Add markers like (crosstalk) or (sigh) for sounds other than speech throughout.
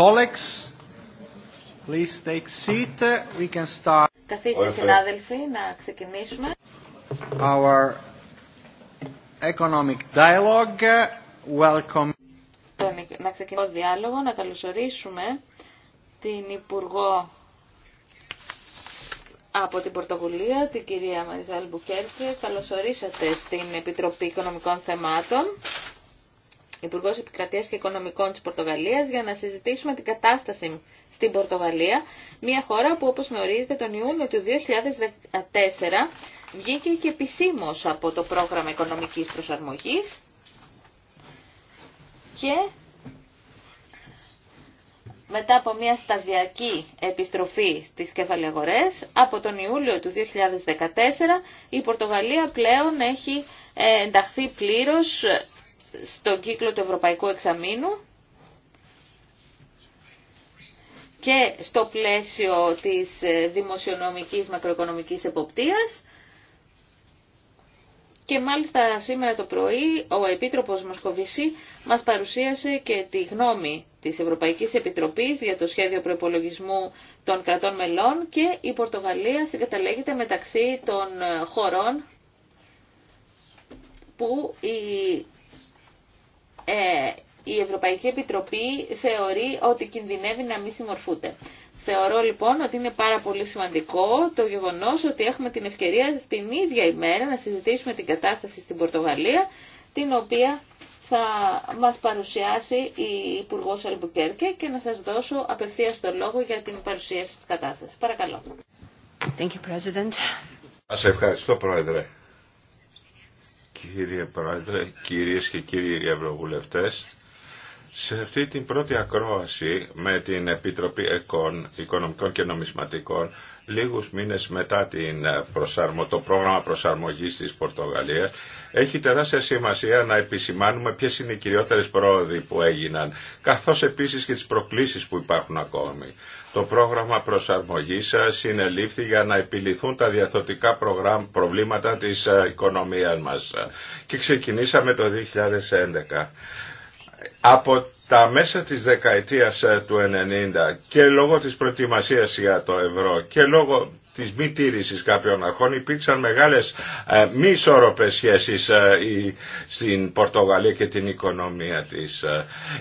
Colleagues, please take seat. We Καθίστε συνάδελφοι να ξεκινήσουμε. Our economic dialogue. Να ξεκινήσουμε διάλογο, να καλωσορίσουμε την Υπουργό από την Πορτογαλία, την κυρία Μαριζάλ Μπουκέρκη. Καλωσορίσατε στην Επιτροπή Οικονομικών Θεμάτων. Υπουργό Επικρατεία και Οικονομικών τη Πορτογαλίας για να συζητήσουμε την κατάσταση στην Πορτογαλία, μια χώρα που όπω γνωρίζετε τον Ιούλιο του 2014 βγήκε και επισήμως από το πρόγραμμα οικονομική προσαρμογή και μετά από μια σταδιακή επιστροφή στις κεφαλαιαγορές, από τον Ιούλιο του 2014 η Πορτογαλία πλέον έχει ε, ενταχθεί πλήρως στον κύκλο του Ευρωπαϊκού Εξαμήνου και στο πλαίσιο της ε, δημοσιονομικής μακροοικονομικής εποπτείας. Και μάλιστα σήμερα το πρωί ο Επίτροπος Μοσκοβισή μας παρουσίασε και τη γνώμη της Ευρωπαϊκής Επιτροπής για το σχέδιο προϋπολογισμού των κρατών μελών και η Πορτογαλία συγκαταλέγεται μεταξύ των ε, χωρών που η ε, η Ευρωπαϊκή Επιτροπή θεωρεί ότι κινδυνεύει να μην συμμορφούνται. Θεωρώ λοιπόν ότι είναι πάρα πολύ σημαντικό το γεγονός ότι έχουμε την ευκαιρία την ίδια ημέρα να συζητήσουμε την κατάσταση στην Πορτογαλία, την οποία θα μας παρουσιάσει η Υπουργό Αλμπουκέρκε και να σας δώσω απευθείας το λόγο για την παρουσίαση της κατάστασης. Παρακαλώ. Thank you, President. Σας ευχαριστώ, Πρόεδρε. Κύριε Πρόεδρε, κυρίες και κύριοι Ευρωβουλευτές, σε αυτή την πρώτη ακρόαση με την Επιτροπή ΕΚΟΝ, Οικονομικών και Νομισματικών, λίγους μήνες μετά την ε, προσαρμο, το πρόγραμμα προσαρμογής της Πορτογαλίας έχει τεράστια σημασία να επισημάνουμε ποιες είναι οι κυριότερες πρόοδοι που έγιναν καθώς επίσης και τις προκλήσεις που υπάρχουν ακόμη. Το πρόγραμμα προσαρμογής ε, συνελήφθη για να επιληθούν τα διαθωτικά προβλήματα της ε, οικονομίας μας και ξεκινήσαμε το 2011. Από τα μέσα της δεκαετίας ε, του 90 και λόγω της προετοιμασίας για το ευρώ και λόγω της μη τήρησης κάποιων αρχών υπήρξαν μεγάλες ε, μη ισόρροπες σχέσεις ε, στην Πορτογαλία και την οικονομία της.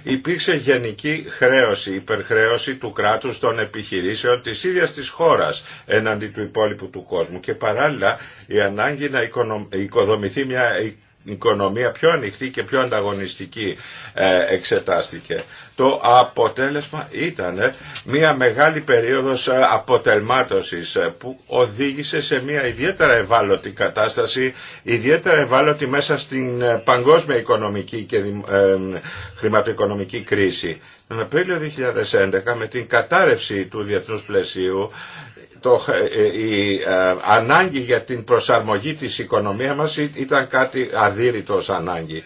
υπήρξε γενική χρέωση, υπερχρέωση του κράτους των επιχειρήσεων της ίδιας της χώρας εναντί του υπόλοιπου του κόσμου και παράλληλα η ανάγκη να οικοδομηθεί μια οικονομία πιο ανοιχτή και πιο ανταγωνιστική ε, εξετάστηκε. Το αποτέλεσμα ήταν ε, μια μεγάλη περίοδος ε, αποτελμάτωσης που οδήγησε σε μια ιδιαίτερα ευάλωτη κατάσταση, ιδιαίτερα ευάλωτη μέσα στην παγκόσμια οικονομική και χρηματοοικονομική κρίση. Τον Απρίλιο 2011 με την κατάρρευση του διεθνούς πλαισίου το, ε, ε, η ε, ανάγκη για την προσαρμογή της οικονομίας μας ήταν κάτι αδύρυτο ανάγκη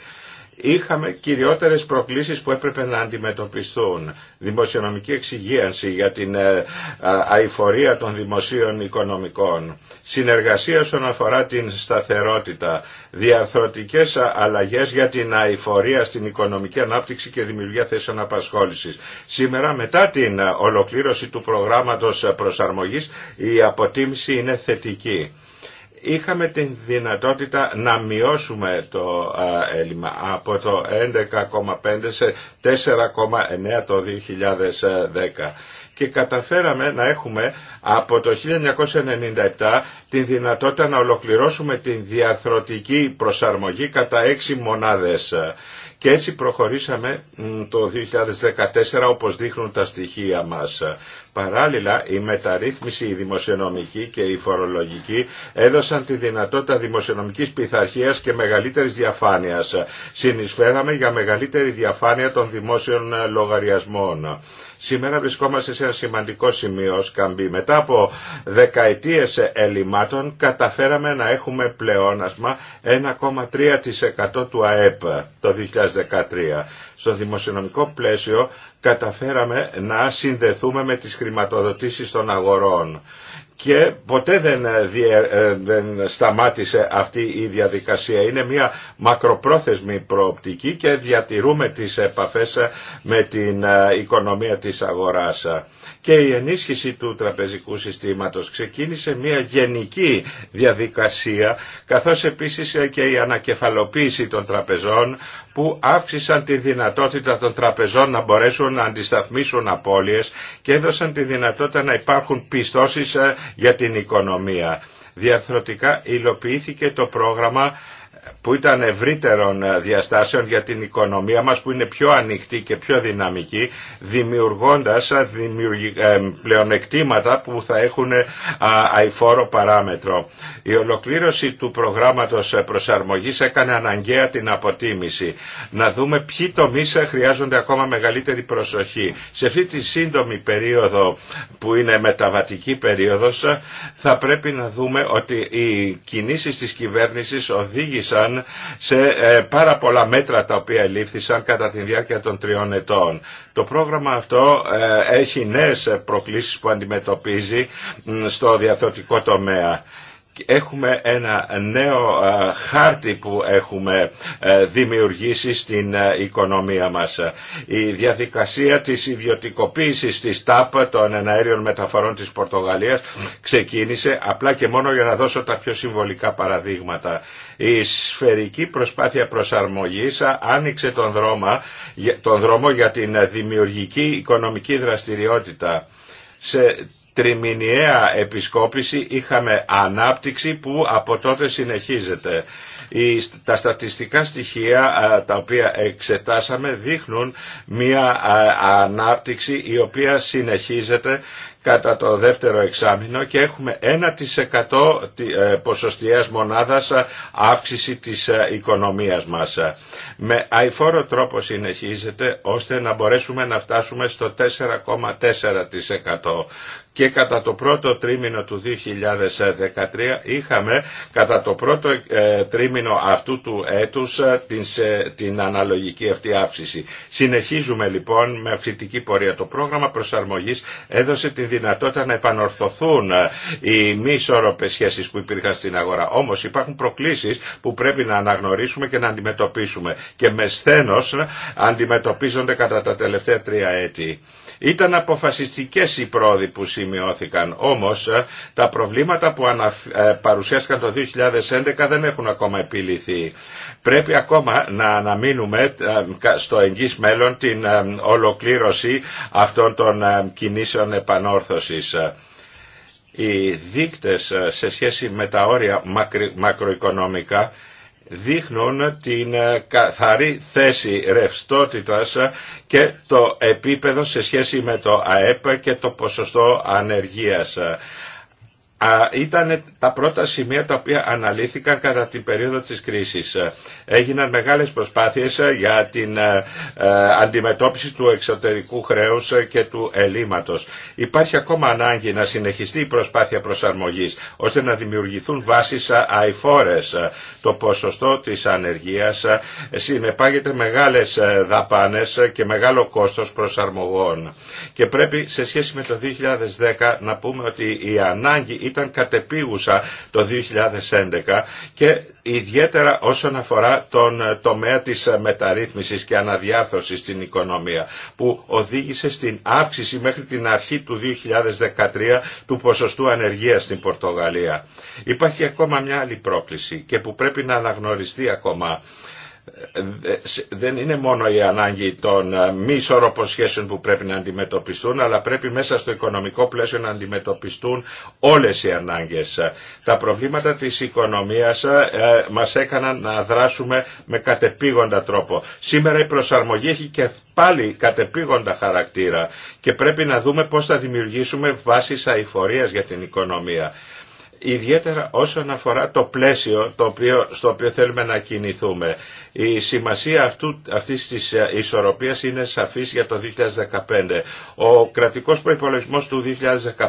είχαμε κυριότερες προκλήσεις που έπρεπε να αντιμετωπιστούν. Δημοσιονομική εξυγίανση για την ε, αηφορία των δημοσίων οικονομικών. Συνεργασία όσον αφορά την σταθερότητα. Διαρθρωτικές αλλαγές για την αηφορία στην οικονομική ανάπτυξη και δημιουργία θέσεων απασχόλησης. Σήμερα μετά την ε, ολοκλήρωση του προγράμματος προσαρμογής η αποτίμηση είναι θετική είχαμε την δυνατότητα να μειώσουμε το έλλειμμα από το 11,5 σε 4,9 το 2010 και καταφέραμε να έχουμε από το 1997 την δυνατότητα να ολοκληρώσουμε την διαρθρωτική προσαρμογή κατά 6 μονάδες. Και έτσι προχωρήσαμε το 2014 όπως δείχνουν τα στοιχεία μας. Παράλληλα, η μεταρρύθμιση η δημοσιονομική και η φορολογική έδωσαν τη δυνατότητα δημοσιονομικής πειθαρχίας και μεγαλύτερης διαφάνειας. Συνεισφέραμε για μεγαλύτερη διαφάνεια των δημόσιων λογαριασμών. Σήμερα βρισκόμαστε σε ένα σημαντικό σημείο ως Μετά από δεκαετίες ελλημάτων καταφέραμε να έχουμε πλεόνασμα 1,3% του ΑΕΠ το 2013. Στο δημοσιονομικό πλαίσιο καταφέραμε να συνδεθούμε με τις χρηματοδοτήσεις των αγορών και ποτέ ε, ε, δεν, σταμάτησε αυτή η διαδικασία. Είναι μια μακροπρόθεσμη προοπτική και διατηρούμε τις επαφές ε, με την οικονομία της αγοράς και η ενίσχυση του τραπεζικού συστήματος. Ξεκίνησε μια γενική διαδικασία καθώς επίσης και η ανακεφαλοποίηση των τραπεζών που αύξησαν τη δυνατότητα των τραπεζών να μπορέσουν να αντισταθμίσουν απώλειες και έδωσαν τη δυνατότητα να υπάρχουν πιστώσεις ε, για την οικονομία. Διαρθρωτικά υλοποιήθηκε το πρόγραμμα που ήταν ευρύτερων ε, διαστάσεων για την οικονομία μας που είναι πιο ανοιχτή και πιο δυναμική δημιουργώντας ε, ε, πλεονεκτήματα που θα έχουν αηφόρο παράμετρο. Η ολοκλήρωση του προγράμματος προσαρμογής έκανε αναγκαία την αποτίμηση. Να δούμε ποιοι τομείς χρειάζονται ακόμα μεγαλύτερη προσοχή. Σε αυτή τη σύντομη περίοδο που είναι μεταβατική περίοδος θα πρέπει να δούμε ότι οι κινήσεις της κυβέρνησης οδήγησαν σε ε, πάρα πολλά μέτρα τα οποία ελήφθησαν κατά τη διάρκεια των τριών ετών. Το πρόγραμμα αυτό ε, έχει νέες προκλήσεις που αντιμετωπίζει στο διαθωτικό τομέα έχουμε ένα νέο ε, χάρτη που έχουμε ε, δημιουργήσει στην ε, οικονομία μας. Η διαδικασία της ιδιωτικοποίησης της ΤΑΠ των εναέριων μεταφορών της Πορτογαλίας ξεκίνησε απλά και μόνο για να δώσω τα πιο συμβολικά παραδείγματα. Η σφαιρική προσπάθεια προσαρμογής άνοιξε τον δρόμο, τον δρόμο για την δημιουργική οικονομική δραστηριότητα σε τριμηνιαία επισκόπηση είχαμε ανάπτυξη που από τότε συνεχίζεται. Τα στατιστικά στοιχεία τα οποία εξετάσαμε δείχνουν μια ανάπτυξη η οποία συνεχίζεται κατά το δεύτερο εξάμεινο και έχουμε 1% ε, ποσοστιαίας μονάδας ε, αύξηση της ε, οικονομίας μας. Με αηφόρο τρόπο συνεχίζεται ώστε να μπορέσουμε να φτάσουμε στο 4,4% και κατά το πρώτο τρίμηνο του 2013 είχαμε κατά το πρώτο τρίμηνο αυτού του έτους την, την αναλογική αυτή αύξηση. Συνεχίζουμε λοιπόν με αυξητική πορεία. Το πρόγραμμα προσαρμογής έδωσε την δυνατότητα να επανορθωθούν ε, οι μη ισόρροπες σχέσεις που υπήρχαν στην αγορά. Όμως υπάρχουν προκλήσεις που πρέπει να αναγνωρίσουμε και να αντιμετωπίσουμε και με σθένος ε, αντιμετωπίζονται κατά τα τελευταία τρία έτη. Ήταν αποφασιστικές οι πρόοδοι που σημειώθηκαν, όμως ε, τα προβλήματα που ε, παρουσιάστηκαν το 2011 δεν έχουν ακόμα επιληθεί. Πρέπει ακόμα να αναμείνουμε ε, στο εγγύς μέλλον την ολοκλήρωση αυτών των κινήσεων επανόρθωσης οι δείκτες σε σχέση με τα όρια μακροοικονομικά δείχνουν την ε, καθαρή θέση ρευστότητας ε, και το επίπεδο σε σχέση με το ΑΕΠ και το ποσοστό ανεργίας ήταν τα πρώτα σημεία τα οποία αναλύθηκαν κατά την περίοδο της κρίσης. Έγιναν μεγάλες προσπάθειες ε, για την ε, ε, αντιμετώπιση του εξωτερικού χρέους και του ελλείμματος. Υπάρχει ακόμα ανάγκη να συνεχιστεί η προσπάθεια προσαρμογής ώστε να δημιουργηθούν βάσεις αιφόρες, Το ποσοστό της ανεργίας συνεπάγεται μεγάλες δαπάνες και μεγάλο κόστος προσαρμογών. Και πρέπει σε σχέση με το 2010 να πούμε ότι η ανάγκη ήταν κατεπίγουσα το 2011 και ιδιαίτερα όσον αφορά τον τομέα της μεταρρύθμισης και αναδιάρθρωσης στην οικονομία που οδήγησε στην αύξηση μέχρι την αρχή του 2013 του ποσοστού ανεργίας στην Πορτογαλία. Υπάρχει ακόμα μια άλλη πρόκληση και που πρέπει να αναγνωριστεί ακόμα ε, ε, δεν είναι μόνο η ανάγκη των ε, μη ισορροπών σχέσεων που πρέπει να αντιμετωπιστούν, αλλά πρέπει μέσα στο οικονομικό πλαίσιο να αντιμετωπιστούν όλες οι ανάγκες. Τα προβλήματα της οικονομίας μας έκαναν να δράσουμε με κατεπήγοντα τρόπο. Σήμερα η προσαρμογή έχει και πάλι κατεπήγοντα χαρακτήρα και πρέπει να δούμε πώς θα δημιουργήσουμε βάσεις αηφορίας για την οικονομία ιδιαίτερα όσον αφορά το πλαίσιο το οποίο, στο οποίο θέλουμε να κινηθούμε. Η σημασία αυτού, αυτής της ε, ισορροπίας είναι σαφής για το 2015. Ο κρατικός προϋπολογισμός του 2015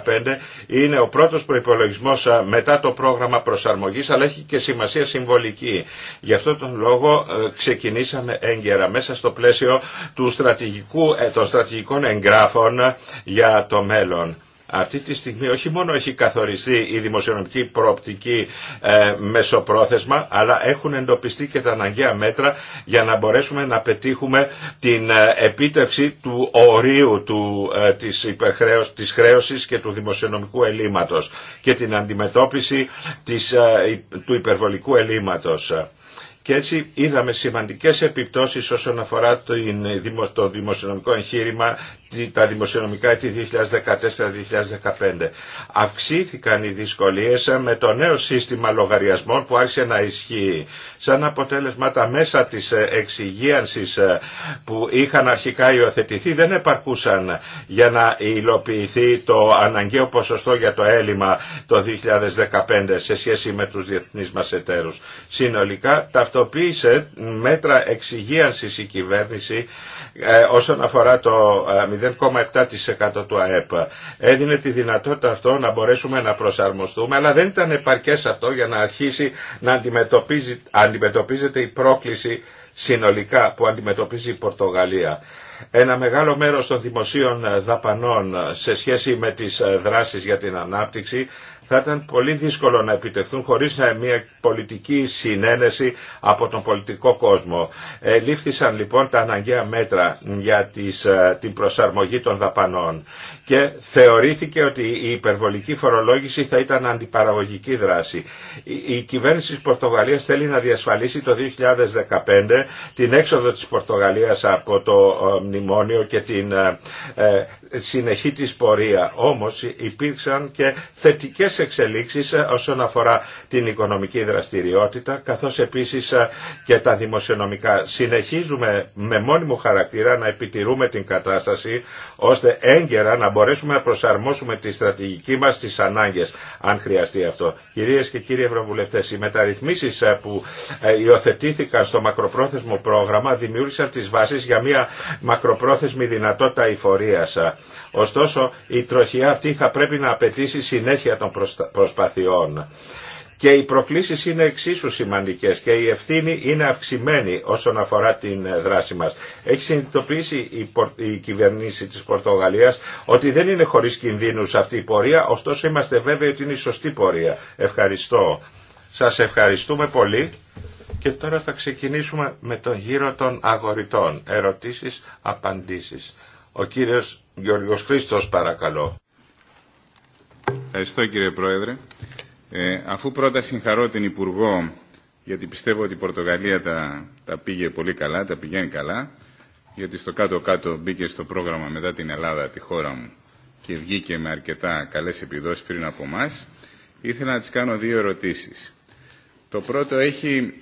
είναι ο πρώτος προϋπολογισμός ε, μετά το πρόγραμμα προσαρμογής αλλά έχει και σημασία συμβολική. Γι' αυτό τον λόγο ε, ξεκινήσαμε έγκαιρα μέσα στο πλαίσιο του στρατηγικού, των στρατηγικών εγγράφων για το μέλλον. Αυτή τη στιγμή όχι μόνο έχει καθοριστεί η δημοσιονομική προοπτική ε, μεσοπρόθεσμα, αλλά έχουν εντοπιστεί και τα αναγκαία μέτρα για να μπορέσουμε να πετύχουμε την ε, επίτευξη του ορίου του, ε, της, υπερχρέωσης, της χρέωσης και του δημοσιονομικού ελλείμματος και την αντιμετώπιση ε, του υπερβολικού ελλείμματος. Και έτσι είδαμε σημαντικές επιπτώσεις όσον αφορά το δημοσιονομικό εγχείρημα τα δημοσιονομικά έτη 2014-2015. Αυξήθηκαν οι δυσκολίες με το νέο σύστημα λογαριασμών που άρχισε να ισχύει. Σαν αποτέλεσμα τα μέσα της εξυγίανσης ε, που είχαν αρχικά υιοθετηθεί δεν επαρκούσαν για να υλοποιηθεί το αναγκαίο ποσοστό για το έλλειμμα το 2015 σε σχέση με τους διεθνείς μας εταίρους. Συνολικά ταυτοποίησε μέτρα εξυγίανσης η κυβέρνηση ε, όσον αφορά το ε, 0,7% του ΑΕΠ. Έδινε τη δυνατότητα αυτό να μπορέσουμε να προσαρμοστούμε, αλλά δεν ήταν επαρκές αυτό για να αρχίσει να αντιμετωπίζεται η πρόκληση συνολικά που αντιμετωπίζει η Πορτογαλία. Ένα μεγάλο μέρος των δημοσίων δαπανών σε σχέση με τις δράσεις για την ανάπτυξη θα ήταν πολύ δύσκολο να επιτευχθούν χωρίς μια πολιτική συνένεση από τον πολιτικό κόσμο. Λήφθησαν λοιπόν τα αναγκαία μέτρα για ε, την προσαρμογή των δαπανών και θεωρήθηκε ότι η υπερβολική φορολόγηση θα ήταν αντιπαραγωγική δράση. Η κυβέρνηση της Πορτογαλίας θέλει να διασφαλίσει το 2015 την έξοδο της Πορτογαλίας από το ε, μνημόνιο και την ε, ε, συνεχή της πορεία. Όμως υπήρξαν και θετικές εξελίξεις όσον αφορά την οικονομική δραστηριότητα καθώς επίσης και τα δημοσιονομικά. Συνεχίζουμε με μόνιμο χαρακτήρα να επιτηρούμε την κατάσταση ώστε έγκαιρα μπορέσουμε να προσαρμόσουμε τη στρατηγική μας στις ανάγκες, αν χρειαστεί αυτό. Κυρίες και κύριοι Ευρωβουλευτές, οι μεταρρυθμίσεις ε, που ε, υιοθετήθηκαν στο μακροπρόθεσμο πρόγραμμα δημιούργησαν τις βάσεις για μια μακροπρόθεσμη δυνατότητα εφορία. Ωστόσο, η τροχιά αυτή θα πρέπει να απαιτήσει συνέχεια των προσπαθειών και οι προκλήσεις είναι εξίσου σημαντικές και η ευθύνη είναι αυξημένη όσον αφορά την δράση μας. Έχει συνειδητοποιήσει η κυβερνήση της Πορτογαλίας ότι δεν είναι χωρίς κινδύνους αυτή η πορεία, ωστόσο είμαστε βέβαιοι ότι είναι η σωστή πορεία. Ευχαριστώ. Σας ευχαριστούμε πολύ και τώρα θα ξεκινήσουμε με τον γύρο των αγοριτών. Ερωτήσεις, απαντήσεις. Ο κύριος Γιώργος Χρήστος παρακαλώ. Ευχαριστώ κύριε Πρόεδρε. Ε, αφού πρώτα συγχαρώ την Υπουργό, γιατί πιστεύω ότι η Πορτογαλία τα, τα πήγε πολύ καλά, τα πηγαίνει καλά, γιατί στο κάτω-κάτω μπήκε στο πρόγραμμα μετά την Ελλάδα, τη χώρα μου, και βγήκε με αρκετά καλές επιδόσεις πριν από εμά. ήθελα να της κάνω δύο ερωτήσεις. Το πρώτο έχει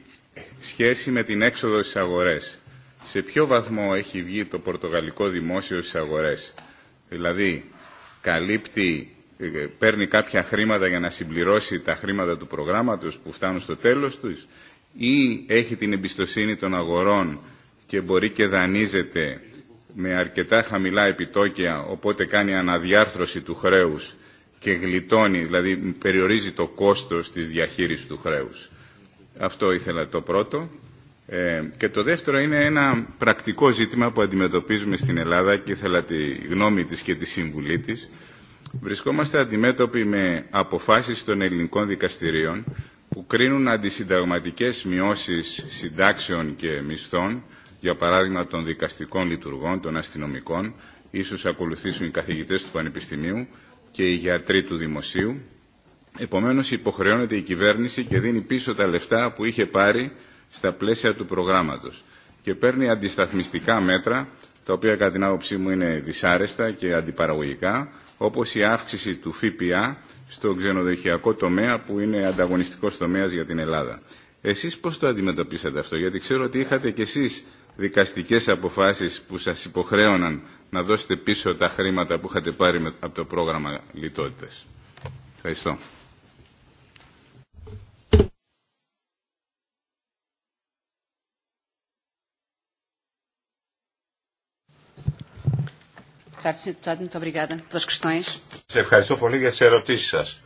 σχέση με την έξοδο στις αγορές. Σε ποιο βαθμό έχει βγει το πορτογαλικό δημόσιο στις αγορές. Δηλαδή, καλύπτει ε, παίρνει κάποια χρήματα για να συμπληρώσει τα χρήματα του προγράμματος που φτάνουν στο τέλος τους ή έχει την εμπιστοσύνη των αγορών και μπορεί και δανείζεται με αρκετά χαμηλά επιτόκια οπότε κάνει αναδιάρθρωση του χρέους και γλιτώνει, δηλαδή περιορίζει το κόστος της διαχείρισης του χρέους. Αυτό ήθελα το πρώτο. Ε, και το δεύτερο είναι ένα πρακτικό ζήτημα που αντιμετωπίζουμε στην Ελλάδα και ήθελα τη γνώμη της και τη συμβουλή της. Βρισκόμαστε αντιμέτωποι με αποφάσεις των ελληνικών δικαστηρίων που κρίνουν αντισυνταγματικές μειώσεις συντάξεων και μισθών, για παράδειγμα των δικαστικών λειτουργών, των αστυνομικών, ίσως ακολουθήσουν οι καθηγητές του Πανεπιστημίου και οι γιατροί του Δημοσίου. Επομένως υποχρεώνεται η κυβέρνηση και δίνει πίσω τα λεφτά που είχε πάρει στα πλαίσια του προγράμματος και παίρνει αντισταθμιστικά μέτρα, τα οποία κατά την άποψή μου είναι δυσάρεστα και αντιπαραγωγικά, όπως η αύξηση του ΦΠΑ στο ξενοδοχειακό τομέα που είναι ανταγωνιστικός τομέας για την Ελλάδα. Εσείς πώς το αντιμετωπίσατε αυτό, γιατί ξέρω ότι είχατε κι εσείς δικαστικές αποφάσεις που σας υποχρέωναν να δώσετε πίσω τα χρήματα που είχατε πάρει από το πρόγραμμα λιτότητας. Ευχαριστώ. Σε ευχαριστώ πολύ για τις ερωτήσεις σας.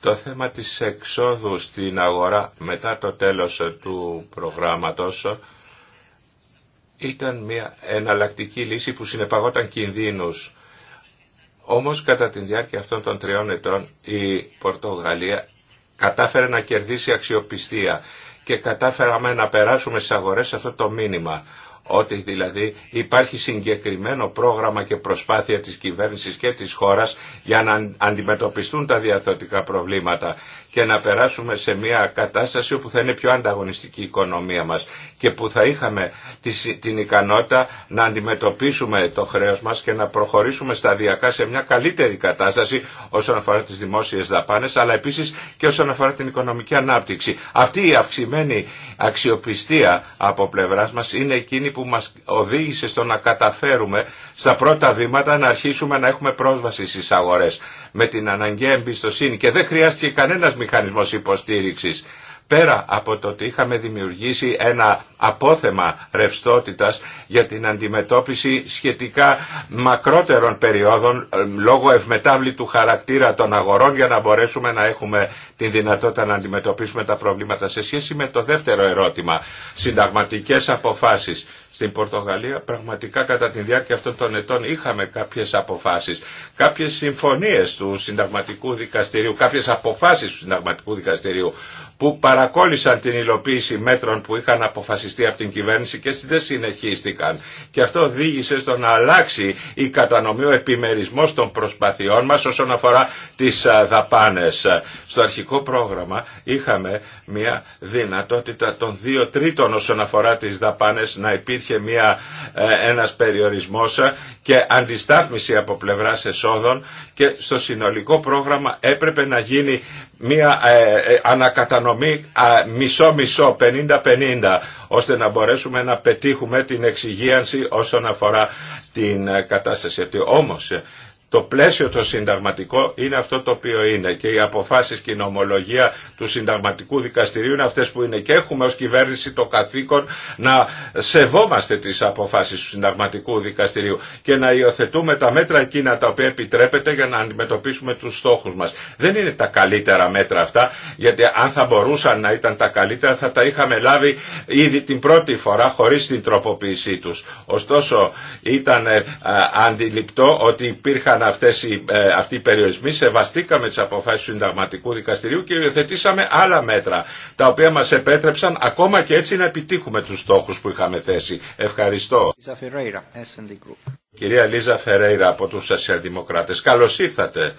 Το θέμα της εξόδου στην αγορά μετά το τέλος του προγράμματος ήταν μια εναλλακτική λύση που συνεπαγόταν κινδύνους. Όμως κατά τη διάρκεια αυτών των τριών ετών η Πορτογαλία κατάφερε να κερδίσει αξιοπιστία και κατάφεραμε να περάσουμε στις αγορές αυτό το μήνυμα ότι δηλαδή υπάρχει συγκεκριμένο πρόγραμμα και προσπάθεια της κυβέρνησης και της χώρας για να αντιμετωπιστούν τα διαθέτικα προβλήματα και να περάσουμε σε μια κατάσταση όπου θα είναι πιο ανταγωνιστική η οικονομία μας και που θα είχαμε την ικανότητα να αντιμετωπίσουμε το χρέος μας και να προχωρήσουμε σταδιακά σε μια καλύτερη κατάσταση όσον αφορά τις δημόσιες δαπάνες αλλά επίσης και όσον αφορά την οικονομική ανάπτυξη. Αυτή η αυξημένη αξιοπιστία από πλευρά μας είναι εκείνη που μας οδήγησε στο να καταφέρουμε στα πρώτα βήματα να αρχίσουμε να έχουμε πρόσβαση στις αγορές με την αναγκαία εμπιστοσύνη και δεν χρειάστηκε κανένας μηχανισμός υποστήριξης πέρα από το ότι είχαμε δημιουργήσει ένα απόθεμα ρευστότητας για την αντιμετώπιση σχετικά μακρότερων περιόδων ε, λόγω ευμετάβλητου χαρακτήρα των αγορών για να μπορέσουμε να έχουμε την δυνατότητα να αντιμετωπίσουμε τα προβλήματα. Σε σχέση με το δεύτερο ερώτημα, συνταγματικές αποφάσεις. Στην Πορτογαλία πραγματικά κατά τη διάρκεια αυτών των ετών είχαμε κάποιες αποφάσεις, κάποιες συμφωνίες του συνταγματικού δικαστηρίου, κάποιες αποφάσεις του συνταγματικού δικαστηρίου που παρα παρακόλλησαν την υλοποίηση μέτρων που είχαν αποφασιστεί από την κυβέρνηση και δεν συνεχίστηκαν. Και αυτό οδήγησε στο να αλλάξει η κατανομή, ο επιμερισμός των προσπαθειών μας όσον αφορά τις δαπάνες. Στο αρχικό πρόγραμμα είχαμε μια δυνατότητα των δύο τρίτων όσον αφορά τις δαπάνες να υπήρχε μια, ε, ένας περιορισμός και αντιστάθμιση από πλευράς εσόδων και στο συνολικό πρόγραμμα έπρεπε να γίνει μια ε, ε, ανακατανομή μισό-μισό, 50-50, ώστε να μπορέσουμε να πετύχουμε την εξυγίανση όσον αφορά την ε, κατάσταση αυτή. Όμως το πλαίσιο το συνταγματικό είναι αυτό το οποίο είναι και οι αποφάσεις και η νομολογία του συνταγματικού δικαστηρίου είναι αυτές που είναι και έχουμε ως κυβέρνηση το καθήκον να σεβόμαστε τις αποφάσεις του συνταγματικού δικαστηρίου και να υιοθετούμε τα μέτρα εκείνα τα οποία επιτρέπεται για να αντιμετωπίσουμε τους στόχους μας. Δεν είναι τα καλύτερα μέτρα αυτά γιατί αν θα μπορούσαν να ήταν τα καλύτερα θα τα είχαμε λάβει ήδη την πρώτη φορά χωρίς την τροποποίησή τους. Ωστόσο ήταν ε, αντιληπτό ότι υπήρχαν Έγιναν αυτές οι, ε, αυτοί οι περιορισμοί, σεβαστήκαμε τις αποφάσεις του συνταγματικού δικαστηρίου και υιοθετήσαμε άλλα μέτρα, τα οποία μας επέτρεψαν ακόμα και έτσι να επιτύχουμε τους στόχους που είχαμε θέσει. Ευχαριστώ. Κυρία Λίζα Φερέιρα από τους Σοσιαλδημοκράτες, καλώς ήρθατε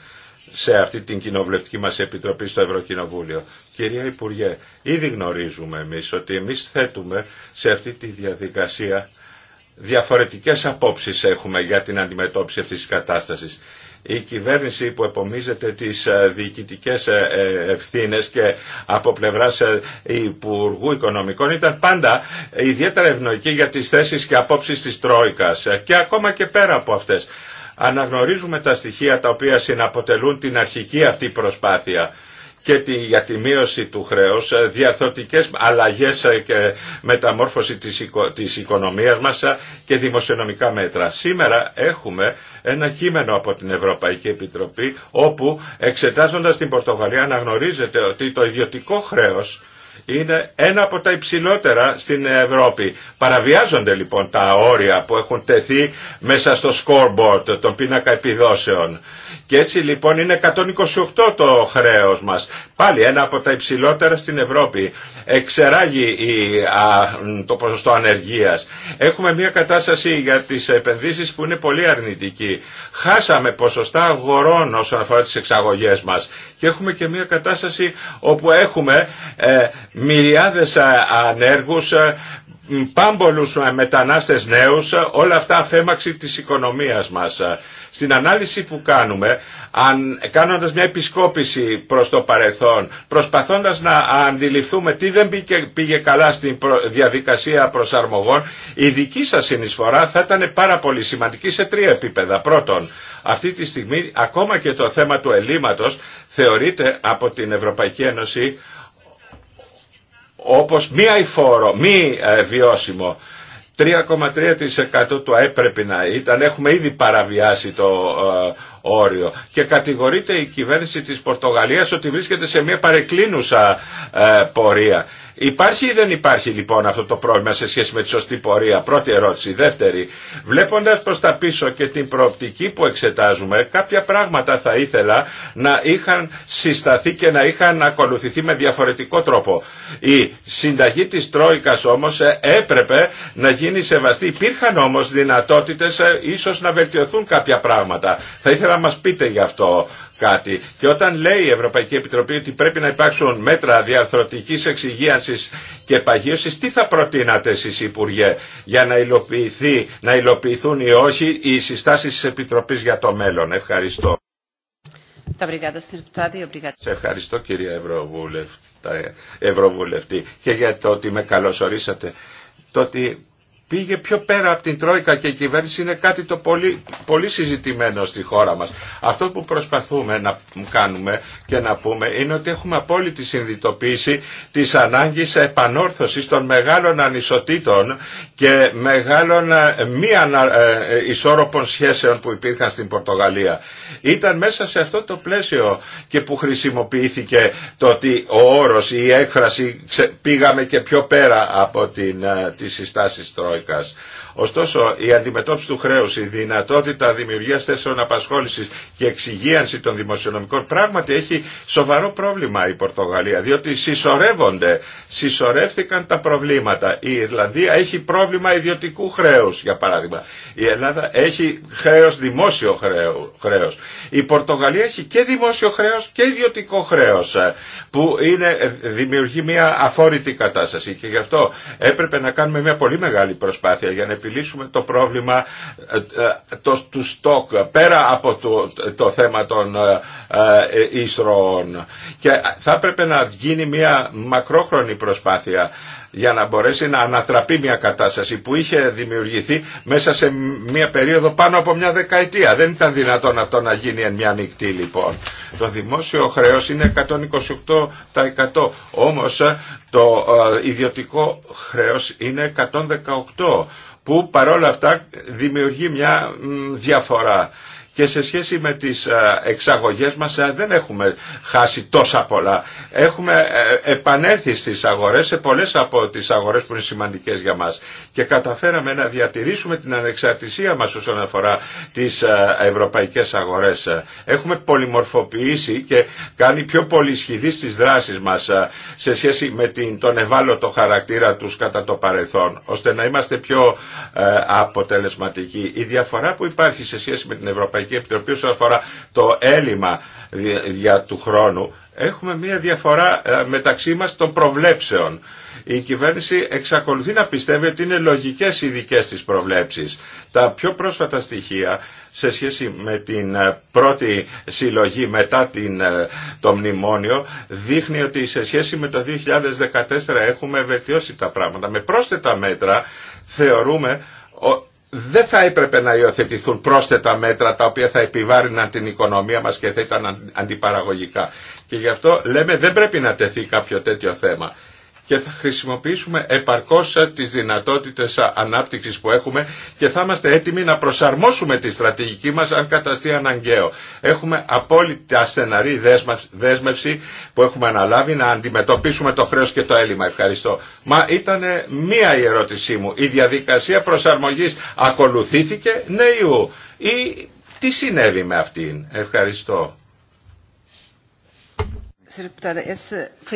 σε αυτή την κοινοβουλευτική μας επιτροπή στο Ευρωκοινοβούλιο. Κυρία Υπουργέ, ήδη γνωρίζουμε εμείς ότι εμείς θέτουμε σε αυτή τη διαδικασία διαφορετικές απόψεις έχουμε για την αντιμετώπιση αυτής της κατάστασης. Η κυβέρνηση που επομίζεται τις ε, διοικητικές ε, ε, ευθύνες και από πλευράς Υπουργού Οικονομικών ήταν πάντα ιδιαίτερα ευνοϊκή για τις θέσεις και απόψεις της Τρόικας και ακόμα και πέρα από αυτές. Αναγνωρίζουμε τα στοιχεία τα οποία συναποτελούν την αρχική αυτή προσπάθεια και τη, για τη μείωση του χρέους, ε, διαθωτικές αλλαγές ε, και μεταμόρφωση της, οικο, της οικονομίας μας ε, και δημοσιονομικά μέτρα. Σήμερα έχουμε ένα κείμενο από την Ευρωπαϊκή Επιτροπή όπου εξετάζοντας την Πορτογαλία αναγνωρίζεται ότι το ιδιωτικό χρέος είναι ένα από τα υψηλότερα στην Ευρώπη. Παραβιάζονται λοιπόν τα όρια που έχουν τεθεί μέσα στο scoreboard των πίνακα επιδόσεων. Και έτσι λοιπόν είναι 128 το χρέος μας. Πάλι ένα από τα υψηλότερα στην Ευρώπη. Εξεράγει η, το ποσοστό ανεργίας. Έχουμε μια κατάσταση για τις επενδύσεις που είναι πολύ αρνητική. Χάσαμε ποσοστά αγορών όσον αφορά τις εξαγωγές μας. Και έχουμε και μια κατάσταση όπου έχουμε ε, μιλιάδες ε, ανέργους ε, πάμπολους ε, μετανάστες νέους, όλα αυτά αφέμαξη της οικονομίας μας. Στην ανάλυση που κάνουμε, αν, κάνοντας μια επισκόπηση προς το παρελθόν, προσπαθώντας να αντιληφθούμε τι δεν πήγε, καλά στην διαδικασία προσαρμογών, η δική σας συνεισφορά θα ήταν πάρα πολύ σημαντική σε τρία επίπεδα. Πρώτον, αυτή τη στιγμή ακόμα και το θέμα του ελλείμματος θεωρείται από την Ευρωπαϊκή Ένωση όπως μη αηφόρο, μη ε, βιώσιμο. 3,3% του ΑΕΠ πρέπει να ήταν. Έχουμε ήδη παραβιάσει το ε, όριο. Και κατηγορείται η κυβέρνηση της Πορτογαλίας ότι βρίσκεται σε μια παρεκκλίνουσα ε, πορεία. Υπάρχει ή δεν υπάρχει λοιπόν αυτό το πρόβλημα σε σχέση με τη σωστή πορεία. Πρώτη ερώτηση. Δεύτερη. Βλέποντας προς τα πίσω και την προοπτική που εξετάζουμε, κάποια πράγματα θα ήθελα να είχαν συσταθεί και να είχαν ακολουθηθεί με διαφορετικό τρόπο. Η συνταγή της Τρόικας όμως ε, έπρεπε να γίνει σεβαστή. Υπήρχαν όμως δυνατότητες ε, ίσως να βελτιωθούν κάποια πράγματα. Θα ήθελα να μας πείτε γι' αυτό κάτι. Και όταν λέει η Ευρωπαϊκή Επιτροπή ότι πρέπει να υπάρξουν μέτρα διαρθρωτικής εξυγίανσης και παγίωσης, τι θα προτείνατε εσείς Υπουργέ για να, υλοποιηθεί, να υλοποιηθούν ή όχι οι συστάσεις της Επιτροπής για το μέλλον. Ευχαριστώ. Σε ευχαριστώ κυρία Ευρωβουλευτή και για το ότι με καλωσορίσατε. Το ότι πήγε πιο πέρα από την Τρόικα και η κυβέρνηση είναι κάτι το πολύ, πολύ συζητημένο στη χώρα μας. Αυτό που προσπαθούμε να κάνουμε και να πούμε είναι ότι έχουμε απόλυτη συνδυτοποίηση της ανάγκης επανόρθωσης των μεγάλων ανισοτήτων και μεγάλων ε, μη ανα, ε, ισόρροπων σχέσεων που υπήρχαν στην Πορτογαλία. Ήταν μέσα σε αυτό το πλαίσιο και που χρησιμοποιήθηκε το ότι ο όρος, η έκφραση πήγαμε και πιο πέρα από την, ε, τις συστάσεις Τρόικα. 12 Ωστόσο, η αντιμετώπιση του χρέου, η δυνατότητα δημιουργία θέσεων απασχόληση και εξυγίανση των δημοσιονομικών πράγματι έχει σοβαρό πρόβλημα η Πορτογαλία, διότι συσσωρεύονται, συσσωρεύθηκαν τα προβλήματα. Η Ιρλανδία έχει πρόβλημα ιδιωτικού χρέου, για παράδειγμα. Η Ελλάδα έχει χρέο, δημόσιο χρέο. Η Πορτογαλία έχει και δημόσιο χρέο και ιδιωτικό χρέο, ε, που είναι, ε, δημιουργεί μια αφόρητη κατάσταση. Και γι' αυτό έπρεπε να κάνουμε μια πολύ μεγάλη προσπάθεια για να επιλύσουμε το πρόβλημα ε, ε, το, του στόκ πέρα από το, το θέμα των ε, ε Και θα έπρεπε να γίνει μια μακρόχρονη προσπάθεια για να μπορέσει να ανατραπεί μια κατάσταση που είχε δημιουργηθεί μέσα σε μια περίοδο πάνω από μια δεκαετία. Δεν ήταν δυνατόν αυτό να γίνει εν μια νυχτή λοιπόν. Το δημόσιο χρέος είναι 128% όμως το ιδιωτικό χρέος είναι 118% που παρόλα αυτά δημιουργεί μια διαφορά και σε σχέση με τις ε, εξαγωγές μας ε, δεν έχουμε χάσει τόσα πολλά. Έχουμε ε, επανέλθει στις αγορές, σε πολλές από τις αγορές που είναι σημαντικές για μας και καταφέραμε να διατηρήσουμε την ανεξαρτησία μας όσον αφορά τις ευρωπαϊκές αγορές. Έχουμε πολυμορφοποιήσει και κάνει πιο πολυσχηδή τις δράσεις μας σε σχέση με τον ευάλωτο χαρακτήρα τους κατά το παρελθόν, ώστε να είμαστε πιο αποτελεσματικοί. Η διαφορά που υπάρχει σε σχέση με την Ευρωπαϊκή Ευρωπαϊκή Επιτροπή όσον αφορά το έλλειμμα για του χρόνου, έχουμε μια διαφορά ε, μεταξύ μας των προβλέψεων. Η κυβέρνηση εξακολουθεί να πιστεύει ότι είναι λογικές οι δικές της προβλέψεις. Τα πιο πρόσφατα στοιχεία σε σχέση με την ε, πρώτη συλλογή μετά την, ε, το μνημόνιο δείχνει ότι σε σχέση με το 2014 έχουμε βελτιώσει τα πράγματα. Με πρόσθετα μέτρα θεωρούμε δεν θα έπρεπε να υιοθετηθούν πρόσθετα μέτρα τα οποία θα επιβάρυναν την οικονομία μας και θα ήταν αντιπαραγωγικά. Και γι' αυτό λέμε δεν πρέπει να τεθεί κάποιο τέτοιο θέμα και θα χρησιμοποιήσουμε επαρκώς ε, τις δυνατότητες ε, ανάπτυξης που έχουμε και θα είμαστε έτοιμοι να προσαρμόσουμε τη στρατηγική μας αν καταστεί αναγκαίο. Έχουμε απόλυτη ασθεναρή δέσμευση που έχουμε αναλάβει να αντιμετωπίσουμε το χρέος και το έλλειμμα. Ευχαριστώ. Μα ήταν μία η ερώτησή μου. Η διαδικασία προσαρμογής ακολουθήθηκε νέου ή τι συνέβη με αυτήν. Ευχαριστώ.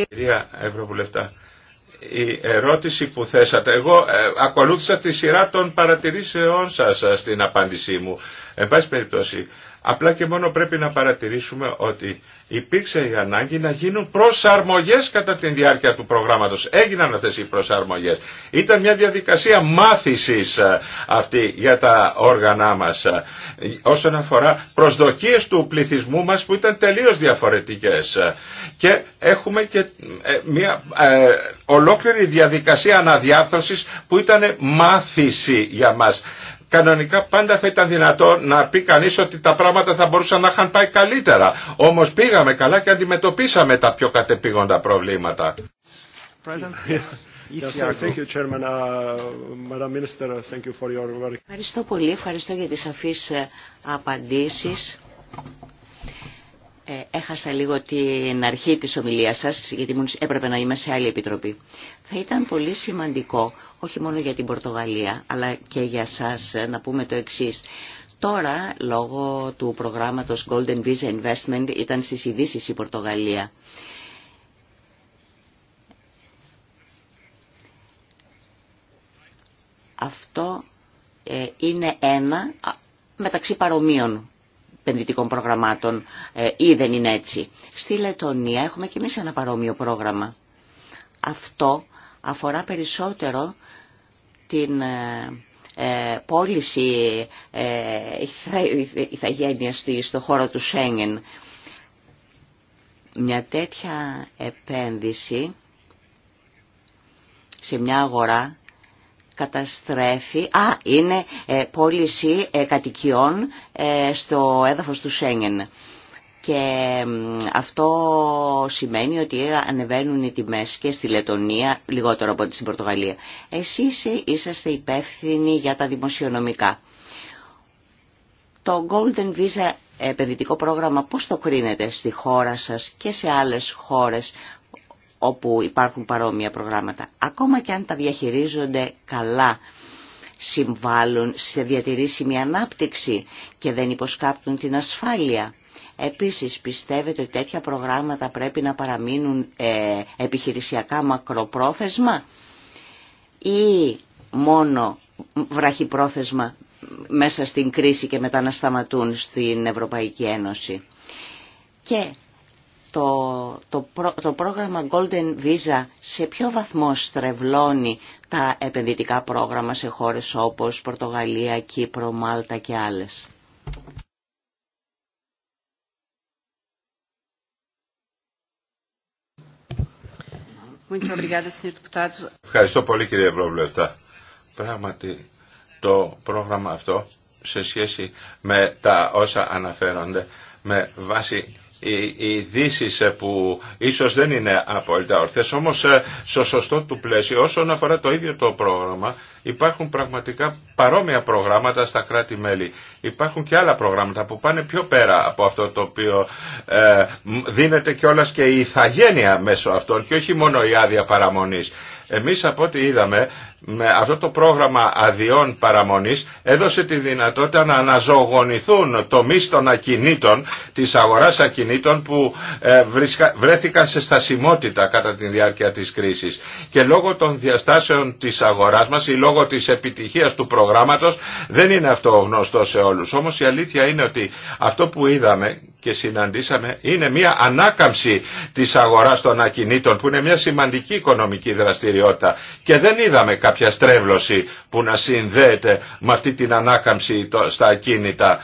Κυρία Ευρωβουλευτά, η ερώτηση που θέσατε, εγώ ε, ακολούθησα τη σειρά των παρατηρήσεών σας ε, στην απάντησή μου. Εν πάση περιπτώσει, Απλά και μόνο πρέπει να παρατηρήσουμε ότι υπήρξε η ανάγκη να γίνουν προσαρμογές κατά τη διάρκεια του προγράμματος. Έγιναν αυτές οι προσαρμογές. Ήταν μια διαδικασία μάθησης ε, αυτή για τα όργανά μας ε, όσον αφορά προσδοκίες του πληθυσμού μας που ήταν τελείως διαφορετικές. Ε, και έχουμε και μια ολόκληρη διαδικασία αναδιάρθρωσης που ήταν μάθηση για μας. Κανονικά πάντα θα ήταν δυνατό να πει κανείς ότι τα πράγματα θα μπορούσαν να είχαν πάει καλύτερα. Όμως πήγαμε καλά και αντιμετωπίσαμε τα πιο κατεπήγοντα προβλήματα. Ευχαριστώ πολύ, ευχαριστώ για τις σαφείς ε, απαντήσεις. Ε, έχασα λίγο την αρχή της ομιλίας σας, γιατί έπρεπε να είμαι σε άλλη επιτροπή. Θα ήταν πολύ σημαντικό όχι μόνο για την Πορτογαλία, αλλά και για σας ε, να πούμε το εξής. Τώρα, λόγω του προγράμματος Golden Visa Investment, ήταν στις ειδήσει η Πορτογαλία. Αυτό ε, είναι ένα μεταξύ παρομοίων επενδυτικών προγραμμάτων ε, ή δεν είναι έτσι. Στη Λετωνία έχουμε και εμείς ένα παρόμοιο πρόγραμμα. Αυτό αφορά περισσότερο την ε, ε πώληση ε, ηθαγένειας στο χώρο του Σέγγεν. Μια τέτοια επένδυση σε μια αγορά καταστρέφει... Α, είναι ε, πώληση ε, κατοικιών ε, στο έδαφος του Σέγγεν και αυτό σημαίνει ότι ανεβαίνουν οι τιμές και στη Λετωνία λιγότερο από ό,τι στην Πορτογαλία. Εσείς είσαστε υπεύθυνοι για τα δημοσιονομικά. Το Golden Visa επενδυτικό πρόγραμμα πώς το κρίνετε στη χώρα σας και σε άλλες χώρες όπου υπάρχουν παρόμοια προγράμματα. Ακόμα και αν τα διαχειρίζονται καλά συμβάλλουν σε διατηρήσιμη ανάπτυξη και δεν υποσκάπτουν την ασφάλεια. Επίσης πιστεύετε ότι τέτοια προγράμματα πρέπει να παραμείνουν ε, επιχειρησιακά μακροπρόθεσμα ή μόνο βραχυπρόθεσμα μέσα στην κρίση και μετά να σταματούν στην Ευρωπαϊκή Ένωση. Και το, το, πρόγραμμα Golden Visa σε ποιο βαθμό στρεβλώνει τα επενδυτικά πρόγραμμα σε χώρες όπως Πορτογαλία, Κύπρο, Μάλτα και άλλες. Ευχαριστώ πολύ κύριε Ευρωβουλευτά. Πράγματι το πρόγραμμα αυτό σε σχέση με τα όσα αναφέρονται με βάση οι ειδήσει ε, που ίσως δεν είναι απόλυτα ορθές, όμως ε, στο σωστό του πλαίσιο όσον αφορά το ίδιο το πρόγραμμα υπάρχουν πραγματικά παρόμοια προγράμματα στα κράτη-μέλη. Υπάρχουν και άλλα προγράμματα που πάνε πιο πέρα από αυτό το οποίο ε, δίνεται κιόλας και η ηθαγένεια μέσω αυτών και όχι μόνο η άδεια παραμονής. Εμείς από ό,τι είδαμε με αυτό το πρόγραμμα αδειών παραμονής έδωσε τη δυνατότητα να αναζωογονηθούν τομείς των ακινήτων, της αγοράς ακινήτων που ε, βρέθηκαν σε στασιμότητα κατά τη διάρκεια της κρίσης. Και λόγω των διαστάσεων της αγοράς μας ή λόγω της επιτυχίας του προγράμματος δεν είναι αυτό γνωστό σε όλους. Όμως η αλήθεια είναι ότι αυτό που είδαμε και συναντήσαμε είναι μια ανάκαμψη της αγοράς των ακινήτων που είναι μια σημαντική οικονομική δραστηριότητα και δεν είδαμε κάποια στρέβλωση που να συνδέεται με αυτή την ανάκαμψη στα ακίνητα.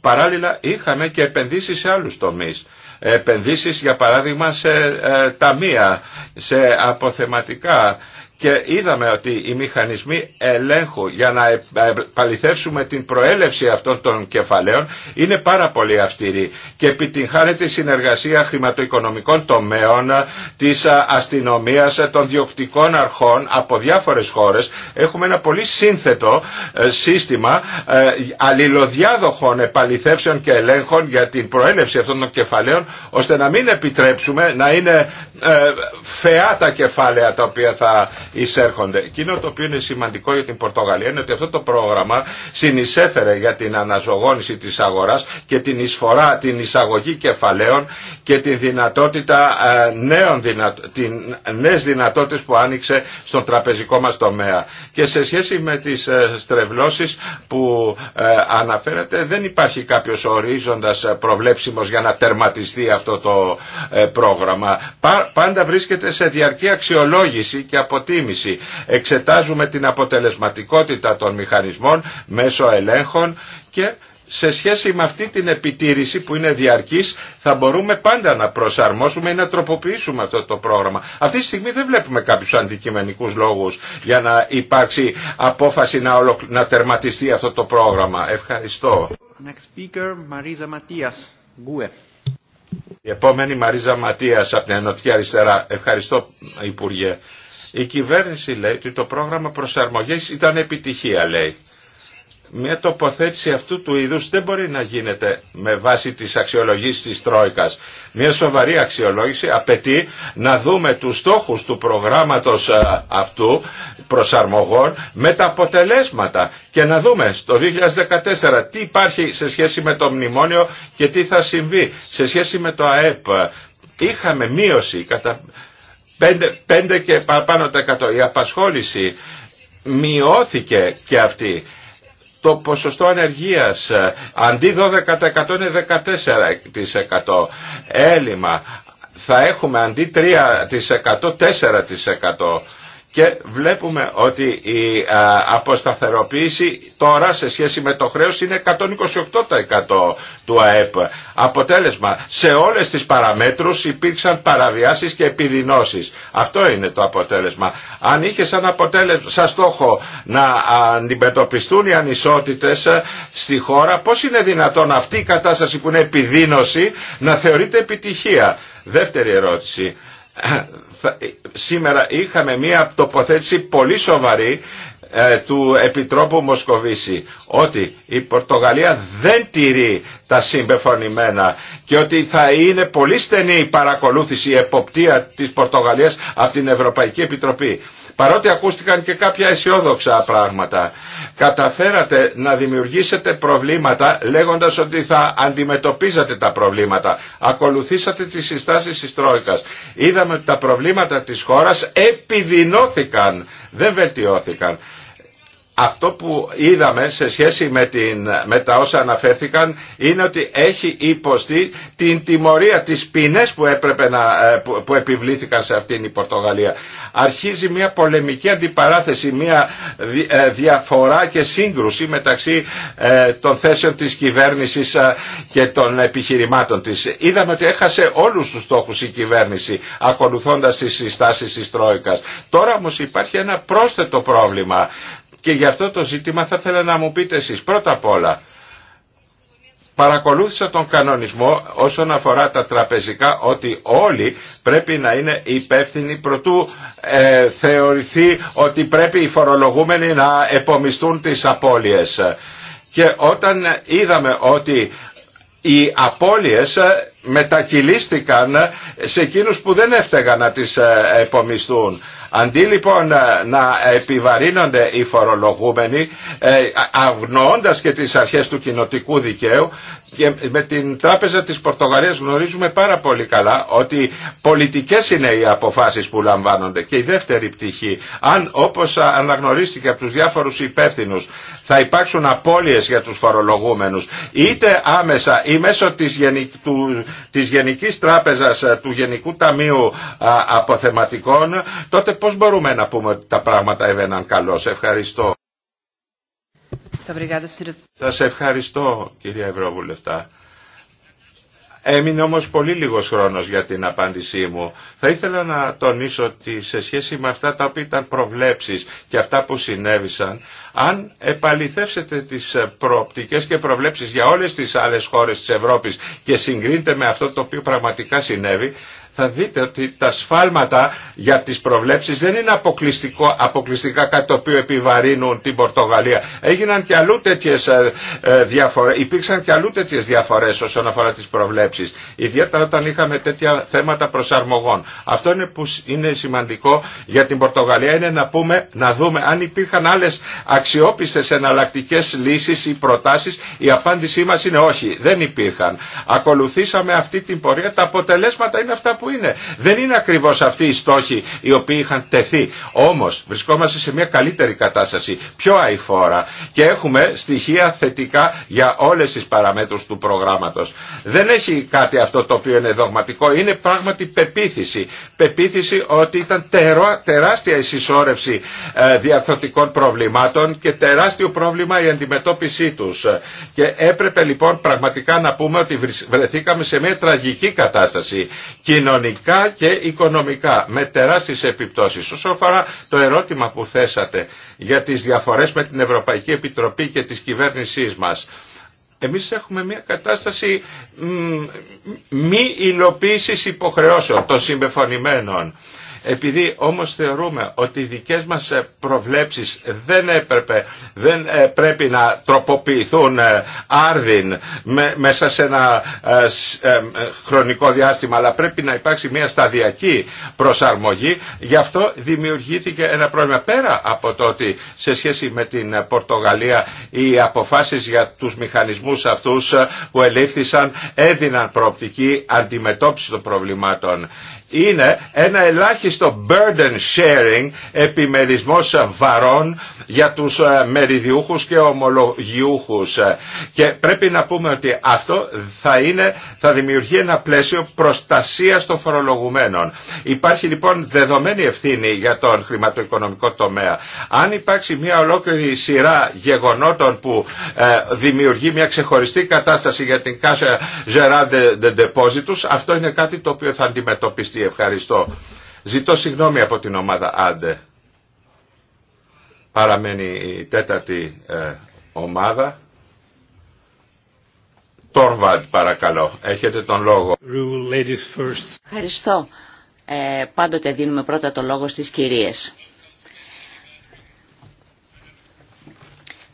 Παράλληλα είχαμε και επενδύσεις σε άλλους τομείς επενδύσεις για παράδειγμα σε ε, ταμεία, σε αποθεματικά και είδαμε ότι οι μηχανισμοί ελέγχου για να επαληθεύσουμε την προέλευση αυτών των κεφαλαίων είναι πάρα πολύ αυστηροί και επιτυγχάνεται η συνεργασία χρηματοοικονομικών τομέων της αστυνομίας των διοκτικών αρχών από διάφορες χώρες. Έχουμε ένα πολύ σύνθετο ε, σύστημα ε, αλληλοδιάδοχων επαληθεύσεων και ελέγχων για την προέλευση αυτών των κεφαλαίων ώστε να μην επιτρέψουμε να είναι ε, φεά τα κεφάλαια τα οποία θα εισέρχονται. Εκείνο το οποίο είναι σημαντικό για την Πορτογαλία είναι ότι αυτό το πρόγραμμα συνεισέφερε για την αναζωγόνηση της αγοράς και την εισφορά, την εισαγωγή κεφαλαίων και την δυνατότητα ε, νέων την, νέες δυνατότητες που άνοιξε στον τραπεζικό μας τομέα. Και σε σχέση με τις ε, στρεβλώσεις που ε, αναφέρατε δεν υπάρχει κάποιος ορίζοντας προβλέψιμος για να τερματιστεί αυτό το πρόγραμμα. Πάντα βρίσκεται σε διαρκή αξιολόγηση και τι Εξετάζουμε την αποτελεσματικότητα των μηχανισμών μέσω ελέγχων και σε σχέση με αυτή την επιτήρηση που είναι διαρκής θα μπορούμε πάντα να προσαρμόσουμε ή να τροποποιήσουμε αυτό το πρόγραμμα. Αυτή τη στιγμή δεν βλέπουμε κάποιους αντικειμενικούς λόγους για να υπάρξει απόφαση να, τερματιστεί αυτό το πρόγραμμα. Ευχαριστώ. Next speaker, Η επόμενη Μαρίζα Ματίας από την Ενωτική Αριστερά. Ευχαριστώ Υπουργέ. Η κυβέρνηση λέει ότι το πρόγραμμα προσαρμογής ήταν επιτυχία λέει. Μια τοποθέτηση αυτού του είδους δεν μπορεί να γίνεται με βάση τις αξιολογήσεις της Τρόικας. Μια σοβαρή αξιολόγηση απαιτεί να δούμε τους στόχους του προγράμματος ε, αυτού προσαρμογών με τα αποτελέσματα και να δούμε στο 2014 τι υπάρχει σε σχέση με το μνημόνιο και τι θα συμβεί σε σχέση με το ΑΕΠ. Ε, είχαμε μείωση κατά 5 και παραπάνω τα 100. Η απασχόληση μειώθηκε και αυτή. Το ποσοστό ανεργίας ε, αντί 12% είναι 14%. Έλλειμμα θα έχουμε αντί 3% 4%. Και βλέπουμε ότι η αποσταθεροποίηση τώρα σε σχέση με το χρέος είναι 128% του ΑΕΠ. Αποτέλεσμα, σε όλες τις παραμέτρους υπήρξαν παραβιάσεις και επιδεινώσεις. Αυτό είναι το αποτέλεσμα. Αν είχε σαν, στόχο να αντιμετωπιστούν οι ανισότητες ε, στη χώρα, πώς είναι δυνατόν αυτή η κατάσταση που είναι επιδείνωση να θεωρείται επιτυχία. Δεύτερη ερώτηση σήμερα είχαμε μία τοποθέτηση πολύ σοβαρή ε, του Επιτρόπου Μοσκοβίση ότι η Πορτογαλία δεν τηρεί τα συμπεφωνημένα και ότι θα είναι πολύ στενή η παρακολούθηση, η εποπτεία της Πορτογαλίας από την Ευρωπαϊκή Επιτροπή παρότι ακούστηκαν και κάποια αισιόδοξα πράγματα. Καταφέρατε να δημιουργήσετε προβλήματα λέγοντας ότι θα αντιμετωπίζατε τα προβλήματα. Ακολουθήσατε τις συστάσεις της Τρόικας. Είδαμε ότι τα προβλήματα της χώρας επιδεινώθηκαν, δεν βελτιώθηκαν αυτό που είδαμε σε σχέση με, την, τα όσα αναφέρθηκαν είναι ότι έχει υποστεί την τιμωρία, τις ποινές που, έπρεπε να, ε, που, επιβλήθηκαν σε αυτήν η Πορτογαλία. Αρχίζει μια πολεμική αντιπαράθεση, μια ε, διαφορά και σύγκρουση μεταξύ ε, των θέσεων της κυβέρνησης και των επιχειρημάτων της. Είδαμε ότι έχασε όλους τους στόχους η κυβέρνηση ακολουθώντας τις συστάσεις της Τρόικας. Τώρα όμως υπάρχει ένα πρόσθετο πρόβλημα και για αυτό το ζήτημα θα ήθελα να μου πείτε εσείς πρώτα απ' όλα παρακολούθησα τον κανονισμό όσον αφορά τα τραπεζικά ότι όλοι πρέπει να είναι υπεύθυνοι προτού ε, θεωρηθεί ότι πρέπει οι φορολογούμενοι να επομιστούν τις απώλειες. Και όταν είδαμε ότι οι απώλειες μετακυλίστηκαν σε εκείνους που δεν έφταιγαν να τις ε, επομιστούν. Αντί λοιπόν ε, να επιβαρύνονται οι φορολογούμενοι ε, αγνοώντας και τις αρχές του κοινοτικού δικαίου και με την Τράπεζα της Πορτογαλίας γνωρίζουμε πάρα πολύ καλά ότι πολιτικές είναι οι αποφάσεις που λαμβάνονται. Και η δεύτερη πτυχή, αν όπως αναγνωρίστηκε από τους διάφορους υπεύθυνου, θα υπάρξουν απώλειες για τους φορολογούμενους, είτε άμεσα ή μέσω της, της Γενικής Τράπεζας ε, του Γενικού Ταμείου Αποθεματικών, τότε πώς μπορούμε να πούμε ότι τα πράγματα έβαιναν Σε Ευχαριστώ. Σας ευχαριστώ κυρία Ευρωβουλευτά. Έμεινε όμως πολύ λίγος χρόνος για την απάντησή μου. Θα ήθελα να τονίσω ότι σε σχέση με αυτά τα οποία ήταν προβλέψεις και αυτά που συνέβησαν, αν επαληθεύσετε τις προοπτικές και προβλέψεις για όλες τις άλλες χώρες της Ευρώπης και συγκρίνετε με αυτό το οποίο πραγματικά συνέβη, θα δείτε ότι τα σφάλματα για τις προβλέψεις δεν είναι αποκλειστικό, αποκλειστικά κάτι το οποίο επιβαρύνουν την Πορτογαλία. Έγιναν και αλλού τέτοιες ε, ε, διαφορές, υπήρξαν και αλλού τέτοιες διαφορές όσον αφορά τις προβλέψεις. Ιδιαίτερα όταν είχαμε τέτοια θέματα προσαρμογών. Αυτό είναι που είναι σημαντικό για την Πορτογαλία είναι να πούμε, να δούμε αν υπήρχαν άλλες αξιόπιστες εναλλακτικές λύσεις ή προτάσεις. Η απάντησή μας είναι όχι, δεν υπήρχαν. Ακολουθήσαμε αυτή την πορεία, τα αποτελέσματα είναι αυτά που είναι. Δεν είναι ακριβώς αυτοί οι στόχοι οι οποίοι είχαν τεθεί. Όμως βρισκόμαστε σε μια καλύτερη κατάσταση, πιο αηφόρα και έχουμε στοιχεία θετικά για όλες τις παραμέτρους του προγράμματος. Δεν έχει κάτι αυτό το οποίο είναι δογματικό, είναι πράγματι πεποίθηση. Πεποίθηση ότι ήταν τεράστια η συσσόρευση ε, διαρθωτικών προβλημάτων και τεράστιο πρόβλημα η αντιμετώπιση τους. Και έπρεπε λοιπόν πραγματικά να πούμε ότι βρεθήκαμε σε μια τραγική κατάσταση. Κοινωνική κοινωνικά και οικονομικά με τεράστιες επιπτώσεις. Όσο αφορά το ερώτημα που θέσατε για τις διαφορές με την Ευρωπαϊκή Επιτροπή και της κυβέρνησής μας, εμείς έχουμε μια κατάσταση μη υλοποίησης υποχρεώσεων των συμπεφωνημένων. Επειδή όμως θεωρούμε ότι οι δικές μας ε, προβλέψεις δεν, έπρεπε, δεν ε, πρέπει να τροποποιηθούν ε, άρδιν μέσα σε ένα χρονικό διάστημα, αλλά πρέπει να υπάρξει μια σταδιακή προσαρμογή, γι' αυτό δημιουργήθηκε ένα πρόβλημα πέρα από το ότι σε σχέση με την Πορτογαλία οι αποφάσεις για τους μηχανισμούς αυτούς που ελήφθησαν έδιναν προοπτική αντιμετώπιση των προβλημάτων είναι ένα ελάχιστο burden sharing, επιμερισμός βαρών για τους ε, μεριδιούχους και ομολογιούχους. Ε, και πρέπει να πούμε ότι αυτό θα, είναι, θα δημιουργεί ένα πλαίσιο προστασίας των φορολογουμένων. Υπάρχει λοιπόν δεδομένη ευθύνη για τον χρηματοοικονομικό τομέα. Αν υπάρξει μια ολόκληρη σειρά γεγονότων που ε, δημιουργεί μια ξεχωριστή κατάσταση για την Casa Gerard de αυτό είναι κάτι το οποίο θα αντιμετωπιστεί Ευχαριστώ. Ζητώ συγγνώμη από την ομάδα Άντε. Παραμένει η τέταρτη ε, ομάδα. Τόρβατ παρακαλώ. Έχετε τον λόγο. Ευχαριστώ. Ε, πάντοτε δίνουμε πρώτα το λόγο στις κυρίες.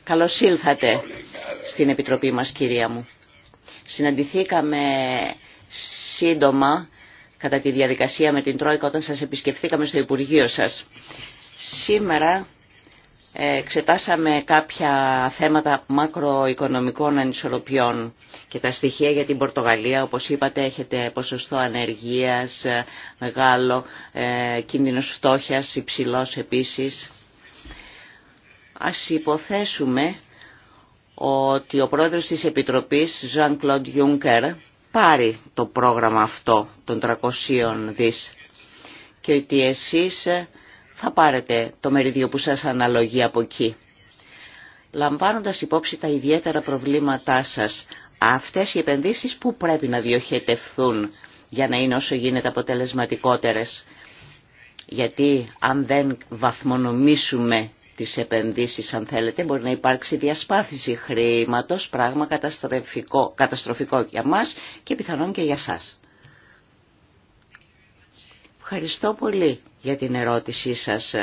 Καλώς ήλθατε στην Επιτροπή μας κυρία μου. Συναντηθήκαμε σύντομα κατά τη διαδικασία με την Τρόικα όταν σας επισκεφθήκαμε στο Υπουργείο σας. Σήμερα ε, εξετάσαμε κάποια θέματα μακροοικονομικών ανισορροπιών και τα στοιχεία για την Πορτογαλία, όπως είπατε, έχετε ποσοστό ανεργίας ε, μεγάλο, ε, κίνδυνος φτώχειας υψηλός επίσης. Ας υποθέσουμε ότι ο πρόεδρος της Επιτροπής, Jean-Claude Juncker, πάρει το πρόγραμμα αυτό των 300 δις και ότι εσείς ε, θα πάρετε το μερίδιο που σας αναλογεί από εκεί. Λαμβάνοντας υπόψη τα ιδιαίτερα προβλήματά σας, αυτές οι επενδύσεις που πρέπει να διοχετευθούν για να είναι όσο γίνεται αποτελεσματικότερες. Γιατί αν δεν βαθμονομήσουμε τις επενδύσεις αν θέλετε μπορεί να υπάρξει διασπάθηση χρήματος πράγμα καταστροφικό, καταστροφικό για μας και πιθανόν και για σας. Ευχαριστώ πολύ για την ερώτησή σας.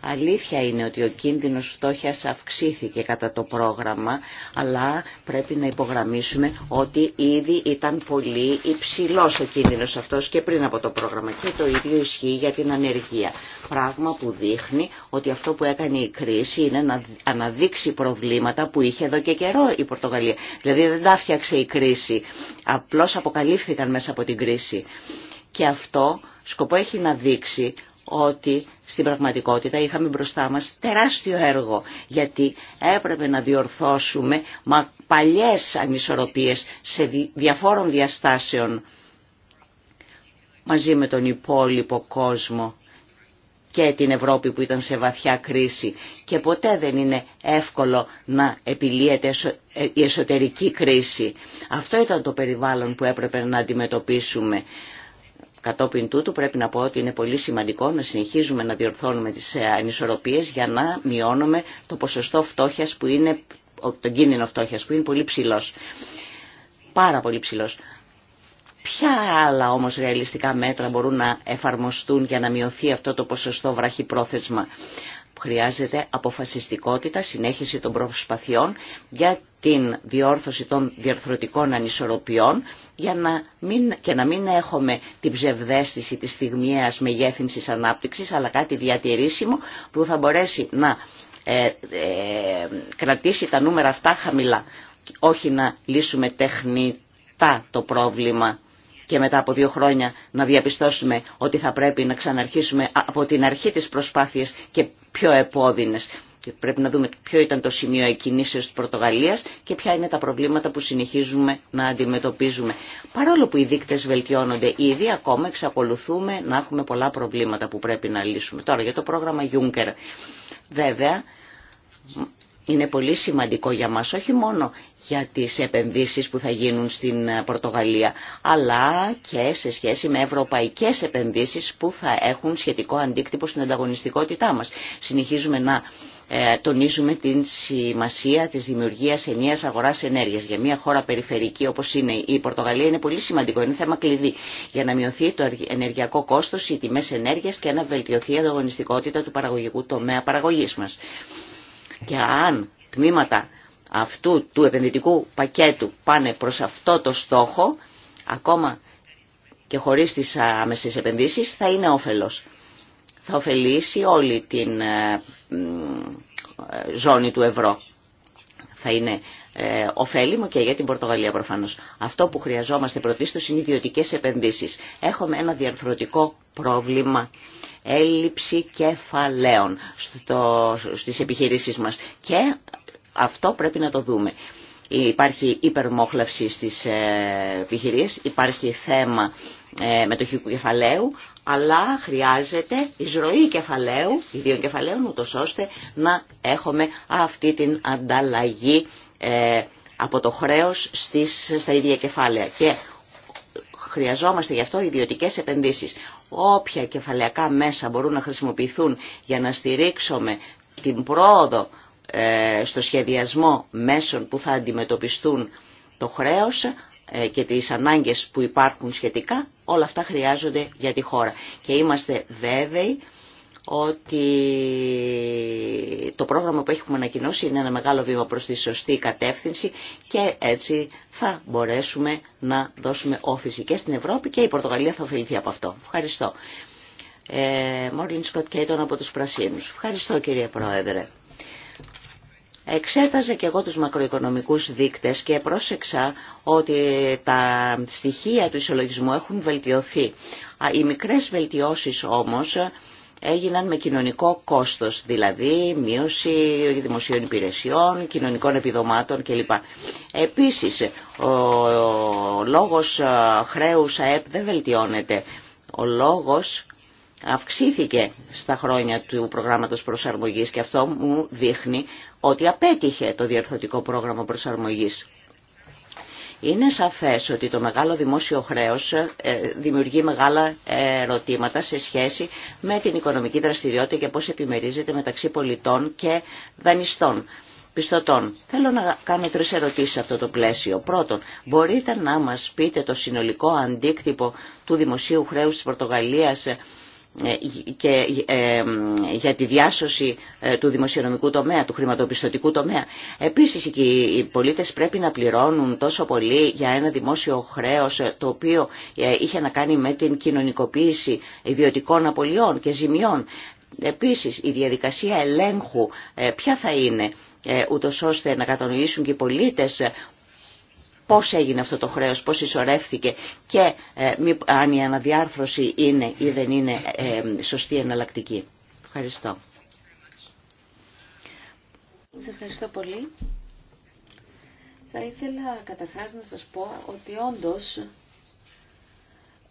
Αλήθεια είναι ότι ο κίνδυνος φτώχειας αυξήθηκε κατά το πρόγραμμα, αλλά πρέπει να υπογραμμίσουμε ότι ήδη ήταν πολύ υψηλός ο κίνδυνος αυτός και πριν από το πρόγραμμα και το ίδιο ισχύει για την ανεργία. Πράγμα που δείχνει ότι αυτό που έκανε η κρίση είναι να αναδείξει προβλήματα που είχε εδώ και καιρό η Πορτογαλία. Δηλαδή δεν τα φτιάξε η κρίση, απλώς αποκαλύφθηκαν μέσα από την κρίση. Και αυτό σκοπό έχει να δείξει ότι στην πραγματικότητα είχαμε μπροστά μας τεράστιο έργο γιατί έπρεπε να διορθώσουμε μα παλιές ανισορροπίες σε διαφόρων διαστάσεων μαζί με τον υπόλοιπο κόσμο και την Ευρώπη που ήταν σε βαθιά κρίση και ποτέ δεν είναι εύκολο να επιλύεται ε, η εσωτερική κρίση. Αυτό ήταν το περιβάλλον που έπρεπε να αντιμετωπίσουμε. Κατόπιν τούτου πρέπει να πω ότι είναι πολύ σημαντικό να συνεχίζουμε να διορθώνουμε τις ε, ανισορροπίες για να μειώνουμε το ποσοστό φτώχειας που είναι, τον κίνδυνο φτώχειας που είναι πολύ ψηλός. Πάρα πολύ ψηλός. Ποια άλλα όμως ρεαλιστικά μέτρα μπορούν να εφαρμοστούν για να μειωθεί αυτό το ποσοστό βραχυπρόθεσμα. Χρειάζεται αποφασιστικότητα, συνέχιση των προσπαθειών για την διόρθωση των διαρθρωτικών ανισορροπιών για να μην, και να μην έχουμε την ψευδέστηση της στιγμιαίας μεγέθυνσης ανάπτυξης αλλά κάτι διατηρήσιμο που θα μπορέσει να ε, ε, κρατήσει τα νούμερα αυτά χαμηλά. Όχι να λύσουμε τεχνητά το πρόβλημα και μετά από δύο χρόνια να διαπιστώσουμε ότι θα πρέπει να ξαναρχίσουμε από την αρχή τις προσπάθειες και πιο επώδυνες. Πρέπει να δούμε ποιο ήταν το σημείο εκκινήσεως της Πορτογαλίας και ποια είναι τα προβλήματα που συνεχίζουμε να αντιμετωπίζουμε. Παρόλο που οι δείκτες βελτιώνονται ήδη, ακόμα εξακολουθούμε να έχουμε πολλά προβλήματα που πρέπει να λύσουμε. Τώρα για το πρόγραμμα Juncker. Βέβαια, είναι πολύ σημαντικό για μας, όχι μόνο για τις επενδύσεις που θα γίνουν στην Πορτογαλία, αλλά και σε σχέση με ευρωπαϊκές επενδύσεις που θα έχουν σχετικό αντίκτυπο στην ανταγωνιστικότητά μας. Συνεχίζουμε να ε, τονίζουμε την σημασία της δημιουργίας ενιαίας αγοράς ενέργειας. Για μια χώρα περιφερική όπως είναι η Πορτογαλία είναι πολύ σημαντικό, είναι θέμα κλειδί για να μειωθεί το ενεργειακό κόστος, οι τιμές ενέργειας και να βελτιωθεί η ανταγωνιστικότητα του παραγωγικού τομέα παραγωγής μας. Και αν τμήματα αυτού του επενδυτικού πακέτου πάνε προς αυτό το στόχο, ακόμα και χωρίς τις άμεσες επενδύσεις, θα είναι όφελος. Θα ωφελήσει όλη την ε, ε, ζώνη του ευρώ. Θα είναι ε, ωφέλιμο και για την Πορτογαλία προφανώς. Αυτό που χρειαζόμαστε πρωτίστως είναι ιδιωτικέ επενδύσεις. Έχουμε ένα διαρθρωτικό πρόβλημα έλλειψη κεφαλαίων στο, στις επιχειρήσεις μας. Και αυτό πρέπει να το δούμε. Υπάρχει υπερμόχλευση στις ε, επιχειρήσεις, υπάρχει θέμα ε, μετοχικού κεφαλαίου, αλλά χρειάζεται εισρωή κεφαλαίου, ιδίων κεφαλαίων, ούτως ώστε να έχουμε αυτή την ανταλλαγή ε, από το χρέος στις, στα ίδια κεφάλαια. Χρειαζόμαστε γι' αυτό ιδιωτικές επενδύσεις. Όποια κεφαλαιακά μέσα μπορούν να χρησιμοποιηθούν για να στηρίξουμε την πρόοδο ε, στο σχεδιασμό μέσων που θα αντιμετωπιστούν το χρέος ε, και τις ανάγκες που υπάρχουν σχετικά, όλα αυτά χρειάζονται για τη χώρα. Και είμαστε βέβαιοι ότι το πρόγραμμα που έχουμε ανακοινώσει είναι ένα μεγάλο βήμα προς τη σωστή κατεύθυνση και έτσι θα μπορέσουμε να δώσουμε όφηση και στην Ευρώπη και η Πορτογαλία θα ωφεληθεί από αυτό. Ευχαριστώ. Ε, Μόρλιν Σκοτ Κέιτον από τους Πρασίνους. Ευχαριστώ κύριε Πρόεδρε. Εξέταζα και εγώ τους μακροοικονομικούς δείκτες και πρόσεξα ότι τα στοιχεία του ισολογισμού έχουν βελτιωθεί. Οι μικρές βελτιώσεις όμως έγιναν με κοινωνικό κόστος, δηλαδή μείωση δημοσίων υπηρεσιών, κοινωνικών επιδομάτων κλπ. Επίσης, ο λόγος χρέους ΑΕΠ δεν βελτιώνεται. Ο λόγος αυξήθηκε στα χρόνια του προγράμματος προσαρμογής και αυτό μου δείχνει ότι απέτυχε το διορθωτικό πρόγραμμα προσαρμογής. Είναι σαφές ότι το μεγάλο δημόσιο χρέος ε, δημιουργεί μεγάλα ερωτήματα σε σχέση με την οικονομική δραστηριότητα και πώς επιμερίζεται μεταξύ πολιτών και δανειστών. Πιστωτών. Θέλω να κάνω τρεις ερωτήσεις σε αυτό το πλαίσιο. Πρώτον, μπορείτε να μας πείτε το συνολικό αντίκτυπο του δημοσίου χρέους της Πορτογαλίας ε, και ε, για τη διάσωση ε, του δημοσιονομικού τομέα, του χρηματοπιστωτικού τομέα. Επίσης οι πολίτες πρέπει να πληρώνουν τόσο πολύ για ένα δημόσιο χρέος το οποίο είχε να κάνει με την κοινωνικοποίηση ιδιωτικών απολειών και ζημιών. Επίσης η διαδικασία ελέγχου ποια θα είναι ούτως ώστε να κατανοήσουν και οι πολίτες πώς έγινε αυτό το χρέος, πώς ισορρεύθηκε και ε, αν η αναδιάρθρωση είναι ή δεν είναι ε, σωστή εναλλακτική. Ευχαριστώ. ευχαριστώ πολύ. Θα ήθελα καταρχάς να σας πω ότι όντως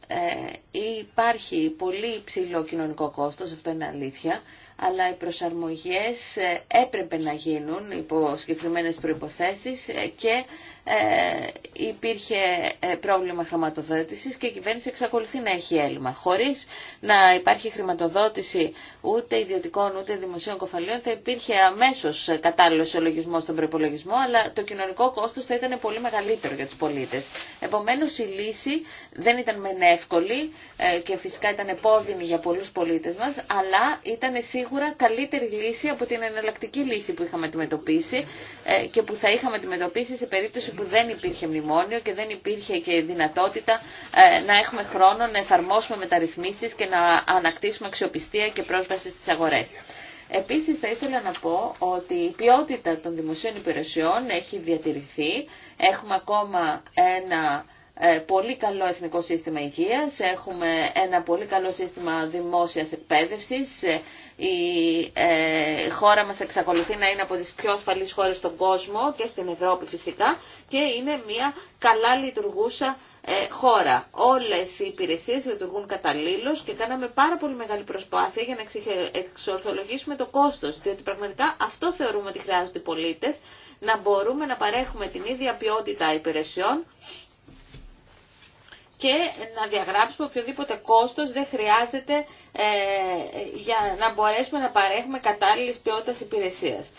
ε, υπάρχει πολύ υψηλό κοινωνικό κόστος, αυτό είναι αλήθεια, αλλά οι προσαρμογές ε, έπρεπε να γίνουν υπό συγκεκριμένες προϋποθέσεις και ε, υπήρχε ε, πρόβλημα χρηματοδότησης και η κυβέρνηση εξακολουθεί να έχει έλλειμμα. Χωρίς να υπάρχει χρηματοδότηση ούτε ιδιωτικών ούτε δημοσίων κοφαλιών θα υπήρχε αμέσως κατάλληλος ολογισμός στον προπολογισμό, αλλά το κοινωνικό κόστος θα ήταν πολύ μεγαλύτερο για τους πολίτες. Επομένως η λύση δεν ήταν μεν εύκολη ε, και φυσικά ήταν επώδυνη για πολλούς πολίτες μας, αλλά ήταν σίγουρα καλύτερη λύση από την εναλλακτική λύση που είχαμε αντιμετωπίσει και που θα είχαμε αντιμετωπίσει σε περίπτωση που δεν υπήρχε μνημόνιο και δεν υπήρχε και δυνατότητα ε, να έχουμε χρόνο να εφαρμόσουμε μεταρρυθμίσεις και να ανακτήσουμε αξιοπιστία και πρόσβαση στις αγορές. Επίσης θα ήθελα να πω ότι η ποιότητα των δημοσίων υπηρεσιών έχει διατηρηθεί. Έχουμε ακόμα ένα ε, πολύ καλό εθνικό σύστημα υγείας, έχουμε ένα πολύ καλό σύστημα δημόσιας εκπαίδευσης, η ε, χώρα μας εξακολουθεί να είναι από τις πιο ασφαλείς χώρες στον κόσμο και στην Ευρώπη φυσικά και είναι μια καλά λειτουργούσα ε, χώρα. Όλες οι υπηρεσίες λειτουργούν καταλήλως και κάναμε πάρα πολύ μεγάλη προσπάθεια για να εξορθολογήσουμε το κόστος, διότι πραγματικά αυτό θεωρούμε ότι χρειάζονται οι πολίτες, να μπορούμε να παρέχουμε την ίδια ποιότητα υπηρεσιών και να διαγράψουμε οποιοδήποτε κόστος δεν χρειάζεται ε, για να μπορέσουμε να παρέχουμε κατάλληλης ποιότητας υπηρεσίας.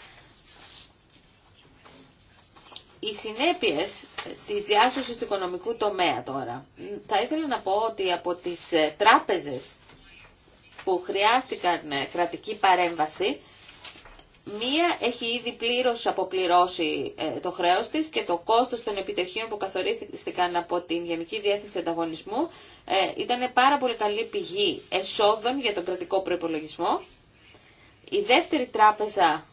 Οι συνέπειες της διάσωσης του οικονομικού τομέα τώρα. Θα ήθελα να πω ότι από τις ε, τράπεζες που χρειάστηκαν ε, κρατική παρέμβαση μία έχει ήδη πλήρως αποπληρώσει ε, το χρέος της και το κόστος των επιτεχείων που καθορίστηκαν από την Γενική Διεύθυνση Ανταγωνισμού ε, ήταν πάρα πολύ καλή πηγή εσόδων για τον κρατικό προϋπολογισμό. Η δεύτερη τράπεζα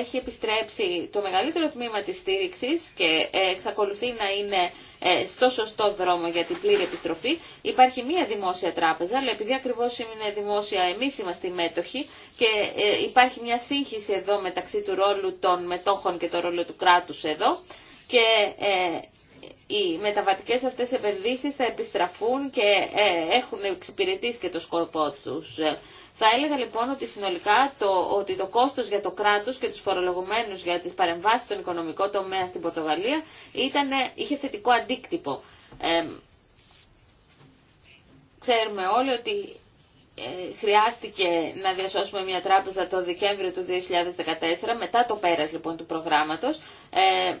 έχει επιστρέψει το μεγαλύτερο τμήμα της στήριξης και ε, εξακολουθεί να είναι ε, στο σωστό δρόμο για την πλήρη επιστροφή. Υπάρχει μία δημόσια τράπεζα, αλλά επειδή ακριβώς είναι δημόσια εμείς είμαστε οι μέτοχοι και ε, υπάρχει μια σύγχυση εδώ μεταξύ του ρόλου των μετόχων και του ρόλου του κράτους εδώ και οι μεταβατικές αυτές επενδύσεις θα επιστραφούν και έχουν εξυπηρετήσει και το σκοπό τους. Θα έλεγα λοιπόν ότι συνολικά το, ότι το κόστος για το κράτος και τους φορολογουμένους για τις παρεμβάσεις στον οικονομικό τομέα στην Πορτογαλία είχε θετικό αντίκτυπο. Ε, ξέρουμε όλοι ότι ε, χρειάστηκε να διασώσουμε μια τράπεζα το Δεκέμβριο του 2014, μετά το πέρας λοιπόν του προγράμματος. Ε,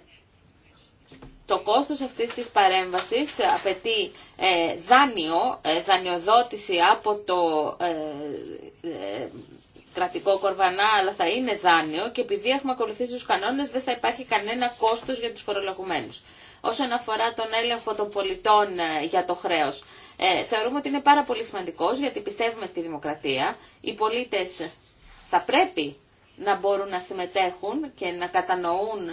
το κόστος αυτής της παρέμβασης απαιτεί ε, δάνειο, ε, δανειοδότηση από το ε, κρατικό κορβανά, αλλά θα είναι δάνειο και επειδή έχουμε ακολουθήσει τους κανόνες δεν θα υπάρχει κανένα κόστος για τους φορολογουμένους. Όσον αφορά τον έλεγχο των πολιτών για το χρέος, θεωρούμε ότι είναι πάρα πολύ σημαντικός γιατί πιστεύουμε στη δημοκρατία. Οι πολίτες θα πρέπει να μπορούν να συμμετέχουν και να κατανοούν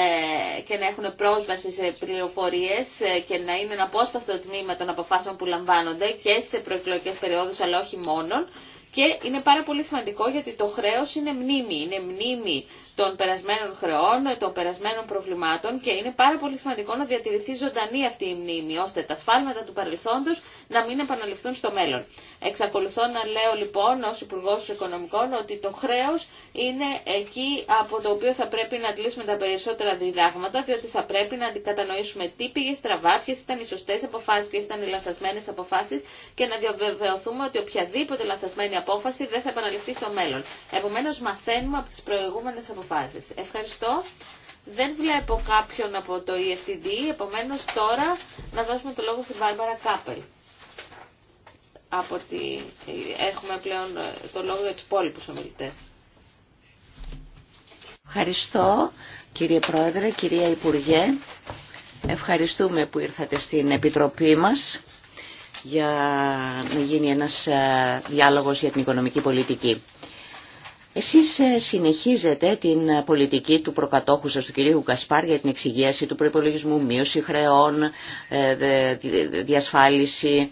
ε, και να έχουν πρόσβαση σε πληροφορίες ε, και να είναι ένα απόσπαστο τμήμα των αποφάσεων που λαμβάνονται και σε προεκλογικές περιόδους αλλά όχι μόνον. Και είναι πάρα πολύ σημαντικό γιατί το χρέος είναι μνήμη. Είναι μνήμη των περασμένων χρεών, των περασμένων προβλημάτων και είναι πάρα πολύ σημαντικό να διατηρηθεί ζωντανή αυτή η μνήμη, ώστε τα σφάλματα του παρελθόντος να μην επαναληφθούν στο μέλλον. Εξακολουθώ να λέω λοιπόν ως Υπουργό Οικονομικών ότι το χρέος είναι εκεί από το οποίο θα πρέπει να αντλήσουμε τα περισσότερα διδάγματα, διότι θα πρέπει να αντικατανοήσουμε τι πήγε στραβά, ποιε ήταν οι σωστέ αποφάσει, ποιε ήταν οι λανθασμένε αποφάσει και να διαβεβαιωθούμε ότι οποιαδήποτε λανθασμένη απόφαση δεν θα επαναληφθεί στο μέλλον. Επομένω, μαθαίνουμε από τι προηγούμενε αποφάσει Ευχαριστώ. Δεν βλέπω κάποιον από το EFTD, επομένως τώρα να δώσουμε το λόγο στην Βάρμπαρα Κάπελ. Από τη ε, έχουμε πλέον ε, το λόγο για τους υπόλοιπους ομιλητές. Ευχαριστώ κύριε Πρόεδρε, κυρία Υπουργέ. Ευχαριστούμε που ήρθατε στην Επιτροπή μας για να γίνει ένας ε, διάλογος για την οικονομική πολιτική. Εσείς ε, συνεχίζετε την ε, πολιτική του προκατόχου σας, του κυρίου Κασπάρ, για την εξηγίαση του προϋπολογισμού, μείωση χρεών, ε, διασφάλιση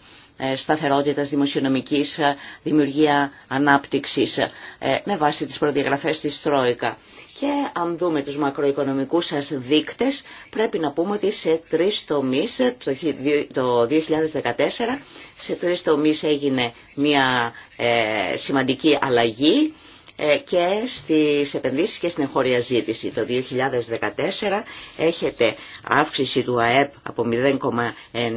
σταθερότητας δημοσιονομικής, δημιουργία ανάπτυξης με βάση τις προδιαγραφές της Τρόικα. Και αν δούμε τους μακροοικονομικούς σας δείκτες, πρέπει να πούμε ότι σε τρεις τομείς, το 2014, σε τρεις τομείς έγινε μια σημαντική αλλαγή ε, και στις επενδύσεις και στην εγχώρια ζήτηση. Το 2014 έχετε αύξηση του ΑΕΠ από 0,9 ε,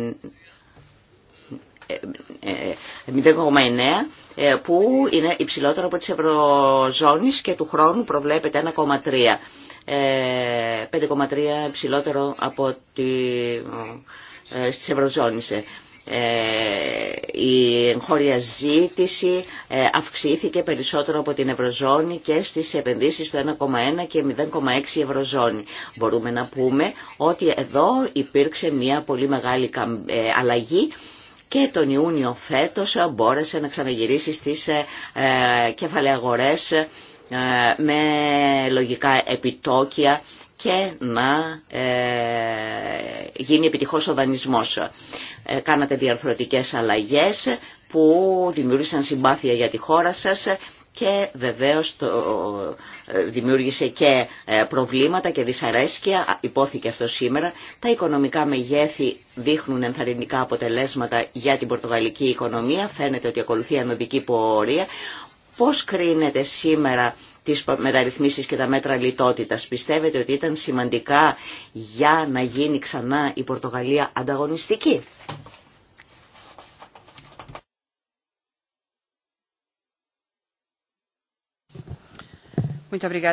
ε, που είναι υψηλότερο από τις ευρωζώνης και του χρόνου προβλέπεται 1,3. 5,3 υψηλότερο από τις στις ε, η χώρια ζήτηση ε, αυξήθηκε περισσότερο από την Ευρωζώνη και στις επενδύσεις του 1,1 και 0,6 Ευρωζώνη. Μπορούμε να πούμε ότι εδώ υπήρξε μια πολύ μεγάλη ε, αλλαγή και τον Ιούνιο φέτος μπόρεσε να ξαναγυρίσει στις κεφαλαίες αγορές με λογικά επιτόκια και να ε, γίνει επιτυχώς ο δανεισμός. Ε, κάνατε διαρθρωτικές αλλαγές που δημιούργησαν συμπάθεια για τη χώρα σας και βεβαίως το, ε, δημιούργησε και προβλήματα και δυσαρέσκεια, υπόθηκε αυτό σήμερα. Τα οικονομικά μεγέθη δείχνουν ενθαρρυντικά αποτελέσματα για την πορτογαλική οικονομία, φαίνεται ότι ακολουθεί ανωδική πορεία. Πώς κρίνεται σήμερα τις μεταρρυθμίσεις και τα μέτρα λιτότητας. Πιστεύετε ότι ήταν σημαντικά για να γίνει ξανά η Πορτογαλία ανταγωνιστική.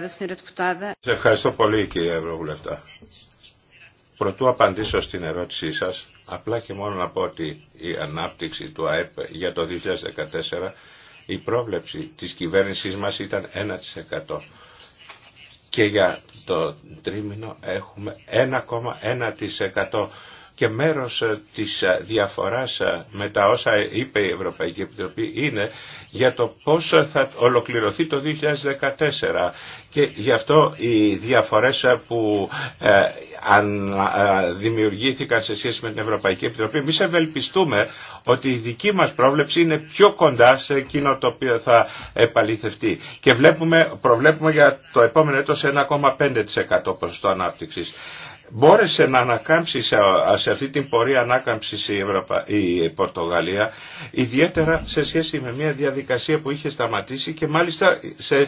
Σε ευχαριστώ πολύ κύριε Ευρωβουλευτά. Πρωτού απαντήσω στην ερώτησή σας, απλά και μόνο να πω ότι η ανάπτυξη του ΑΕΠ για το 2014 η πρόβλεψη της κυβέρνησής μας ήταν 1%. Και για το τρίμηνο έχουμε 1,1% και μέρος ε, της ε, διαφοράς ε, με τα όσα είπε η Ευρωπαϊκή Επιτροπή είναι για το πώς θα ολοκληρωθεί το 2014 και γι' αυτό οι διαφορές που δημιουργήθηκαν σε σχέση με την Ευρωπαϊκή Επιτροπή εμεί ευελπιστούμε ότι η δική μας πρόβλεψη είναι πιο κοντά σε εκείνο το οποίο θα επαληθευτεί και βλέπουμε, προβλέπουμε για το επόμενο έτος 1,5% προς το ανάπτυξης μπόρεσε να ανακάμψει σε αυτή την πορεία ανάκαμψη η, η Πορτογαλία ιδιαίτερα σε σχέση με μια διαδικασία που είχε σταματήσει και μάλιστα σε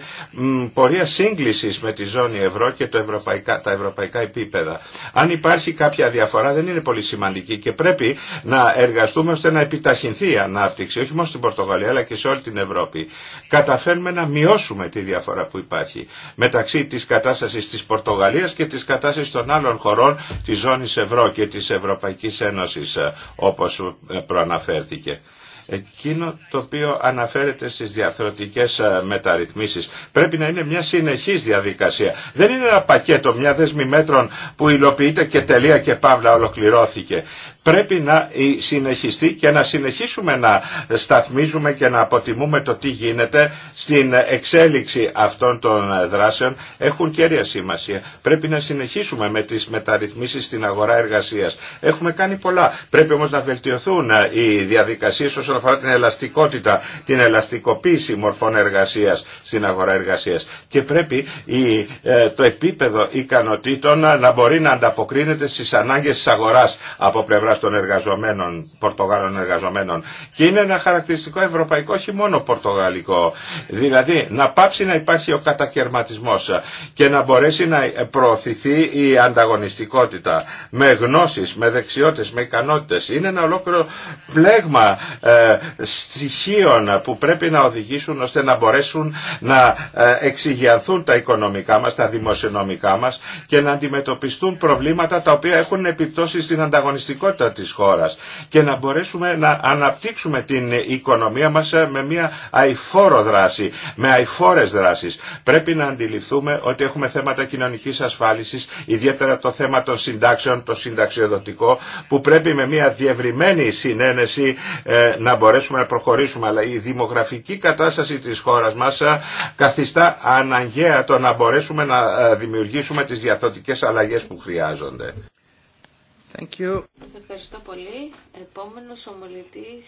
πορεία σύγκλησης με τη ζώνη ευρώ και το ευρωπαϊκά, τα ευρωπαϊκά επίπεδα. Αν υπάρχει κάποια διαφορά δεν είναι πολύ σημαντική και πρέπει να εργαστούμε ώστε να επιταχυνθεί η ανάπτυξη όχι μόνο στην Πορτογαλία αλλά και σε όλη την Ευρώπη. Καταφέρνουμε να μειώσουμε τη διαφορά που υπάρχει μεταξύ της κατάσταση της Πορτογαλίας και της κατάστασης των άλλων χωρών χωρών ζώνη ζώνης ευρώ και της Ευρωπαϊκής Ένωσης ε, όπως ε, προαναφέρθηκε. Εκείνο το οποίο αναφέρεται στις διαφορετικές ε, μεταρρυθμίσεις πρέπει να είναι μια συνεχής διαδικασία. Δεν είναι ένα πακέτο, μια δέσμη μέτρων που υλοποιείται και τελεία και παύλα ολοκληρώθηκε. Πρέπει να ε, συνεχιστεί και να συνεχίσουμε να σταθμίζουμε και να αποτιμούμε το τι γίνεται στην εξέλιξη αυτών των δράσεων. Έχουν κέρια σημασία. Πρέπει να συνεχίσουμε με τις μεταρρυθμίσεις στην αγορά εργασίας. Έχουμε κάνει πολλά. Πρέπει όμως να βελτιωθούν ε, οι διαδικασίες αφορά την ελαστικότητα, την ελαστικοποίηση μορφών εργασίας στην αγορά εργασίας. Και πρέπει η, ε, το επίπεδο ικανοτήτων να μπορεί να ανταποκρίνεται στις ανάγκες της αγοράς από πλευράς των εργαζομένων, Πορτογάλων εργαζομένων. Και είναι ένα χαρακτηριστικό ευρωπαϊκό, όχι μόνο πορτογαλικό. Δηλαδή να πάψει να υπάρχει ο κατακαιρματισμός και να μπορέσει να προωθηθεί η ανταγωνιστικότητα με γνώσεις, με δεξιότητες, με ικανότητες. Είναι ένα ολόκληρο πλέγμα ε, ε, στοιχείων που πρέπει να οδηγήσουν ώστε να μπορέσουν να ε, εξηγιανθούν τα οικονομικά μας, τα δημοσιονομικά μας και να αντιμετωπιστούν προβλήματα τα οποία έχουν επιπτώσει στην ανταγωνιστικότητα της χώρας και να μπορέσουμε να αναπτύξουμε την οικονομία μας ε, με μια αηφόρο δράση, με αηφόρες δράσεις. Πρέπει να αντιληφθούμε ότι έχουμε θέματα κοινωνικής ασφάλισης, ιδιαίτερα το θέμα των συντάξεων, το συνταξιοδοτικό, που πρέπει με μια διευρυμένη συνένεση να να μπορέσουμε να προχωρήσουμε. Αλλά η δημογραφική κατάσταση της χώρας μας ε, καθιστά αναγκαία το να μπορέσουμε να ε, δημιουργήσουμε τις διαθωτικές αλλαγές που χρειάζονται. Thank you. Σας ευχαριστώ πολύ. Επόμενος ομολητής,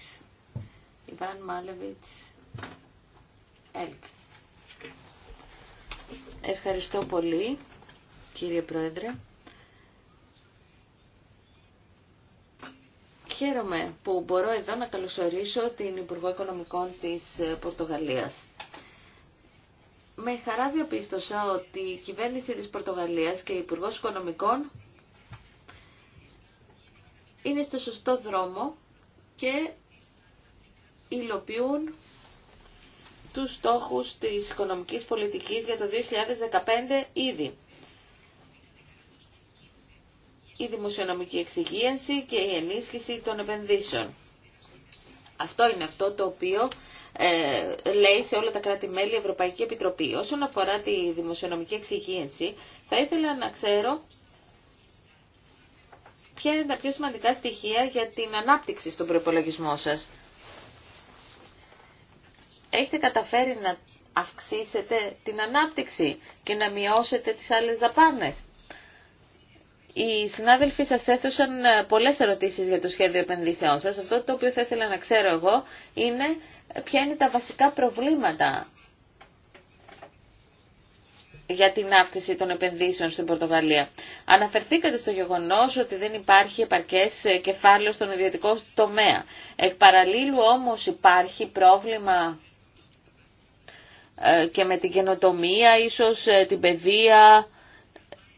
Ιβάν Μάλεβιτς, ΕΛΚ. Ευχαριστώ πολύ, κύριε Πρόεδρε. Χαίρομαι που μπορώ εδώ να καλωσορίσω την Υπουργό Οικονομικών της ε, Πορτογαλίας. Με χαρά διαπίστωσα ότι η κυβέρνηση της Πορτογαλίας και η Υπουργό Οικονομικών είναι στο σωστό δρόμο και υλοποιούν τους στόχους της οικονομικής πολιτικής για το 2015 ήδη η δημοσιονομική εξυγίανση και η ενίσχυση των επενδύσεων. Αυτό είναι αυτό το οποίο ε, λέει σε όλα τα κράτη-μέλη η Ευρωπαϊκή Επιτροπή. Όσον αφορά τη δημοσιονομική εξυγίανση, θα ήθελα να ξέρω ποια είναι τα πιο σημαντικά στοιχεία για την ανάπτυξη στον προπολογισμό σας. Έχετε καταφέρει να αυξήσετε την ανάπτυξη και να μειώσετε τις άλλες δαπάνες. Οι συνάδελφοι σας έθεσαν ε, πολλές ερωτήσεις για το σχέδιο επενδύσεών σας. Αυτό το οποίο θα ήθελα να ξέρω εγώ είναι ε, ποια είναι τα βασικά προβλήματα για την αύξηση των επενδύσεων στην Πορτογαλία. Αναφερθήκατε στο γεγονός ότι δεν υπάρχει επαρκές ε, κεφάλαιο στον ιδιωτικό τομέα. Εκ παραλίλου όμως υπάρχει πρόβλημα και με την καινοτομία, ίσως την παιδεία,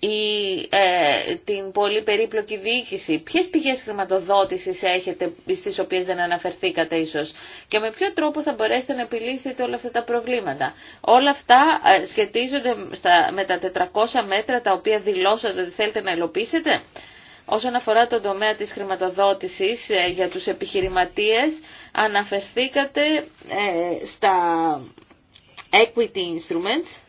ή ε, την πολύ περίπλοκη διοίκηση. Ποιες πηγές χρηματοδότησης έχετε στις οποίες δεν αναφερθήκατε ίσως και με ποιο τρόπο θα μπορέσετε να επιλύσετε όλα αυτά τα προβλήματα. Όλα αυτά ε, σχετίζονται στα, με τα 400 μέτρα τα οποία δηλώσατε ότι θέλετε να ελοπίσετε. Όσον αφορά τον τομέα της χρηματοδότησης ε, για τους επιχειρηματίες, αναφερθήκατε ε, στα equity instruments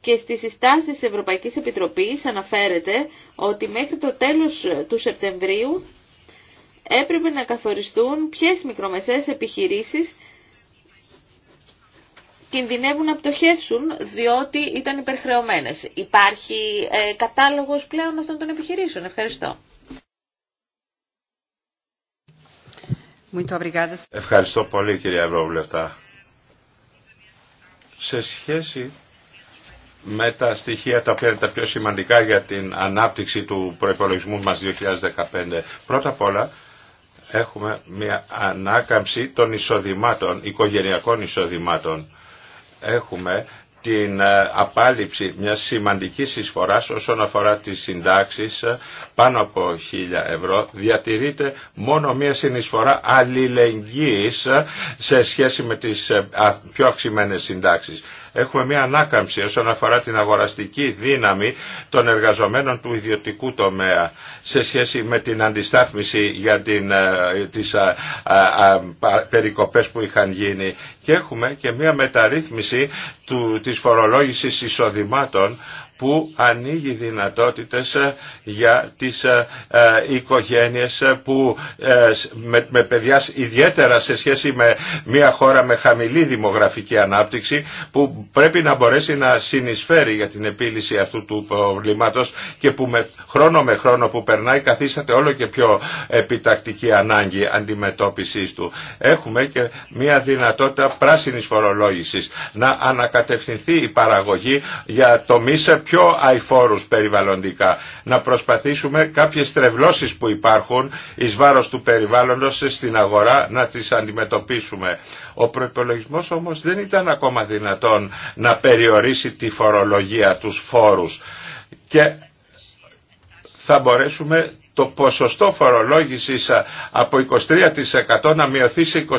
και στις συστάσεις της Ευρωπαϊκής Επιτροπής αναφέρεται ότι μέχρι το τέλος του Σεπτεμβρίου έπρεπε να καθοριστούν ποιες μικρομεσαίες επιχειρήσεις κινδυνεύουν να πτωχεύσουν διότι ήταν υπερχρεωμένες. Υπάρχει ε, κατάλογος πλέον αυτών των επιχειρήσεων. Ευχαριστώ. Ευχαριστώ πολύ κυρία Ευρωβουλευτά. Σε σχέση με τα στοιχεία τα οποία είναι τα πιο σημαντικά για την ανάπτυξη του προϋπολογισμού μας 2015. Πρώτα απ' όλα έχουμε μια ανάκαμψη των εισοδημάτων, οικογενειακών εισοδημάτων. Έχουμε την ε, απάλληψη μια σημαντική εισφοράς όσον αφορά τις συντάξεις ε, πάνω από 1000 ευρώ διατηρείται μόνο μια συνεισφορά αλληλεγγύης ε, σε σχέση με τις πιο αυξημένες συντάξεις έχουμε μια ανάκαμψη όσον αφορά την αγοραστική δύναμη των εργαζομένων του ιδιωτικού τομέα σε σχέση με την αντιστάθμιση για την, ε, τις ε, ε, περικοπές που είχαν γίνει και έχουμε και μια μεταρρύθμιση του, της φορολόγησης εισοδημάτων που ανοίγει δυνατότητες ε, για τις ε, ε, οικογένειες που με παιδιά ιδιαίτερα σε σχέση με μια χώρα με χαμηλή δημογραφική ανάπτυξη που πρέπει να μπορέσει να συνεισφέρει για την επίλυση αυτού του προβλήματος και που με, χρόνο με χρόνο που περνάει καθίσταται όλο και πιο επιτακτική ανάγκη αντιμετώπισης του. Έχουμε και μια δυνατότητα πράσινης φορολόγησης να ανακατευθυνθεί η παραγωγή για πιο αηφόρους περιβαλλοντικά. Να προσπαθήσουμε κάποιες τρευλώσεις που υπάρχουν εις βάρος του περιβάλλοντος στην αγορά να τις αντιμετωπίσουμε. Ο προϋπολογισμός όμως δεν ήταν ακόμα δυνατόν να περιορίσει τη φορολογία, τους φόρους. Και θα μπορέσουμε το ποσοστό φορολόγησης από 23% να μειωθεί σε 21%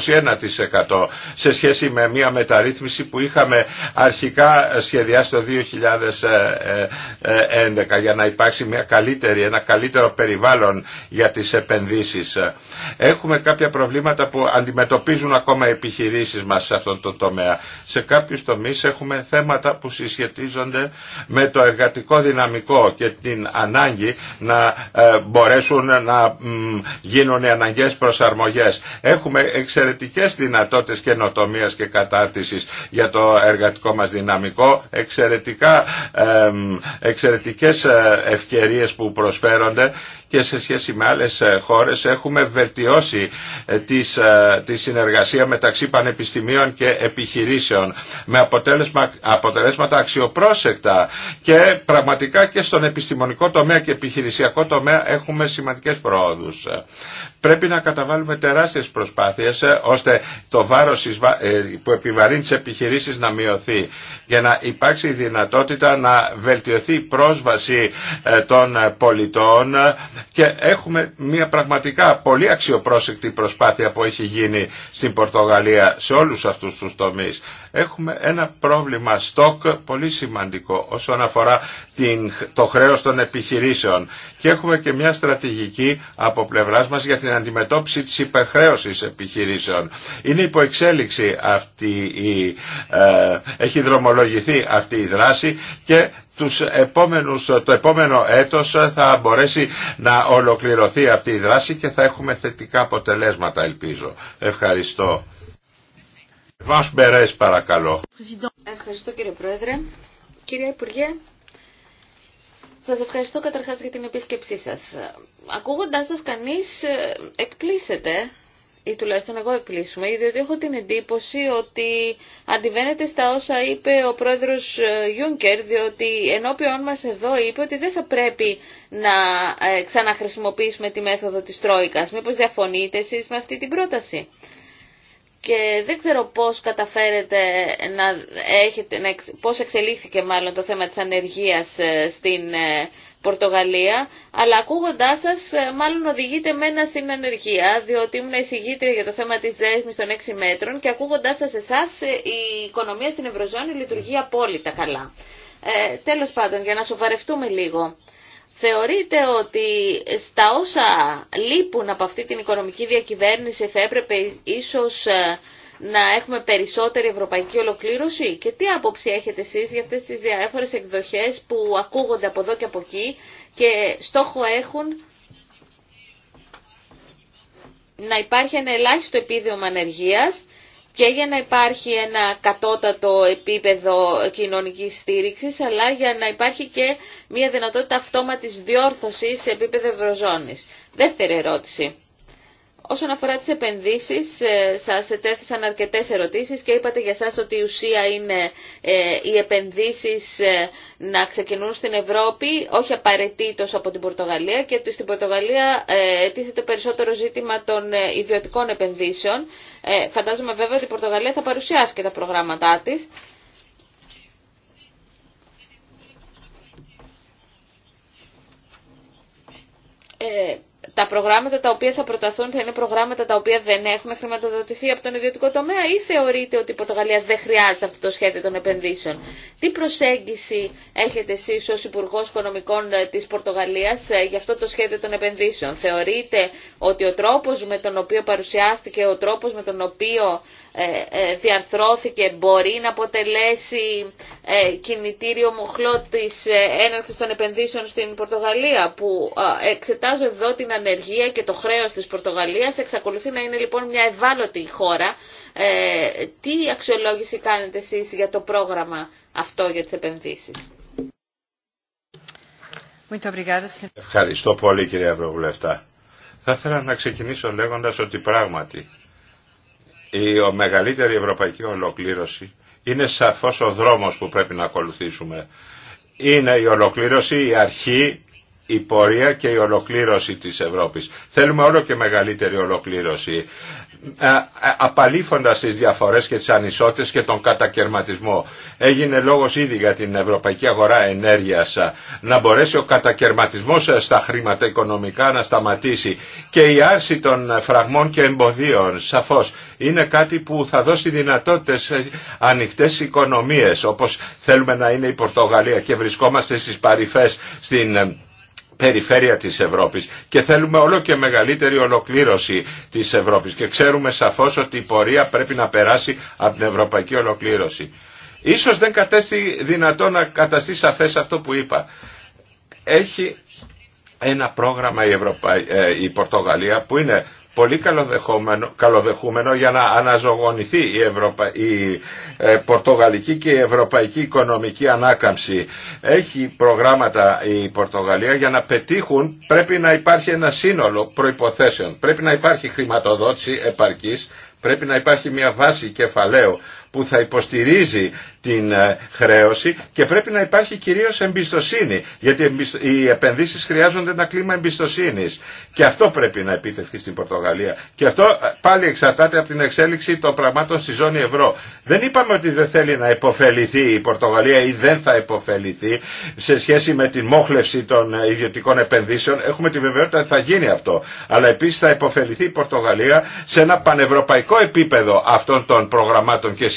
σε σχέση με μια μεταρρύθμιση που είχαμε αρχικά σχεδιάσει το 2011 για να υπάρξει μια καλύτερη, ένα καλύτερο περιβάλλον για τις επενδύσεις. Έχουμε κάποια προβλήματα που αντιμετωπίζουν ακόμα οι επιχειρήσεις μας σε αυτόν τον τομέα. Σε κάποιους τομείς έχουμε θέματα που συσχετίζονται με το εργατικό δυναμικό και την ανάγκη να ε, μπορέσουμε μπορέσουν να γίνουν οι προσαρμογές. Έχουμε εξαιρετικές δυνατότητες καινοτομίας και κατάρτισης για το εργατικό μας δυναμικό, εξαιρετικά, ε, εξαιρετικές ε, ευκαιρίες που προσφέρονται και σε σχέση με άλλες ε, χώρες έχουμε βελτιώσει ε, ε, τη συνεργασία μεταξύ πανεπιστημίων και επιχειρήσεων με αποτέλεσμα, αποτελέσματα αξιοπρόσεκτα και πραγματικά και στον επιστημονικό τομέα και επιχειρησιακό τομέα έχουμε σημαντικές πρόοδους πρέπει να καταβάλουμε τεράστιες προσπάθειες ε, ώστε το βάρος ε, που επιβαρύνει τις επιχειρήσεις να μειωθεί για να υπάρξει η δυνατότητα να βελτιωθεί η πρόσβαση ε, των πολιτών και έχουμε μια πραγματικά πολύ αξιοπρόσεκτη προσπάθεια που έχει γίνει στην Πορτογαλία σε όλους αυτούς τους τομείς έχουμε ένα πρόβλημα στόκ πολύ σημαντικό όσον αφορά την, το χρέος των επιχειρήσεων και έχουμε και μια στρατηγική από πλευράς μας για την αντιμετώπιση της υπερχρέωσης επιχειρήσεων. Είναι υποεξέλιξη, αυτή η, ε, έχει δρομολογηθεί αυτή η δράση και τους επόμενους, το επόμενο έτος θα μπορέσει να ολοκληρωθεί αυτή η δράση και θα έχουμε θετικά αποτελέσματα ελπίζω. Ευχαριστώ. Ευχαριστώ κύριε Πρόεδρε. Κύριε Υπουργέ, σας ευχαριστώ καταρχάς για την επίσκεψή σας. Ακούγοντάς σας κανείς ε, εκπλήσεται ή τουλάχιστον εγώ εκπλήσουμε, διότι έχω την εντύπωση ότι αντιβαίνετε στα όσα είπε ο πρόεδρος ε, Γιούνκερ, διότι ενώπιόν μας εδώ είπε ότι δεν θα πρέπει να ε, ξαναχρησιμοποιήσουμε τη μέθοδο της Τρόικας. Μήπως διαφωνείτε εσείς με αυτή την πρόταση και δεν ξέρω πώς καταφέρετε να έχετε, να, πώς εξελίχθηκε μάλλον το θέμα της ανεργίας ε, στην ε, Πορτογαλία, αλλά ακούγοντάς σας ε, μάλλον οδηγείτε μένα στην ανεργία, διότι ήμουν εισηγήτρια για το θέμα της δέσμης των 6 μέτρων και ακούγοντάς σας εσάς η οικονομία στην Ευρωζώνη λειτουργεί απόλυτα καλά. Ε, τέλος πάντων, για να σοβαρευτούμε λίγο, Θεωρείτε ότι στα όσα λείπουν από αυτή την οικονομική διακυβέρνηση θα έπρεπε ίσως ε, να έχουμε περισσότερη ευρωπαϊκή ολοκλήρωση και τι άποψη έχετε εσείς για αυτές τις διάφορες εκδοχές που ακούγονται από εδώ και από εκεί και στόχο έχουν να υπάρχει ένα ελάχιστο επίδομα ανεργίας και για να υπάρχει ένα κατώτατο επίπεδο κοινωνικής στήριξης, αλλά για να υπάρχει και μια δυνατότητα αυτόματης διόρθωσης σε επίπεδο ευρωζώνης. Δεύτερη ερώτηση. Όσον αφορά τις επενδύσεις, ε, σας ετέθησαν αρκετές ερωτήσεις και είπατε για σας ότι η ουσία είναι ε, οι επενδύσεις ε, να ξεκινούν στην Ευρώπη, όχι απαραίτητο από την Πορτογαλία και ότι στην Πορτογαλία τίθεται περισσότερο ζήτημα των ιδιωτικών επενδύσεων. Φαντάζομαι βέβαια ότι η Πορτογαλία θα παρουσιάσει και τα προγράμματά της τα προγράμματα τα οποία θα προταθούν θα είναι προγράμματα τα οποία δεν έχουν χρηματοδοτηθεί από τον ιδιωτικό τομέα ή θεωρείτε ότι η Πορτογαλία δεν χρειάζεται αυτό το σχέδιο των επενδύσεων. Τι προσέγγιση έχετε εσεί ω Υπουργό Οικονομικών ε, της Πορτογαλίας ε, για αυτό το σχέδιο των επενδύσεων. Θεωρείτε ότι ο τρόπο με τον οποίο παρουσιάστηκε, ο τρόπο με τον οποίο ε, ε, διαρθρώθηκε μπορεί να αποτελέσει ε, κινητήριο μοχλό της έναρξης των επενδύσεων στην Πορτογαλία που εξετάζω εδώ την ανεργία και το χρέος της Πορτογαλίας εξακολουθεί να είναι λοιπόν μια ευάλωτη χώρα τι αξιολόγηση κάνετε εσείς για το πρόγραμμα αυτό για τις επενδύσεις. Ευχαριστώ πολύ κυρία Ευρωβουλευτά. Θα ήθελα να ξεκινήσω λέγοντας ότι πράγματι η μεγαλύτερη ευρωπαϊκή ολοκλήρωση είναι σαφώς ο δρόμος που πρέπει να ακολουθήσουμε. Είναι η ολοκλήρωση, η αρχή, η πορεία και η ολοκλήρωση της Ευρώπης. Θέλουμε όλο και μεγαλύτερη ολοκλήρωση. Ε, ε, απαλήφοντας τις διαφορές και τις ανισότητες και τον κατακαιρματισμό. Έγινε λόγος ήδη για την ευρωπαϊκή αγορά ενέργειας ε, να μπορέσει ο κατακαιρματισμός στα χρήματα οικονομικά να σταματήσει και η άρση των φραγμών και εμποδίων σαφώς είναι κάτι που θα δώσει δυνατότητες ανοιχτές οικονομίες όπως θέλουμε να είναι η Πορτογαλία και βρισκόμαστε στις παρυφές στην περιφέρεια της Ευρώπης και θέλουμε όλο και μεγαλύτερη ολοκλήρωση της Ευρώπης και ξέρουμε σαφώς ότι η πορεία πρέπει να περάσει από την ευρωπαϊκή ολοκλήρωση. Ίσως δεν κατέστη δυνατό να καταστεί σαφές αυτό που είπα. Έχει ένα πρόγραμμα η, Ευρωπα... Ε, η Πορτογαλία που είναι πολύ καλοδεχούμενο, για να αναζωογονηθεί η, ε, πορτογαλική και η ευρωπαϊκή οικονομική ανάκαμψη. Έχει προγράμματα η Πορτογαλία για να πετύχουν πρέπει να υπάρχει ένα σύνολο προϋποθέσεων. Πρέπει να υπάρχει χρηματοδότηση επαρκής, πρέπει να υπάρχει μια βάση κεφαλαίου που θα υποστηρίζει την ε, χρέωση και πρέπει να υπάρχει κυρίως εμπιστοσύνη γιατί οι επενδύσεις χρειάζονται ένα κλίμα εμπιστοσύνης και αυτό πρέπει να επιτευχθεί στην Πορτογαλία και αυτό ε, πάλι εξαρτάται από την εξέλιξη των πραγμάτων στη ζώνη ευρώ. Δεν είπαμε ότι δεν θέλει να υποφεληθεί η Πορτογαλία ή δεν θα υποφεληθεί σε σχέση με την μόχλευση των ε, ιδιωτικών επενδύσεων. Έχουμε τη βεβαιότητα ότι θα γίνει αυτό. Αλλά επίσης θα υποφεληθεί η Πορτογαλία σε ένα πανευρωπαϊκό επίπεδο αυτών των προγραμμάτων και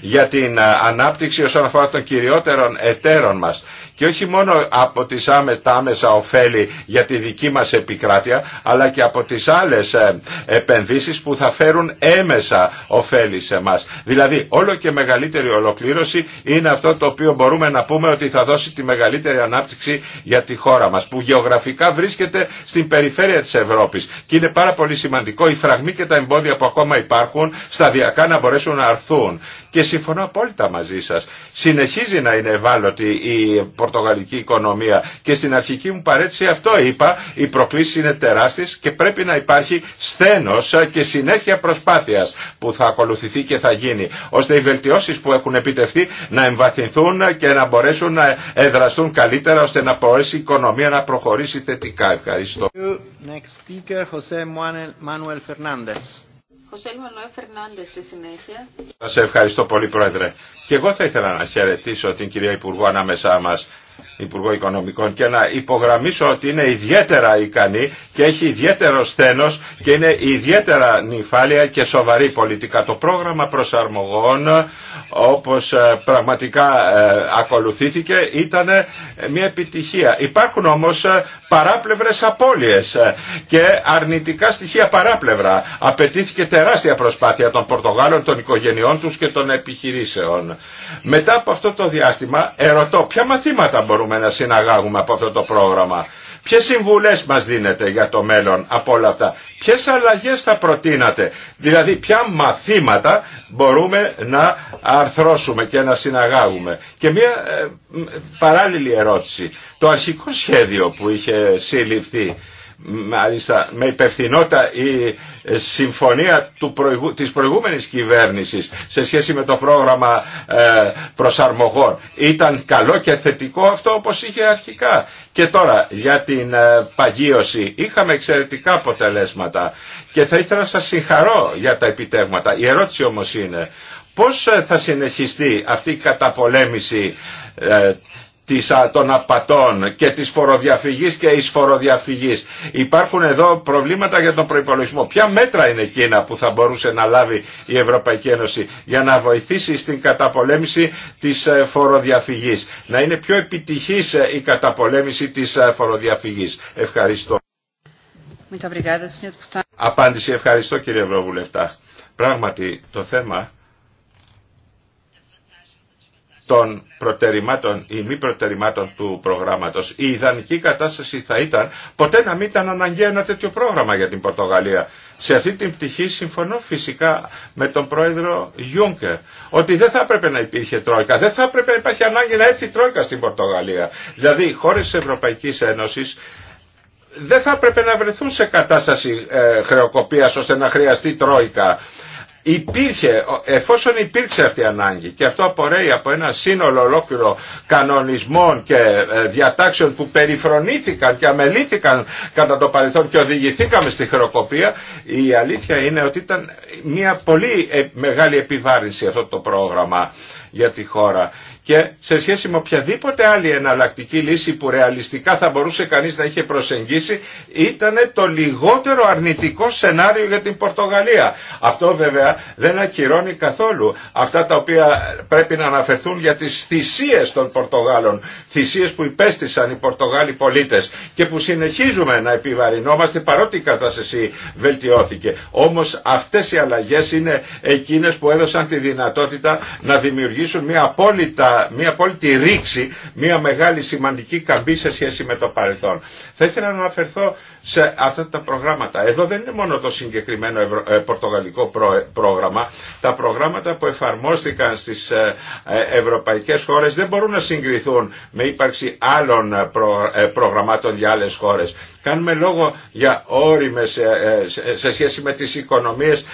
για την ε, ανάπτυξη όσον αφορά των κυριότερων εταίρων μας και όχι μόνο από τις άμεσα ωφέλη για τη δική μας επικράτεια αλλά και από τις άλλες ε, επενδύσεις που θα φέρουν έμεσα ωφέλη σε μας. Δηλαδή όλο και μεγαλύτερη ολοκλήρωση είναι αυτό το οποίο μπορούμε να πούμε ότι θα δώσει τη μεγαλύτερη ανάπτυξη για τη χώρα μας που γεωγραφικά βρίσκεται στην περιφέρεια της Ευρώπης και είναι πάρα πολύ σημαντικό οι φραγμοί και τα εμπόδια που ακόμα υπάρχουν σταδιακά να μπορέσουν να αρθούν. Και συμφωνώ απόλυτα μαζί σας. Συνεχίζει να είναι ευάλωτη η πορτογαλική οικονομία και στην αρχική μου παρέτηση αυτό είπα, οι προκλήσεις είναι τεράστιες και πρέπει να υπάρχει στένος και συνέχεια προσπάθειας που θα ακολουθηθεί και θα γίνει, ώστε οι βελτιώσεις που έχουν επιτευχθεί να εμβαθυνθούν και να μπορέσουν να εδραστούν καλύτερα ώστε να μπορέσει η οικονομία να προχωρήσει θετικά. Ευχαριστώ. Σα ευχαριστώ πολύ, Πρόεδρε. Και εγώ θα ήθελα να χαιρετήσω την κυρία Υπουργό ανάμεσά μα Υπουργό Οικονομικών και να υπογραμμίσω ότι είναι ιδιαίτερα ικανή και έχει ιδιαίτερο στένος και είναι ιδιαίτερα νυφάλια και σοβαρή πολιτικά. Το πρόγραμμα προσαρμογών όπως ε, πραγματικά ε, ακολουθήθηκε ήταν ε, μια επιτυχία. Υπάρχουν όμως παράπλευρες απώλειες και αρνητικά στοιχεία παράπλευρα. Απαιτήθηκε τεράστια προσπάθεια των Πορτογάλων, των οικογενειών τους και των επιχειρήσεων. Μετά από αυτό το διάστημα ερωτώ ποια μαθήματα μπορούμε να συναγάγουμε από αυτό το πρόγραμμα. Ποιες συμβουλές μας δίνετε για το μέλλον από όλα αυτά. Ποιες αλλαγές θα προτείνατε. Δηλαδή ποια μαθήματα μπορούμε να αρθρώσουμε και να συναγάγουμε. Και μια ε, παράλληλη ερώτηση. Το αρχικό σχέδιο που είχε συλληφθεί μάλιστα με υπευθυνότητα η συμφωνία του προηγου... της προηγούμενης κυβέρνησης σε σχέση με το πρόγραμμα ε, προσαρμογών. Ήταν καλό και θετικό αυτό όπως είχε αρχικά. Και τώρα για την ε, παγίωση είχαμε εξαιρετικά αποτελέσματα και θα ήθελα να σας συγχαρώ για τα επιτεύγματα. Η ερώτηση όμως είναι πώς ε, θα συνεχιστεί αυτή η καταπολέμηση των απατών και της φοροδιαφυγής και εις φοροδιαφυγής. Υπάρχουν εδώ προβλήματα για τον προϋπολογισμό. Ποια μέτρα είναι εκείνα που θα μπορούσε να λάβει η Ευρωπαϊκή Ένωση για να βοηθήσει στην καταπολέμηση της ε, φοροδιαφυγής. Να είναι πιο επιτυχής ε, η καταπολέμηση της ε, φοροδιαφυγής. Ευχαριστώ. Απάντηση ευχαριστώ κύριε Ευρωβουλευτά. Πράγματι το θέμα των προτερημάτων ή μη προτερημάτων του προγράμματος. Η ιδανική κατάσταση θα ήταν ποτέ να μην ήταν αναγκαίο ένα τέτοιο πρόγραμμα για την Πορτογαλία. Σε αυτή την πτυχή συμφωνώ φυσικά με τον πρόεδρο Γιούγκερ ότι δεν θα έπρεπε να υπήρχε Τρόικα, δεν θα έπρεπε να υπάρχει ανάγκη να έρθει Τρόικα στην Πορτογαλία. Δηλαδή οι χώρες της Ευρωπαϊκή Ένωση δεν θα έπρεπε να βρεθούν σε κατάσταση ε, χρεοκοπίας ώστε να χρειαστεί Τρόικα υπήρχε, εφόσον υπήρξε αυτή η ανάγκη και αυτό απορρέει από ένα σύνολο ολόκληρο κανονισμών και ε, διατάξεων που περιφρονήθηκαν και αμελήθηκαν κατά το παρελθόν και οδηγηθήκαμε στη χειροκοπία η αλήθεια είναι ότι ήταν μια πολύ ε, μεγάλη επιβάρυνση αυτό το πρόγραμμα για τη χώρα και σε σχέση με οποιαδήποτε άλλη εναλλακτική λύση που ρεαλιστικά θα μπορούσε κανείς να είχε προσεγγίσει ήταν το λιγότερο αρνητικό σενάριο για την Πορτογαλία. Αυτό βέβαια δεν ακυρώνει καθόλου αυτά τα οποία πρέπει να αναφερθούν για τις θυσίες των Πορτογάλων, θυσίες που υπέστησαν οι Πορτογάλοι πολίτες και που συνεχίζουμε να επιβαρυνόμαστε παρότι η κατάσταση βελτιώθηκε. Όμως αυτές οι αλλαγές είναι εκείνες που έδωσαν τη δυνατότητα να δημιουργήσουν μια απόλυτα μια απόλυτη ρήξη, μια μεγάλη σημαντική καμπή σε σχέση με το παρελθόν. Θα ήθελα να αναφερθώ σε αυτά τα προγράμματα. Εδώ δεν είναι μόνο το συγκεκριμένο ε, πορτογαλικό πρόγραμμα. Τα προγράμματα που εφαρμόστηκαν στις ε, ε, ευρωπαϊκές χώρες δεν μπορούν να συγκριθούν με ύπαρξη άλλων προγραμμάτων για άλλες χώρες. Κάνουμε λόγο για όριμες ε, ε, σε σχέση με τις οικονομίες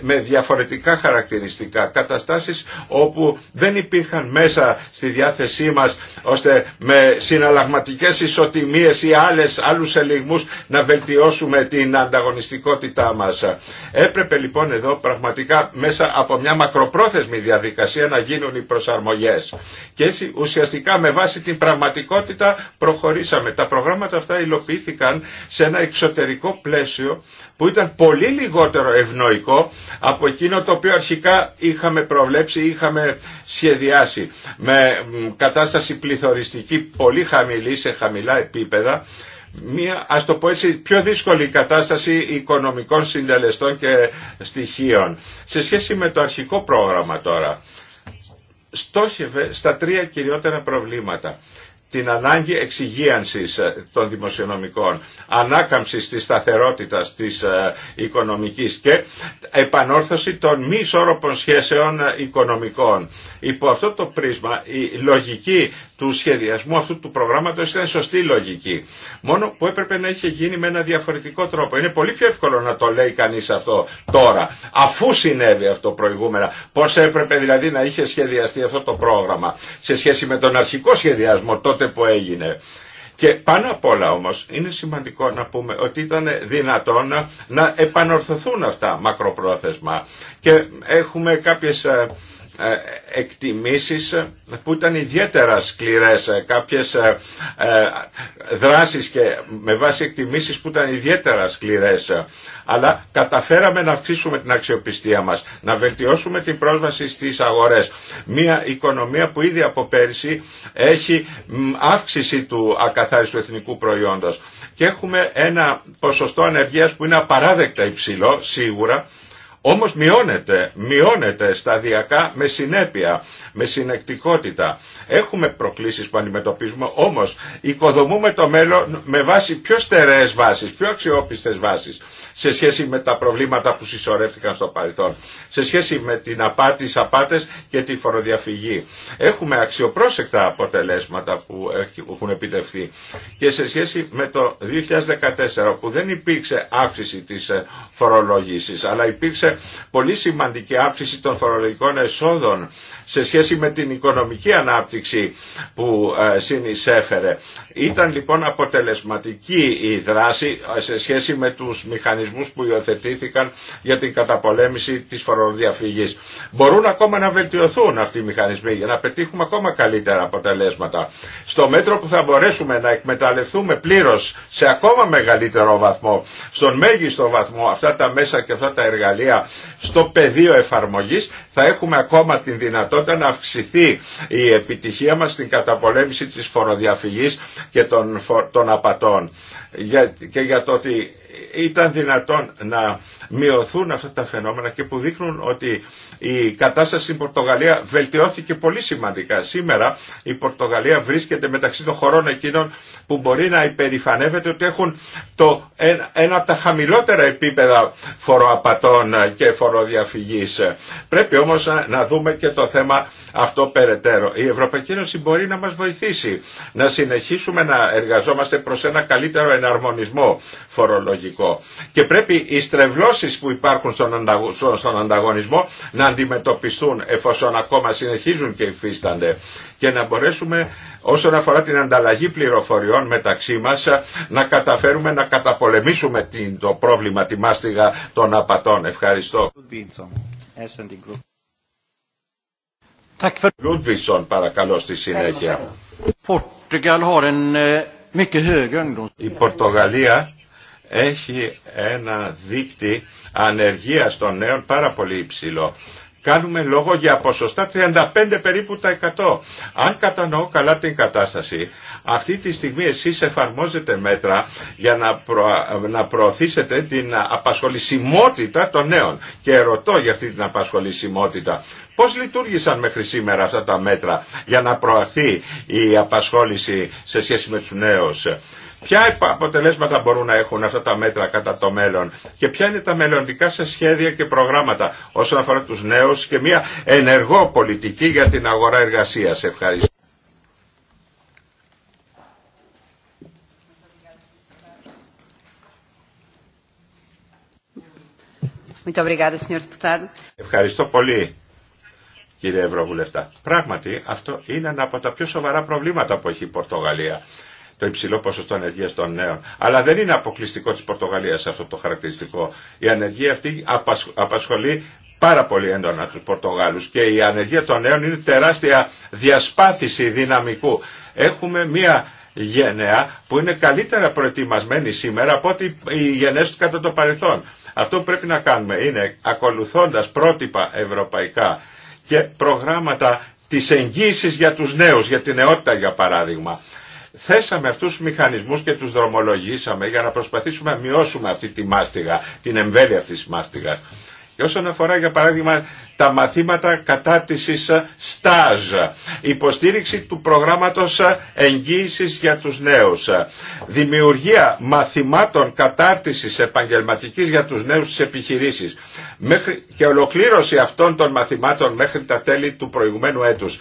με διαφορετικά χαρακτηριστικά. Καταστάσεις όπου δεν υπήρχαν μέσα στη διάθεσή μας ώστε με συναλλαγματικές ισοτιμίες ή άλλες, άλλους ελιγμούς να βελτιώσουμε την ανταγωνιστικότητά μας. Έπρεπε λοιπόν εδώ πραγματικά μέσα από μια μακροπρόθεσμη διαδικασία να γίνουν οι προσαρμογές. Και έτσι ουσιαστικά με βάση την πραγματικότητα προχωρήσαμε. Τα προγράμματα αυτά υλοποιήθηκαν σε ένα εξωτερικό πλαίσιο που ήταν πολύ λιγότερο ευνοϊκό από εκείνο το οποίο αρχικά είχαμε προβλέψει είχαμε σχεδιάσει με κατάσταση πληθωριστική πολύ χαμηλή σε χαμηλά επίπεδα μια, ας το πω έτσι, πιο δύσκολη κατάσταση οικονομικών συντελεστών και στοιχείων. Σε σχέση με το αρχικό πρόγραμμα τώρα, στόχευε στα τρία κυριότερα προβλήματα την ανάγκη εξυγίανσης ε, των δημοσιονομικών, ανάκαμψης της σταθερότητας της ε, οικονομικής και επανόρθωση των μη ισόρροπων σχέσεων ε, οικονομικών. Υπό αυτό το πρίσμα η λογική του σχεδιασμού αυτού του προγράμματος ήταν σωστή λογική. Μόνο που έπρεπε να είχε γίνει με ένα διαφορετικό τρόπο. Είναι πολύ πιο εύκολο να το λέει κανείς αυτό τώρα, αφού συνέβη αυτό προηγούμενα. πώ έπρεπε δηλαδή να είχε σχεδιαστεί αυτό το πρόγραμμα σε σχέση με τον αρχικό σχεδιασμό τότε που έγινε. Και πάνω απ' όλα όμως είναι σημαντικό να πούμε ότι ήταν δυνατόν να επανορθωθούν αυτά μακροπρόθεσμα. Και έχουμε κάποιες ε, ε, εκτιμήσεις που ήταν ιδιαίτερα σκληρές, ε, κάποιες ε, δράσεις και με βάση εκτιμήσεις που ήταν ιδιαίτερα σκληρές. Αλλά καταφέραμε να αυξήσουμε την αξιοπιστία μας, να βελτιώσουμε την πρόσβαση στις αγορές. Μία οικονομία που ήδη από πέρσι έχει αύξηση του ακαθάριστου εθνικού προϊόντος. Και έχουμε ένα ποσοστό ανεργίας που είναι απαράδεκτα υψηλό, σίγουρα, όμως μειώνεται, μειώνεται σταδιακά με συνέπεια, με συνεκτικότητα. Έχουμε προκλήσεις που αντιμετωπίζουμε, όμως οικοδομούμε το μέλλον με βάση πιο στερεές βάσεις, πιο αξιόπιστες βάσεις σε σχέση με τα προβλήματα που συσσωρεύτηκαν στο παρελθόν, σε σχέση με την απάτη, τις απάτες και τη φοροδιαφυγή. Έχουμε αξιοπρόσεκτα αποτελέσματα που έχουν επιτευχθεί και σε σχέση με το 2014 που δεν υπήρξε αύξηση της ε, φορολογήσης αλλά υπήρξε πολύ σημαντική αύξηση των φορολογικών εσόδων σε σχέση με την οικονομική ανάπτυξη που ε, συνεισέφερε. Ήταν λοιπόν αποτελεσματική η δράση ε, σε σχέση με τους μηχανισμούς που υιοθετήθηκαν για την καταπολέμηση της φοροδιαφυγής. Μπορούν ακόμα να βελτιωθούν αυτοί οι μηχανισμοί για να πετύχουμε ακόμα καλύτερα αποτελέσματα. Στο μέτρο που θα μπορέσουμε να εκμεταλλευτούμε πλήρως σε ακόμα μεγαλύτερο βαθμό, στον μέγιστο βαθμό αυτά τα μέσα και αυτά τα εργαλεία στο πεδίο εφαρμογής θα έχουμε ακόμα την δυνατότητα όταν να αυξηθεί η επιτυχία μας στην καταπολέμηση της φοροδιαφυγής και των, των απατών. Και για το ότι ήταν δυνατόν να μειωθούν αυτά τα φαινόμενα και που δείχνουν ότι η κατάσταση στην Πορτογαλία βελτιώθηκε πολύ σημαντικά. Σήμερα η Πορτογαλία βρίσκεται μεταξύ των χωρών εκείνων που μπορεί να υπερηφανεύεται ότι έχουν το, ένα από τα χαμηλότερα επίπεδα φοροαπατών και φοροδιαφυγής. Πρέπει όμως να δούμε και το θέμα αυτό περαιτέρω. Η Ευρωπαϊκή Ένωση μπορεί να μας βοηθήσει να συνεχίσουμε να εργαζόμαστε προς ένα καλύτερο εναρμονισμό φορολογικό και πρέπει οι στρεβλώσεις που υπάρχουν στον ανταγωνισμό να αντιμετωπιστούν εφόσον ακόμα συνεχίζουν και υφίστανται και να μπορέσουμε όσον αφορά την ανταλλαγή πληροφοριών μεταξύ μας να καταφέρουμε να καταπολεμήσουμε το πρόβλημα, τη μάστιγα των απατών. Ευχαριστώ. Λούντβινσον, παρακαλώ στη συνέχεια. Eh, Η Πορτογαλία έχει ένα δίκτυ ανεργίας των νέων πάρα πολύ υψηλό. Κάνουμε λόγο για ποσοστά 35 περίπου τα 100. Αν κατανοώ καλά την κατάσταση, αυτή τη στιγμή εσείς εφαρμόζετε μέτρα για να, να προωθήσετε την απασχολησιμότητα των νέων. Και ρωτώ για αυτή την απασχολησιμότητα. Πώς λειτουργήσαν μέχρι σήμερα αυτά τα μέτρα για να προαθεί η απασχόληση σε σχέση με τους νέους. Ποια αποτελέσματα μπορούν να έχουν αυτά τα μέτρα κατά το μέλλον και ποια είναι τα μελλοντικά σε σχέδια και προγράμματα όσον αφορά τους νέους και μια ενεργό πολιτική για την αγορά εργασίας. Ευχαριστώ. Ευχαριστώ πολύ κύριε Ευρωβουλευτά. Πράγματι, αυτό είναι ένα από τα πιο σοβαρά προβλήματα που έχει η Πορτογαλία το υψηλό ποσοστό ανεργία των νέων. Αλλά δεν είναι αποκλειστικό τη Πορτογαλία αυτό το χαρακτηριστικό. Η ανεργία αυτή απασχολεί πάρα πολύ έντονα του Πορτογάλου και η ανεργία των νέων είναι τεράστια διασπάθηση δυναμικού. Έχουμε μία γενναία που είναι καλύτερα προετοιμασμένη σήμερα από ότι οι γενναίες του κατά το παρελθόν. Αυτό που πρέπει να κάνουμε είναι ακολουθώντας πρότυπα ευρωπαϊκά και προγράμματα της εγγύησης για τους νέους, για την νεότητα για παράδειγμα. Θέσαμε αυτούς τους μηχανισμούς και τους δρομολογήσαμε για να προσπαθήσουμε να μειώσουμε αυτή τη μάστιγα, την εμβέλεια αυτής της μάστιγας. Και όσον αφορά για παράδειγμα τα μαθήματα κατάρτισης ε, στάζ, υποστήριξη του προγράμματος ε, εγγύησης για τους νέους, δημιουργία μαθημάτων κατάρτισης επαγγελματικής για τους νέους στις επιχειρήσεις και ολοκλήρωση αυτών των μαθημάτων μέχρι τα τέλη του προηγουμένου έτους.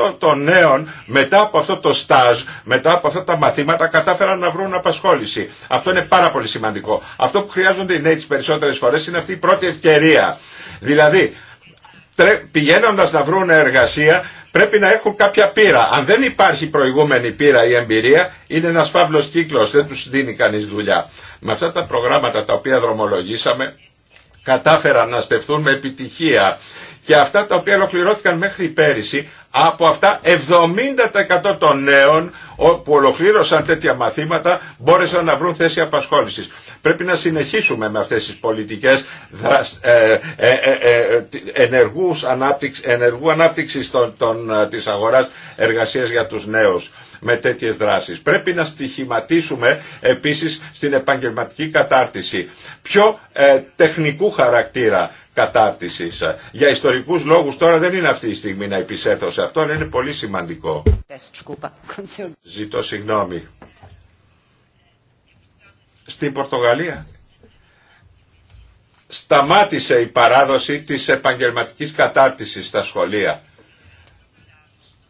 70% των νέων μετά από αυτό το στάζ, μετά από αυτά τα μαθήματα κατάφεραν να βρουν απασχόληση. Αυτό είναι πάρα πολύ σημαντικό. Αυτό που χρειάζονται οι νέοι τις περισσότερες φορές είναι αυτή η πρώτη ευκαιρία. Δηλαδή, πηγαίνοντας να βρουν εργασία, πρέπει να έχουν κάποια πείρα. Αν δεν υπάρχει προηγούμενη πείρα ή εμπειρία, είναι ένας φαύλος κύκλος, δεν τους δίνει κανείς δουλειά. Με αυτά τα προγράμματα τα οποία δρομολογήσαμε, κατάφεραν να στεφθούν με επιτυχία και αυτά τα οποία ολοκληρώθηκαν μέχρι πέρυσι, από αυτά 70% των νέων που ολοκλήρωσαν τέτοια μαθήματα μπόρεσαν να βρουν θέση απασχόλησης. Πρέπει να συνεχίσουμε με αυτές τις πολιτικές δρασ, ε, ε, ε, ενεργούς ανάπτυξη, ενεργού ανάπτυξης των, των, της αγοράς εργασίας για τους νέους με τέτοιες δράσεις. Πρέπει να στοιχηματίσουμε επίσης στην επαγγελματική κατάρτιση πιο τεχνικού χαρακτήρα κατάρτισης. Για ιστορικούς λόγους τώρα δεν είναι αυτή η στιγμή να επισέθω σε αυτό, αλλά είναι πολύ σημαντικό. Ζητώ συγγνώμη στην Πορτογαλία σταμάτησε η παράδοση της επαγγελματικής κατάρτισης στα σχολεία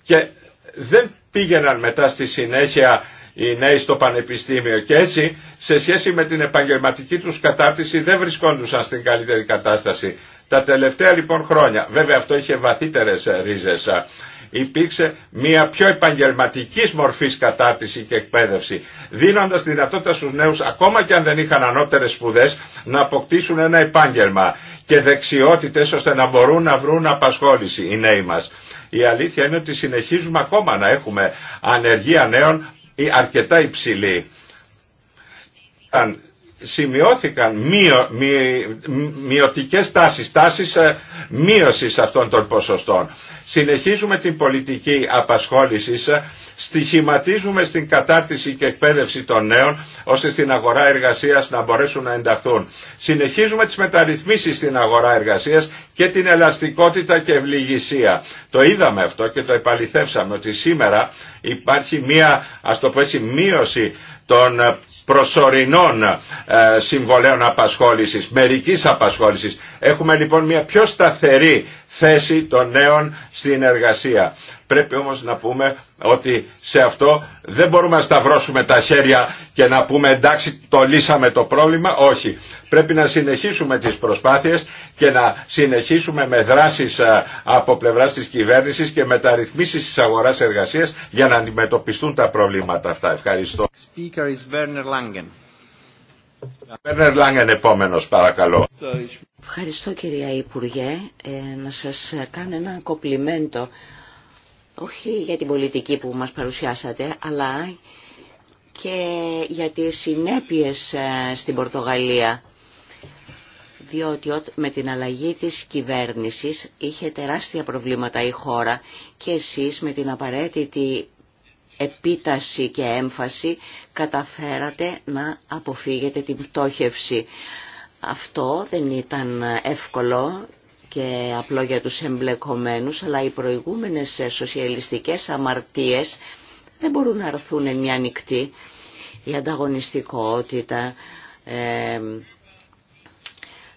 και δεν πήγαιναν μετά στη συνέχεια οι νέοι στο πανεπιστήμιο και έτσι σε σχέση με την επαγγελματική τους κατάρτιση δεν βρισκόντουσαν στην καλύτερη κατάσταση. Τα τελευταία λοιπόν χρόνια, βέβαια αυτό είχε βαθύτερες ρίζες, υπήρξε μια πιο επαγγελματική μορφή κατάρτιση και εκπαίδευση, δίνοντα δυνατότητα στου νέου, ακόμα και αν δεν είχαν ανώτερε σπουδέ, να αποκτήσουν ένα επάγγελμα και δεξιότητε ώστε να μπορούν να βρουν απασχόληση οι νέοι μας. Η αλήθεια είναι ότι συνεχίζουμε ακόμα να έχουμε ανεργία νέων αρκετά υψηλή σημειώθηκαν μίο μειωτικές τάσεις, τάσεις ε, μείωσης αυτών των ποσοστών. Συνεχίζουμε την πολιτική απασχόλησης, ε, στοιχηματίζουμε στην κατάρτιση και εκπαίδευση των νέων, ώστε στην αγορά εργασίας να μπορέσουν να ενταχθούν. Συνεχίζουμε τις μεταρρυθμίσεις στην αγορά εργασίας και την ελαστικότητα και ευληγησία. Το είδαμε αυτό και το επαληθεύσαμε ότι σήμερα υπάρχει μία, ας το πω έτσι, μείωση των ε, προσωρινών ε, συμβολέων απασχόλησης, μερικής απασχόλησης. Έχουμε λοιπόν μια πιο σταθερή θέση των νέων στην εργασία. Πρέπει όμως να πούμε ότι σε αυτό δεν μπορούμε να σταυρώσουμε τα χέρια και να πούμε εντάξει το λύσαμε το πρόβλημα. Όχι. Πρέπει να συνεχίσουμε τις προσπάθειες και να συνεχίσουμε με δράσεις ε, από πλευράς της κυβέρνησης και μεταρρυθμίσεις της αγοράς εργασίας για να αντιμετωπιστούν τα προβλήματα αυτά. Ευχαριστώ. Speaker is επόμενος παρακαλώ. Ευχαριστώ κυρία Υπουργέ. Ε, να σας κάνω ένα κοπλιμέντο όχι για την πολιτική που μας παρουσιάσατε, αλλά και για τις συνέπειες ε, στην Πορτογαλία. Διότι με την αλλαγή της κυβέρνησης είχε τεράστια προβλήματα η χώρα και εσείς με την απαραίτητη επίταση και έμφαση καταφέρατε να αποφύγετε την πτώχευση. Αυτό δεν ήταν εύκολο και απλό για τους εμπλεκομένους, αλλά οι προηγούμενες σοσιαλιστικές αμαρτίες δεν μπορούν να έρθουν μια νυχτή. Η ανταγωνιστικότητα ε,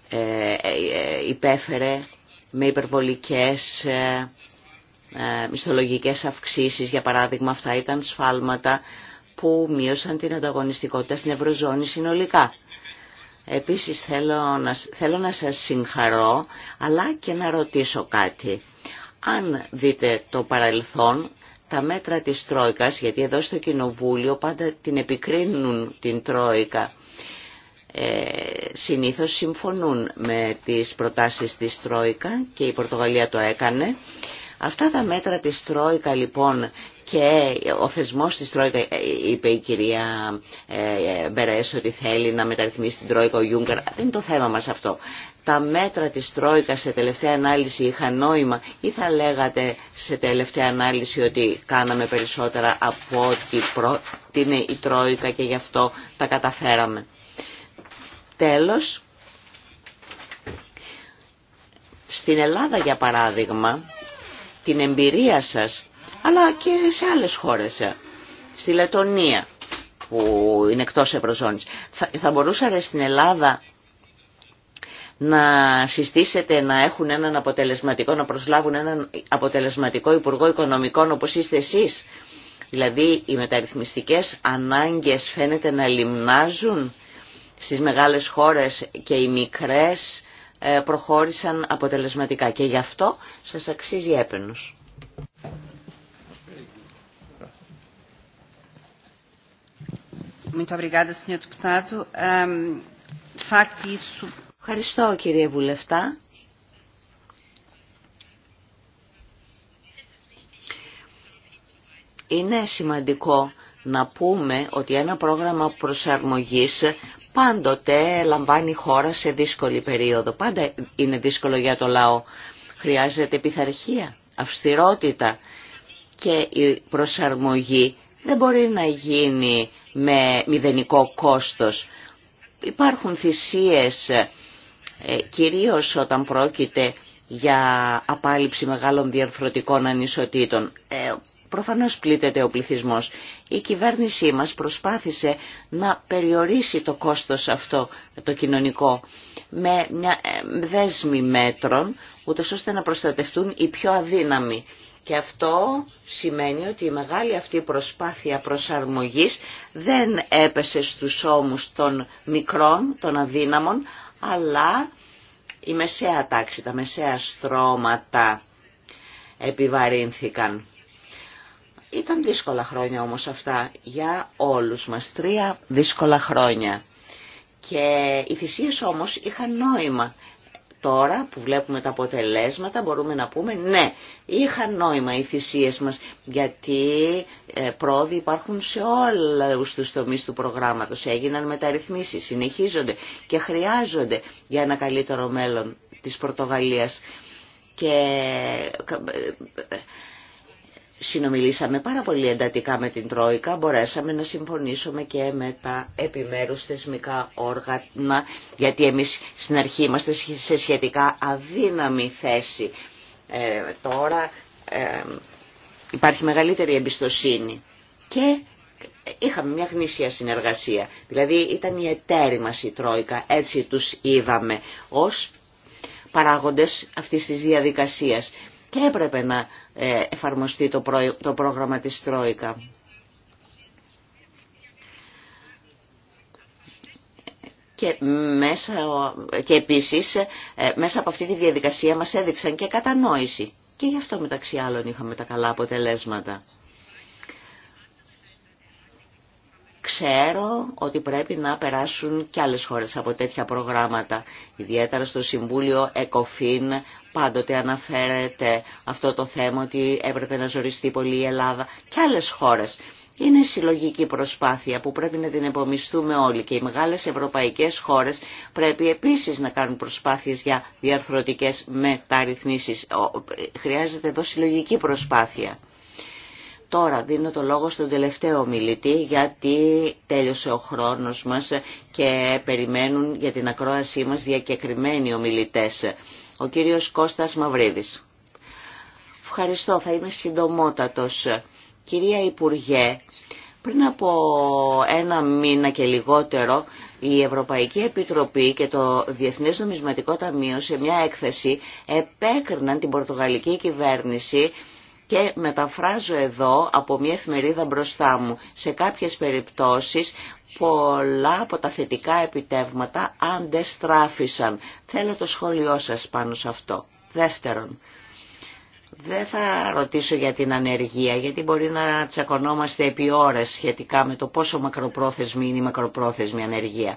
ε, ε, υπέφερε με υπερβολικές ε, ε, μισθολογικές αυξήσεις, για παράδειγμα αυτά ήταν σφάλματα που μείωσαν την ανταγωνιστικότητα στην Ευρωζώνη συνολικά. Επίσης θέλω να, θέλω σας συγχαρώ, αλλά και να ρωτήσω κάτι. Αν δείτε το παρελθόν, τα μέτρα της Τρόικας, γιατί εδώ στο Κοινοβούλιο πάντα την επικρίνουν την Τρόικα, ε, συνήθως συμφωνούν με τις προτάσεις της Τρόικα και η Πορτογαλία το έκανε. Αυτά τα μέτρα της Τρόικα λοιπόν και ο θεσμός της Τρόικα, ε, είπε η κυρία ε, Μπερές ότι θέλει να μεταρρυθμίσει την Τρόικα ο Γιούγκαρ, δεν είναι το θέμα μας αυτό. Τα μέτρα της Τρόικα σε τελευταία ανάλυση είχαν νόημα ή θα λέγατε σε τελευταία ανάλυση ότι κάναμε περισσότερα από ό,τι πρότεινε η θα λεγατε σε τελευταια αναλυση οτι καναμε περισσοτερα απο οτι ειναι η τροικα και γι' αυτό τα καταφέραμε. Τέλος, στην Ελλάδα για παράδειγμα, την εμπειρία σας, αλλά και σε άλλες χώρες, ε, στη Λετωνία που είναι εκτός Ευρωζώνης. Θα, θα μπορούσατε στην Ελλάδα να συστήσετε να έχουν έναν αποτελεσματικό, να προσλάβουν έναν αποτελεσματικό Υπουργό Οικονομικών όπως είστε εσείς. Δηλαδή οι μεταρρυθμιστικές ανάγκες φαίνεται να λιμνάζουν στις μεγάλες χώρες και οι μικρές ε, προχώρησαν αποτελεσματικά και γι' αυτό σας αξίζει έπαινος. Ehm, Ευχαριστώ κύριε Βουλευτά. Είναι σημαντικό να πούμε ότι ένα πρόγραμμα προσαρμογής πάντοτε λαμβάνει χώρα σε δύσκολη περίοδο. Πάντα είναι δύσκολο για το λαό. Χρειάζεται πειθαρχία, αυστηρότητα και η προσαρμογή δεν μπορεί να γίνει με μηδενικό κόστος. Υπάρχουν θυσίες ε, κυρίως όταν πρόκειται για απάλληψη μεγάλων διαρθρωτικών ανισοτήτων. Ε, Προφανώς πλήττεται ο πληθυσμός. Η κυβέρνησή μας προσπάθησε να περιορίσει το κόστος αυτό το κοινωνικό με μια ε, δέσμη μέτρων, ούτως ώστε να προστατευτούν οι πιο αδύναμοι. Και αυτό σημαίνει ότι η μεγάλη αυτή προσπάθεια προσαρμογής δεν έπεσε στους ώμους των μικρών, των αδύναμων, αλλά η μεσαία τάξη, τα μεσαία στρώματα επιβαρύνθηκαν. Ήταν δύσκολα χρόνια όμως αυτά για όλους μας, τρία δύσκολα χρόνια. Και οι θυσίες όμως είχαν νόημα. Τώρα που βλέπουμε τα αποτελέσματα μπορούμε να πούμε ναι, είχαν νόημα οι θυσίες μας γιατί ε, πρόοδοι υπάρχουν σε όλους τους τομείς του προγράμματος. Έγιναν μεταρρυθμίσεις, συνεχίζονται και χρειάζονται για ένα καλύτερο μέλλον της Πορτογαλίας. Ε, ε, συνομιλήσαμε πάρα πολύ εντατικά με την Τρόικα, μπορέσαμε να συμφωνήσουμε και με τα επιμέρους θεσμικά όργανα, γιατί εμείς στην αρχή είμαστε σε σχετικά αδύναμη θέση. Ε, τώρα ε, υπάρχει μεγαλύτερη εμπιστοσύνη και είχαμε μια γνήσια συνεργασία. Δηλαδή ήταν η εταίρη μας η Τρόικα, έτσι τους είδαμε ως παράγοντες αυτής της διαδικασίας και έπρεπε να ε, εφαρμοστεί το, το πρόγραμμα της Τρόικα. Και, μέσα, και επίσης ε, μέσα από αυτή τη διαδικασία μας έδειξαν και κατανόηση. Και γι' αυτό μεταξύ άλλων είχαμε τα καλά αποτελέσματα. Ξέρω ότι πρέπει να περάσουν και άλλες χώρες από τέτοια προγράμματα. Ιδιαίτερα στο Συμβούλιο Εκοφίν, πάντοτε αναφέρεται αυτό το θέμα ότι έπρεπε να ζοριστεί πολύ η Ελλάδα και άλλες χώρες. Είναι συλλογική προσπάθεια που πρέπει να την επομιστούμε όλοι και οι μεγάλες ευρωπαϊκές χώρες πρέπει επίσης να κάνουν προσπάθειες για διαρθρωτικές μεταρρυθμίσεις. Χρειάζεται εδώ συλλογική προσπάθεια. Τώρα δίνω το λόγο στον τελευταίο μιλητή γιατί τέλειωσε ο χρόνος μας και περιμένουν για την ακρόασή μας διακεκριμένοι ομιλητές. Ο κύριος Κώστας Μαυρίδης. Ευχαριστώ, θα είμαι συντομότατος. Κυρία Υπουργέ, πριν από ένα μήνα και λιγότερο η Ευρωπαϊκή Επιτροπή και το Διεθνές Νομισματικό Ταμείο σε μια έκθεση επέκριναν την Πορτογαλική κυβέρνηση και μεταφράζω εδώ από μια εφημερίδα μπροστά μου. Σε κάποιες περιπτώσεις πολλά από τα θετικά επιτεύγματα αντεστράφησαν. Θέλω το σχόλιο σας πάνω σε αυτό. Δεύτερον, δεν θα ρωτήσω για την ανεργία, γιατί μπορεί να τσακωνόμαστε επί ώρες σχετικά με το πόσο μακροπρόθεσμη είναι η μακροπρόθεσμη ανεργία.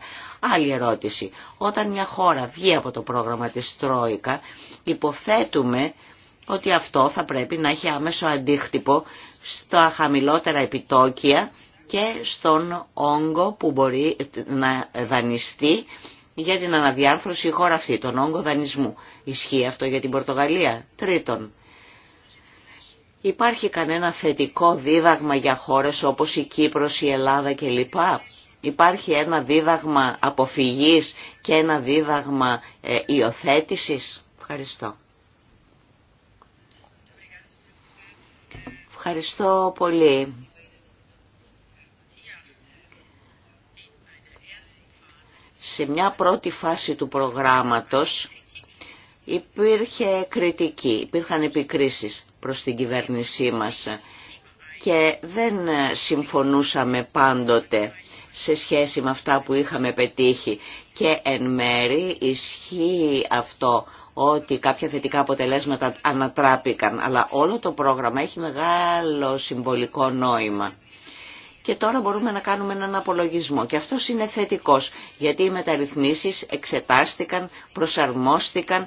Άλλη ερώτηση. Όταν μια χώρα βγει από το πρόγραμμα της Τρόικα, υποθέτουμε ότι αυτό θα πρέπει να έχει άμεσο αντίχτυπο στα χαμηλότερα επιτόκια και στον όγκο που μπορεί να δανειστεί για την αναδιάρθρωση η χώρα αυτή, τον όγκο δανεισμού. Ισχύει αυτό για την Πορτογαλία. Τρίτον, υπάρχει κανένα θετικό δίδαγμα για χώρες όπως η Κύπρος, η Ελλάδα κλπ. Υπάρχει ένα δίδαγμα αποφυγής και ένα δίδαγμα ε, υιοθέτησης. Ευχαριστώ. Ευχαριστώ πολύ. Σε μια πρώτη φάση του προγράμματος υπήρχε κριτική, υπήρχαν επικρίσεις προς την κυβέρνησή μας και δεν συμφωνούσαμε πάντοτε σε σχέση με αυτά που είχαμε πετύχει και εν μέρη ισχύει αυτό ότι κάποια θετικά αποτελέσματα ανατράπηκαν, αλλά όλο το πρόγραμμα έχει μεγάλο συμβολικό νόημα. Και τώρα μπορούμε να κάνουμε έναν απολογισμό. Και αυτό είναι θετικός, γιατί οι μεταρρυθμίσεις εξετάστηκαν, προσαρμόστηκαν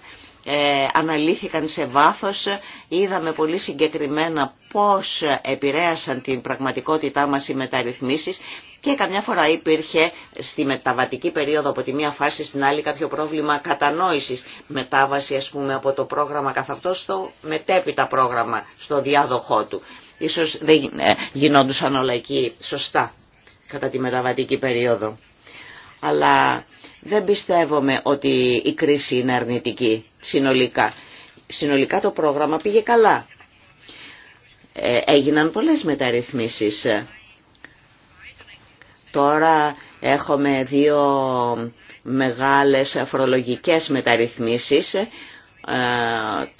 ε, αναλύθηκαν σε βάθος, είδαμε πολύ συγκεκριμένα πώς επηρέασαν την πραγματικότητά μας οι μεταρρυθμίσεις και καμιά φορά υπήρχε στη μεταβατική περίοδο από τη μία φάση στην άλλη κάποιο πρόβλημα κατανόησης, μετάβαση ας πούμε από το πρόγραμμα καθ' αυτό στο μετέπειτα πρόγραμμα, στο διάδοχό του. Ίσως δεν ε, γινόντουσαν όλα εκεί σωστά κατά τη μεταβατική περίοδο. Αλλά δεν πιστεύομαι ότι η κρίση είναι αρνητική συνολικά. Συνολικά το πρόγραμμα πήγε καλά. Ε, έγιναν πολλές μεταρρυθμίσεις. Τώρα έχουμε δύο μεγάλες αφρολογικές μεταρρυθμίσεις. Ε,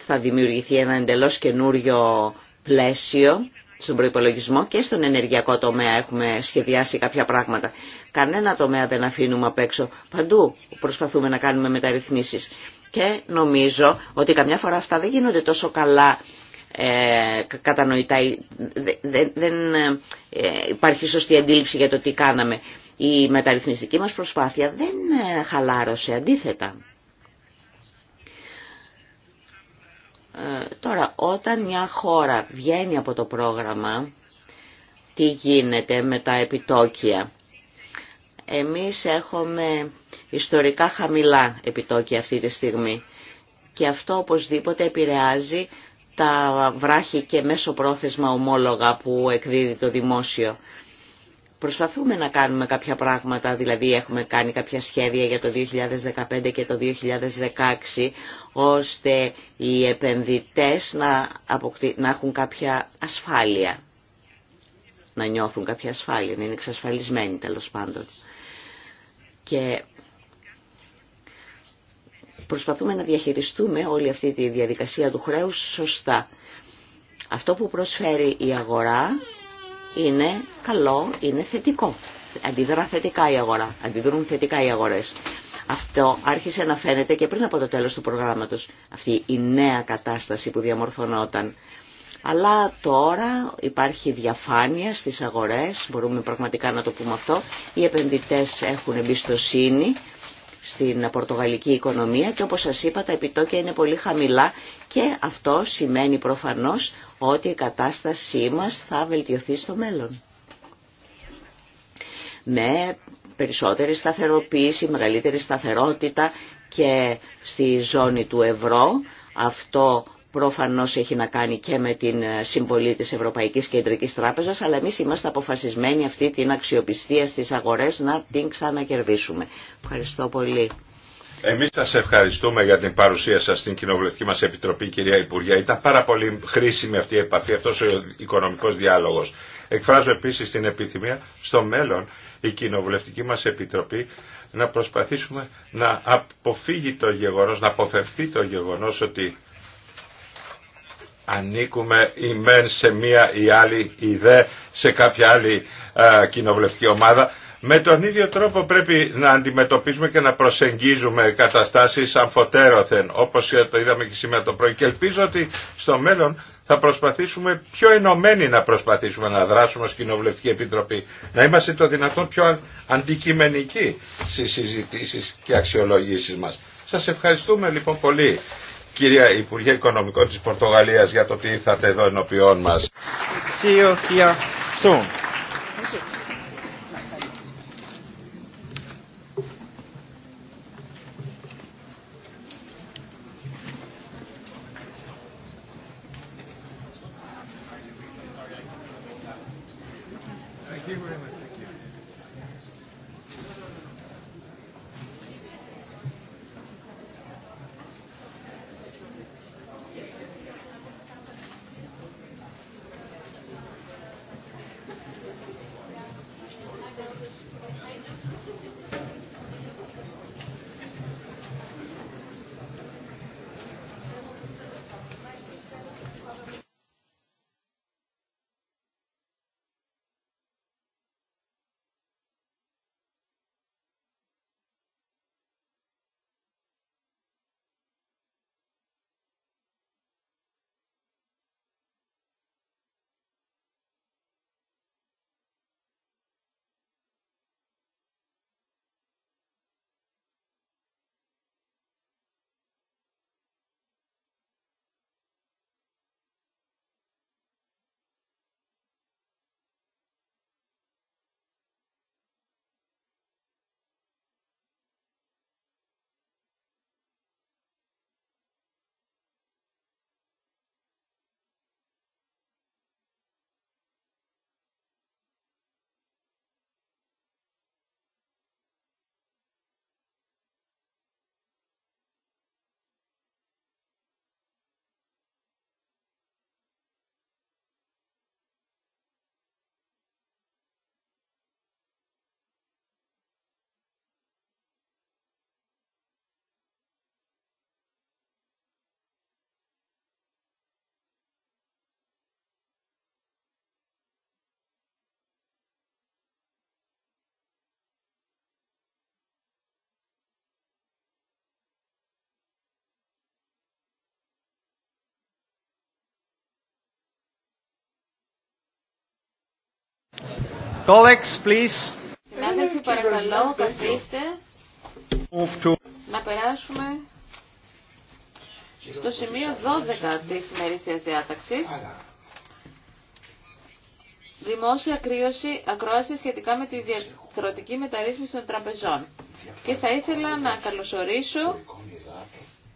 θα δημιουργηθεί ένα εντελώς καινούριο πλαίσιο στον προϋπολογισμό και στον ενεργειακό τομέα έχουμε σχεδιάσει κάποια πράγματα. Κανένα τομέα δεν αφήνουμε απ' έξω. Παντού προσπαθούμε να κάνουμε μεταρρυθμίσεις. Και νομίζω ότι καμιά φορά αυτά δεν γίνονται τόσο καλά ε, κατανοητά. Ε, δεν, δεν υπάρχει σωστή αντίληψη για το τι κάναμε. Η μεταρρυθμιστική μας προσπάθεια δεν ε, χαλάρωσε, αντίθετα. Ε, τώρα, όταν μια χώρα βγαίνει από το πρόγραμμα, τι γίνεται με τα επιτόκια. Εμείς έχουμε ιστορικά χαμηλά επιτόκια αυτή τη στιγμή και αυτό οπωσδήποτε επηρεάζει τα βράχη και μέσο πρόθεσμα ομόλογα που εκδίδει το δημόσιο. Προσπαθούμε να κάνουμε κάποια πράγματα, δηλαδή έχουμε κάνει κάποια σχέδια για το 2015 και το 2016, ώστε οι επενδυτές να, αποκτή, να έχουν κάποια ασφάλεια, να νιώθουν κάποια ασφάλεια, να είναι εξασφαλισμένοι τέλος πάντων. Και προσπαθούμε να διαχειριστούμε όλη αυτή τη διαδικασία του χρέους σωστά. Αυτό που προσφέρει η αγορά είναι καλό, είναι θετικό. Αντιδρά θετικά η αγορά, αντιδρούν θετικά οι αγορές. Αυτό άρχισε να φαίνεται και πριν από το τέλος του προγράμματος, αυτή η νέα κατάσταση που διαμορφωνόταν. Αλλά τώρα υπάρχει διαφάνεια στις αγορές, μπορούμε πραγματικά να το πούμε αυτό, οι επενδυτές έχουν εμπιστοσύνη στην πορτογαλική οικονομία και όπως σας είπα τα επιτόκια είναι πολύ χαμηλά και αυτό σημαίνει προφανώς ότι η κατάστασή μας θα βελτιωθεί στο μέλλον. Με περισσότερη σταθεροποίηση, μεγαλύτερη σταθερότητα και στη ζώνη του ευρώ αυτό προφανώς έχει να κάνει και με την συμβολή της Ευρωπαϊκής Κεντρικής Τράπεζας, αλλά εμείς είμαστε αποφασισμένοι αυτή την αξιοπιστία στις αγορές να την ξανακερδίσουμε. Ευχαριστώ πολύ. Εμείς σας ευχαριστούμε για την παρουσία σας στην Κοινοβουλευτική μας Επιτροπή, κυρία Υπουργέ. Ήταν πάρα πολύ χρήσιμη αυτή η επαφή, αυτός ο οικονομικός διάλογος. Εκφράζω επίσης την επιθυμία στο μέλλον η Κοινοβουλευτική μας Επιτροπή να προσπαθήσουμε να αποφύγει το γεγονός, να αποφευθεί το γεγονός ότι ανήκουμε ή μεν σε μία ή άλλη ή δε σε κάποια άλλη κοινοβουλευτική ομάδα. Με τον ίδιο τρόπο πρέπει να αντιμετωπίζουμε και να προσεγγίζουμε καταστάσεις αμφωτέρωθεν, όπως το είδαμε και σήμερα το πρωί. Και ελπίζω ότι στο μέλλον θα προσπαθήσουμε πιο ενωμένοι να προσπαθήσουμε να δράσουμε ως Κοινοβουλευτική Επιτροπή. Να είμαστε το δυνατόν πιο αντικειμενικοί στις συζητήσεις και αξιολογήσεις μας. Σας ευχαριστούμε λοιπόν πολύ κυρία Υπουργέ Οικονομικών της Πορτογαλίας για το ότι ήρθατε εδώ ενώπιόν μας. Συνάδελφοι, παρακαλώ, καθίστε. Να περάσουμε στο σημείο 12 της ημερήσιας διάταξης. Δημόσια κρύωση, ακρόαση σχετικά με τη διατροτική μεταρρύθμιση των τραπεζών. Και θα ήθελα να καλωσορίσω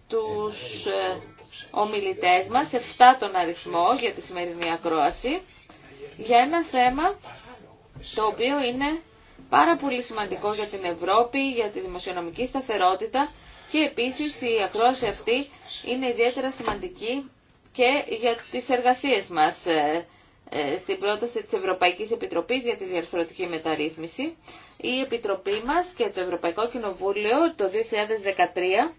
τους ε, ομιλητές μας, 7 τον αριθμό για τη σημερινή ακρόαση, για ένα θέμα το οποίο είναι πάρα πολύ σημαντικό για την Ευρώπη, για τη δημοσιονομική σταθερότητα και επίσης η ακρόαση αυτή είναι ιδιαίτερα σημαντική και για τις εργασίες μας ε, ε, στην πρόταση της Ευρωπαϊκής Επιτροπής για τη διαρθρωτική μεταρρύθμιση. Η Επιτροπή μας και το Ευρωπαϊκό Κοινοβούλιο το 2013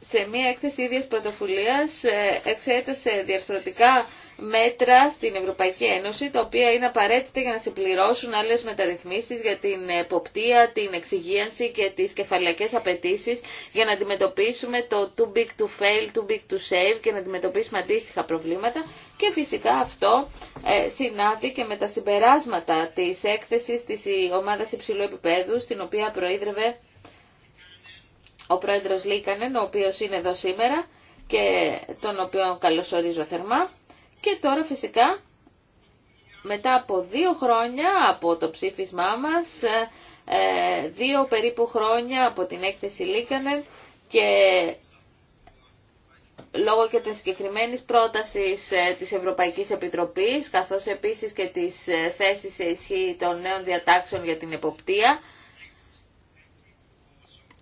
σε μία έκθεση ίδιας πρωτοφουλίας ε, εξέτασε διαρθρωτικά μέτρα στην Ευρωπαϊκή Ένωση, τα οποία είναι απαραίτητα για να συμπληρώσουν άλλε μεταρρυθμίσει για την εποπτεία, την εξυγίανση και τι κεφαλαϊκέ απαιτήσει για να αντιμετωπίσουμε το too big to fail, too big to save και να αντιμετωπίσουμε αντίστοιχα προβλήματα. Και φυσικά αυτό ε, συνάδει και με τα συμπεράσματα τη έκθεση, τη ομάδα υψηλού επίπεδου, στην οποία προείδρευε ο πρόεδρος Λίκανεν, ο οποίος είναι εδώ σήμερα και τον οποίο καλωσορίζω θερμά. Και τώρα φυσικά μετά από δύο χρόνια από το ψήφισμά μας, ε, ε, δύο περίπου χρόνια από την έκθεση Λίκανεν και λόγω και της συγκεκριμένη πρότασης ε, της Ευρωπαϊκής Επιτροπής, καθώς επίσης και της θέσης σε ισχύ των νέων διατάξεων για την εποπτεία,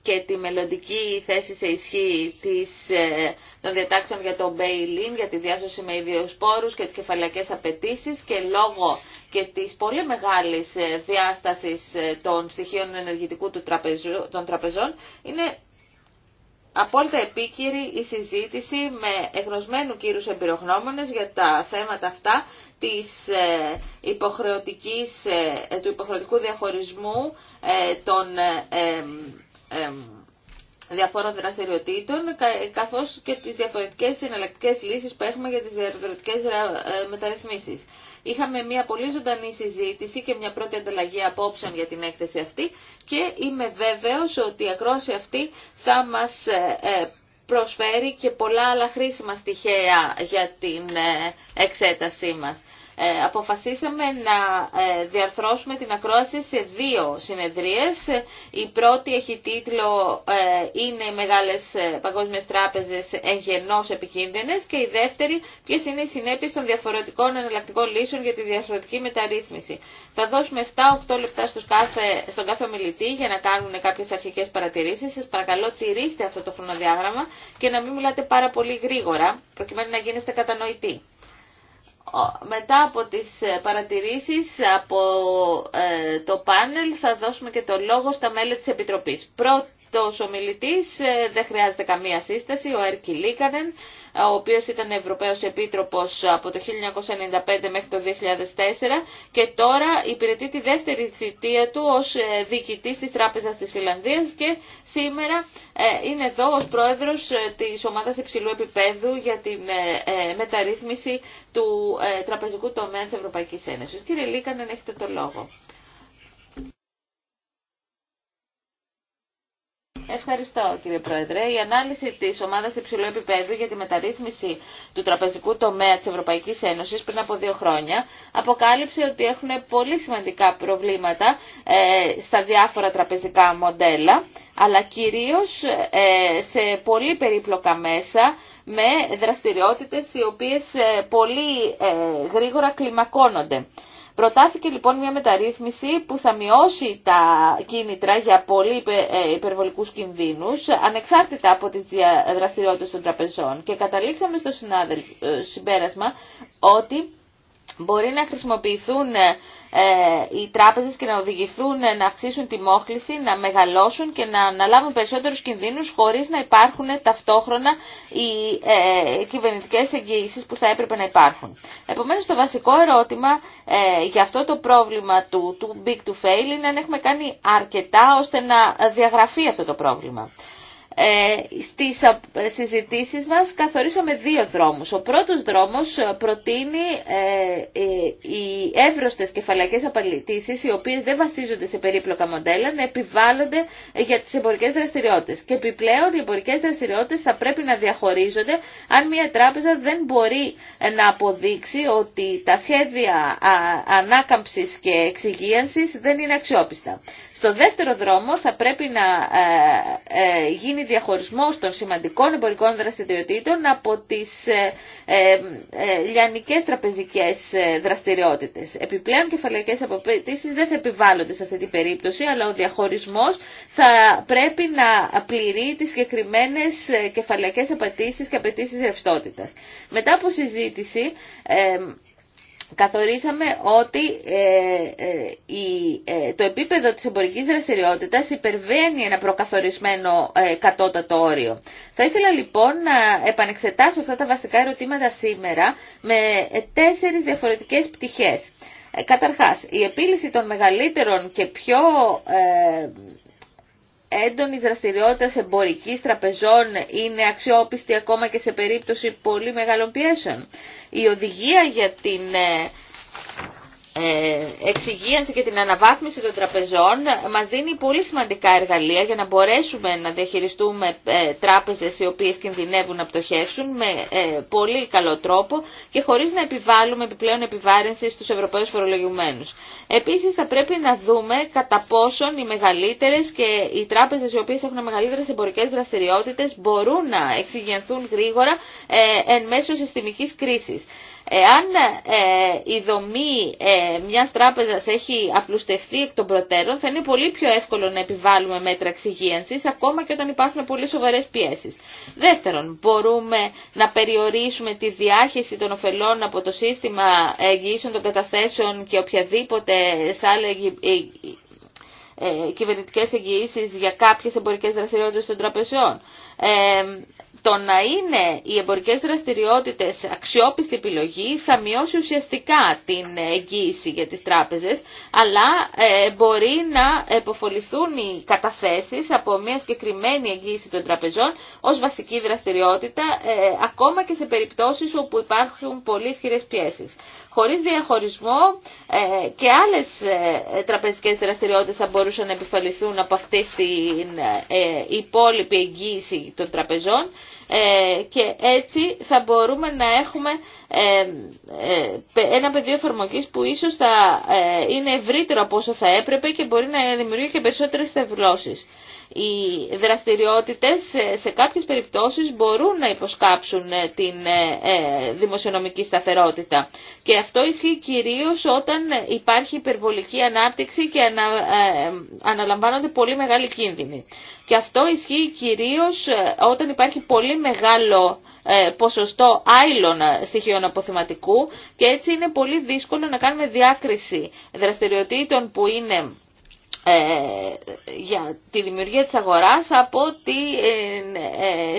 και τη μελλοντική θέση σε ισχύ της, ε, των διατάξεων για το bail-in, για τη διάσωση με ιδιοσπόρους και τις κεφαλακές απαιτήσει και λόγω και της πολύ μεγάλης ε, διάστασης ε, των στοιχείων ενεργητικού του των τραπεζών, είναι απόλυτα επίκυρη η συζήτηση με εγνωσμένου κύρους εμπειρογνώμονες για τα θέματα αυτά της υποχρεωτικής, του υποχρεωτικού διαχωρισμού των διαφόρων δραστηριοτήτων, καθώς και τις διαφορετικές εναλλακτικές λύσεις που έχουμε για τις διαφορετικές ε, μεταρρυθμίσεις. Είχαμε μια πολύ ζωντανή συζήτηση και μια πρώτη ανταλλαγή απόψεων για την έκθεση αυτή και είμαι βέβαιος ότι η ακρόαση αυτή θα μας ε, ε, προσφέρει και πολλά άλλα χρήσιμα στοιχεία για την εξέτασή μας. Ε, αποφασίσαμε να ε, διαρθρώσουμε την ακρόαση σε δύο συνεδρίες. Η πρώτη έχει τίτλο ε, «Είναι οι μεγάλες παγκόσμιες τράπεζες εγγενώς επικίνδυνες» και η δεύτερη «Ποιες είναι οι συνέπειες των διαφορετικών εναλλακτικών λύσεων για τη διαφορετική μεταρρύθμιση». Θα δώσουμε 7-8 λεπτά στους κάθε, στον κάθε ομιλητή για να κάνουν κάποιες αρχικές παρατηρήσεις. Σας παρακαλώ τηρήστε αυτό το χρονοδιάγραμμα και να μην μιλάτε πάρα πολύ γρήγορα προκειμένου να γίνεστε κατανοητοί μετά από τις ε, παρατηρήσεις από ε, το πάνελ θα δώσουμε και το λόγο στα μέλη της Επιτροπής. Πρώτος ομιλητής, ε, δεν χρειάζεται καμία σύσταση, ο Έρκη ο οποίος ήταν Ευρωπαίος Επίτροπος από το 1995 μέχρι το 2004 και τώρα υπηρετεί τη δεύτερη θητεία του ως ε, διοικητής της Τράπεζας της Φιλανδίας και σήμερα ε, είναι εδώ ως πρόεδρος ε, της ομάδας υψηλού επίπεδου για την μεταρρύθμιση του τραπεζικού τομέα της Ευρωπαϊκής Ένωσης. Κύριε Λίκανεν, έχετε το λόγο. Ευχαριστώ κύριε Πρόεδρε. Η ανάλυση τη ομάδα υψηλού επίπεδου για τη μεταρρύθμιση του τραπεζικού τομέα τη Ευρωπαϊκή Ένωση πριν από δύο χρόνια αποκάλυψε ότι έχουν πολύ σημαντικά προβλήματα ε, στα διάφορα τραπεζικά μοντέλα, αλλά κυρίω ε, σε πολύ περίπλοκα μέσα με δραστηριότητες οι οποίες ε, πολύ ε, γρήγορα κλιμακώνονται. Προτάθηκε λοιπόν μια μεταρρύθμιση που θα μειώσει τα κίνητρα για πολύ ε, υπερβολικούς κινδύνους, ανεξάρτητα από τις δραστηριότητες των τραπεζών. Και καταλήξαμε στο ε, συμπέρασμα ότι μπορεί να χρησιμοποιηθούν ε, ε, οι τράπεζες και να οδηγηθούν ε, να αυξήσουν τη μόχληση, να μεγαλώσουν και να αναλάβουν περισσότερους κινδύνους χωρίς να υπάρχουν ταυτόχρονα οι κυβερνητικές εγγυήσεις που θα έπρεπε να υπάρχουν. Επομένως το βασικό ερώτημα για αυτό το πρόβλημα του big to fail είναι αν έχουμε κάνει αρκετά ώστε να διαγραφεί αυτό το πρόβλημα. Ε, στις συζητήσεις μας καθορίσαμε δύο δρόμους. Ο πρώτος δρόμος ε, προτείνει ε, οι εύρωστες κεφαλαϊκές απαλλητήσεις, οι οποίες δεν βασίζονται σε περίπλοκα μοντέλα, να επιβάλλονται για τις εμπορικές δραστηριότητες. Και επιπλέον οι εμπορικές δραστηριότητες θα πρέπει να διαχωρίζονται αν μια τράπεζα δεν μπορεί να αποδείξει ότι τα σχέδια ανάκαμψης και εξυγίανσης δεν είναι αξιόπιστα. Στο δεύτερο δρόμο θα πρέπει να γίνει διαχωρισμός των σημαντικών εμπορικών δραστηριοτήτων από τις ε, ε, ε λιανικές τραπεζικές ε, δραστηριότητες. Επιπλέον κεφαλαϊκές απαιτήσεις δεν θα επιβάλλονται σε αυτή την περίπτωση, αλλά ο διαχωρισμός θα πρέπει να πληρεί τις συγκεκριμένε ε, κεφαλαϊκές απαιτήσεις και απαιτήσεις ρευστότητας. Μετά από συζήτηση καθορίσαμε ότι ε, ε, ε, το επίπεδο της εμπορικής δραστηριότητας υπερβαίνει ένα προκαθορισμένο κατώτατο όριο. Θα ήθελα λοιπόν να επανεξετάσω αυτά τα βασικά ερωτήματα σήμερα με τέσσερις διαφορετικές πτυχές. Καταρχάς, η επίλυση των μεγαλύτερων και πιο έντονης δραστηριότητας εμπορικής τραπεζών είναι αξιόπιστη ακόμα και σε περίπτωση πολύ μεγάλων πιέσεων η οδηγία για την ε, ε, εξυγίανση και την αναβάθμιση των τραπεζών ε, μας δίνει πολύ σημαντικά εργαλεία για να μπορέσουμε να διαχειριστούμε ε, τράπεζες οι οποίες κινδυνεύουν να πτωχεύσουν με πολύ καλό τρόπο και χωρίς να επιβάλλουμε επιπλέον επιβάρυνση στους Ευρωπαίους φορολογημένους. Επίσης θα πρέπει να δούμε κατά πόσον οι μεγαλύτερες και οι τράπεζες οι οποίες έχουν μεγαλύτερες εμπορικές δραστηριότητες μπορούν να εξυγιανθούν γρήγορα εν μέσω συστημικής κρίσης. Εάν ε, η δομή ε, μιας τράπεζας έχει απλουστευτεί εκ των προτέρων, θα είναι πολύ πιο εύκολο να επιβάλλουμε μέτρα εξυγίανσης, ακόμα και όταν υπάρχουν πολύ σοβαρές πιέσεις. Δεύτερον, μπορούμε να περιορίσουμε τη διάχυση των ωφελών από το σύστημα εγγυήσεων των καταθέσεων και οποιαδήποτε σε ε, κυβερνητικέ εγγυήσει για κάποιε εμπορικέ δραστηριότητε των τραπεζών. Ε, το να είναι οι εμπορικές δραστηριότητες αξιόπιστη επιλογή θα μειώσει ουσιαστικά την εγγύηση για τις τράπεζες, αλλά ε, μπορεί να εποφοληθούν οι καταθέσεις από μια συγκεκριμένη εγγύηση των τραπεζών ως βασική δραστηριότητα, ε, ακόμα και σε περιπτώσεις όπου υπάρχουν πολύ ισχυρές πιέσεις χωρίς διαχωρισμό ε, και άλλες ε, τραπεζικές δραστηριότητες θα μπορούσαν να επιφαληθούν από αυτή την ε, υπόλοιπη εγγύηση των τραπεζών και έτσι θα μπορούμε να έχουμε ένα πεδίο εφαρμογή που ίσως θα είναι ευρύτερο από όσο θα έπρεπε και μπορεί να δημιουργεί και περισσότερες θευλώσεις οι δραστηριότητες σε κάποιες περιπτώσεις μπορούν να υποσκάψουν ε, την ε, ε, δημοσιονομική σταθερότητα. Και αυτό ισχύει κυρίως όταν υπάρχει υπερβολική ανάπτυξη και αναλαμβάνονται πολύ μεγάλοι κίνδυνοι. Και αυτό ισχύει κυρίως όταν υπάρχει πολύ μεγάλο ποσοστό άειλων στοιχείων αποθεματικού και έτσι είναι πολύ δύσκολο να κάνουμε διάκριση δραστηριοτήτων που είναι ε, για τη δημιουργία της αγοράς από τις ε,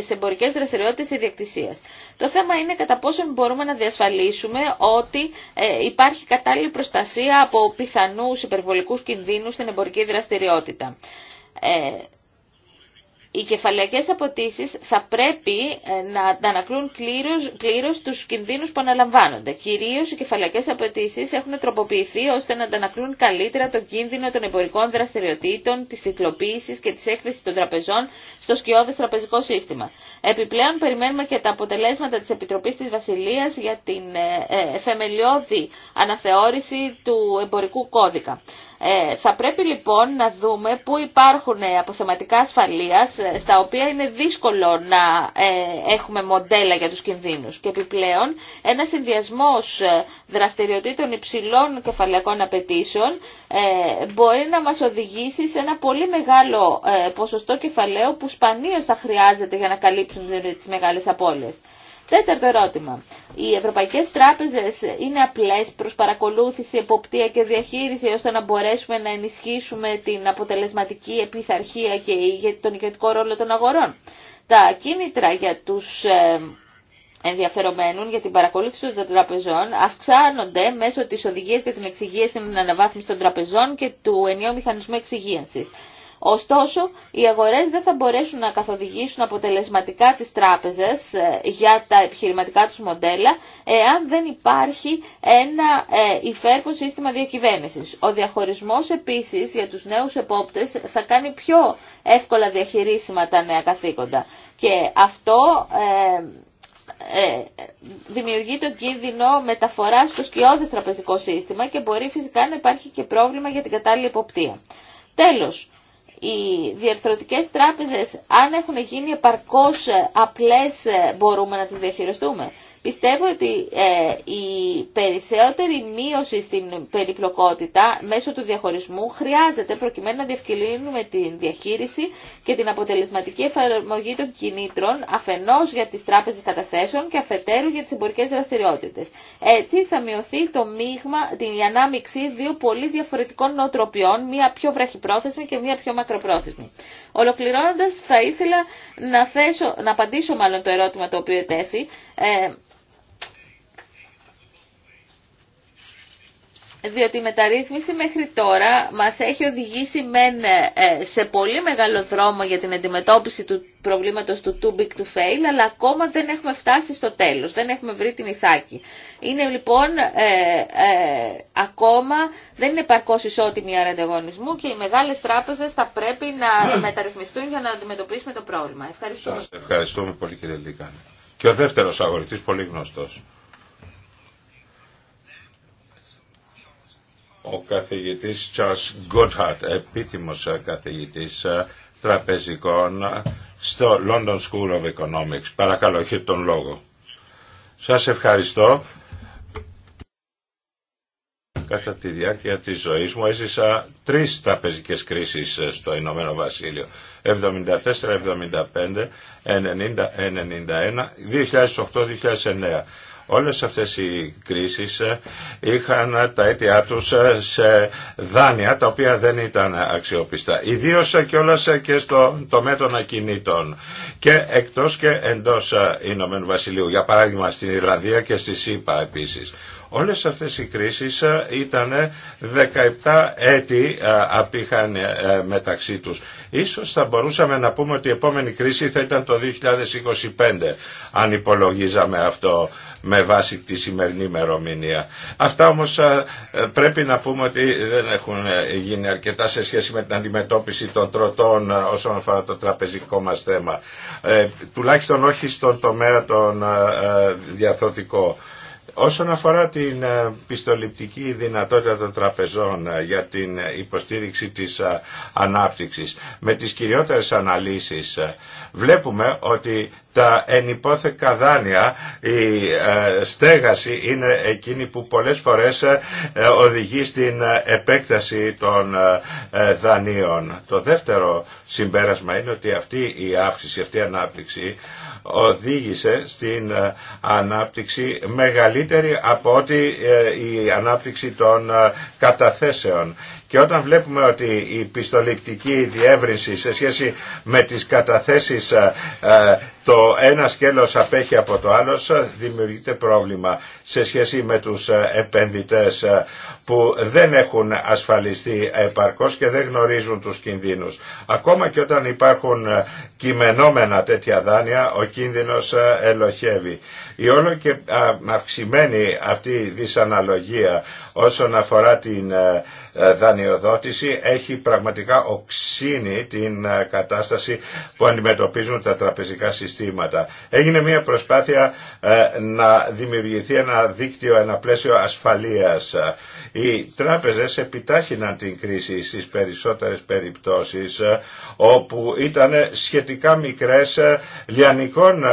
ε, εμπορικές δραστηριότητες ιδιοκτησίας. Το θέμα είναι κατά πόσο μπορούμε να διασφαλίσουμε ότι υπάρχει κατάλληλη προστασία από πιθανούς υπερβολικούς κινδύνους στην εμπορική δραστηριότητα. Ε, οι κεφαλαϊκέ αποτίσεις θα πρέπει ε, να αντανακλούν πλήρω του τους κινδύνους που αναλαμβάνονται. Κυρίως οι κεφαλαιακές αποτίσεις έχουν τροποποιηθεί ώστε να αντανακλούν καλύτερα τον κίνδυνο των εμπορικών δραστηριοτήτων, της τυκλοποίησης και της έκθεσης των τραπεζών στο σκιώδες τραπεζικό σύστημα. Επιπλέον περιμένουμε και τα αποτελέσματα της Επιτροπής της Βασιλείας για την ε, θεμελιώδη ε, αναθεώρηση του εμπορικού κώδικα. Ε, θα πρέπει λοιπόν να δούμε πού υπάρχουν ε, αποθεματικά ασφαλείας ε, στα οποία είναι δύσκολο να έχουμε μοντέλα για τους κινδύνους. Και επιπλέον ένα συνδυασμός δραστηριοτήτων υψηλών κεφαλαικών απαιτήσεων ε, μπορεί να μας οδηγήσει σε ένα πολύ μεγάλο ποσοστό κεφαλαίου που σπανίως θα χρειάζεται για να καλύψουν τις μεγάλες απώλειες. Τέταρτο ερώτημα. Οι ευρωπαϊκές τράπεζες είναι απλές προς παρακολούθηση, εποπτεία και διαχείριση ώστε να μπορέσουμε να ενισχύσουμε την αποτελεσματική επιθαρχία και τον ηγετικό ρόλο των αγορών. Τα κίνητρα για τους ε, ενδιαφερομένων για την παρακολούθηση των τραπεζών αυξάνονται μέσω της οδηγίας για την εξυγίαση την αναβάθμιση των τραπεζών και του ενιαίου μηχανισμού εξυγίανσης. Ωστόσο, οι αγορές δεν θα μπορέσουν να καθοδηγήσουν αποτελεσματικά τις τράπεζες ε, για τα επιχειρηματικά τους μοντέλα εάν δεν υπάρχει ένα ε, υφέρπο σύστημα διακυβέρνησης. Ο διαχωρισμός επίσης για τους νέους επόπτες θα κάνει πιο εύκολα διαχειρίσιμα τα νέα καθήκοντα. Και αυτό ε, ε δημιουργεί τον κίνδυνο μεταφορά στο σκιώδες τραπεζικό σύστημα και μπορεί φυσικά να υπάρχει και πρόβλημα για την κατάλληλη εποπτεία. Τέλος, οι διαρθρωτικές τράπεζες αν έχουν γίνει επαρκώς απλές μπορούμε να τις διαχειριστούμε. Πιστεύω ότι ε, η περισσότερη μείωση στην περιπλοκότητα μέσω του διαχωρισμού χρειάζεται προκειμένου να διευκολύνουμε την διαχείριση και την αποτελεσματική εφαρμογή των κινήτρων αφενός για τις τράπεζες καταθέσεων και αφετέρου για τις εμπορικές δραστηριότητες. Έτσι θα μειωθεί το μείγμα, την ανάμειξη δύο πολύ διαφορετικών νοοτροπιών, μία πιο βραχυπρόθεσμη και μία πιο μακροπρόθεσμη. Ολοκληρώνοντας θα ήθελα να, θέσω, να απαντήσω μάλλον το ερώτημα το οποίο ετέθη. Ε, διότι η μεταρρύθμιση μέχρι τώρα μας έχει οδηγήσει μεν ε, σε πολύ μεγάλο δρόμο για την αντιμετώπιση του προβλήματος του too big to fail, αλλά ακόμα δεν έχουμε φτάσει στο τέλος, δεν έχουμε βρει την ηθάκη. Είναι λοιπόν ε, ε, ακόμα, δεν είναι παρκώς ισότιμη η ανταγωνισμού και οι μεγάλες τράπεζες θα πρέπει να (coughs) μεταρρυθμιστούν για να αντιμετωπίσουμε το πρόβλημα. Ευχαριστώ. ευχαριστούμε πολύ κύριε Λίκα. Και ο δεύτερος αγορητής πολύ γνωστός. ο καθηγητής Charles Goodhart, επίτιμος καθηγητής ε, τραπεζικών ε, στο London School of Economics. Παρακαλώ, έχετε τον λόγο. Σας ευχαριστώ. Κατά τη διάρκεια της ζωής μου έζησα τρεις τραπεζικές κρίσεις ε, στο Ηνωμένο Βασίλειο. 74, 75, 90, 91, 2008, 2009. Όλες αυτές οι κρίσεις ε, είχαν τα αίτια τους ε, σε δάνεια τα οποία δεν ήταν αξιόπιστα. Ιδίως ε, κιόλας και στο τομέα των ακινήτων και εκτός και εντός Ηνωμένου Βασιλείου. Για παράδειγμα στην Ιρλανδία και στη ΣΥΠΑ επίσης. Όλες αυτές οι κρίσεις ήταν 17 έτη απήχαν μεταξύ τους. Ίσως θα μπορούσαμε να πούμε ότι η επόμενη κρίση θα ήταν το 2025 αν υπολογίζαμε αυτό με βάση τη σημερινή ημερομηνία. Αυτά όμως ε, πρέπει να πούμε ότι δεν έχουν ε, γίνει αρκετά σε σχέση με την αντιμετώπιση των τροτών ε, όσον αφορά το τραπεζικό μας θέμα. τουλάχιστον όχι στον τομέα τον διαθωτικό. Όσον αφορά την πιστοληπτική δυνατότητα των τραπεζών για την υποστήριξη της ανάπτυξης, με τις κυριότερες αναλύσεις βλέπουμε ότι τα ενυπόθεκα δάνεια, η ε, στέγαση είναι εκείνη που πολλές φορές ε, οδηγεί στην ε, επέκταση των δανείων. Το δεύτερο συμπέρασμα είναι ότι αυτή η αύξηση, αυτή η ανάπτυξη οδήγησε στην ανάπτυξη μεγαλύτερη από ότι η ανάπτυξη των καταθέσεων. Και όταν βλέπουμε ότι η πιστοληπτική διεύρυνση σε σχέση με τις καταθέσεις ε, ε, το ένα σκέλος απέχει από το άλλο, ε, δημιουργείται πρόβλημα σε σχέση με τους επενδυτές που δεν έχουν ασφαλιστεί επαρκώς και δεν γνωρίζουν τους κινδύνους. Ακόμα και όταν υπάρχουν κειμενόμενα τέτοια δάνεια, ο κίνδυνος ελοχεύει. Η όλο και αυξημένη αυτή δυσαναλογία όσον αφορά την δανειά δανειοδότηση έχει πραγματικά οξύνει την ε, κατάσταση που αντιμετωπίζουν τα τραπεζικά συστήματα. Έγινε μια προσπάθεια ε, να δημιουργηθεί ένα δίκτυο, ένα πλαίσιο ασφαλείας. Οι τράπεζες επιτάχυναν την κρίση στις περισσότερες περιπτώσεις ε, όπου ήταν σχετικά μικρές λιανικών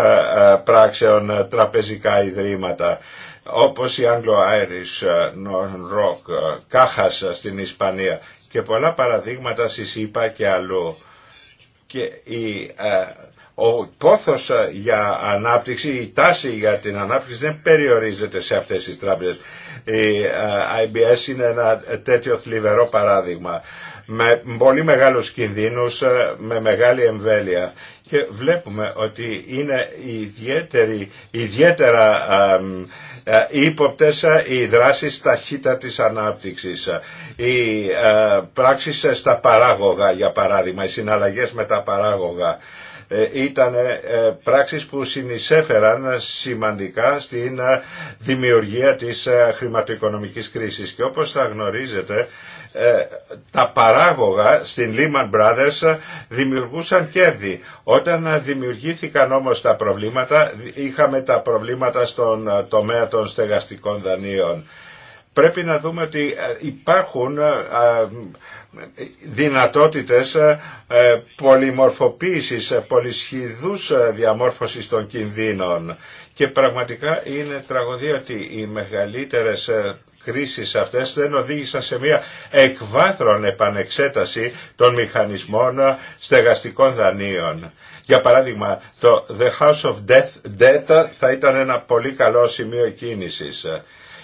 πράξεων τραπεζικά ιδρύματα όπως η Anglo-Irish ε, Northern rock ε, Κάχασα ε, στην Ισπανία και πολλά παραδείγματα στη ΣΥΠΑ και αλλού. Και η, ο πόθος για ανάπτυξη, η τάση για την ανάπτυξη δεν περιορίζεται σε αυτές τις τράπεζες. Η IBS είναι ένα τέτοιο θλιβερό παράδειγμα με πολύ μεγάλους κινδύνους, με μεγάλη εμβέλεια. Και βλέπουμε ότι είναι ιδιαίτερη, ιδιαίτερα ε, ύποπτες ε, οι δράσεις της ανάπτυξης, ε, οι πράξεις στα παράγωγα για παράδειγμα, οι συναλλαγές με τα παράγωγα ήταν πράξεις που συνεισέφεραν σημαντικά στην δημιουργία της χρηματοοικονομικής κρίσης. Και όπως θα γνωρίζετε ε, τα παράγωγα στην Lehman Brothers δημιουργούσαν κέρδη. Όταν δημιουργήθηκαν όμως τα προβλήματα, είχαμε τα προβλήματα στον τομέα των στεγαστικών δανείων. Πρέπει να δούμε ότι ε, υπάρχουν ε, δυνατότητες πολυμορφοποίησης, πολυσχηδούς διαμόρφωσης των κινδύνων. Και πραγματικά είναι τραγωδία ότι οι μεγαλύτερες κρίσεις αυτές δεν οδήγησαν σε μια εκβάθρον επανεξέταση των μηχανισμών στεγαστικών δανείων. Για παράδειγμα, το The House of Death, Death θα ήταν ένα πολύ καλό σημείο κίνησης.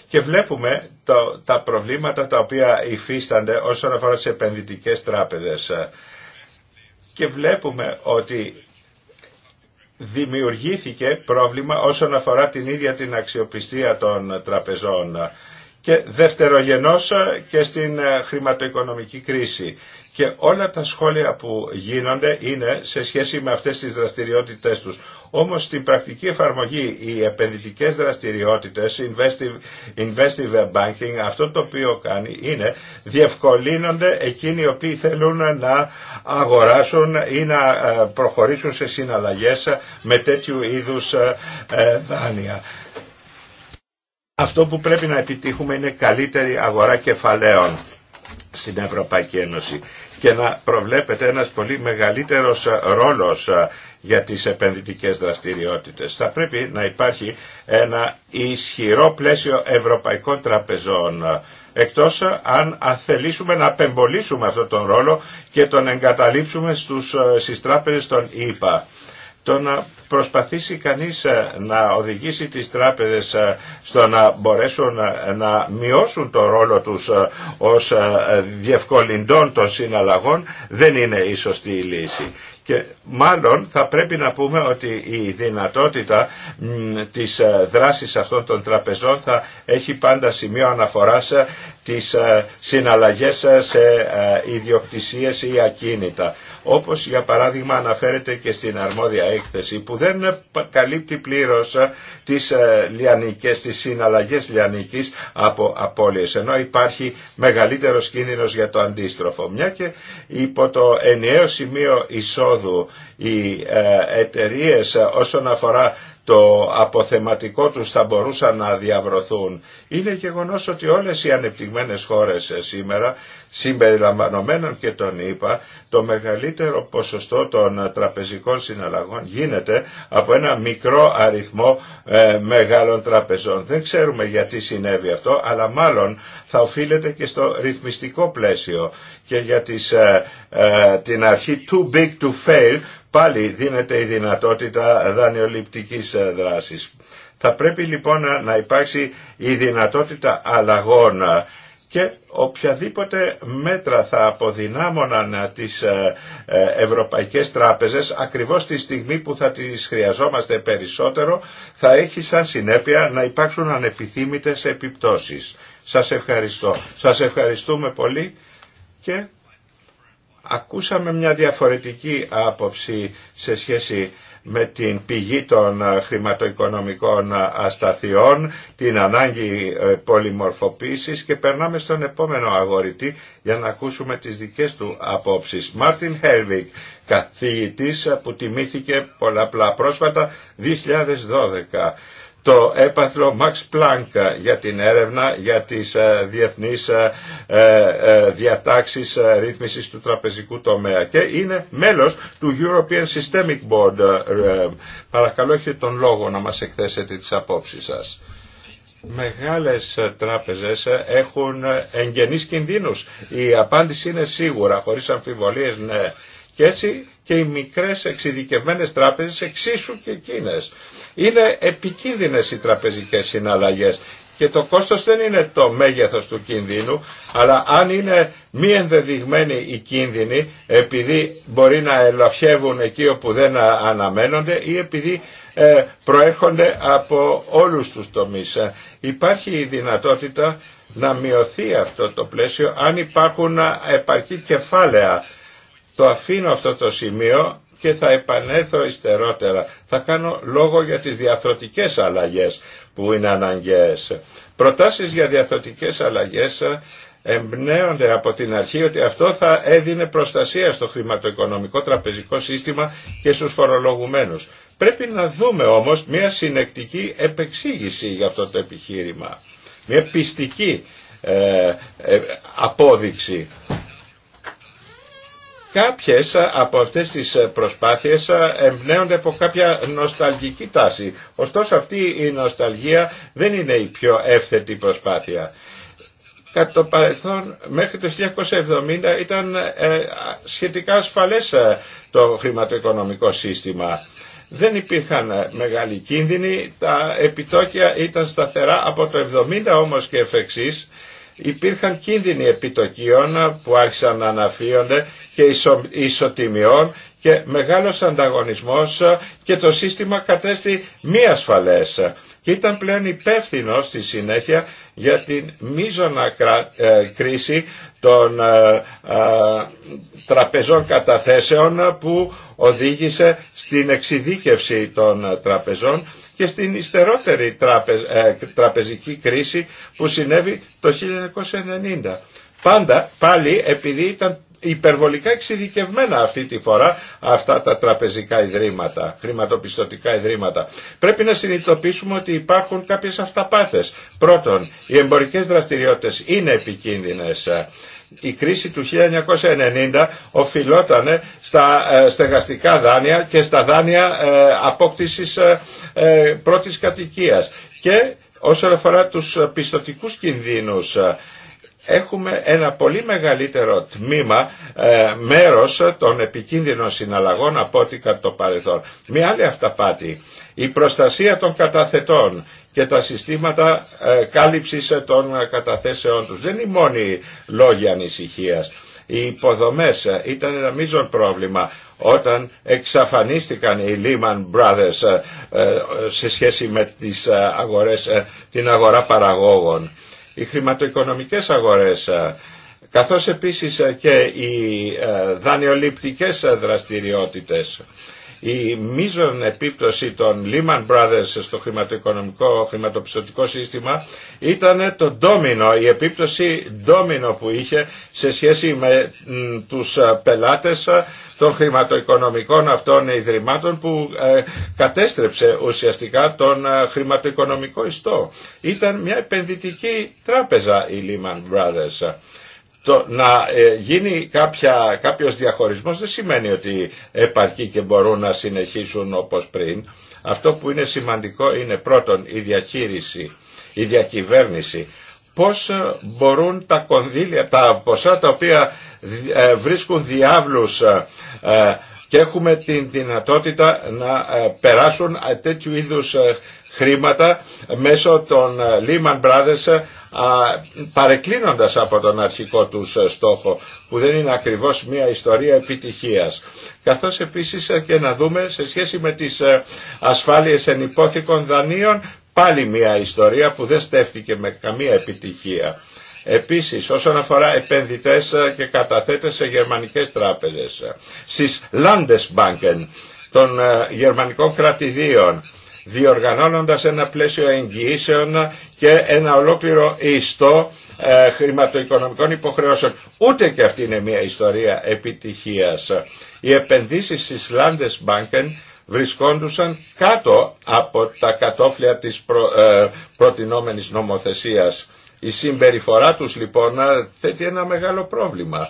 Και βλέπουμε το, τα προβλήματα τα οποία υφίστανται όσον αφορά τις επενδυτικές τράπεζες. Και βλέπουμε ότι δημιουργήθηκε πρόβλημα όσον αφορά την ίδια την αξιοπιστία των τραπεζών και δευτερογενώς ε, και στην ε, χρηματοοικονομική κρίση. Και όλα τα σχόλια που γίνονται είναι σε σχέση με αυτές τις δραστηριότητες τους. Όμως στην πρακτική εφαρμογή οι επενδυτικές δραστηριότητες investive, banking, αυτό το οποίο κάνει είναι διευκολύνονται εκείνοι οι οποίοι θέλουν να αγοράσουν ή να ε, προχωρήσουν σε συναλλαγές με τέτοιου είδους δάνεια. Αυτό που πρέπει να επιτύχουμε είναι καλύτερη αγορά κεφαλαίων στην Ευρωπαϊκή Ένωση και να προβλέπεται ένας πολύ μεγαλύτερος ρόλος ε, για τις επενδυτικές δραστηριότητες. Θα πρέπει να υπάρχει ένα ισχυρό πλαίσιο ευρωπαϊκών τραπεζών ε, εκτός ε, αν θελήσουμε να απεμπολίσουμε αυτόν τον ρόλο και τον εγκαταλείψουμε στους, στις τράπεζες των ΙΠΑ το να προσπαθήσει κανείς ε, να οδηγήσει τις τράπεζες ε, στο να μπορέσουν ε, να μειώσουν το ρόλο τους ως διευκολυντών των συναλλαγών δεν είναι η σωστή λύση. Και μάλλον θα πρέπει να πούμε ότι η δυνατότητα της δράσης αυτών των τραπεζών θα έχει πάντα σημείο αναφοράς τις συναλλαγές σε ιδιοκτησίες ή ακίνητα όπως για παράδειγμα αναφέρεται και στην αρμόδια έκθεση που δεν καλύπτει πλήρως ε, τις ε, λιανικές, τις συναλλαγές λιανικής από απώλειες ενώ υπάρχει μεγαλύτερος κίνδυνος για το αντίστροφο. Μια και υπό το ενιαίο σημείο εισόδου οι ε, εταιρείε όσον αφορά το αποθεματικό τους θα μπορούσαν να διαβρωθούν. Είναι γεγονός ότι όλες οι ανεπτυγμένες χώρες σήμερα, συμπεριλαμβανομένων και τον είπα, το μεγαλύτερο ποσοστό των τραπεζικών συναλλαγών γίνεται από ένα μικρό αριθμό ε, μεγάλων τραπεζών. Δεν ξέρουμε γιατί συνέβη αυτό, αλλά μάλλον θα οφείλεται και στο ρυθμιστικό πλαίσιο και για ε, ε, την αρχή too big to fail πάλι δίνεται η δυνατότητα δανειοληπτικής ε, δράσης. Θα πρέπει λοιπόν ε, να υπάρξει η δυνατότητα αλλαγών ε, και οποιαδήποτε μέτρα θα αποδυνάμωναν τις ευρωπαϊκές τράπεζες ακριβώς τη στιγμή που θα τις χρειαζόμαστε περισσότερο θα έχει σαν συνέπεια να υπάρξουν ανεπιθύμητες επιπτώσεις. Σας ευχαριστώ. Σας ευχαριστούμε πολύ και Ακούσαμε μια διαφορετική άποψη σε σχέση με την πηγή των ε, χρηματοοικονομικών ε, ασταθειών, την ανάγκη ε, πολυμορφοποίησης και περνάμε στον επόμενο αγορητή για να ακούσουμε τις δικές του απόψεις. Μάρτιν Χέρβικ, καθηγητής που τιμήθηκε πολλαπλά πρόσφατα 2012 το έπαθρο Max Planck για την έρευνα για τις ε, διεθνείς ε, ε, διατάξεις ρύθμισης του τραπεζικού τομέα και είναι μέλος του European Systemic Board. Παρακαλώ έχετε τον λόγο να μας εκθέσετε τις απόψεις σας. Μεγάλες τράπεζες έχουν εγγενείς κινδύνους. Η απάντηση είναι σίγουρα, χωρίς αμφιβολίες, ναι. Και έτσι και οι μικρές εξειδικευμένες τράπεζες εξίσου και εκείνες. Είναι επικίνδυνες οι τραπεζικές συναλλαγές και το κόστος δεν είναι το μέγεθος του κινδύνου, αλλά αν είναι μη ενδεδειγμένοι οι κίνδυνοι, επειδή μπορεί να ελοχεύουν εκεί όπου δεν αναμένονται ή επειδή ε, προέρχονται από όλους τους τομείς. Ε, υπάρχει η δυνατότητα να μειωθεί αυτό το πλαίσιο αν υπάρχουν ε, επαρκή κεφάλαια το αφήνω αυτό το σημείο και θα επανέλθω υστερότερα. Θα κάνω λόγο για τις διαθροτικές αλλαγές που είναι αναγκαίες. Προτάσεις για διαθροτικές αλλαγές εμπνέονται από την αρχή ότι αυτό θα έδινε προστασία στο χρηματοοικονομικό τραπεζικό σύστημα και στους φορολογουμένους. Πρέπει να δούμε όμως μια συνεκτική επεξήγηση για αυτό το επιχείρημα. Μια πιστική ε, ε, απόδειξη Κάποιες από αυτές τις προσπάθειες εμπνέονται από κάποια νοσταλγική τάση. Ωστόσο αυτή η νοσταλγία δεν είναι η πιο εύθετη προσπάθεια. Κατά το παρελθόν μέχρι το 1970 ήταν ε, σχετικά ασφαλές ε, το χρηματοοικονομικό σύστημα. Δεν υπήρχαν ε, μεγάλοι κίνδυνοι, τα επιτόκια ήταν σταθερά από το 70 όμως και εφ' εξής, υπήρχαν κίνδυνοι επιτοκίων που άρχισαν να αναφύονται και ισοτιμιών και μεγάλος ανταγωνισμός ε, και το σύστημα κατέστη μη ασφαλές και ήταν πλέον υπεύθυνο στη συνέχεια για την μείζωνα ε, κρίση των ε, τραπεζών καταθέσεων που οδήγησε στην εξειδίκευση των τραπεζών και στην ιστερότερη τραπεζική κρίση που συνέβη το 1990. Πάντα πάλι επειδή ήταν υπερβολικά εξειδικευμένα αυτή τη φορά αυτά τα τραπεζικά ιδρύματα, χρηματοπιστωτικά ιδρύματα. Πρέπει να συνειδητοποιήσουμε ότι υπάρχουν κάποιες αυταπάτες. Πρώτον, οι εμπορικές δραστηριότητες είναι επικίνδυνες. Η κρίση του 1990 οφειλόταν στα ε, στεγαστικά δάνεια και στα δάνεια ε, απόκτησης ε, πρώτης κατοικίας. Και όσον αφορά τους πιστοτικούς κινδύνους, έχουμε ένα πολύ μεγαλύτερο τμήμα, ε, μέρος των επικίνδυνων συναλλαγών από ό,τι κατά το παρελθόν. Μια άλλη αυταπάτη, η προστασία των καταθετών και τα συστήματα ε, κάλυψης των καταθέσεών τους. Δεν είναι μόνοι λόγοι ανησυχίας. Οι υποδομές ε, ήταν ένα μείζον πρόβλημα όταν εξαφανίστηκαν οι Lehman Brothers ε, σε σχέση με τις αγορές, την αγορά παραγόγων οι χρηματοοικονομικές αγορές ε, καθώς επίσης και οι ε, δανειοληπτικές δραστηριότητες. Η μείζον επίπτωση των Lehman Brothers στο χρηματοοικονομικό, χρηματοπιστωτικό σύστημα ήταν το ντόμινο, η επίπτωση ντόμινο που είχε σε σχέση με τους ε, πελάτες των χρηματοοικονομικών αυτών ιδρυμάτων που ε, κατέστρεψε ουσιαστικά τον ε, χρηματοοικονομικό ιστό. Ήταν μια επενδυτική τράπεζα η Lehman Brothers το να ε, γίνει κάποια, κάποιος διαχωρισμός δεν σημαίνει ότι επαρκεί και μπορούν να συνεχίσουν όπως πριν. Αυτό που είναι σημαντικό είναι πρώτον η διαχείριση, η διακυβέρνηση. Πώς ε, μπορούν τα κονδύλια, τα ποσά τα οποία ε, βρίσκουν διάβλους και έχουμε την δυνατότητα να περάσουν τέτοιου είδους χρήματα μέσω των ε, Lehman Brothers ε, παρεκκλίνοντας από τον αρχικό τους ε, στόχο που δεν είναι ακριβώς μια ιστορία επιτυχίας. Καθώς επίσης και να δούμε σε σχέση με τις ασφάλειες ενυπόθηκων δανείων πάλι μια ιστορία που δεν στέφθηκε με καμία επιτυχία. Επίσης όσον αφορά επενδυτές και καταθέτες σε γερμανικές τράπεζες, στις Landesbanken των γερμανικών κρατηδίων διοργανώνοντας ένα πλαίσιο εγγυήσεων και ένα ολόκληρο ιστό ε, χρηματοοικονομικών υποχρεώσεων. Ούτε και αυτή είναι μια ιστορία επιτυχίας. Οι επενδύσεις στις Landesbanken βρισκόντουσαν κάτω από τα κατόφλια της προ, ε, νομοθεσίας. Η συμπεριφορά τους λοιπόν θέτει ένα μεγάλο πρόβλημα.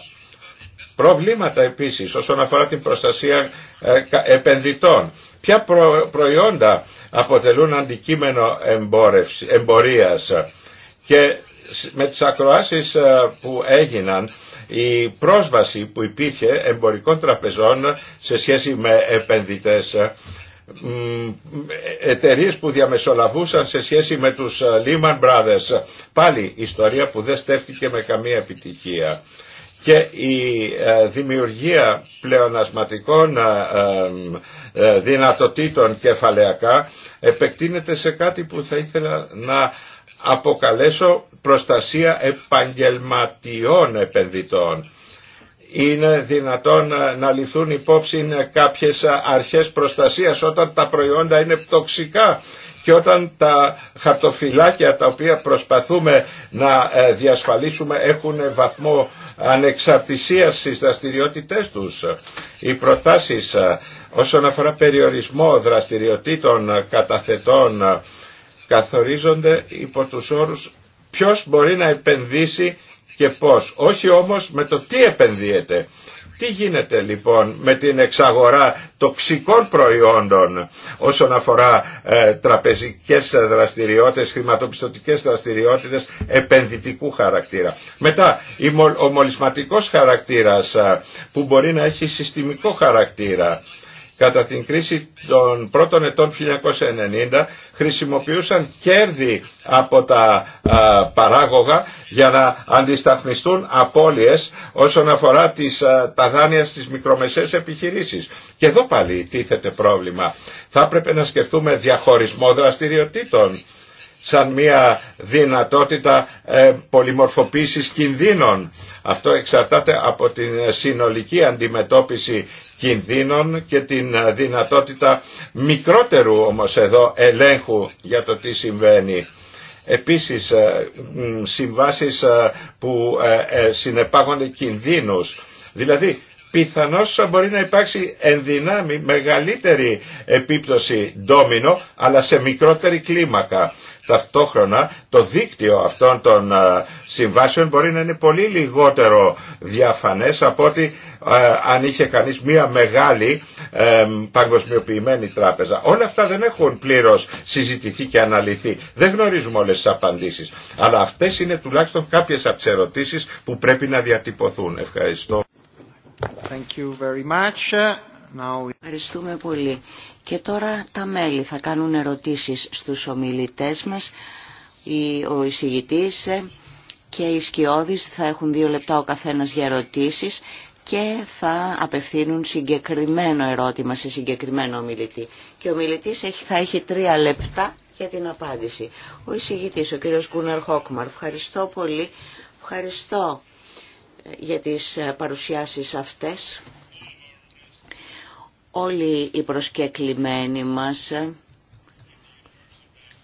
Προβλήματα επίσης όσον αφορά την προστασία ε, επενδυτών. Ποια προϊόντα αποτελούν αντικείμενο εμπορίας και με τις ακροάσεις ε, που έγιναν η πρόσβαση που υπήρχε εμπορικών τραπεζών σε σχέση με επενδυτές ε, εταιρείες που διαμεσολαβούσαν σε σχέση με τους Lehman Brothers. Πάλι ιστορία που δεν στέφτηκε με καμία επιτυχία και η ε, δημιουργία πλεονασματικών ε, ε, δυνατοτήτων κεφαλαιακά επεκτείνεται σε κάτι που θα ήθελα να αποκαλέσω προστασία επαγγελματιών επενδυτών. Είναι δυνατόν να ληφθούν υπόψη κάποιες αρχές προστασίας όταν τα προϊόντα είναι τοξικά και όταν τα χαρτοφυλάκια τα οποία προσπαθούμε να διασφαλίσουμε έχουν βαθμό ανεξαρτησίας στις δραστηριότητές τους. Οι προτάσεις ε, όσον αφορά περιορισμό δραστηριοτήτων καταθετών ε, καθορίζονται υπό τους όρους ποιος μπορεί να επενδύσει και πώς. Όχι όμως με το τι επενδύεται. Τι γίνεται λοιπόν με την εξαγορά τοξικών προϊόντων όσον αφορά ε, τραπεζικές δραστηριότητες, χρηματοπιστωτικές δραστηριότητες επενδυτικού χαρακτήρα. Μετά, ο μολυσματικός χαρακτήρας ε, που μπορεί να έχει συστημικό χαρακτήρα κατά την κρίση των πρώτων ετών 1990 χρησιμοποιούσαν κέρδη από τα α, παράγωγα για να αντισταθμιστούν απώλειες όσον αφορά τις, α, τα δάνεια στις μικρομεσαίες επιχειρήσεις. Και εδώ πάλι τίθεται πρόβλημα. Θα έπρεπε να σκεφτούμε διαχωρισμό δραστηριοτήτων σαν μια δυνατότητα ε, πολυμορφοποίησης κινδύνων. Αυτό εξαρτάται από την συνολική αντιμετώπιση κινδύνων και την ε, δυνατότητα μικρότερου όμως εδώ ελέγχου για το τι συμβαίνει. Επίσης ε, συμβάσεις ε, που συνεπάγονται κινδύνους. Δηλαδή πιθανώς μπορεί να υπάρξει ενδυνάμει μεγαλύτερη επίπτωση ντόμινο αλλά σε μικρότερη κλίμακα. Ταυτόχρονα το δίκτυο αυτών των ε, συμβάσεων μπορεί να είναι πολύ λιγότερο διαφανές από ότι ε, αν είχε κανείς μία μεγάλη ε, παγκοσμιοποιημένη τράπεζα. Όλα αυτά δεν έχουν πλήρως συζητηθεί και αναλυθεί. Δεν γνωρίζουμε όλες τις απαντήσεις. Αλλά αυτές είναι τουλάχιστον κάποιες από τις ερωτήσεις που πρέπει να διατυπωθούν. Ευχαριστώ. Thank you very much. Ευχαριστούμε πολύ. Και τώρα τα μέλη θα κάνουν ερωτήσεις στους ομιλητές μας. Ο εισηγητής ε, και οι σκιώδεις θα έχουν δύο λεπτά ο καθένας για ερωτήσεις και θα απευθύνουν συγκεκριμένο ερώτημα σε συγκεκριμένο ομιλητή. Και ο ομιλητής θα έχει τρία λεπτά για την απάντηση. Ο εισηγητής, ο κύριος Κούνερ Χόκμαρ, ευχαριστώ πολύ. Ευχαριστώ ε, για τις ε, παρουσιάσεις αυτές. Όλοι οι προσκεκλημένοι μας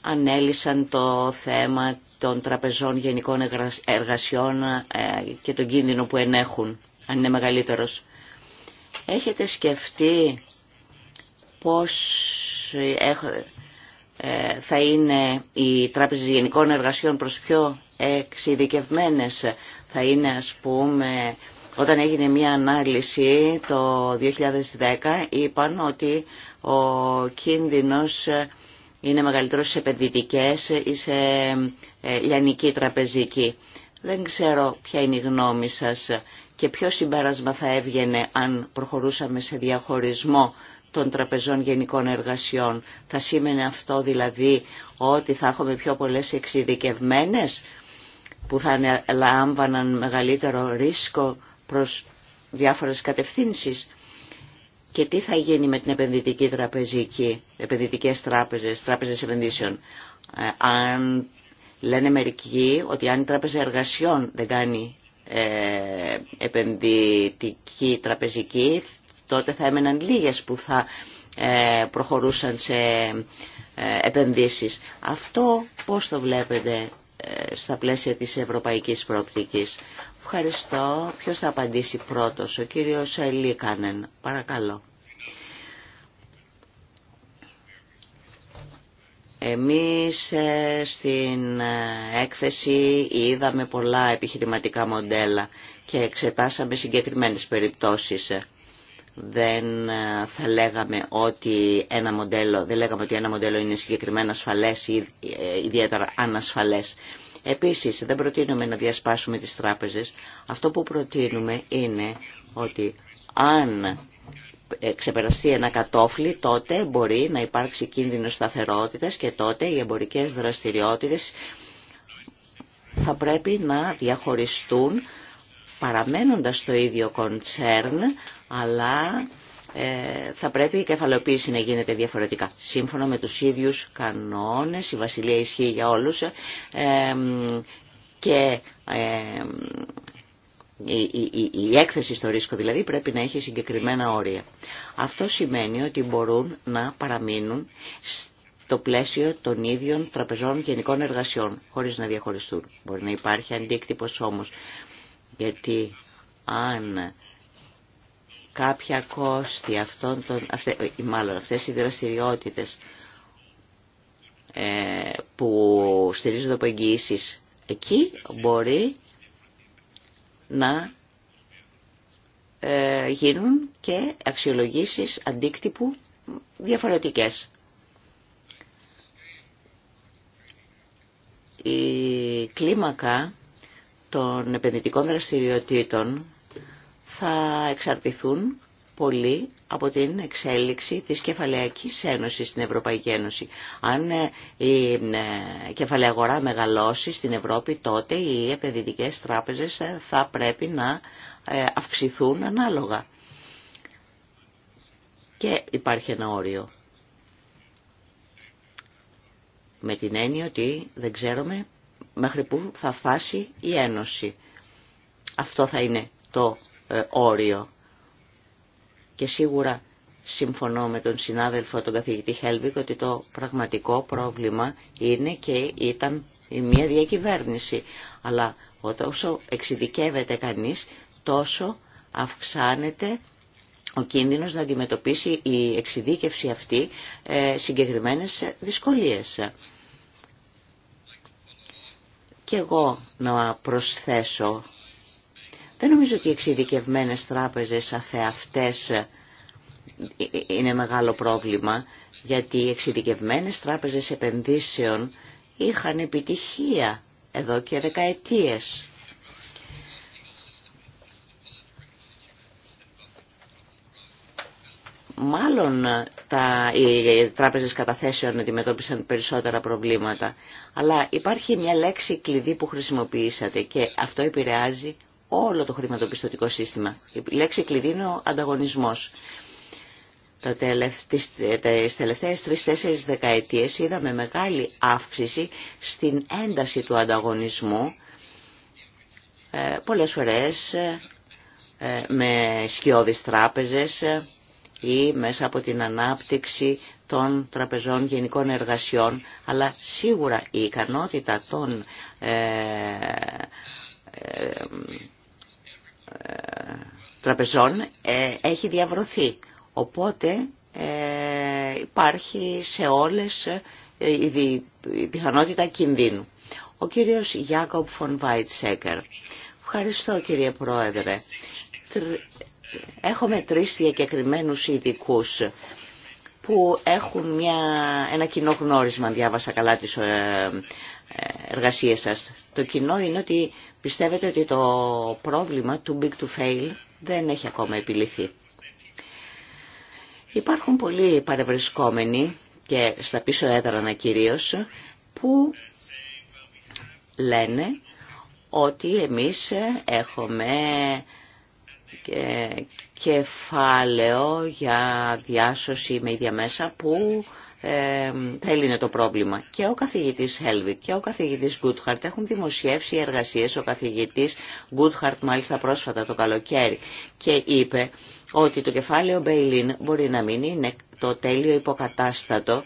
ανέλησαν το θέμα των τραπεζών γενικών εργασιών ε, και τον κίνδυνο που ενέχουν, αν είναι μεγαλύτερος. Έχετε σκεφτεί πώς ε, ε, θα είναι οι τράπεζες γενικών εργασιών προς πιο εξειδικευμένες. Θα είναι ας πούμε όταν έγινε μια ανάλυση το 2010 είπαν ότι ο κίνδυνος είναι μεγαλύτερο σε επενδυτικές ή σε ε, λιανική τραπεζική. Δεν ξέρω ποια είναι η γνώμη σας και ποιο συμπέρασμα θα έβγαινε αν προχωρούσαμε σε διαχωρισμό των τραπεζών γενικών εργασιών. Θα σήμαινε αυτό δηλαδή ότι θα έχουμε πιο πολλές εξειδικευμένες που θα λάμβαναν μεγαλύτερο ρίσκο προς διάφορες κατευθύνσεις και τι θα γίνει με την επενδυτική τραπεζική, επενδυτικές τράπεζες, τράπεζες επενδύσεων. Ε, αν λένε μερικοί ότι αν η τράπεζα εργασιών δεν κάνει ε, επενδυτική τραπεζική, τότε θα έμεναν λίγες που θα ε, προχωρούσαν σε ε, επενδύσεις. Αυτό πώς το βλέπετε στα πλαίσια της ευρωπαϊκής προοπτικής. Ευχαριστώ. Ποιος θα απαντήσει πρώτος, ο κύριος Λίκανεν. Παρακαλώ. Εμείς ε, στην ε, έκθεση είδαμε πολλά επιχειρηματικά μοντέλα και εξετάσαμε συγκεκριμένες περιπτώσεις. Δεν ε, θα λέγαμε ότι ένα μοντέλο, δεν λέγαμε ότι ένα μοντέλο είναι συγκεκριμένα ασφαλές ή ιδιαίτερα ανασφαλές. Επίσης, δεν προτείνουμε να διασπάσουμε τις τράπεζες. Αυτό που προτείνουμε είναι ότι αν ε, ξεπεραστεί ένα κατόφλι, τότε μπορεί να υπάρξει κίνδυνο σταθερότητας και τότε οι εμπορικές δραστηριότητες θα πρέπει να διαχωριστούν παραμένοντας το ίδιο κοντσέρν, αλλά ε, θα πρέπει η κεφαλοποίηση να γίνεται διαφορετικά. Σύμφωνα με τους ίδιους κανόνες, η Βασιλεία ισχύει για όλους ε, και ε, η έκθεση στο ρίσκο δηλαδή πρέπει να έχει συγκεκριμένα όρια. Αυτό σημαίνει ότι μπορούν να παραμείνουν στο πλαίσιο των ίδιων τραπεζών γενικών εργασιών, χωρίς να διαχωριστούν. Μπορεί να υπάρχει αντίκτυπος όμως, γιατί αν κάποια κόστη αυτών των, αυτε, μάλλον αυτές οι δραστηριότητες ε, που στηρίζονται από εγγυήσεις εκεί μπορεί να ε, γίνουν και αξιολογήσεις αντίκτυπου διαφορετικές. Η κλίμακα των επενδυτικών δραστηριοτήτων θα εξαρτηθούν πολύ από την εξέλιξη της κεφαλαιακής ένωσης στην Ευρωπαϊκή Ένωση. Αν ε, η ε, κεφαλαία μεγαλώσει στην Ευρώπη, τότε οι επενδυτικές τράπεζες ε, θα πρέπει να αυξηθούν ανάλογα. Και υπάρχει ένα όριο. Με την έννοια ότι δεν ξέρουμε μέχρι πού θα φτάσει η Ένωση. Αυτό θα είναι το ε, όριο. Και σίγουρα συμφωνώ με τον συνάδελφο, τον καθηγητή Χέλβικ, ότι το πραγματικό πρόβλημα είναι και ήταν μια διακυβέρνηση. Αλλά όσο εξειδικεύεται κανείς, τόσο αυξάνεται ο κίνδυνος να αντιμετωπίσει η εξειδίκευση αυτή ε, συγκεκριμένες δυσκολίες. Και εγώ να προσθέσω δεν νομίζω ότι οι εξειδικευμένε τράπεζες αφεαυτές είναι μεγάλο πρόβλημα, γιατί οι εξειδικευμένε τράπεζες επενδύσεων είχαν επιτυχία εδώ και δεκαετίε. Μάλλον τα, οι τράπεζες καταθέσεων αντιμετώπισαν περισσότερα προβλήματα. Αλλά υπάρχει μια λέξη κλειδί που χρησιμοποιήσατε και αυτό επηρεάζει όλο το χρηματοπιστωτικό σύστημα. Η λέξη κλειδί είναι ο ανταγωνισμός. Τα τελευταίες τρεις-τέσσερις δεκαετίες είδαμε μεγάλη αύξηση στην ένταση του ανταγωνισμού, ε, πολλές φορές ε, ε, με σκιώδεις τράπεζες ή μέσα από την ανάπτυξη των τραπεζών γενικών εργασιών, αλλά σίγουρα η ικανότητα των τραπεζών ε, έχει διαβρωθεί. Οπότε ε, υπάρχει σε όλες ε, η πιθανότητα κινδύνου. Ο κύριος Γιάκοπ Φον Βάιτσέκερ. Ευχαριστώ κύριε Πρόεδρε. Έχουμε τρεις διακεκριμένους ειδικού που έχουν μια, ένα κοινό γνώρισμα, διάβασα καλά τις ε, Εργασία σας. Το κοινό είναι ότι πιστεύετε ότι το πρόβλημα του big to fail δεν έχει ακόμα επιληθεί. Υπάρχουν πολλοί παρευρισκόμενοι και στα πίσω έδρανα κυρίως που λένε ότι εμείς έχουμε ε, κεφάλαιο για διάσωση με ίδια μέσα που θα έλυνε το πρόβλημα. Και ο καθηγητής Χέλβικ και ο καθηγητής Γκούτχαρτ έχουν δημοσιεύσει εργασίες. Ο καθηγητής Γκούτχαρτ μάλιστα πρόσφατα το καλοκαίρι και είπε ότι το κεφάλαιο Μπέιλιν μπορεί να μην είναι το τέλειο υποκατάστατο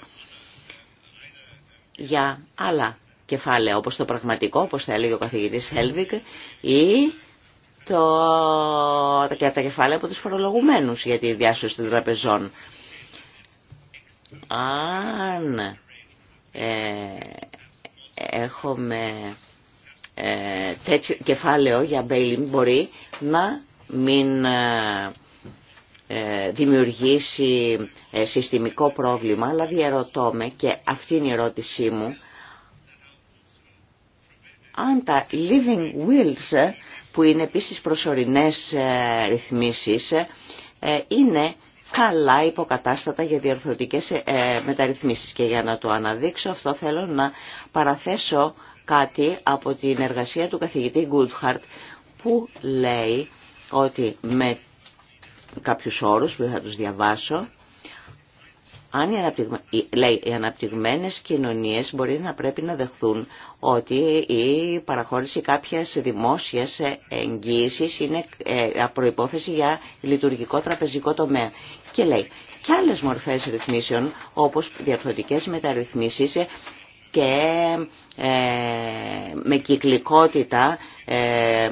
για άλλα κεφάλαια, όπως το πραγματικό, όπως θα έλεγε ο καθηγητής Χέλβικ, ή το, τα κεφάλαια από τους φορολογουμένους για τη διάσωση των τραπεζών αν ε, έχουμε ε, τέτοιο κεφάλαιο για Μπέιλιν μπορεί να μην ε, ε, δημιουργήσει συστημικό πρόβλημα, αλλά διαρωτώ με και αυτή είναι η ερώτησή μου, αν τα living wills που είναι επίσης προσωρινές ρυθμίσεις είναι καλά υποκατάστατα για διορθωτικές ε, μεταρρυθμίσεις. Και για να το αναδείξω αυτό θέλω να παραθέσω κάτι από την εργασία του καθηγητή Γκούτχαρτ, που λέει ότι με κάποιους όρους που θα τους διαβάσω αν οι, αναπτυγμα... λέει, οι αναπτυγμένες κοινωνίες μπορεί να πρέπει να δεχθούν ότι η παραχώρηση κάποιας δημόσιας εγγύησης είναι ε, προϋπόθεση για λειτουργικό τραπεζικό τομέα. Και λέει, και άλλες μορφές ρυθμίσεων όπως διαρθρωτικέ μεταρρυθμίσεις ε, και ε, με κυκλικότητα ε,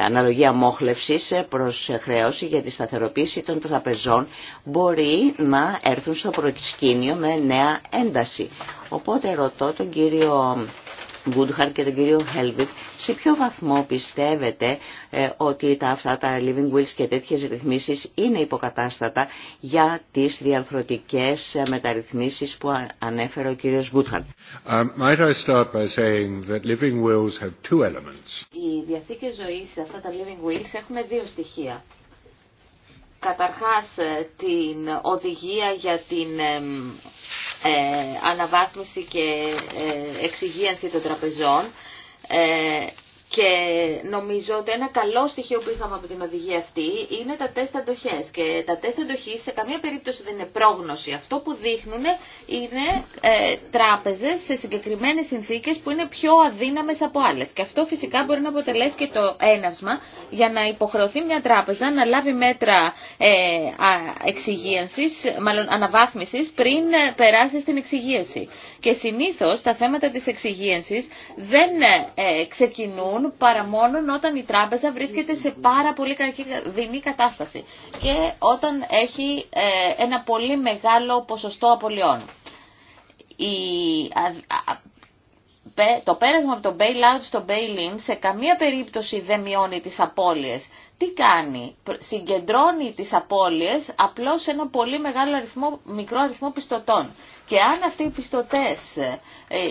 αναλογία μόχλευσης ε, προς χρέωση για τη σταθεροποίηση των τραπεζών μπορεί να έρθουν στο προσκήνιο με νέα ένταση. Οπότε ρωτώ τον κύριο Γκούντχαρ και τον κύριο Χέλβιτ, σε ποιο βαθμό πιστεύετε ε, ότι τα, αυτά τα living wills και τέτοιες ρυθμίσεις είναι υποκατάστατα για τις διαρθρωτικές ε, μεταρρυθμίσεις που ανέφερε ο κύριος Γκούντχαρ. Οι διαθήκες ζωής σε αυτά τα living wills έχουν δύο στοιχεία. Καταρχάς ε, την οδηγία για την ε, αναβάθμιση και ε, εξυγίανση των τραπεζών ε, και νομίζω ότι ένα καλό στοιχείο που είχαμε από την οδηγία αυτή είναι τα τεστ αντοχέ. Και τα τεστ αντοχή σε καμία περίπτωση δεν είναι πρόγνωση. Αυτό που δείχνουν είναι ε, τράπεζες σε συγκεκριμένε συνθήκε που είναι πιο αδύναμες από άλλε. Και αυτό φυσικά μπορεί να αποτελέσει και το έναυσμα για να υποχρεωθεί μια τράπεζα να λάβει μέτρα ε, μάλλον αναβάθμισης πριν περάσει στην εξυγίαση. Και συνήθω τα θέματα τη εξυγίανση δεν ε, ξεκινούν παρά μόνο όταν η τράπεζα βρίσκεται σε πάρα πολύ κακή κατάσταση και όταν έχει ε, ένα πολύ μεγάλο ποσοστό απολειών. Η, το πέρασμα από το bailout στο bail-in σε καμία περίπτωση δεν μειώνει τις απώλειες. Τι κάνει, συγκεντρώνει τις απώλειες απλώς σε ένα πολύ μεγάλο αριθμό, μικρό αριθμό πιστωτών. Και αν αυτοί οι πιστωτές ε,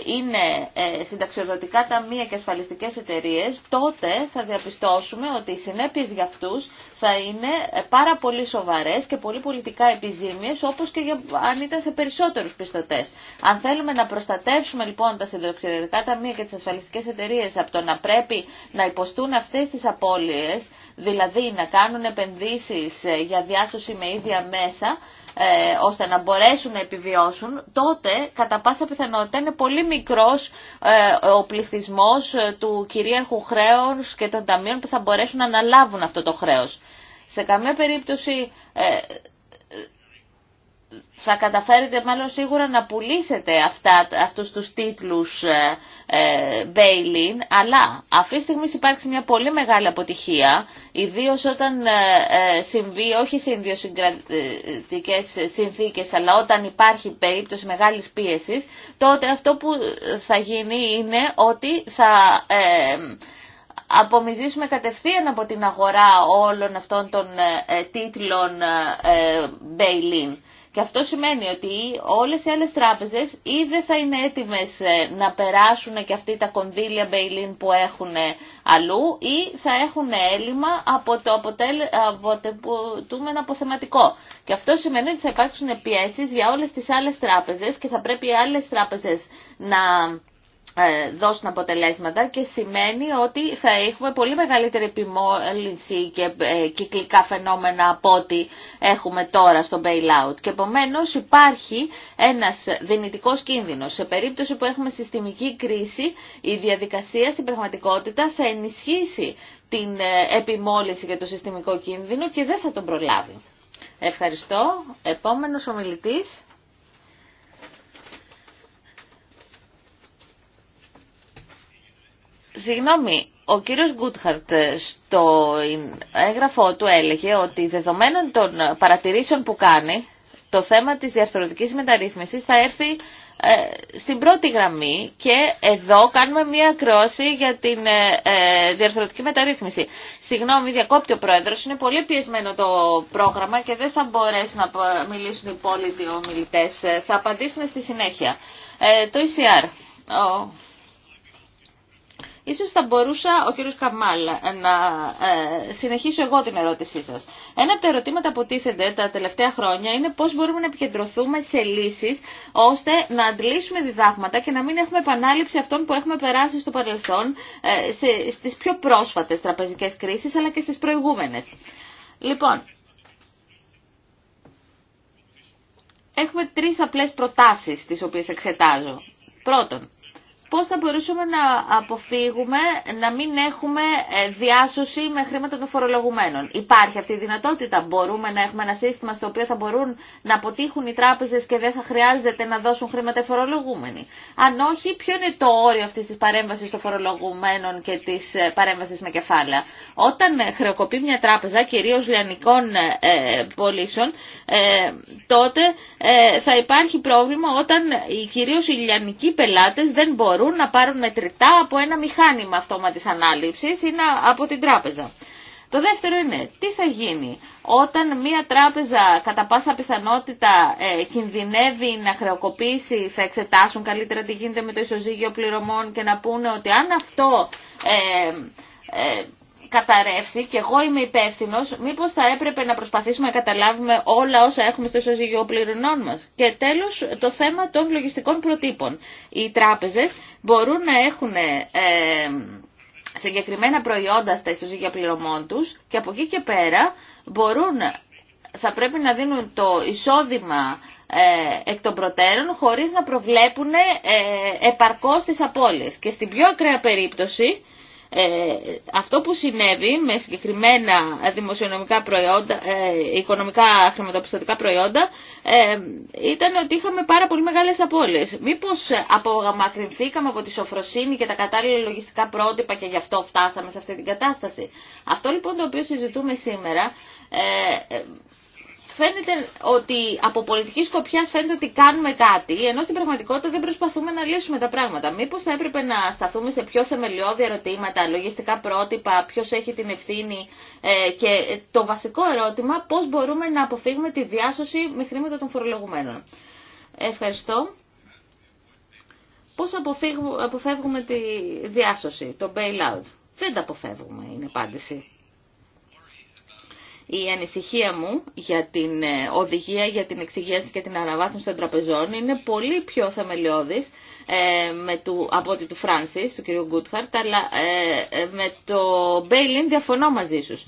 είναι ε, συνταξιοδοτικά ταμεία και ασφαλιστικέ εταιρείε, τότε θα διαπιστώσουμε ότι οι συνέπειε για αυτού θα είναι ε, πάρα πολύ σοβαρέ και πολύ πολιτικά επιζήμιε, όπω και αν ήταν σε περισσότερου πιστωτέ. Αν θέλουμε να προστατεύσουμε λοιπόν τα συνταξιοδοτικά ταμεία και τι ασφαλιστικέ εταιρείε από το να πρέπει να υποστούν αυτέ τι απώλειε, δηλαδή να κάνουν επενδύσει για διάσωση με ίδια μέσα, ε, ώστε να μπορέσουν να επιβιώσουν, τότε κατά πάσα πιθανότητα είναι πολύ μικρός ε, ο πληθυσμός ε, του κυρίαρχου χρέους και των ταμείων που θα μπορέσουν να αναλάβουν αυτό το χρέος. Σε καμία περίπτωση θα καταφέρετε μάλλον σίγουρα να πουλήσετε αυτά, αυτούς τους τίτλους ε, ε αλλά αυτή τη στιγμή υπάρχει μια πολύ μεγάλη αποτυχία, ιδίω όταν ε, ε, συμβεί όχι σε ιδιοσυγκρατικές συνθήκες, αλλά όταν υπάρχει περίπτωση μεγάλης πίεσης, τότε αυτό που θα γίνει είναι ότι θα... Ε, απομυζήσουμε κατευθείαν από την αγορά όλων αυτών των τίτλων ε, και αυτό σημαίνει ότι όλες οι άλλες τράπεζες ή δεν θα είναι έτοιμες ε, να περάσουν και αυτοί τα κονδύλια που έχουν ε, αλλού ή θα έχουν έλλειμμα από το αποτελούμενο αποθεματικό. Και αυτό σημαίνει ότι θα υπάρξουν πιέσεις για όλες τις άλλες τράπεζες και θα πρέπει οι άλλες τράπεζες να ε, δώσουν αποτελέσματα και σημαίνει ότι θα έχουμε πολύ μεγαλύτερη επιμόλυνση και ε, κυκλικά φαινόμενα από ό,τι έχουμε τώρα στο bailout. Και επομένως υπάρχει ένας δυνητικός κίνδυνος. Σε περίπτωση που έχουμε συστημική κρίση, η διαδικασία στην πραγματικότητα θα ενισχύσει την ε, επιμόλυνση και το συστημικό κίνδυνο και δεν θα τον προλάβει. Ευχαριστώ. Επόμενος ομιλητής. Συγγνώμη, ο κύριος Γκούτχαρτ στο έγγραφό του έλεγε ότι δεδομένων των παρατηρήσεων που κάνει, το θέμα της διαρθρωτικής μεταρρύθμισης θα έρθει ε, στην πρώτη γραμμή και εδώ κάνουμε μία κρόση για την ε, ε, διαρθρωτική μεταρρύθμιση. Συγγνώμη, διακόπτει ο Πρόεδρος, είναι πολύ πιεσμένο το πρόγραμμα και δεν θα μπορέσουν να μιλήσουν οι υπόλοιποι ομιλητές. Θα απαντήσουν στη συνέχεια. Το ECR. Ίσως θα μπορούσα ο κύριος Καμάλ να ε, συνεχίσω εγώ την ερώτησή σας. Ένα από τα ερωτήματα που τίθενται τα τελευταία χρόνια είναι πώς μπορούμε να επικεντρωθούμε σε λύσεις ώστε να αντλήσουμε διδάγματα και να μην έχουμε επανάληψη αυτών που έχουμε περάσει στο παρελθόν ε, στις πιο πρόσφατες τραπεζικές κρίσεις αλλά και στις προηγούμενες. Λοιπόν, έχουμε τρεις απλές προτάσεις τις οποίες εξετάζω. Πρώτον, πώς θα μπορούσαμε να αποφύγουμε να μην έχουμε ε, διάσωση με χρήματα των φορολογουμένων. Υπάρχει αυτή η δυνατότητα. Μπορούμε να έχουμε ένα σύστημα στο οποίο θα μπορούν να αποτύχουν οι τράπεζες και δεν θα χρειάζεται να δώσουν χρήματα φορολογούμενοι. Αν όχι, ποιο είναι το όριο αυτής της παρέμβασης των φορολογουμένων και της ε, παρέμβασης με κεφάλαια. Όταν ε, χρεοκοπεί μια τράπεζα, κυρίως λιανικών ε, πωλήσεων, τότε θα υπάρχει πρόβλημα όταν κυρίως οι λιανικοί πελάτες δεν μπορούν μπορούν να πάρουν μετρητά από ένα μηχάνημα αυτόματης ανάληψης ή από την τράπεζα. Το δεύτερο είναι τι θα γίνει όταν μια τράπεζα κατά πάσα πιθανότητα ε, κινδυνεύει να χρεοκοπήσει, θα εξετάσουν καλύτερα τι γίνεται με το ισοζύγιο πληρωμών και να πούνε ότι αν αυτό ε, ε καταρρεύσει και εγώ είμαι υπεύθυνο, μήπως θα έπρεπε να προσπαθήσουμε να καταλάβουμε όλα όσα έχουμε στο ισοζύγιο πληρωνών μας. Και τέλος το θέμα των λογιστικών προτύπων. Οι τράπεζες μπορούν να έχουν ε, συγκεκριμένα προϊόντα στα ισοζύγια πληρωμών τους και από εκεί και πέρα μπορούν, θα πρέπει να δίνουν το εισόδημα ε, εκ των προτέρων χωρίς να προβλέπουν ε, επαρκώς τις απώλειες. Και στην πιο ακραία περίπτωση ε, αυτό που συνέβη με συγκεκριμένα δημοσιονομικά προϊόντα, ε, οικονομικά χρηματοπιστωτικά προϊόντα ε, ήταν ότι είχαμε πάρα πολύ μεγάλες απώλειες. Μήπως απομακρυνθήκαμε από τη σοφροσύνη και τα κατάλληλα λογιστικά πρότυπα και γι' αυτό φτάσαμε σε αυτή την κατάσταση. Αυτό λοιπόν το οποίο συζητούμε σήμερα φαίνεται ότι από πολιτική σκοπιά φαίνεται ότι κάνουμε κάτι, ενώ στην πραγματικότητα δεν προσπαθούμε να λύσουμε τα πράγματα. Μήπως θα έπρεπε να σταθούμε σε πιο θεμελιώδη ερωτήματα, λογιστικά πρότυπα, ποιο έχει την ευθύνη ε, και το βασικό ερώτημα πώς μπορούμε να αποφύγουμε τη διάσωση με χρήματα των φορολογουμένων. Ευχαριστώ. Πώς αποφεύγουμε τη διάσωση, το bailout. Δεν τα αποφεύγουμε, είναι απάντηση η ανησυχία μου για την ε, οδηγία, για την εξυγίαση και την αναβάθμιση των τραπεζών είναι πολύ πιο θεμελιώδης ε, με του, από ότι του Φράνσις, του κ. Γκούτχαρτ, αλλά ε, με το Μπέιλιν διαφωνώ μαζί σου.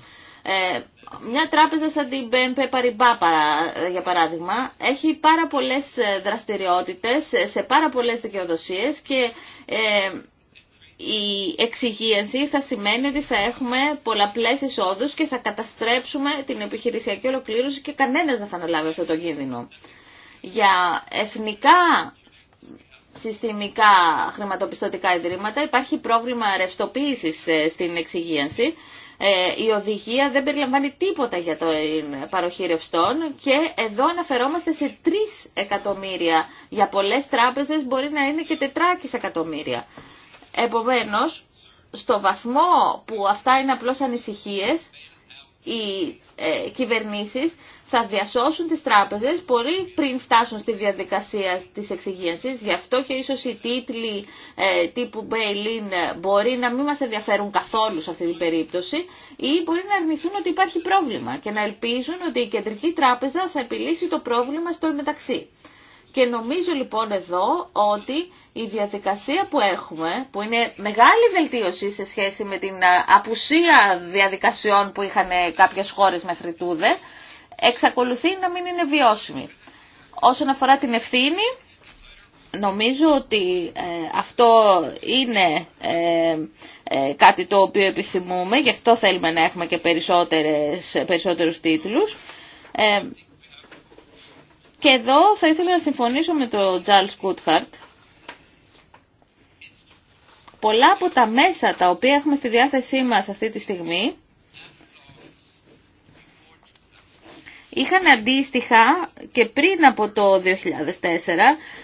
μια τράπεζα σαν την BNP Paribas για παράδειγμα έχει πάρα πολλές δραστηριότητες σε πάρα πολλές δικαιοδοσίες και η εξυγίανση θα σημαίνει ότι θα έχουμε πολλαπλές εισόδους και θα καταστρέψουμε την επιχειρησιακή ολοκλήρωση και κανένας δεν θα αναλάβει αυτό το κίνδυνο. Για εθνικά συστημικά χρηματοπιστωτικά ιδρύματα υπάρχει πρόβλημα ρευστοποίησης ε, στην εξυγίανση. Ε, η οδηγία δεν περιλαμβάνει τίποτα για το παροχή ρευστών και εδώ αναφερόμαστε σε 3 εκατομμύρια. Για πολλές τράπεζες μπορεί να είναι και 4 εκατομμύρια. Επομένως, στο βαθμό που αυτά είναι απλώς ανησυχίες, οι ε, κυβερνήσεις θα διασώσουν τις τράπεζες πολύ πριν φτάσουν στη διαδικασία της εξυγίανσης. Γι' αυτό και ίσως οι τίτλοι ε, τύπου Μπέιλιν μπορεί να μην μας ενδιαφέρουν καθόλου σε αυτή την περίπτωση ή μπορεί να αρνηθούν ότι υπάρχει πρόβλημα και να ελπίζουν ότι η Κεντρική Τράπεζα θα επιλύσει το πρόβλημα στο μεταξύ. Και νομίζω λοιπόν εδώ ότι η διαδικασία που έχουμε, που είναι μεγάλη βελτίωση σε σχέση με την απουσία διαδικασιών που είχαν κάποιες χώρες μέχρι τούδε, εξακολουθεί να μην είναι βιώσιμη. Όσον αφορά την ευθύνη, νομίζω ότι ε, αυτό είναι ε, ε, κάτι το οποίο επιθυμούμε, γι' αυτό θέλουμε να έχουμε και περισσότερες, περισσότερους τίτλους. Και εδώ θα ήθελα να συμφωνήσω με τον Τζάλ Σκούτχαρτ. Πολλά από τα μέσα τα οποία έχουμε στη διάθεσή μας αυτή τη στιγμή είχαν αντίστοιχα και πριν από το 2004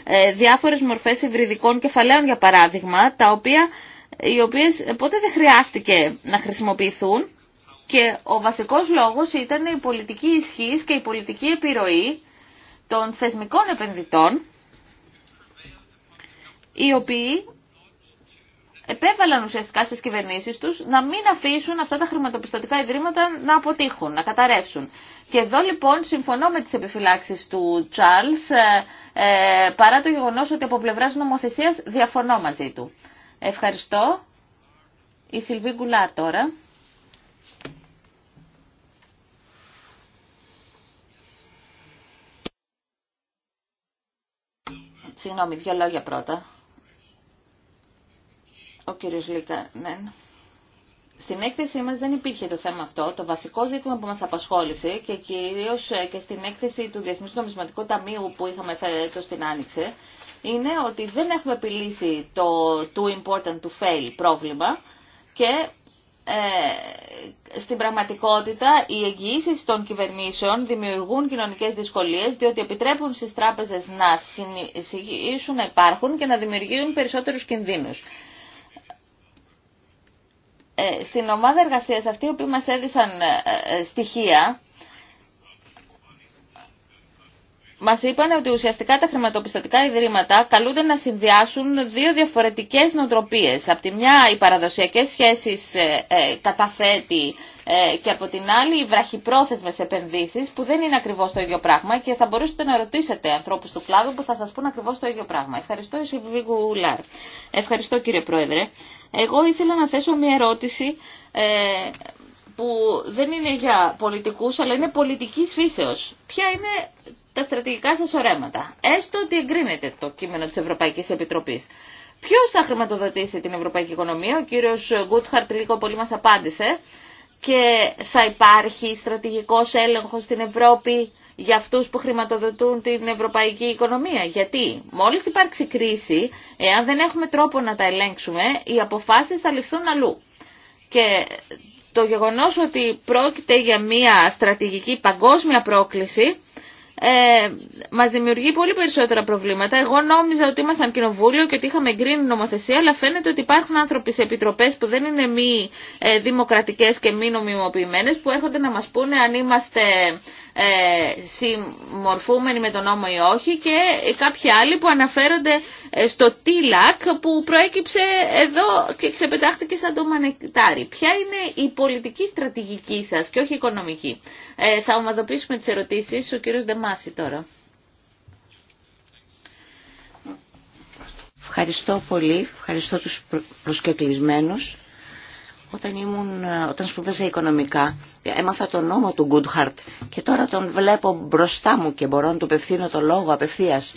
ε, διάφορες μορφές υβριδικών κεφαλαίων για παράδειγμα, τα οποία, οι οποίες ποτέ δεν χρειάστηκε να χρησιμοποιηθούν και ο βασικός λόγος ήταν η πολιτική ισχύς και η πολιτική επιρροή των θεσμικών επενδυτών, οι οποίοι επέβαλαν ουσιαστικά στις κυβερνήσεις τους να μην αφήσουν αυτά τα χρηματοπιστωτικά ιδρύματα να αποτύχουν, να καταρρεύσουν. Και εδώ λοιπόν συμφωνώ με τις επιφυλάξεις του Τσάρλς, ε, ε, παρά το γεγονός ότι από πλευράς νομοθεσίας διαφωνώ μαζί του. Ευχαριστώ. Η Σιλβί Γκουλάρ τώρα. Συγγνώμη, δύο λόγια πρώτα. Ο κύριος Λίκα, ναι. Στην έκθεσή μας δεν υπήρχε το θέμα αυτό. Το βασικό ζήτημα που μας απασχόλησε και κυρίως ε, και στην έκθεση του Διεθνούς Νομισματικού Ταμείου που είχαμε φέτος στην Άνοιξη είναι ότι δεν έχουμε επιλύσει το too important to fail πρόβλημα και ε, στην πραγματικότητα οι εγγυήσει των κυβερνήσεων δημιουργούν κοινωνικές δυσκολίες διότι επιτρέπουν στις τράπεζες να συνεχίσουν να υπάρχουν και να δημιουργούν περισσότερους κινδύνους. Ε, στην ομάδα εργασίας αυτή οι οποίοι μας έδισαν ε, ε, στοιχεία μας είπαν ότι ουσιαστικά τα χρηματοπιστωτικά ιδρύματα καλούνται να συνδυάσουν δύο διαφορετικές νοοτροπίες. Από τη μια οι παραδοσιακές σχέσεις ε, ε, καταθέτει ε, και από την άλλη οι βραχυπρόθεσμες επενδύσεις που δεν είναι ακριβώς το ίδιο πράγμα και θα μπορούσατε να ρωτήσετε ανθρώπους του κλάδου που θα σας πούν ακριβώς το ίδιο πράγμα. Ευχαριστώ Ισηβίγου Λάρ. Ευχαριστώ κύριε Πρόεδρε. Εγώ ήθελα να θέσω μια ερώτηση ε, που δεν είναι για πολιτικούς αλλά είναι πολιτικής φύσεως. Ποια είναι τα στρατηγικά σας ορέματα. Έστω ότι εγκρίνεται το κείμενο της Ευρωπαϊκής Επιτροπής. Ποιος θα χρηματοδοτήσει την ευρωπαϊκή οικονομία, ο κύριος Γκούτχαρτ λίγο πολύ μας απάντησε, και θα υπάρχει στρατηγικός έλεγχος στην Ευρώπη για αυτούς που χρηματοδοτούν την ευρωπαϊκή οικονομία. Γιατί μόλις υπάρξει κρίση, εάν δεν έχουμε τρόπο να τα ελέγξουμε, οι αποφάσεις θα ληφθούν αλλού. Και το γεγονός ότι πρόκειται για μια στρατηγική παγκόσμια πρόκληση ε, μας δημιουργεί πολύ περισσότερα προβλήματα. Εγώ νόμιζα ότι ήμασταν κοινοβούλιο και ότι είχαμε εγκρίνει νομοθεσία, αλλά φαίνεται ότι υπάρχουν άνθρωποι σε επιτροπές που δεν είναι μη ε, δημοκρατικές και μη νομιμοποιημένες, που έρχονται να μας πούνε αν είμαστε ε, συμμορφούμενοι με τον νόμο ή όχι και κάποιοι άλλοι που αναφέρονται ε, στο TILAC που προέκυψε εδώ και ξεπετάχτηκε σαν το μανεκτάρι. Ποια είναι η πολιτική στρατηγική σας και όχι η οικονομική. Ε, θα ομαδοποιήσουμε τις ερωτήσεις. Ο κύριος Δεμάση τώρα. Ευχαριστώ πολύ. Ευχαριστώ τους προσκεκλισμένους. Όταν, ήμουν, όταν σπουδάζα οικονομικά, έμαθα τον νόμο του Γκούντχαρτ και τώρα τον βλέπω μπροστά μου και μπορώ να του απευθύνω το λόγο απευθείας.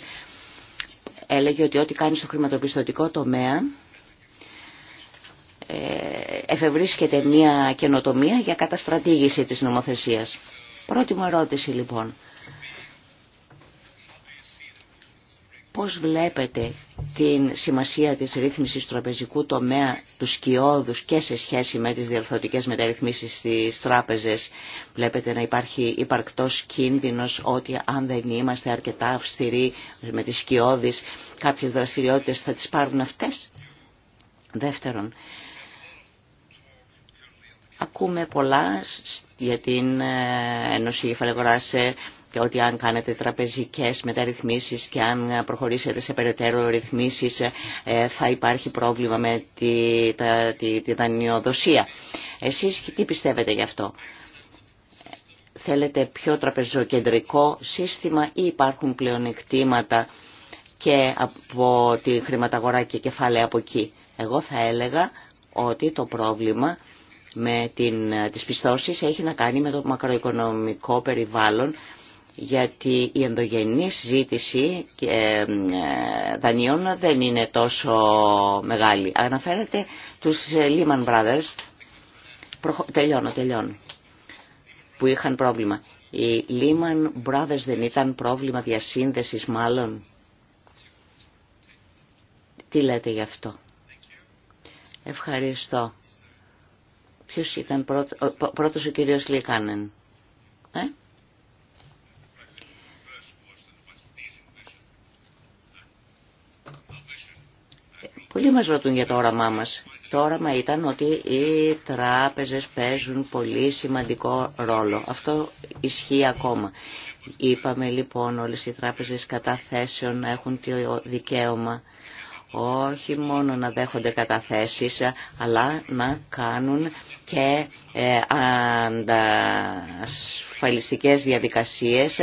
Έλεγε ότι ό,τι κάνει στο χρηματοπιστωτικό τομέα ε, εφευρίσκεται μια καινοτομία για καταστρατήγηση της νομοθεσίας. Πρώτη μου ερώτηση λοιπόν. Πώς βλέπετε την σημασία της ρύθμισης τραπεζικού τομέα του σκιώδους και σε σχέση με τις διορθωτικές μεταρρυθμίσεις στις τράπεζες. Βλέπετε να υπάρχει υπαρκτός κίνδυνος ότι αν δεν είμαστε αρκετά αυστηροί με τις σκιώδεις κάποιες δραστηριότητες θα τις πάρουν αυτές. Δεύτερον, Ακούμε πολλά για την ε, Ένωση Κεφαλαιογοράσεων και ότι αν κάνετε τραπεζικές μεταρρυθμίσεις και αν προχωρήσετε σε περαιτέρω ρυθμίσεις ε, ε, θα υπάρχει πρόβλημα με τη, τα, τη, τη δανειοδοσία. Εσείς τι πιστεύετε γι' αυτό. Θέλετε πιο τραπεζοκεντρικό σύστημα ή υπάρχουν πλεονεκτήματα και από τη χρηματαγορά και κεφάλαια από εκεί. Εγώ θα έλεγα ότι το πρόβλημα με την, τις πιστώσεις έχει να κάνει με το μακροοικονομικό περιβάλλον γιατί η ενδογενής ζήτηση ε, δανείων δεν είναι τόσο μεγάλη. Αναφέρεται τους ε, Lehman Brothers, τελειώνω, τελειώνω, που είχαν πρόβλημα. Οι Lehman Brothers δεν ήταν πρόβλημα διασύνδεσης μάλλον. Τι λέτε γι' αυτό. Ευχαριστώ. Ποιος ήταν πρώτο, πρώτος ο κύριος Λίκανεν. Ε? Πολλοί μας ρωτούν για το όραμά μας. Το όραμα ήταν ότι οι τράπεζες παίζουν πολύ σημαντικό ρόλο. Αυτό ισχύει ακόμα. Είπαμε λοιπόν όλες οι τράπεζες καταθέσεων να έχουν το δικαίωμα όχι μόνο να δέχονται καταθέσεις αλλά να κάνουν και ε, αντασφαλιστικές διαδικασίες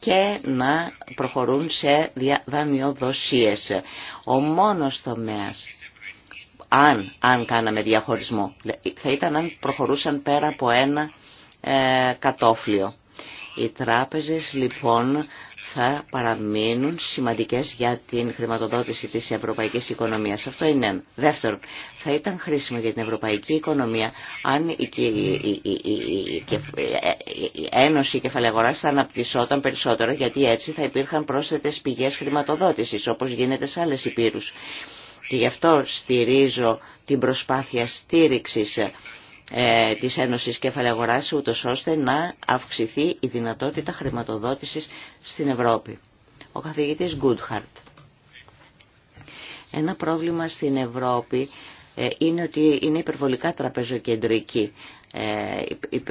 και να προχωρούν σε δανειοδοσίες. Ο μόνος τομέας, αν, αν κάναμε διαχωρισμό, θα ήταν αν προχωρούσαν πέρα από ένα ε, κατόφλιο. Οι τράπεζες λοιπόν θα παραμείνουν σημαντικές για την χρηματοδότηση της ευρωπαϊκής οικονομίας. Αυτό είναι ένα. Δεύτερον, θα ήταν χρήσιμο για την ευρωπαϊκή οικονομία αν η, η, η, η θα αναπτυσσόταν περισσότερο γιατί έτσι θα υπήρχαν πρόσθετες πηγές χρηματοδότησης όπως γίνεται σε άλλες υπήρους. Και γι' αυτό στηρίζω την προσπάθεια στήριξης ε, της Ένωσης Κεφαλαίου Αγοράς ούτως ώστε να αυξηθεί η δυνατότητα χρηματοδότησης στην Ευρώπη. Ο καθηγητής Γκούντχαρτ. Ένα πρόβλημα στην Ευρώπη ε, είναι ότι είναι υπερβολικά τραπεζοκεντρική. Ε, ε,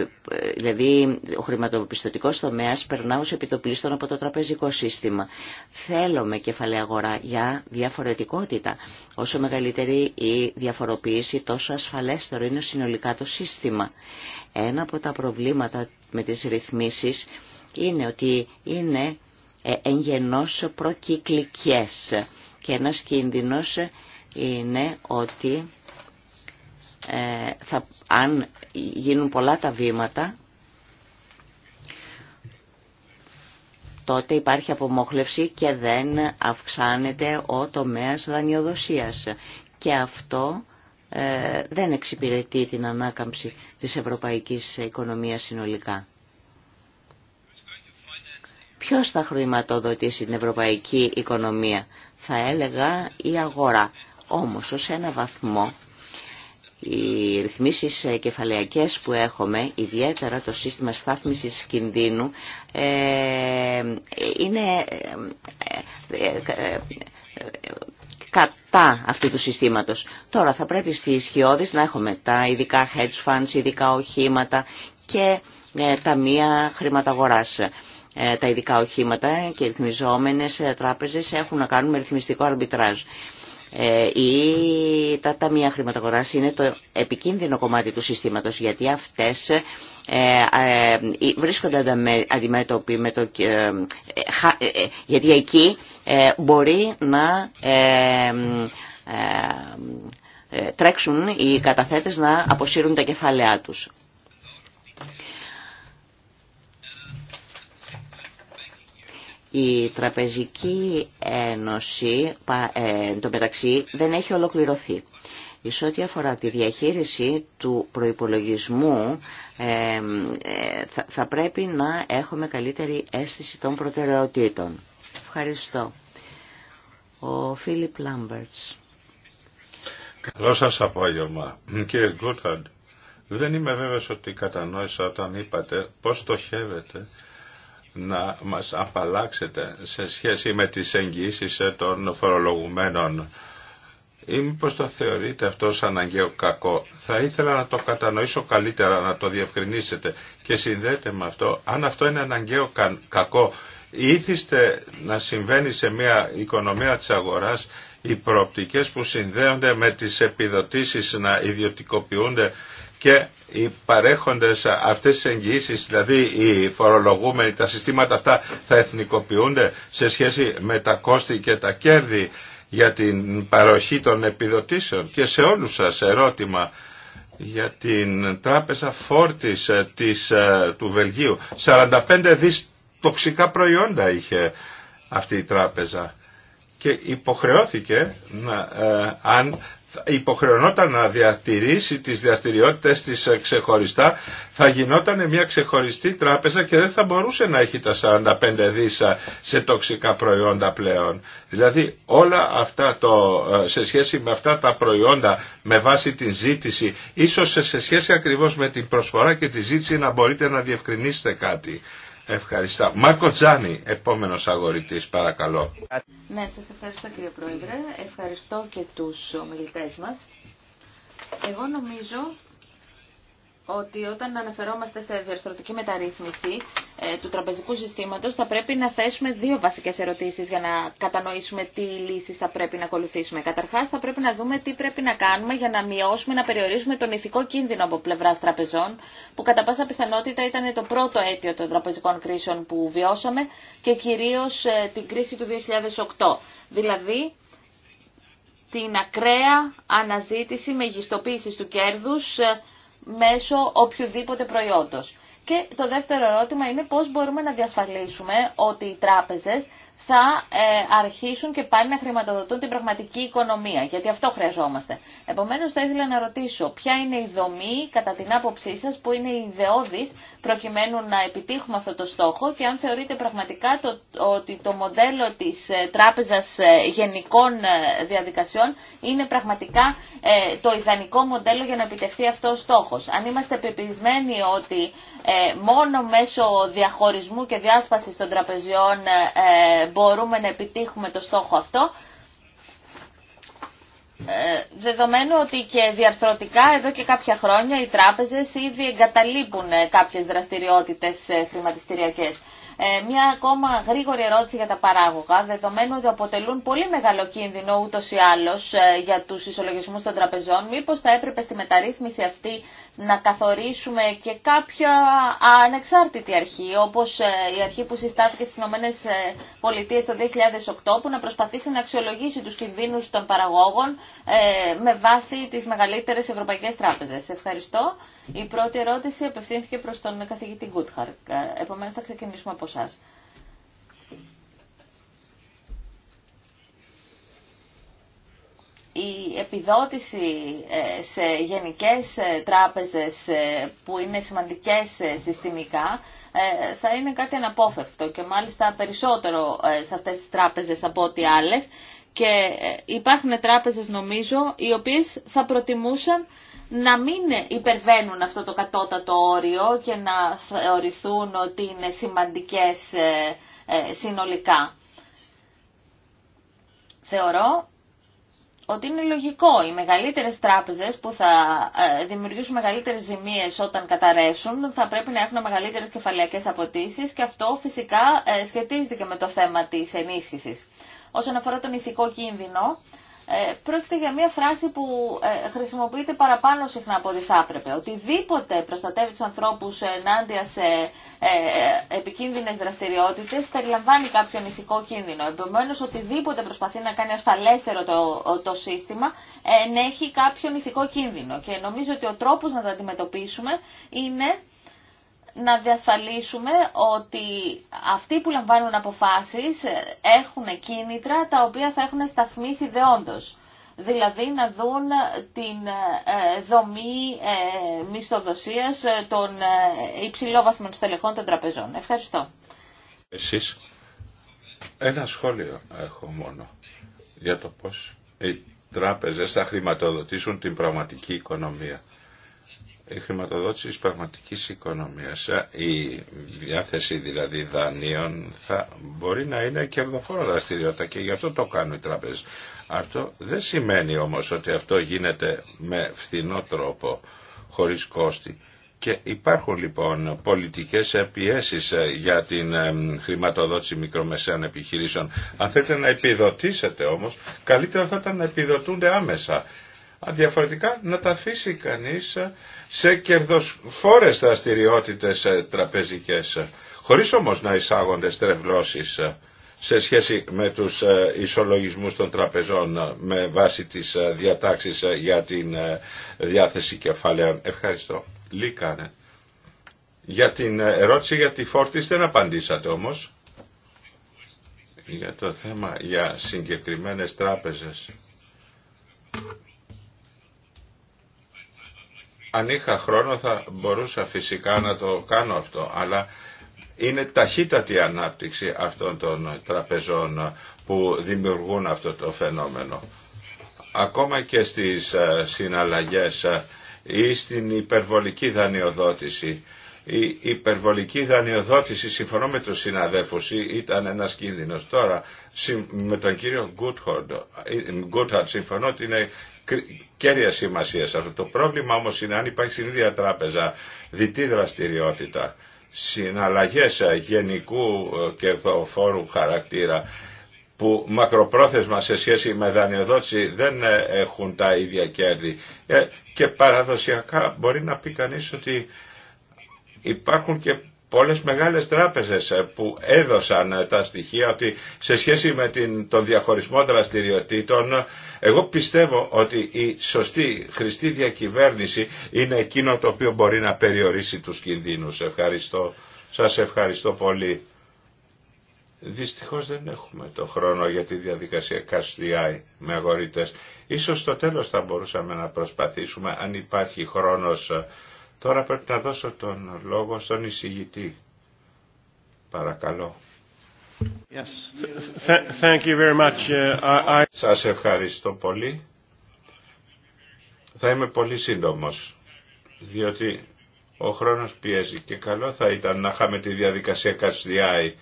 δηλαδή ο χρηματοπιστωτικός τομέας περνά ως επιτοπλίστων από το τραπεζικό σύστημα. Θέλουμε κεφαλαία αγορά για διαφορετικότητα. Όσο μεγαλύτερη η διαφοροποίηση τόσο ασφαλέστερο είναι συνολικά το σύστημα. Ένα από τα προβλήματα με τις ρυθμίσεις είναι ότι είναι ε, εγγενώς προκυκλικές και ένας κίνδυνος είναι ότι ε, θα, αν γίνουν πολλά τα βήματα, τότε υπάρχει απομόχλευση και δεν αυξάνεται ο τομέας δανειοδοσίας. Και αυτό ε, δεν εξυπηρετεί την ανάκαμψη της ευρωπαϊκής οικονομίας συνολικά. Ποιος θα χρηματοδοτήσει την ευρωπαϊκή οικονομία, θα έλεγα η αγορά. Όμως ως ένα βαθμό οι ρυθμίσεις κεφαλαιακές που έχουμε, ιδιαίτερα το σύστημα στάθμισης κινδύνου, ε, είναι ε, ε, κατά αυτού του συστήματος. Τώρα θα πρέπει στις ισχυώδεις να έχουμε τα ειδικά hedge funds, ειδικά οχήματα και τα μία χρηματαγοράς. Τα ειδικά οχήματα και οι ρυθμιζόμενες τράπεζες έχουν να κάνουν με ρυθμιστικό αρμπιτράζ ή ε, τα ταμεία χρηματογοράς είναι το επικίνδυνο κομμάτι του συστήματος γιατί αυτές ε, ε, βρίσκονται αντιμέτωποι με το... γιατί εκεί μπορεί να τρέξουν οι καταθέτες να αποσύρουν τα κεφάλαιά τους. Η Τραπεζική Ένωση, ε, τω μεταξύ, δεν έχει ολοκληρωθεί. Σε ό,τι αφορά τη διαχείριση του προϋπολογισμού ε, ε, θα πρέπει να έχουμε καλύτερη αίσθηση των προτεραιοτήτων. Ευχαριστώ. Ο Φίλιπ Λάμπερτς. Καλό σας απόγευμα. Κύριε Γκούρθαντ, δεν είμαι βέβαιος ότι κατανόησα όταν είπατε πώς στοχεύετε να μας απαλλάξετε σε σχέση με τις εγγύσεις των φορολογουμένων ή μήπω το θεωρείτε αυτό σαν αγκαίο κακό. Θα ήθελα να το κατανοήσω καλύτερα, να το διευκρινίσετε και συνδέεται με αυτό. Αν αυτό είναι αναγκαίο κακό, ήθιστε να συμβαίνει σε μια οικονομία της αγοράς οι προοπτικές που συνδέονται με τις επιδοτήσεις να ιδιωτικοποιούνται και οι παρέχοντες αυτές τις εγγυήσεις, δηλαδή οι φορολογούμενοι, τα συστήματα αυτά θα εθνικοποιούνται σε σχέση με τα κόστη και τα κέρδη για την παροχή των επιδοτήσεων και σε όλους σας ερώτημα για την τράπεζα φόρτης ε, της, ε, του Βελγίου. 45 δις τοξικά προϊόντα είχε αυτή η τράπεζα και υποχρεώθηκε να, ε, αν υποχρεωνόταν να διατηρήσει τις διαστηριότητες της ε, ξεχωριστά, θα γινόταν μια ξεχωριστή τράπεζα και δεν θα μπορούσε να έχει τα 45 δίσα ε, σε τοξικά προϊόντα πλέον. Δηλαδή όλα αυτά το, ε, σε σχέση με αυτά τα προϊόντα με βάση την ζήτηση, ίσως σε σχέση ακριβώς με την προσφορά και τη ζήτηση να μπορείτε να διευκρινίσετε κάτι. Ευχαριστώ. Μάρκο Τζάνι, επόμενο αγορητή, παρακαλώ. Ναι, σα ευχαριστώ κύριε Πρόεδρε. Ευχαριστώ και του ομιλητέ μας. Εγώ νομίζω ότι όταν αναφερόμαστε σε διαρθρωτική μεταρρύθμιση ε, του τραπεζικού συστήματος θα πρέπει να θέσουμε δύο βασικές ερωτήσεις για να κατανοήσουμε τι λύσεις θα πρέπει να ακολουθήσουμε. Καταρχάς θα πρέπει να δούμε τι πρέπει να κάνουμε για να μειώσουμε, να περιορίσουμε τον ηθικό κίνδυνο από πλευράς τραπεζών που κατά πάσα πιθανότητα ήταν το πρώτο αίτιο των τραπεζικών κρίσεων που βιώσαμε και κυρίως ε, την κρίση του 2008. Δηλαδή την ακραία αναζήτηση μεγιστοποίησης του κέρδους ε, μέσω οποιοδήποτε προϊόντος. Και το δεύτερο ερώτημα είναι πώς μπορούμε να διασφαλίσουμε ότι οι τράπεζες θα ε, αρχίσουν και πάλι να χρηματοδοτούν την πραγματική οικονομία, γιατί αυτό χρειαζόμαστε. Επομένως θα ήθελα να ρωτήσω ποια είναι η δομή κατά την άποψή σας που είναι η ιδεώδης προκειμένου να επιτύχουμε αυτό το στόχο και αν θεωρείτε πραγματικά το, ότι το μοντέλο της ε, τράπεζας ε, γενικών διαδικασιών είναι πραγματικά το ιδανικό μοντέλο για να επιτευχθεί αυτό ο στόχος. Αν είμαστε πεπισμένοι ότι μόνο μέσω διαχωρισμού και διάσπασης των τραπεζιών μπορούμε να επιτύχουμε το στόχο αυτό, ε, δεδομένου ότι και διαρθρωτικά εδώ και κάποια χρόνια οι τράπεζες ήδη εγκαταλείπουν κάποιες δραστηριότητες ε, χρηματιστηριακές. Ε, μια ακόμα γρήγορη ερώτηση για τα παράγωγα, δεδομένου ότι αποτελούν πολύ μεγάλο κίνδυνο ούτω ή άλλως ε, για τους ισολογισμού των τραπεζών. Μήπως θα έπρεπε στη μεταρρύθμιση αυτή να καθορίσουμε και κάποια ανεξάρτητη αρχή, όπως ε, η αρχή που συστάθηκε στις ΗΠΑ ε, το 2008, που να προσπαθήσει να αξιολογήσει του κινδύνου των ε, με βάση τι μεγαλύτερε Ευρωπαϊκέ Τράπεζε. Ευχαριστώ. Η πρώτη ερώτηση απευθύνθηκε προς τον καθηγητή Γκούτχαρ. Ε, Επομένω θα ξεκινήσουμε από εσά. η επιδότηση ε, σε γενικές ε, τράπεζες που είναι σημαντικές συστημικά θα είναι κάτι αναπόφευκτο και μάλιστα περισσότερο σε αυτές τις τράπεζες από ό,τι άλλες και υπάρχουν τράπεζες νομίζω οι οποίες θα προτιμούσαν να μην υπερβαίνουν αυτό το κατώτατο όριο και να θεωρηθούν ότι είναι σημαντικές ε, ε, συνολικά. Θεωρώ ότι είναι λογικό οι μεγαλύτερες τράπεζες που θα ε, δημιουργήσουν μεγαλύτερες ζημίες όταν καταρρεύσουν θα πρέπει να έχουν μεγαλύτερες κεφαλαιακές αποτίσεις και αυτό φυσικά σχετίζεται και με το θέμα της ενίσχυσης. Όσον αφορά τον ηθικό κίνδυνο, ε, πρόκειται για μια φράση που ε, χρησιμοποιείται παραπάνω συχνά από ό,τι θα έπρεπε. Οτιδήποτε προστατεύει τους ανθρώπους ενάντια σε ε, επικίνδυνες δραστηριότητες περιλαμβάνει κάποιο ηθικό κίνδυνο. Επομένω, οτιδήποτε προσπαθεί να κάνει ασφαλέστερο το, το σύστημα ενέχει κάποιο ηθικό κίνδυνο. Και νομίζω ότι ο τρόπος να το αντιμετωπίσουμε είναι να διασφαλίσουμε ότι αυτοί που λαμβάνουν αποφάσεις έχουν κίνητρα τα οποία θα έχουν σταθμίσει δεόντως. Δηλαδή να δουν την ε, δομή ε, μισθοδοσίας των ε, υψηλόβαθμων στελεχών των τραπεζών. Ευχαριστώ. Εσείς ένα σχόλιο έχω μόνο για το πώς οι τράπεζες θα χρηματοδοτήσουν την πραγματική οικονομία. Η χρηματοδότηση της πραγματικής οικονομίας. Η διάθεση δηλαδή δανείων θα μπορεί να είναι κερδοφόρο δραστηριότητα και γι' αυτό το κάνουν οι τράπεζες. Αυτό δεν σημαίνει όμως ότι αυτό γίνεται με φθηνό τρόπο, χωρίς κόστη. Και υπάρχουν λοιπόν πολιτικές επιέσεις για την χρηματοδότηση μικρομεσαίων επιχειρήσεων. Αν θέλετε να επιδοτήσετε όμως, καλύτερα θα ήταν να επιδοτούνται άμεσα διαφορετικά να τα αφήσει κανείς σε κερδοφόρες δραστηριότητε τραπεζικές, χωρίς όμως να εισάγονται στρεβλώσεις σε σχέση με τους ισολογισμούς των τραπεζών με βάση τις διατάξεις για την διάθεση κεφαλαίων. Ευχαριστώ. Λίκανε. Για την ερώτηση για τη φόρτιση δεν απαντήσατε όμως. Για το θέμα για συγκεκριμένες τράπεζες αν είχα χρόνο θα μπορούσα φυσικά να το κάνω αυτό, αλλά είναι ταχύτατη η ανάπτυξη αυτών των τραπεζών που δημιουργούν αυτό το φαινόμενο. Ακόμα και στις ε, συναλλαγές ε, ή στην υπερβολική δανειοδότηση. Η υπερβολική δανειοδότηση, συμφωνώ με τους συναδέλφους, ήταν ένας κίνδυνος. Τώρα, με τον κύριο ε, Γκούτχαρντ, συμφωνώ ότι είναι κέρια σημασία αυτό. Το πρόβλημα όμως είναι αν υπάρχει στην ίδια τράπεζα διτή δραστηριότητα, συναλλαγές γενικού ε, κερδοφόρου χαρακτήρα, που μακροπρόθεσμα σε σχέση με δανειοδότηση δεν ε, έχουν τα ίδια κέρδη. Ε, και παραδοσιακά μπορεί να πει κανείς ότι υπάρχουν και πολλές μεγάλες τράπεζες ε, που έδωσαν ε, τα στοιχεία ότι σε σχέση με την, τον διαχωρισμό δραστηριοτήτων εγώ πιστεύω ότι η σωστή χρηστή διακυβέρνηση είναι εκείνο το οποίο μπορεί να περιορίσει τους κινδύνους. Ευχαριστώ. Σας ευχαριστώ πολύ. Δυστυχώς δεν έχουμε το χρόνο για τη διαδικασία Καστιάη με αγορίτες. Ίσως στο τέλος θα μπορούσαμε να προσπαθήσουμε αν υπάρχει χρόνος Τώρα πρέπει να δώσω τον λόγο στον εισηγητή. Παρακαλώ. Yes. Thank uh, Σας ευχαριστώ πολύ. Θα είμαι πολύ σύντομος, διότι ο χρόνος πιέζει και καλό θα ήταν να είχαμε τη διαδικασία Κατσδιάη.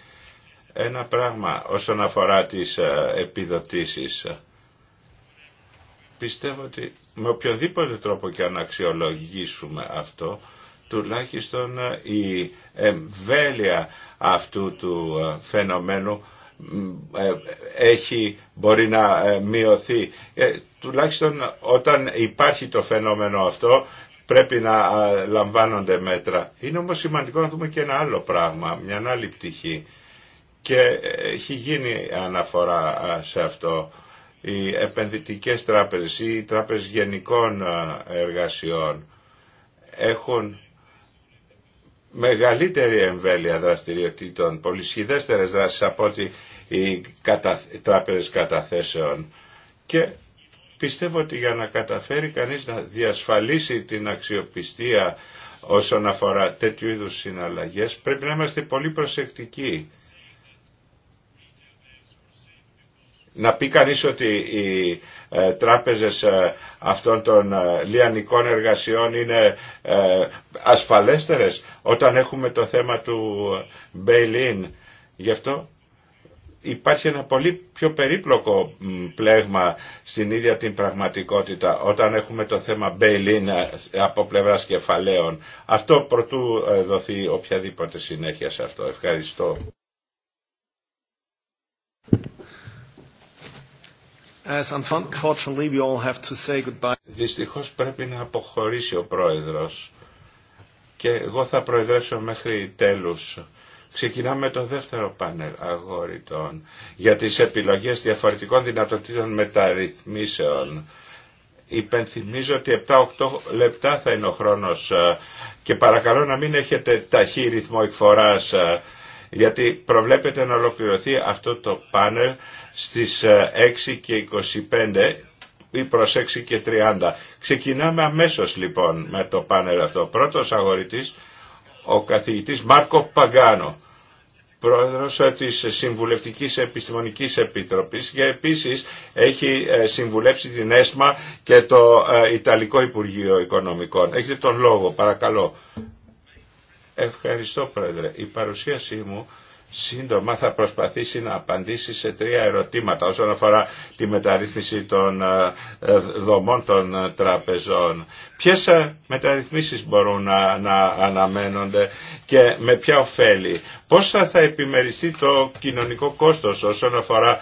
Ένα πράγμα όσον αφορά τις ε, επιδοτήσεις. Πιστεύω ότι με οποιοδήποτε τρόπο και αν αξιολογήσουμε αυτό, τουλάχιστον ε, η εμβέλεια αυτού του ε, φαινομένου ε, έχει, μπορεί να μειωθεί. Τουλάχιστον όταν υπάρχει το φαινόμενο αυτό πρέπει να λαμβάνονται μέτρα. Είναι όμως σημαντικό να δούμε και ένα άλλο πράγμα, μια άλλη πτυχή. Και έχει γίνει αναφορά σε αυτό οι επενδυτικές τράπεζες ή οι τράπεζες γενικών ε, εργασιών έχουν μεγαλύτερη εμβέλεια δραστηριοτήτων, πολυσχυδέστερες δράσεις από ότι οι τράπεζες καταθέσεων. Και πιστεύω ότι για να καταφέρει κανείς να διασφαλίσει την αξιοπιστία όσον αφορά τέτοιου είδους συναλλαγές πρέπει να είμαστε πολύ προσεκτικοί να πει κανείς ότι οι ε, τράπεζες ε, αυτών των ε, λιανικών εργασιών είναι ασφαλέστερες όταν έχουμε το θέμα του bail-in. Γι' αυτό υπάρχει ένα πολύ πιο περίπλοκο πλέγμα στην ίδια την πραγματικότητα όταν έχουμε το θέμα bail-in από πλευράς κεφαλαίων. Αυτό προτού δοθεί οποιαδήποτε συνέχεια σε αυτό. Ευχαριστώ. As Δυστυχώς πρέπει να αποχωρήσει ο πρόεδρος και εγώ θα προεδρεύσω μέχρι τέλους. Ξεκινάμε το δεύτερο πάνελ αγόριτων για τις επιλογές διαφορετικών δυνατοτήτων μεταρρυθμίσεων. Υπενθυμίζω ότι 7-8 λεπτά θα είναι ο χρόνος ε, και παρακαλώ να μην έχετε ταχύ ρυθμό εκφοράς ε, γιατί προβλέπεται να ολοκληρωθεί αυτό το πάνελ στις 6 ε, και 25 ή προς 6 και 30. Ξεκινάμε αμέσως λοιπόν με το πάνελ αυτό. Πρώτος αγορητής, ο καθηγητής Μάρκο Παγκάνο πρόεδρος ε, της Συμβουλευτικής Επιστημονικής Επιτροπής και επίσης έχει ε, συμβουλέψει την ΕΣΜΑ και το Ιταλικό Υπουργείο Οικονομικών. Έχετε τον λόγο, παρακαλώ. Ευχαριστώ Πρόεδρε. Η παρουσίασή μου σύντομα θα προσπαθήσει να απαντήσει σε τρία ερωτήματα όσον αφορά τη μεταρρύθμιση των ε, ε, δομών των ε, τραπεζών. Ποιες μεταρρυθμίσεις μπορούν να, αναμένονται και με ποια ωφέλη. Πώς θα, θα επιμεριστεί το κοινωνικό κόστος όσον αφορά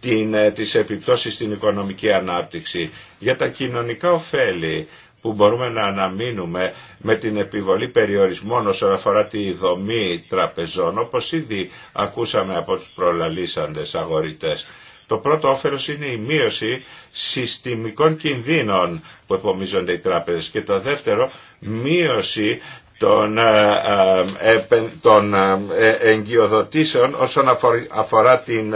την, τις επιπτώσεις στην οικονομική ανάπτυξη. Για τα κοινωνικά ωφέλη που μπορούμε να αναμείνουμε με την επιβολή περιορισμών όσον αφορά τη δομή τραπεζών, όπως ήδη ακούσαμε από τους προλαλήσαντες αγορητές. Το πρώτο όφελος είναι η μείωση συστημικών κινδύνων που επομίζονται οι τράπεζες και το δεύτερο μείωση των, ε, ε, των ε, εγκυοδοτήσεων όσον αφορά την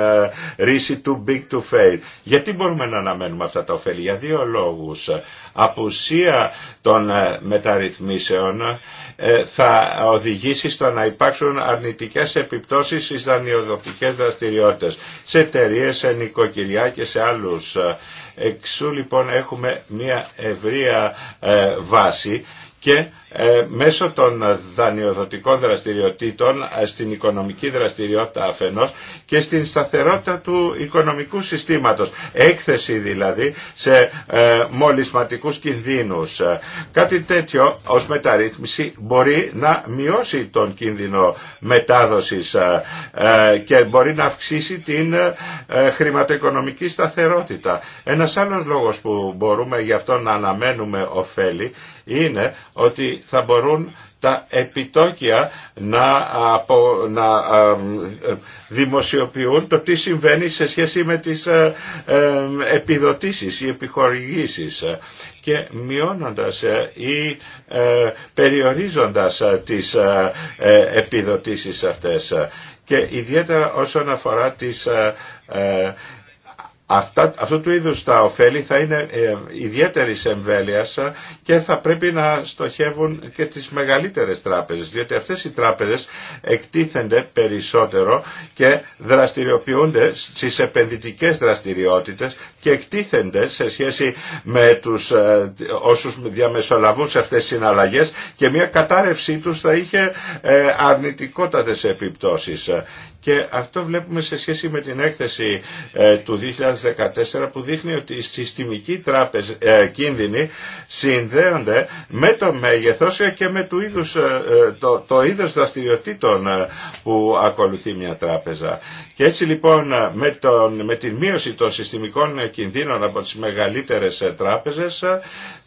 ρίση του big to fail. Γιατί μπορούμε να αναμένουμε αυτά τα ωφέλη. Για δύο λόγους. Απουσία των μεταρρυθμίσεων θα οδηγήσει στο να υπάρξουν αρνητικές επιπτώσεις στις δανειοδοτικές δραστηριότητες σε εταιρείε, σε νοικοκυριά και σε άλλους. Εξού λοιπόν έχουμε μια ευρεία βάση και ε, μέσω των δανειοδοτικών δραστηριοτήτων ε, στην οικονομική δραστηριότητα αφενός και στην σταθερότητα του οικονομικού συστήματος. Έκθεση δηλαδή σε ε, μολυσματικούς κινδύνους. Κάτι τέτοιο ως μεταρρύθμιση μπορεί να μειώσει τον κίνδυνο μετάδοσης και μπορεί να αυξήσει την χρηματοοικονομική σταθερότητα. Ένας άλλος λόγος που μπορούμε γι' αυτό να αναμένουμε ωφέλη είναι ότι θα μπορούν τα επιτόκια να, απο, να δημοσιοποιούν το τι συμβαίνει σε σχέση με τις ε, επιδοτήσεις ή επιχορηγήσεις και μειώνοντας ε, ή περιορίζοντα περιορίζοντας ε, τις α, επιδοτήσεις αυτές και ιδιαίτερα όσον αφορά τις Αυτά, αυτού του είδους τα ωφέλη θα είναι ε, ιδιαίτερης εμβέλειας και θα πρέπει να στοχεύουν και τις μεγαλύτερες τράπεζες, διότι αυτές οι τράπεζες εκτίθενται περισσότερο και δραστηριοποιούνται στις επενδυτικές δραστηριότητες και εκτίθενται σε σχέση με τους, ε, όσους διαμεσολαβούν σε αυτές τις συναλλαγές και μια κατάρρευσή τους θα είχε ε, αρνητικότατες επιπτώσεις. Και αυτό βλέπουμε σε σχέση με την έκθεση ε, του 2014 που δείχνει ότι οι συστημικοί ε, κίνδυνοι συνδέονται με το μέγεθος ε, και με το είδος το, το είδος δραστηριοτήτων που ακολουθεί μια τράπεζα. Και έτσι λοιπόν με, τον, με την μείωση των συστημικών κινδύνων από τις μεγαλύτερες τράπεζες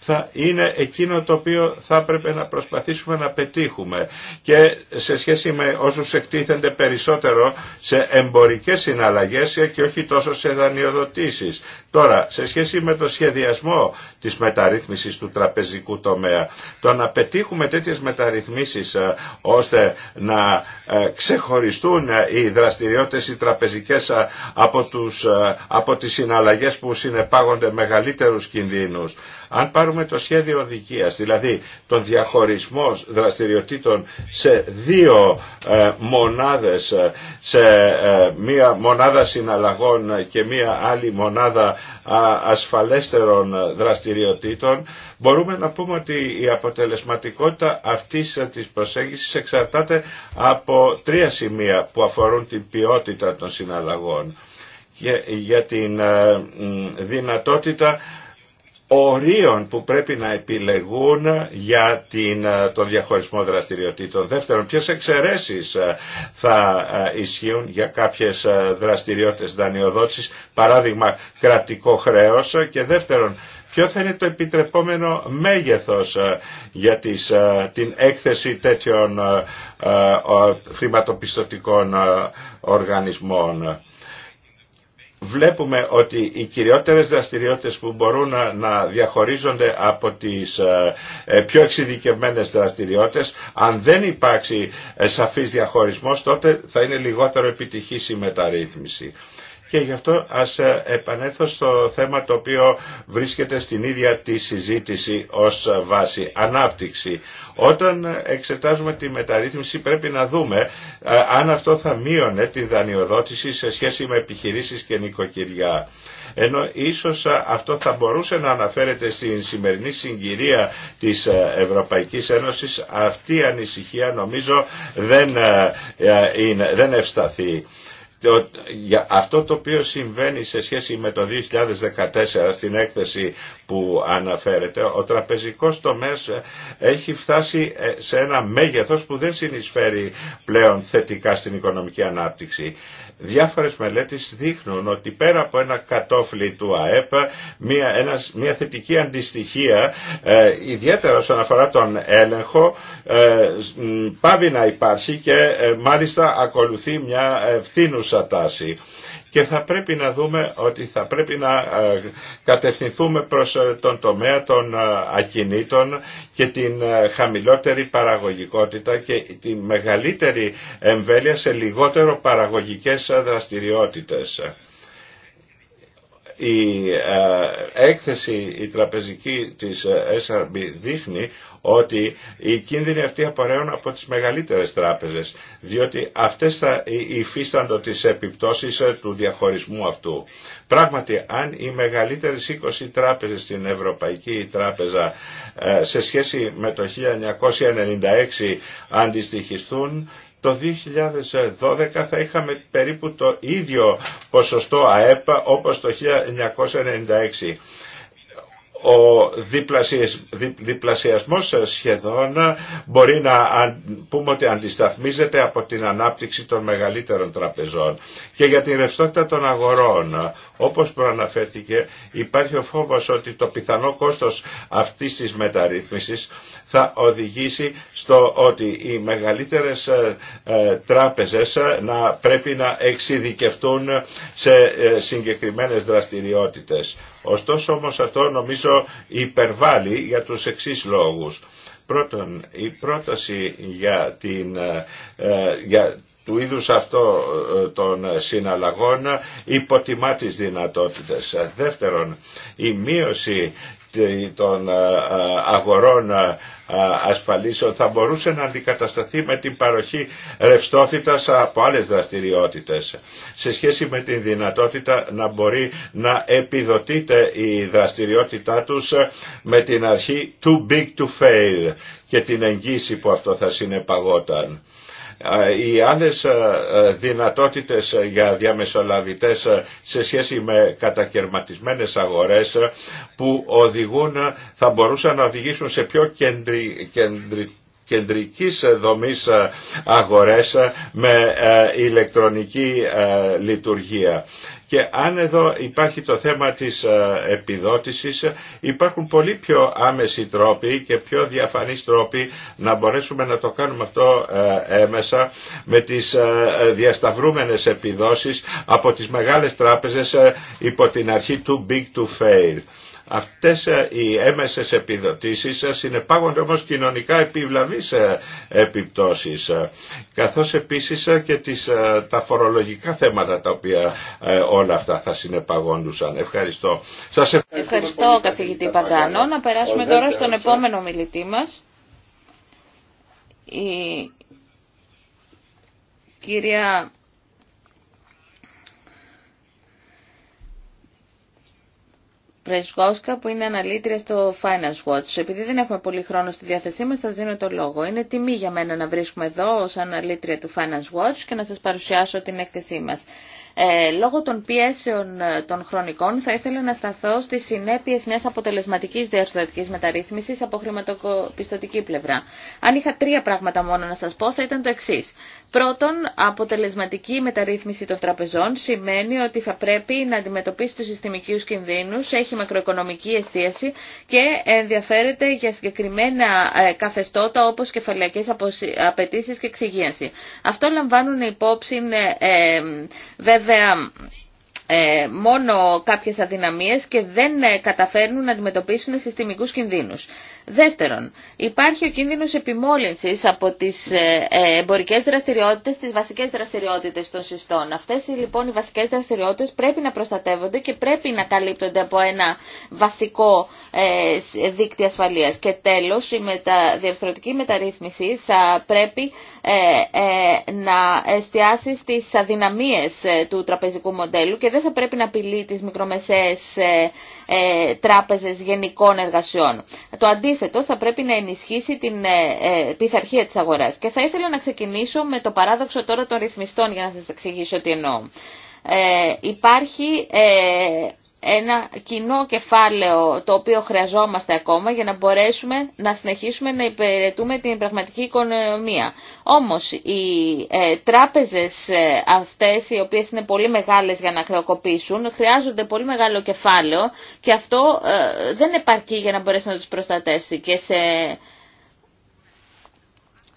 θα είναι εκείνο το οποίο θα έπρεπε να προσπαθήσουμε να πετύχουμε και σε σχέση με όσους εκτίθενται περισσότερο σε εμπορικές συναλλαγές και όχι τόσο σε δανειοδοτήσεις. Τώρα, σε σχέση με το σχεδιασμό της μεταρρύθμισης του τραπεζικού τομέα, το να πετύχουμε τέτοιες μεταρρυθμίσεις ε, ώστε να ε, ξεχωριστούν ε, οι δραστηριότητες οι τραπεζικές από, τους, από τις συναλλαγές που συνεπάγονται μεγαλύτερους κινδύνους. Αν πάρουμε το σχέδιο οδηγίας, δηλαδή τον διαχωρισμό δραστηριοτήτων σε δύο ε, μονάδες, ε, σε ε, μία μονάδα συναλλαγών και μία άλλη μονάδα ασφαλέστερων δραστηριοτήτων, μπορούμε να πούμε ότι η αποτελεσματικότητα αυτής της προσέγγισης εξαρτάται από τρία σημεία που αφορούν την ποιότητα των συναλλαγών για την δυνατότητα ορίων που πρέπει να επιλεγούν για την, ε, τον διαχωρισμό δραστηριοτήτων. Δεύτερον, ποιες εξαιρέσεις ε, θα ε, ισχύουν για κάποιες δραστηριότητες δανειοδότησης, παράδειγμα κρατικό χρέος και δεύτερον, Ποιο θα είναι το επιτρεπόμενο μέγεθος για τις, την έκθεση τέτοιων χρηματοπιστωτικών οργανισμών βλέπουμε ότι οι κυριότερες δραστηριότητες που μπορούν να, διαχωρίζονται από τις ε, ε, πιο εξειδικευμένες δραστηριότητες, αν δεν υπάρξει ε, σαφής διαχωρισμός, τότε θα είναι λιγότερο επιτυχής η μεταρρύθμιση. Και γι' αυτό ας ε, επανέλθω στο θέμα το οποίο βρίσκεται στην ίδια τη συζήτηση ως βάση. Ανάπτυξη. Όταν εξετάζουμε τη μεταρρύθμιση πρέπει να δούμε ε, αν αυτό θα μείωνε την δανειοδότηση σε σχέση με επιχειρήσεις και νοικοκυριά ενώ ίσως ε, αυτό θα μπορούσε να αναφέρεται στην σημερινή συγκυρία της Ευρωπαϊκής Ένωσης αυτή η ανησυχία νομίζω δεν, δεν ευσταθεί αυτό το οποίο συμβαίνει σε σχέση με το 2014 στην έκθεση που αναφέρεται, ο τραπεζικός τομέας ε, έχει φτάσει ε, σε ένα μέγεθος που δεν συνεισφέρει πλέον θετικά στην οικονομική ανάπτυξη. Διάφορες μελέτες δείχνουν ότι πέρα από ένα κατόφλι του ΑΕΠ, μια, ένας, μια θετική αντιστοιχία, ε, ιδιαίτερα όσον αφορά τον έλεγχο, ε, πάβει να υπάρχει και μάλιστα ακολουθεί μια ευθύνουσα τάση. Και θα πρέπει να δούμε ότι θα πρέπει να ε, κατευθυνθούμε προς ε, τον τομέα των ε, ακινήτων και την χαμηλότερη παραγωγικότητα και τη μεγαλύτερη εμβέλεια σε λιγότερο παραγωγικές δραστηριότητες. Η ε, έκθεση η τραπεζική της ε, SRB δείχνει ότι οι κίνδυνοι αυτοί απορρέουν από τις μεγαλύτερες τράπεζες, διότι αυτές θα υφίστανται τις επιπτώσεις ε, του διαχωρισμού αυτού. Πράγματι, αν οι μεγαλύτερες 20 τράπεζες στην Ευρωπαϊκή Τράπεζα σε σχέση με το 1996 αντιστοιχιστούν, το 2012 θα είχαμε περίπου το ίδιο ποσοστό ΑΕΠ όπως το 1996 ο διπλασιασμός σχεδόν μπορεί να πούμε ότι αντισταθμίζεται από την ανάπτυξη των μεγαλύτερων τραπεζών. Και για την ρευστότητα των αγορών, όπως προαναφέρθηκε υπάρχει ο φόβος ότι το πιθανό κόστος αυτής της μεταρρύθμισης θα οδηγήσει στο ότι οι μεγαλύτερες ε, ε, τράπεζες ε, να πρέπει να εξειδικευτούν σε συγκεκριμένες δραστηριότητες. Ωστόσο όμως αυτό νομίζω υπερβάλλει για τους εξής λόγους. Πρώτον, η πρόταση για, την, για του είδους αυτό ε, των συναλλαγών υποτιμά τις δυνατότητες. Δεύτερον, η μείωση των ε, αγορών ε, ασφαλίσεων θα μπορούσε να αντικατασταθεί με την παροχή ρευστότητας από άλλες δραστηριότητες σε σχέση με την δυνατότητα να μπορεί να επιδοτείται η δραστηριότητά τους με την αρχή too big to fail και την εγγύηση που αυτό θα συνεπαγόταν. Ε, οι άλλες ε, ε, δυνατότητες για διαμεσολαβητές σε σχέση με κατακαιρματισμένες αγορές που οδηγούν, θα μπορούσαν να οδηγήσουν σε πιο κεντρική κεντρι κεντρικής δομής αγορές με ηλεκτρονική λειτουργία. Και αν εδώ υπάρχει το θέμα της ε, επιδότησης, υπάρχουν πολύ πιο άμεση τρόποι και πιο διαφανείς τρόποι να μπορέσουμε να το κάνουμε αυτό ε, έμεσα με τις ε, διασταυρούμενες επιδόσεις από τις μεγάλες τράπεζες υπό την αρχή του big to fail. Αυτές ε, οι έμεσες επιδοτήσεις ε, συνεπάγονται όμως κοινωνικά επιβλαβείς ε, επιπτώσεις καθώς επίσης και τις, τα φορολογικά θέματα τα οποία όλα αυτά θα συνεπαγόντουσαν. Ευχαριστώ. ευχαριστώ, ευχαριστώ καθηγητή Παγκάνο. Να περάσουμε τώρα στον επόμενο μιλητή μας. Η κυρία Πρεσβόσκα που είναι αναλύτρια στο Finance Watch. Επειδή δεν έχουμε πολύ χρόνο στη διάθεσή μας, σας δίνω το λόγο. Είναι τιμή για μένα να βρίσκουμε εδώ ως αναλύτρια του Finance Watch και να σας παρουσιάσω την έκθεσή μας. Ε, λόγω των πιέσεων ε, των χρονικών θα ήθελα να σταθώ στις συνέπειες μιας αποτελεσματικής διαρθρωτικής μεταρρύθμισης από χρηματοπιστωτική πλευρά. Αν είχα τρία πράγματα μόνο να σας πω θα ήταν το εξής. Πρώτον, αποτελεσματική μεταρρύθμιση των τραπεζών σημαίνει ότι θα πρέπει να αντιμετωπίσει τους συστημικού κινδύνους, έχει μακροοικονομική εστίαση και ενδιαφέρεται για συγκεκριμένα ε, καθεστώτα όπως κεφαλαιακές απαιτήσει και εξυγίαση. Αυτό λαμβάνουν υπόψη ε, ε, βέβαια ε, μόνο κάποιες αδυναμίες και δεν ε, καταφέρνουν να αντιμετωπίσουν συστημικούς κινδύνους. Δεύτερον, υπάρχει ο κίνδυνος επιμόλυνσης από τις ε, εμπορικές δραστηριότητες, τις βασικές δραστηριότητες των συστών. Αυτές λοιπόν οι βασικές δραστηριότητες πρέπει να προστατεύονται και πρέπει να καλύπτονται από ένα βασικό δίκτυο ασφαλείας. Και τέλος, η μετα... μεταρρύθμιση θα πρέπει να εστιάσει στις αδυναμίες του τραπεζικού μοντέλου δεν θα πρέπει να απειλεί τις μικρομεσαίες ε, ε, τράπεζες γενικών εργασιών. Το αντίθετο θα πρέπει να ενισχύσει την ε, πειθαρχία της αγοράς. Και θα ήθελα να ξεκινήσω με το παράδοξο τώρα των ρυθμιστών για να σας εξηγήσω τι εννοώ. Ε, υπάρχει ε, ένα κοινό κεφάλαιο το οποίο χρειαζόμαστε ακόμα για να μπορέσουμε να συνεχίσουμε να υπηρετούμε την πραγματική οικονομία. Όμως οι ε, τράπεζες ε, αυτές οι οποίες είναι πολύ μεγάλες για να χρεοκοπήσουν χρειάζονται πολύ μεγάλο κεφάλαιο και αυτό ε, δεν επαρκεί για να μπορέσει να τους προστατεύσει και σε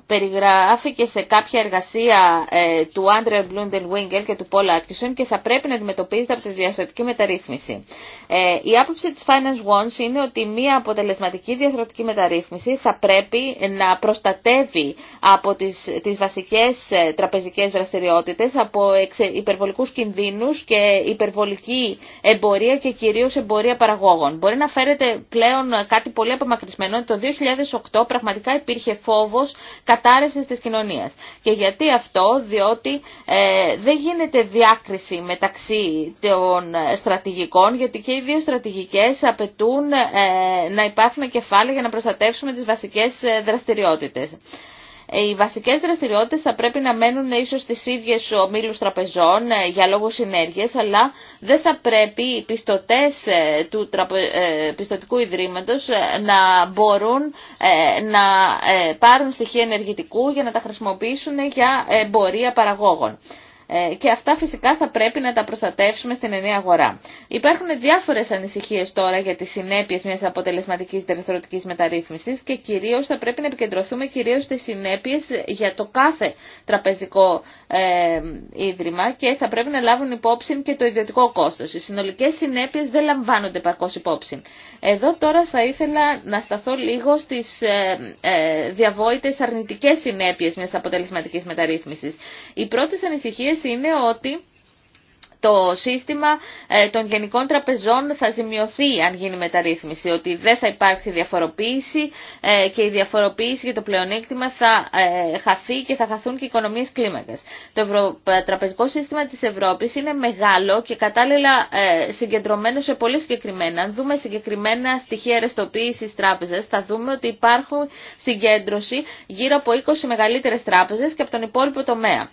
...περιγράφηκε σε κάποια εργασία ε, του αντρερ Μπλούντεν Βίγκελ και του Πολ Άτκισον και θα πρέπει να αντιμετωπίζεται από τη διαστατική μεταρρύθμιση. Ε, η άποψη της Finance Ones είναι ότι μια αποτελεσματική διαστατική μεταρρύθμιση θα πρέπει να προστατεύει από τις, τις βασικές ε, τραπεζικές δραστηριότητες από εξε, υπερβολικούς κινδύνους και υπερβολική εμπορία και κυρίως εμπορία παραγόγων. Μπορεί να φέρετε πλέον κάτι πολύ απομακρυσμένο. Το 2008 πραγματικά υπήρχε φόβος κατάρρευση της κοινωνίας. Και γιατί αυτό, διότι ε, δεν γίνεται διάκριση μεταξύ των στρατηγικών, γιατί και οι δύο στρατηγικές απαιτούν ε, να υπάρχουν κεφάλαια για να προστατεύσουμε τις βασικές ε, δραστηριότητες. Ε, οι βασικές δραστηριότητες θα πρέπει να μένουν ίσως στις ίδιες ομίλου τραπεζών ε, για λόγους συνέργειας, αλλά δεν θα πρέπει οι πιστωτές ε, του πιστωτικού ιδρύματος να μπορούν να πάρουν στοιχεία ενεργητικού για να τα χρησιμοποιήσουν για εμπορία παραγόγων. Ε, και αυτά φυσικά θα πρέπει να τα προστατεύσουμε στην ενιαία αγορά. Υπάρχουν διάφορες ανησυχίες τώρα για τις συνέπειες μιας αποτελεσματικής διευθυντικής μεταρρύθμισης και κυρίως θα πρέπει να επικεντρωθούμε κυρίως στις συνέπειες για το κάθε τραπεζικό ε, ίδρυμα και θα πρέπει να λάβουν υπόψη και το ιδιωτικό κόστος. Οι συνολικές συνέπειες δεν λαμβάνονται παρκώς υπόψη. Εδώ τώρα θα ήθελα να σταθώ λίγο στις ε, ε, διαβόητες αρνητικές συνέπειες μιας αποτελεσματικής μεταρρύθμισης. Οι πρώτες ανησυχίες είναι ότι το σύστημα ε, των γενικών τραπεζών θα ζημιωθεί αν γίνει μεταρρύθμιση, ότι δεν θα υπάρξει διαφοροποίηση ε, και η διαφοροποίηση για το πλεονέκτημα θα ε, χαθεί και θα χαθούν και οι οικονομίες κλίμακας. Το τραπεζικό σύστημα της Ευρώπης είναι μεγάλο και κατάλληλα συγκεντρωμένο σε πολύ συγκεκριμένα. Αν δούμε συγκεκριμένα στοιχεία ρεστοποίησης τράπεζας, θα δούμε ότι υπάρχουν συγκέντρωση γύρω από 20 μεγαλύτερες τράπεζες και από τον υπόλοιπο τομέα.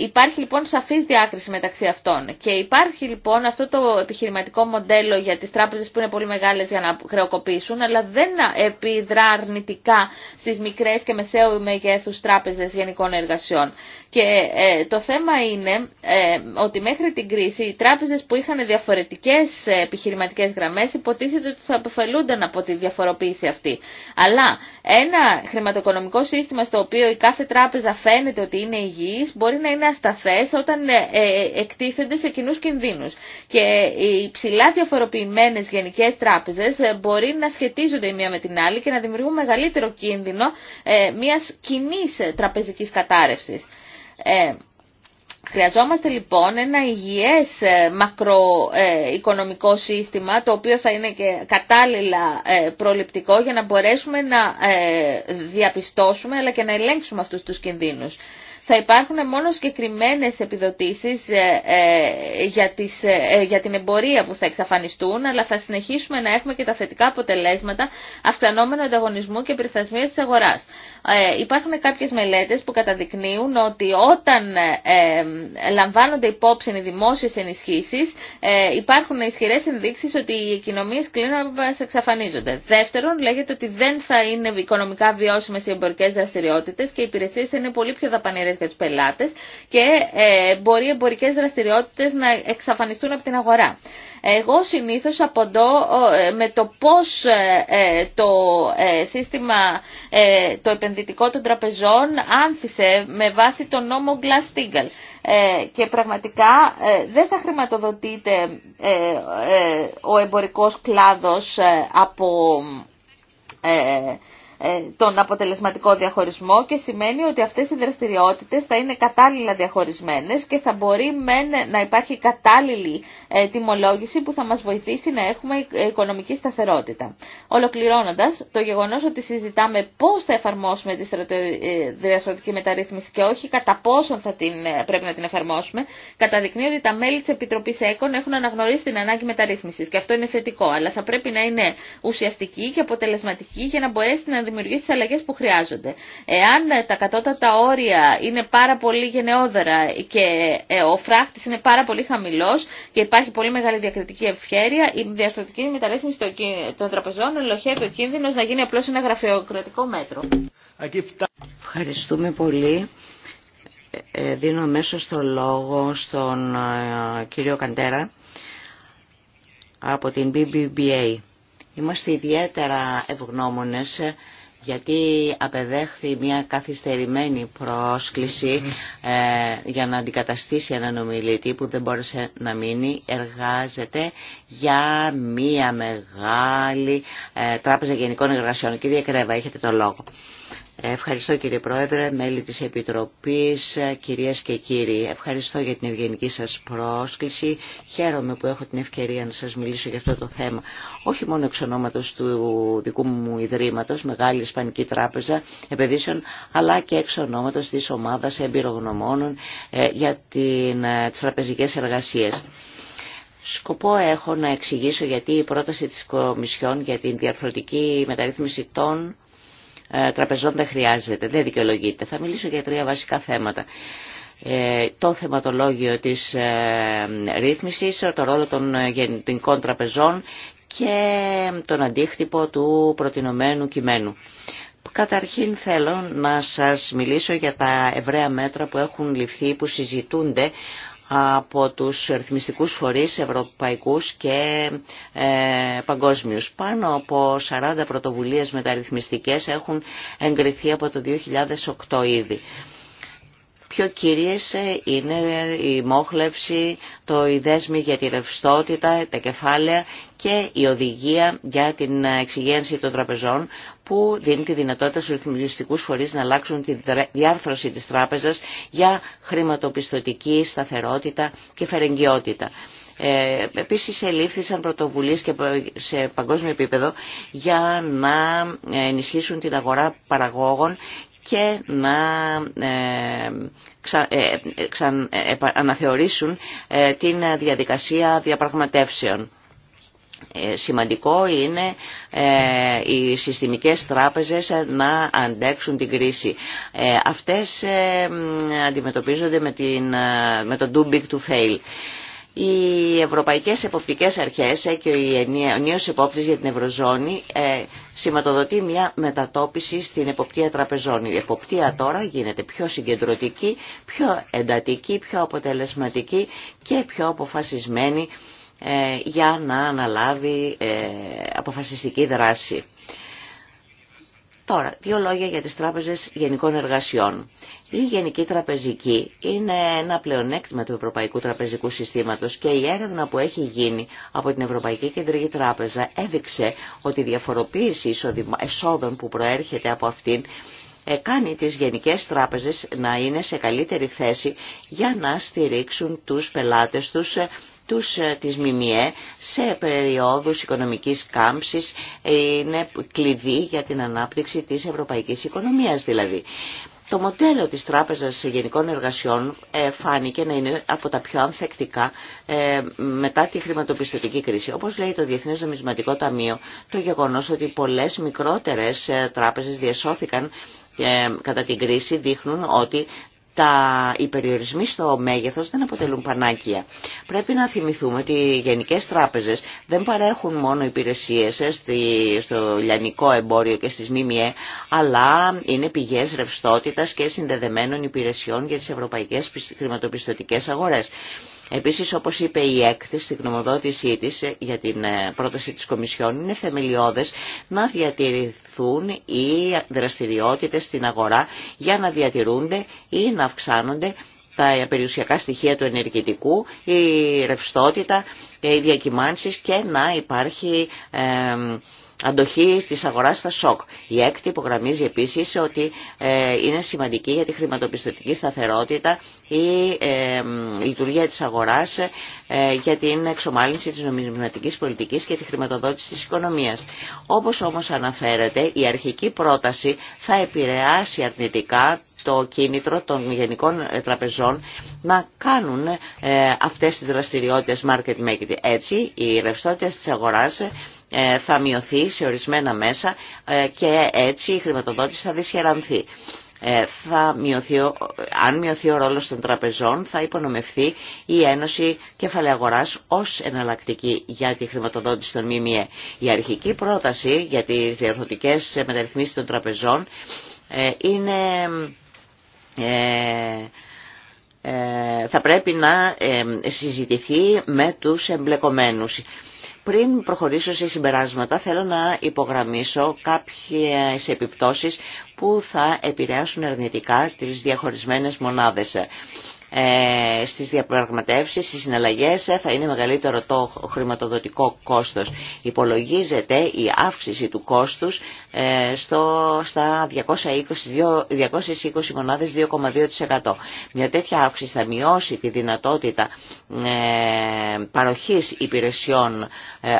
Υπάρχει λοιπόν σαφής διάκριση μεταξύ αυτών και υπάρχει λοιπόν αυτό το επιχειρηματικό μοντέλο για τις τράπεζες που είναι πολύ μεγάλες για να χρεοκοπήσουν, αλλά δεν επιδρά αρνητικά στις μικρές και μεσαίου μεγέθους τράπεζες γενικών εργασιών. Και ε, το θέμα είναι ε, ότι μέχρι την κρίση οι τράπεζες που είχαν διαφορετικές ε, επιχειρηματικές γραμμές υποτίθεται ότι θα αποφελούνταν από τη διαφοροποίηση αυτή. Αλλά ένα χρηματοοικονομικό σύστημα στο οποίο η κάθε τράπεζα φαίνεται ότι είναι υγιής μπορεί να είναι ασταθές όταν εκτίθενται σε κοινού κινδύνους. Και οι ψηλά διαφοροποιημένες γενικές τράπεζες μπορεί να σχετίζονται η μία με την άλλη και να δημιουργούν μεγαλύτερο κίνδυνο μιας κοινή τραπεζικής κατάρρευσης. Ε, χρειαζόμαστε λοιπόν ένα υγιές ε, μακροοικονομικό ε, σύστημα το οποίο θα είναι και κατάλληλα προληπτικό για να μπορέσουμε να διαπιστώσουμε αλλά και να ελέγξουμε αυτούς τους κινδύνους θα υπάρχουν μόνο συγκεκριμένε επιδοτήσεις ε, ε, για, τις, ε, για την εμπορία που θα εξαφανιστούν, αλλά θα συνεχίσουμε να έχουμε και τα θετικά αποτελέσματα αυξανόμενου ανταγωνισμού και περιθασμίας της αγοράς. Υπάρχουν κάποιες μελέτες που καταδεικνύουν ότι όταν λαμβάνονται υπόψη οι δημόσιες ενισχύσεις, υπάρχουν ισχυρές ενδείξεις ότι οι οικονομίες κλίναβας εξαφανίζονται. Δεύτερον, λέγεται ότι δεν θα είναι οικονομικά βιώσιμες οι εμπορικέ δραστηριότητες και οι υπηρεσίες θα είναι πολύ πιο δαπανηρές για πελάτες και ε, μπορεί εμπορικέ δραστηριότητες να εξαφανιστούν από την αγορά. Εγώ συνήθως απαντώ ε, με το πώς ε, το σύστημα το επενδυτικό των τραπεζών άνθησε με βάση τον νόμο Glass-Steagall. Και πραγματικά δεν θα χρηματοδοτείται ο εμπορικός κλάδος από ε, τον αποτελεσματικό διαχωρισμό και σημαίνει ότι αυτές οι δραστηριότητες θα είναι κατάλληλα διαχωρισμένες και θα μπορεί να υπάρχει κατάλληλη ε, τιμολόγηση που θα μας βοηθήσει να έχουμε ε, οικονομική σταθερότητα. Ολοκληρώνοντας, το γεγονός ότι συζητάμε πώς θα εφαρμόσουμε τη στρατιωτική μεταρρύθμιση και όχι κατά πόσον θα την, πρέπει να την εφαρμόσουμε, καταδεικνύει ότι τα μέλη της Επιτροπής ΕΚΟΝ έχουν αναγνωρίσει την ανάγκη μεταρρύθμισης και αυτό είναι θετικό, αλλά θα πρέπει να είναι ουσιαστική και αποτελεσματική για να μπορέσει να δημιουργήσει τι αλλαγέ που χρειάζονται. Εάν ε, τα κατώτατα όρια είναι πάρα πολύ γενναιόδερα και ε, ο φράχτη είναι πάρα πολύ χαμηλό και υπάρχει πολύ μεγάλη διακριτική ευχέρεια, η διαστατική μεταρρύθμιση των τραπεζών ελοχεύει ο κίνδυνο να γίνει απλώ ένα γραφειοκρατικό μέτρο. Ευχαριστούμε πολύ. Ε, δίνω αμέσω το λόγο στον κύριο Καντέρα από την BBBA. Είμαστε ιδιαίτερα ευγνώμονες γιατί απεδέχθη μια καθυστερημένη πρόσκληση ε, για να αντικαταστήσει έναν ομιλητή που δεν μπόρεσε να μείνει. Εργάζεται για μια μεγάλη ε, τράπεζα γενικών εργασιών. Κύριε Κρέβα, έχετε το λόγο. Ευχαριστώ κύριε Πρόεδρε, μέλη της Επιτροπής, κυρίες και κύριοι. Ευχαριστώ για την ευγενική σας πρόσκληση. Χαίρομαι που έχω την ευκαιρία να σας μιλήσω για αυτό το θέμα. Όχι μόνο εξ ονόματος του δικού μου Ιδρύματος, Μεγάλη Ισπανική Τράπεζα Επενδύσεων, αλλά και εξ ονόματος της ομάδας εμπειρογνωμόνων ε, για ε, τις τραπεζικές εργασίες. Σκοπό έχω να εξηγήσω γιατί η πρόταση της Κομισιόν για την διαρθρωτική μεταρρύθμιση των ε, τραπεζών δεν χρειάζεται, δεν δικαιολογείται. Θα μιλήσω για τρία βασικά θέματα. Ε, το θεματολόγιο της ε, ρύθμισης, το ρόλο των γενικών τραπεζών και τον αντίκτυπο του προτινομένου κειμένου. Καταρχήν θέλω να σας μιλήσω για τα ευραία μέτρα που έχουν ληφθεί, που συζητούνται από τους ρυθμιστικούς φορείς ευρωπαϊκούς και ε, παγκόσμιους. Πάνω από 40 πρωτοβουλίες μεταρρυθμιστικές έχουν εγκριθεί από το 2008 ήδη πιο κυρίες είναι η μόχλευση, το ιδέσμι για τη ρευστότητα, τα κεφάλαια και η οδηγία για την εξυγένση των τραπεζών που δίνει τη δυνατότητα στους ρυθμιστικούς φορείς να αλλάξουν τη διάρθρωση της τράπεζας για χρηματοπιστωτική σταθερότητα και φερεγγιότητα. Ε, επίσης ελήφθησαν πρωτοβουλίες και σε παγκόσμιο επίπεδο για να ενισχύσουν την αγορά παραγόγων και να ε, ε, ε, αναθεωρήσουν την διαδικασία διαπραγματεύσεων. Σημαντικό είναι οι συστημικές τράπεζες να αντέξουν την κρίση. Αυτές αντιμετωπίζονται με το «do big to fail. Οι Ευρωπαϊκές Εποπτικές Αρχές ε, και ο νέος επόπτης για την Ευρωζώνη ε, σηματοδοτεί μια μετατόπιση στην εποπτεία τραπεζών. Η εποπτεία τώρα γίνεται πιο συγκεντρωτική, πιο εντατική, πιο αποτελεσματική και πιο αποφασισμένη ε, για να αναλάβει αποφασιστική δράση. Τώρα, δύο λόγια για τις τράπεζες γενικών εργασιών. Η Γενική Τραπεζική είναι ένα πλεονέκτημα του Ευρωπαϊκού Τραπεζικού Συστήματος και η έρευνα που έχει γίνει από την Ευρωπαϊκή Κεντρική Τράπεζα έδειξε ότι η διαφοροποίηση εσόδων που προέρχεται από αυτήν ε, κάνει τις γενικές τράπεζες να είναι σε καλύτερη θέση για να στηρίξουν τους πελάτες τους ε, τους, ε, της ΜΜΕ σε περιόδους οικονομικής κάμψης είναι κλειδί για την ανάπτυξη της ευρωπαϊκής οικονομίας δηλαδή. Το μοντέλο της Τράπεζας Γενικών Εργασιών ε, φάνηκε να είναι από τα πιο ανθεκτικά ε, μετά τη χρηματοπιστωτική κρίση. Όπως λέει το Διεθνές Νομισματικό Ταμείο, το γεγονός ότι πολλές μικρότερες τράπεζες διασώθηκαν κατά την κρίση δείχνουν ότι τα, οι περιορισμοί στο μέγεθος δεν αποτελούν πανάκια. Πρέπει να θυμηθούμε ότι οι γενικές τράπεζες δεν παρέχουν μόνο υπηρεσίες ε, στο λιανικό εμπόριο και στις ΜΜΕ, αλλά είναι πηγές ρευστότητας και συνδεδεμένων υπηρεσιών για τις ευρωπαϊκές χρηματοπιστωτικές αγορές. Επίσης, όπως είπε η έκθεση στην γνωμοδότησή της για την ε, πρόταση της Κομισιόν, είναι θεμελιώδες να διατηρηθούν οι δραστηριότητες στην αγορά για να διατηρούνται ή να αυξάνονται τα περιουσιακά στοιχεία του ενεργητικού, η ρευστότητα, ε, οι διακυμάνσεις και να υπάρχει ε, αντοχή της αγοράς στα σοκ. Η έκτη υπογραμμίζει επίσης ότι ε, είναι σημαντική για τη χρηματοπιστωτική σταθερότητα η ε, λειτουργία της αγοράς ε, για την εξομάλυνση της νομισματικής πολιτικής και τη χρηματοδότηση της οικονομίας. Όπως όμως αναφέρεται, η αρχική πρόταση θα επηρεάσει αρνητικά το κίνητρο των γενικών τραπεζών να κάνουν αυτές τις δραστηριότητες market making. Έτσι, οι ρευστότητες της αγοράς ε, θα μειωθεί σε ορισμένα μέσα ε, και έτσι η χρηματοδότηση θα δυσχερανθεί. Ε, θα μειωθεί, αν μειωθεί ο ρόλος των τραπεζών θα υπονομευθεί η Ένωση Κεφαλαίου Αγοράς ως εναλλακτική για τη χρηματοδότηση των ΜΜΕ. Η αρχική πρόταση για τις διαρθωτικές μεταρρυθμίσεις των τραπεζών είναι... θα πρέπει να συζητηθεί με τους εμπλεκομένους. Πριν προχωρήσω σε συμπεράσματα, θέλω να υπογραμμίσω κάποιες επιπτώσεις που θα επηρεάσουν αρνητικά τις διαχωρισμένες μονάδες ε, στις διαπραγματεύσεις, στις συναλλαγές ε, θα είναι μεγαλύτερο το χρηματοδοτικό κόστος. Υπολογίζεται η αύξηση του κόστους ε, στο, στα 220, 220 μονάδες 2,2%. Μια τέτοια αύξηση θα μειώσει τη δυνατότητα ε, παροχής υπηρεσιών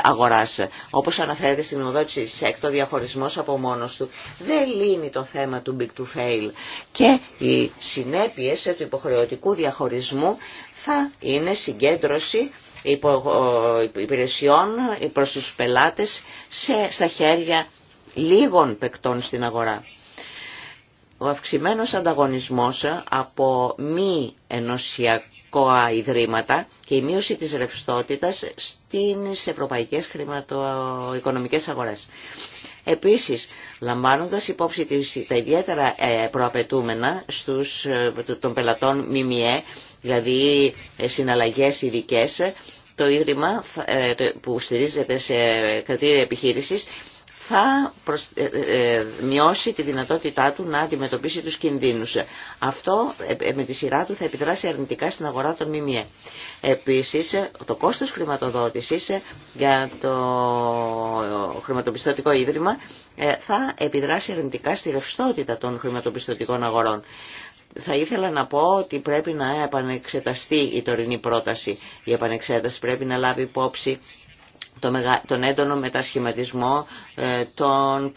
αγοράς. Όπως αναφέρεται στην νομοδότηση της ΕΚΤ, διαχωρισμός από μόνος του δεν λύνει το θέμα του big to fail και οι συνέπειες του υποχρεωτικού διαχωρισμού θα είναι συγκέντρωση υπηρεσιών προς τους πελάτες σε, στα χέρια λίγων παικτών στην αγορά. Ο αυξημένος ανταγωνισμός από μη ενωσιακό ιδρύματα και η μείωση της ρευστότητας στις ευρωπαϊκές χρηματοοικονομικές αγορές. Επίσης, λαμβάνοντας υπόψη τα ιδιαίτερα ε, προαπαιτούμενα στους, ε, των πελατών ΜΜΕ, δηλαδή ε, συναλλαγές ειδικέ, το Ίδρυμα που στηρίζεται σε κρατήρια επιχείρησης θα ε, ε, ε, μειώσει τη δυνατότητά του να αντιμετωπίσει τους κινδύνους. Αυτό με τη σειρά του θα επιδράσει αρνητικά στην αγορά των ΜΜΕ. Επίσης, το κόστος χρηματοδότησης για το χρηματοπιστωτικό ίδρυμα θα επιδράσει αρνητικά στη ρευστότητα των χρηματοπιστωτικών αγορών. Θα ήθελα να πω ότι πρέπει να επανεξεταστεί η τωρινή πρόταση. Η επανεξέταση πρέπει να λάβει υπόψη τον έντονο μετασχηματισμό ε, των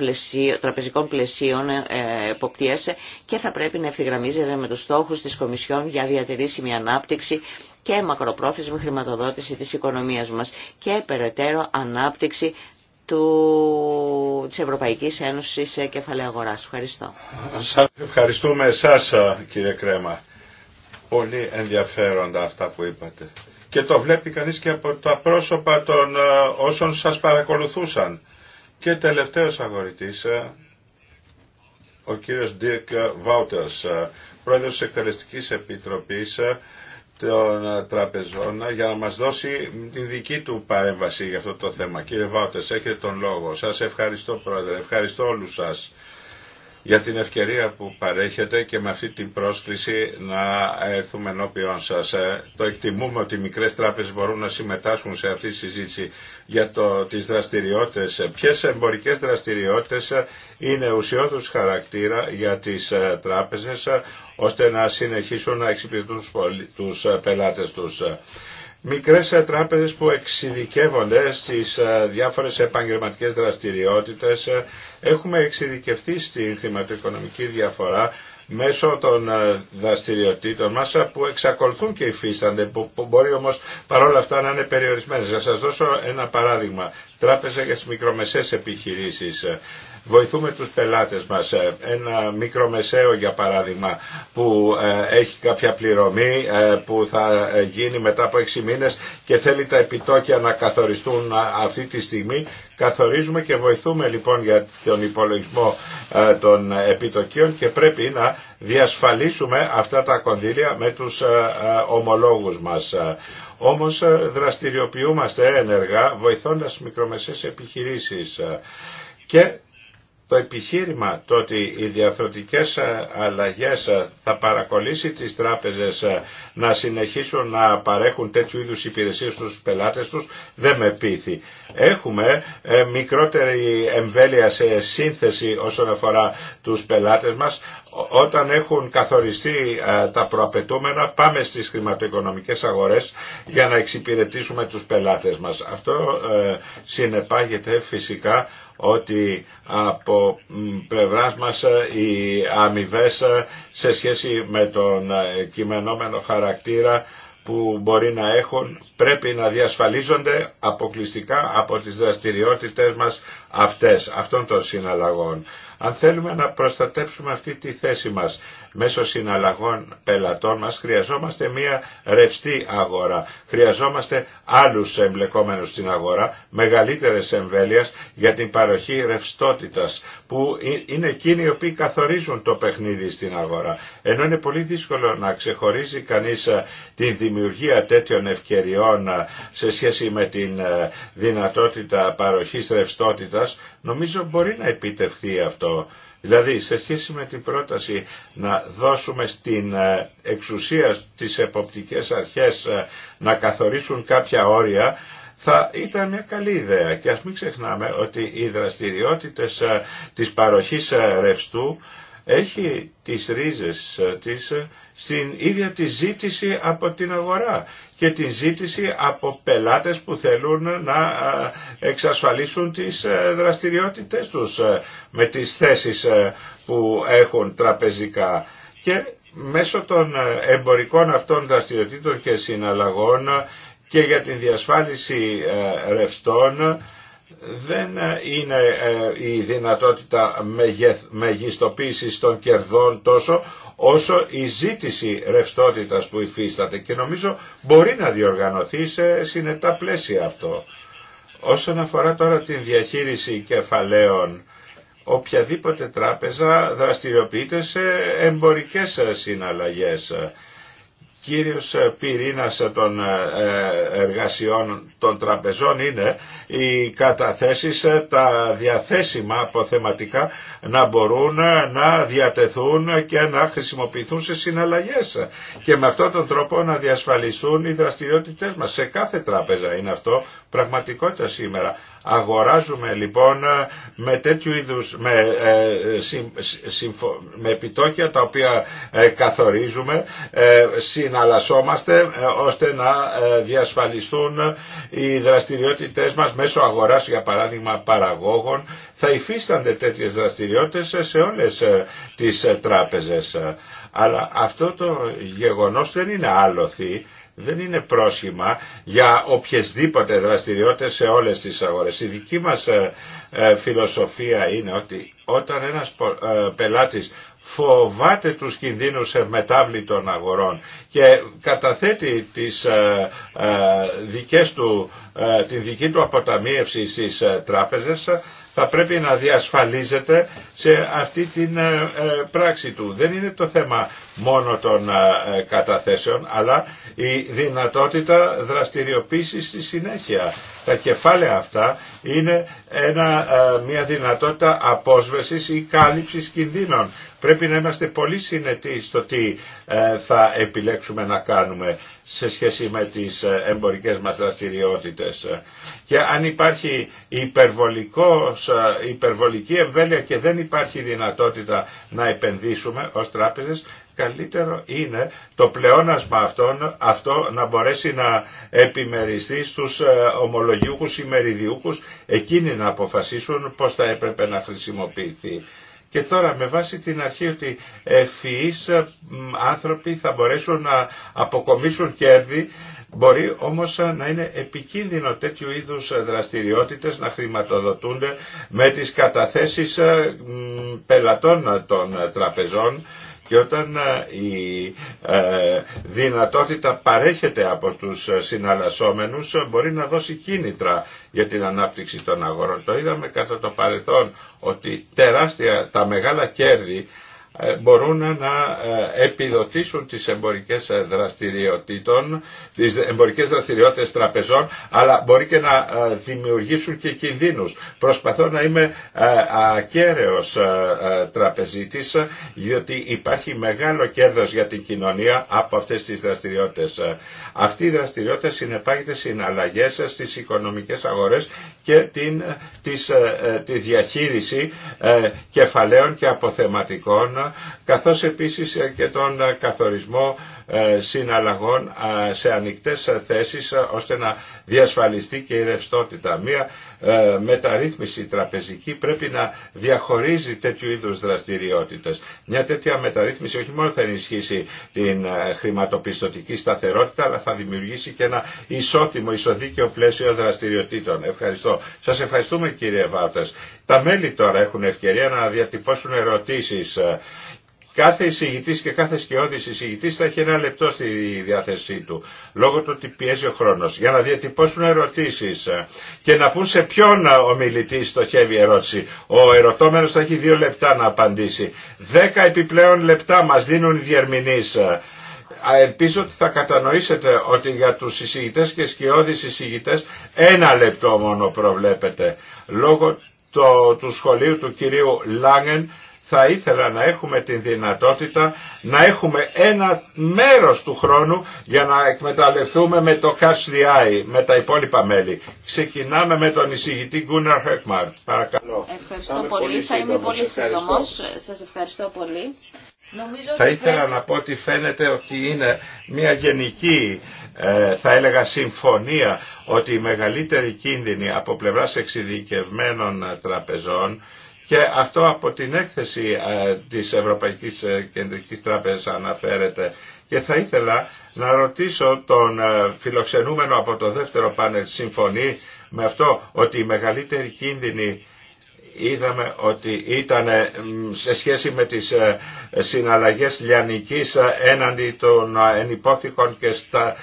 τραπεζικών πλαισίων ε, ε, εποπτείας και θα πρέπει να ευθυγραμμίζεται με τους στόχους της Κομισιόν για διατηρήσιμη ανάπτυξη και μακροπρόθεσμη χρηματοδότηση της οικονομίας μας και περαιτέρω ανάπτυξη του, της Ευρωπαϊκής Ένωσης σε κεφαλαία αγοράς. Ευχαριστώ. Σας ευχαριστούμε εσάς κύριε Κρέμα. Πολύ ενδιαφέροντα αυτά που είπατε. Και το βλέπει κανείς και από τα πρόσωπα των ε, όσων σας παρακολουθούσαν. Και τελευταίος αγορητής, ε, ο κύριος Dirk Βάουτερς, πρόεδρος της Εκτελεστικής Επιτροπής ε, των Τραπεζών, για να μας δώσει την δική του παρέμβαση για αυτό το θέμα. Κύριε Βάουτερς, έχετε τον λόγο. Σας ευχαριστώ πρόεδρε, ευχαριστώ όλους σας για την ευκαιρία που παρέχετε και με αυτή την πρόσκληση να έρθουμε ενώπιον σας. Ε, το εκτιμούμε ότι οι μικρές τράπεζες μπορούν να συμμετάσχουν σε αυτή τη συζήτηση για το, τις δραστηριότητες. Ε, ποιες εμπορικές δραστηριότητες ε, είναι ουσιώδους χαρακτήρα για τις τράπεζες ώστε να συνεχίσουν να εξυπηρετούν τους πελάτες τους. Μικρές τράπεζες που εξειδικεύονται στις ε, διάφορες επαγγελματικές δραστηριότητες ε, έχουμε εξειδικευτεί στην χρηματοοικονομική διαφορά μέσω των ε, δραστηριοτήτων μας που εξακολουθούν και υφίστανται, που, μπορεί όμως παρόλα αυτά να είναι περιορισμένες. Θα σας δώσω ένα παράδειγμα. Τράπεζα για τις μικρομεσαίες επιχειρήσεις βοηθούμε τους πελάτες μας. Ε, ένα μικρομεσαίο για παράδειγμα που ε, έχει κάποια πληρωμή ε, που θα γίνει μετά από 6 μήνες και θέλει τα επιτόκια να καθοριστούν αυτή τη στιγμή. Καθορίζουμε και βοηθούμε λοιπόν για τον υπολογισμό των επιτοκίων και πρέπει να διασφαλίσουμε αυτά τα κονδύλια με τους ομολόγους μας. Όμως δραστηριοποιούμαστε ένεργα βοηθώντας μικρομεσαίες επιχειρήσεις και το επιχείρημα το ότι οι διαφορετικές ε, αλλαγές ε, θα παρακολύσει τις τράπεζες ε, να συνεχίσουν να παρέχουν τέτοιου είδους υπηρεσίες στους πελάτες τους δεν με πείθει. Έχουμε μικρότερη εμβέλεια σε σύνθεση όσον αφορά τους πελάτες μας όταν έχουν καθοριστεί τα προαπαιτούμενα πάμε στις χρηματοοικονομικές αγορές για να εξυπηρετήσουμε τους πελάτες μας. Αυτό συνεπάγεται φυσικά ότι από πλευρά μα ε, οι αμοιβέ ε, σε σχέση με τον ε, κειμενόμενο χαρακτήρα που μπορεί να έχουν πρέπει να διασφαλίζονται αποκλειστικά από τις δραστηριότητες μας αυτές, αυτών των συναλλαγών. Αν θέλουμε να προστατέψουμε αυτή τη θέση μας μέσω συναλλαγών πελατών μας χρειαζόμαστε μια ρευστή αγορά. Χρειαζόμαστε άλλους εμπλεκόμενους στην αγορά, μεγαλύτερες εμβέλειας για την παροχή ρευστότητας που είναι εκείνοι οι οποίοι καθορίζουν το παιχνίδι στην αγορά. Ενώ είναι πολύ δύσκολο να ξεχωρίζει κανείς ε, τη δημιουργία τέτοιων ευκαιριών ε, σε σχέση με την ε, δυνατότητα παροχής ρευστότητας, νομίζω μπορεί να επιτευχθεί αυτό Δηλαδή σε σχέση με την πρόταση να δώσουμε στην ε, εξουσία της εποπτικές αρχές ε, να καθορίσουν κάποια όρια θα ήταν μια καλή ιδέα και ας μην ξεχνάμε ότι οι δραστηριότητες ε, της παροχής ρευστού έχει τις ρίζες της στην ίδια τη ζήτηση από την αγορά και την ζήτηση από πελάτες που θέλουν να εξασφαλίσουν τις ε, δραστηριότητες τους ε, με τις θέσεις ε, που έχουν τραπεζικά. Και μέσω των εμπορικών αυτών δραστηριοτήτων και συναλλαγών και για την διασφάλιση ρευστών δεν ε, είναι ε, η δυνατότητα μεγιστοποίησης των κερδών τόσο όσο η ζήτηση ρευστότητας που υφίσταται και νομίζω μπορεί να διοργανωθεί σε συνετά πλαίσια αυτό. Όσον αφορά τώρα την διαχείριση κεφαλαίων, οποιαδήποτε τράπεζα δραστηριοποιείται σε εμπορικές συναλλαγές κύριος ε, πυρήνας ε, των ε, εργασιών των τραπεζών είναι οι καταθέσεις τα διαθέσιμα αποθεματικά να μπορούν να διατεθούν και να χρησιμοποιηθούν σε συναλλαγές και με αυτόν τον τρόπο να διασφαλιστούν οι δραστηριότητες μας. Σε κάθε τράπεζα είναι αυτό πραγματικότητα σήμερα. Αγοράζουμε λοιπόν ε, με τέτοιου είδους, με, ε, επιτόκια τα οποία ε, καθορίζουμε, συναλλασσόμαστε ώστε να διασφαλιστούν οι δραστηριότητες μας μέσω αγοράς για παράδειγμα παραγόγων. Θα υφίστανται τέτοιες δραστηριότητες σε όλες τις τράπεζες. Αλλά αυτό το γεγονός δεν είναι άλοθη δεν είναι πρόσχημα για οποιασδήποτε δραστηριότητες σε όλες τις αγορές. Η δική μας ε, ε, φιλοσοφία είναι ότι όταν ένας ε, πελάτης φοβάται τους κινδύνους των αγορών και καταθέτει τις δικές του, την δική του αποταμίευση στις τράπεζες θα πρέπει να διασφαλίζεται σε αυτή την πράξη του. Δεν είναι το θέμα μόνο των ε, ε, καταθέσεων, αλλά η δυνατότητα δραστηριοποίησης στη συνέχεια. Τα κεφάλαια αυτά είναι ένα, ε, μια δυνατότητα απόσβεσης ή κάλυψης κινδύνων. Πρέπει να είμαστε πολύ συνετοί στο τι θα επιλέξουμε να κάνουμε σε σχέση με τις εμπορικές μας δραστηριότητες. Και αν υπάρχει υπερβολικός, υπερβολική εμβέλεια και δεν υπάρχει δυνατότητα να επενδύσουμε ως τράπεζες, καλύτερο είναι το πλεόνασμα αυτόν αυτό να μπορέσει να επιμεριστεί στους ε, ομολογιούχους ή μεριδιούχους, εκείνοι να αποφασίσουν πώς θα έπρεπε να χρησιμοποιηθεί. Και τώρα με βάση την αρχή ότι ευφυείς ε, άνθρωποι θα μπορέσουν να αποκομίσουν κέρδη, Μπορεί όμως ε, να είναι επικίνδυνο τέτοιου είδους δραστηριότητες να χρηματοδοτούνται με τις καταθέσεις πελατών των τραπεζών και όταν η ε, δυνατότητα παρέχεται από τους ε, συναλλασσόμενους ε, μπορεί να δώσει κίνητρα για την ανάπτυξη των αγορών. Το είδαμε κατά το παρελθόν ότι τεράστια τα μεγάλα κέρδη ε, μπορούν να ε, επιδοτήσουν τις εμπορικές ε, δραστηριοτήτων, τις εμπορικές δραστηριότητες τραπεζών, αλλά μπορεί και να δημιουργήσουν και κινδύνους. Προσπαθώ να είμαι ακέραιος τραπεζίτης, διότι υπάρχει μεγάλο κέρδος για την κοινωνία από αυτές τις δραστηριότητες. Αυτή η δραστηριότητα συνεπάγεται συναλλαγές στις οικονομικές αγορές και την, της, τη διαχείριση κεφαλαίων και αποθεματικών καθώς επίσης και τον καθορισμό ε, συναλλαγών ε, σε ανοιχτές θέσεις ε, ώστε να διασφαλιστεί και η ρευστότητα. Μία μεταρρύθμιση τραπεζική πρέπει να διαχωρίζει τέτοιου είδους δραστηριότητες. Μια τέτοια μεταρρύθμιση όχι μόνο θα ενισχύσει την χρηματοπιστωτική σταθερότητα αλλά θα δημιουργήσει και ένα ισότιμο, ισοδίκαιο πλαίσιο δραστηριοτήτων. Ευχαριστώ. Σας ευχαριστούμε κύριε Βάρτας. Τα μέλη τώρα έχουν ευκαιρία να διατυπώσουν ερωτήσεις Κάθε εισηγητή και κάθε σκιώδη εισηγητή θα έχει ένα λεπτό στη διάθεσή του, λόγω του ότι πιέζει ο χρόνο, για να διατυπώσουν ερωτήσει και να πούν σε ποιον ομιλητή στοχεύει η ερώτηση. Ο ερωτώμενο θα έχει δύο λεπτά να απαντήσει. Δέκα επιπλέον λεπτά μα δίνουν οι διερμηνεί. Ελπίζω ότι θα κατανοήσετε ότι για τους εισηγητές και σκιώδεις εισηγητές ένα λεπτό μόνο προβλέπεται, Λόγω του σχολείου του κυρίου Λάγεν θα ήθελα να έχουμε την δυνατότητα να έχουμε ένα μέρος του χρόνου για να εκμεταλλευτούμε με το κασλιάι με τα υπόλοιπα μέλη. Ξεκινάμε με τον εισηγητή Γκούναρ Χέκμαρτ. Παρακαλώ. Ευχαριστώ πολύ. Θα είμαι πολύ σύντομο. Σας ευχαριστώ πολύ. θα ήθελα να πω ότι φαίνεται ότι είναι μια γενική ε, θα έλεγα συμφωνία ότι η μεγαλύτερη κίνδυνη από πλευράς εξειδικευμένων ε, τραπεζών και αυτό από την έκθεση ε, της Ευρωπαϊκής ε, Κεντρικής Τράπεζας αναφέρεται. Και θα ήθελα να ρωτήσω τον ε, φιλοξενούμενο από το δεύτερο πάνελ, συμφωνεί με αυτό ότι η μεγαλύτερη κίνδυνη είδαμε ότι ήταν σε σχέση με τις συναλλαγές λιανικής έναντι των ενυπόθηκων και στα,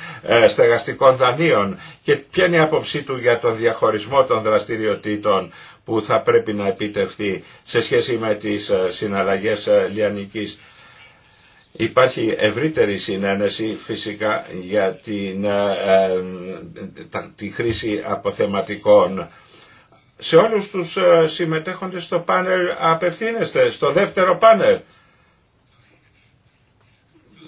στεγαστικών δανείων και ποια είναι η άποψή του για τον διαχωρισμό των δραστηριοτήτων που θα πρέπει να επιτευχθεί σε σχέση με τις ε, συναλλαγές ε, λιανικής. Υπάρχει ευρύτερη συνένεση φυσικά για ε, τη χρήση αποθεματικών. Σε όλους τους συμμετέχοντες στο πάνελ απευθύνεστε, στο δεύτερο πάνελ.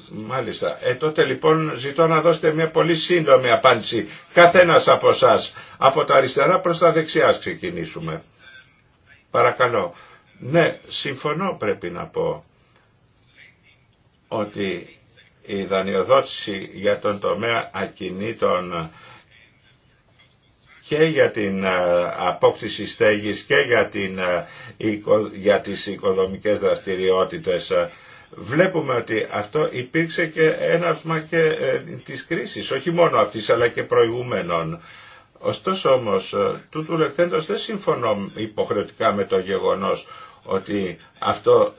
Μάλιστα. Ε, τότε λοιπόν ζητώ να δώσετε μια πολύ σύντομη απάντηση. Καθένας από εσά. Από τα αριστερά προς τα δεξιά ξεκινήσουμε. Παρακαλώ. Ναι, συμφωνώ πρέπει να πω ότι η δανειοδότηση για τον τομέα ακινήτων και για την ε, απόκτηση στέγης και για, την, ε, για τις οικοδομικές δραστηριότητες ε, βλέπουμε ότι αυτό υπήρξε και έναυσμα και ε, της κρίσης, όχι μόνο αυτής αλλά και προηγούμενων. Ωστόσο όμως, ε, τούτου λευθέντος δεν συμφωνώ υποχρεωτικά με το γεγονός ότι αυτό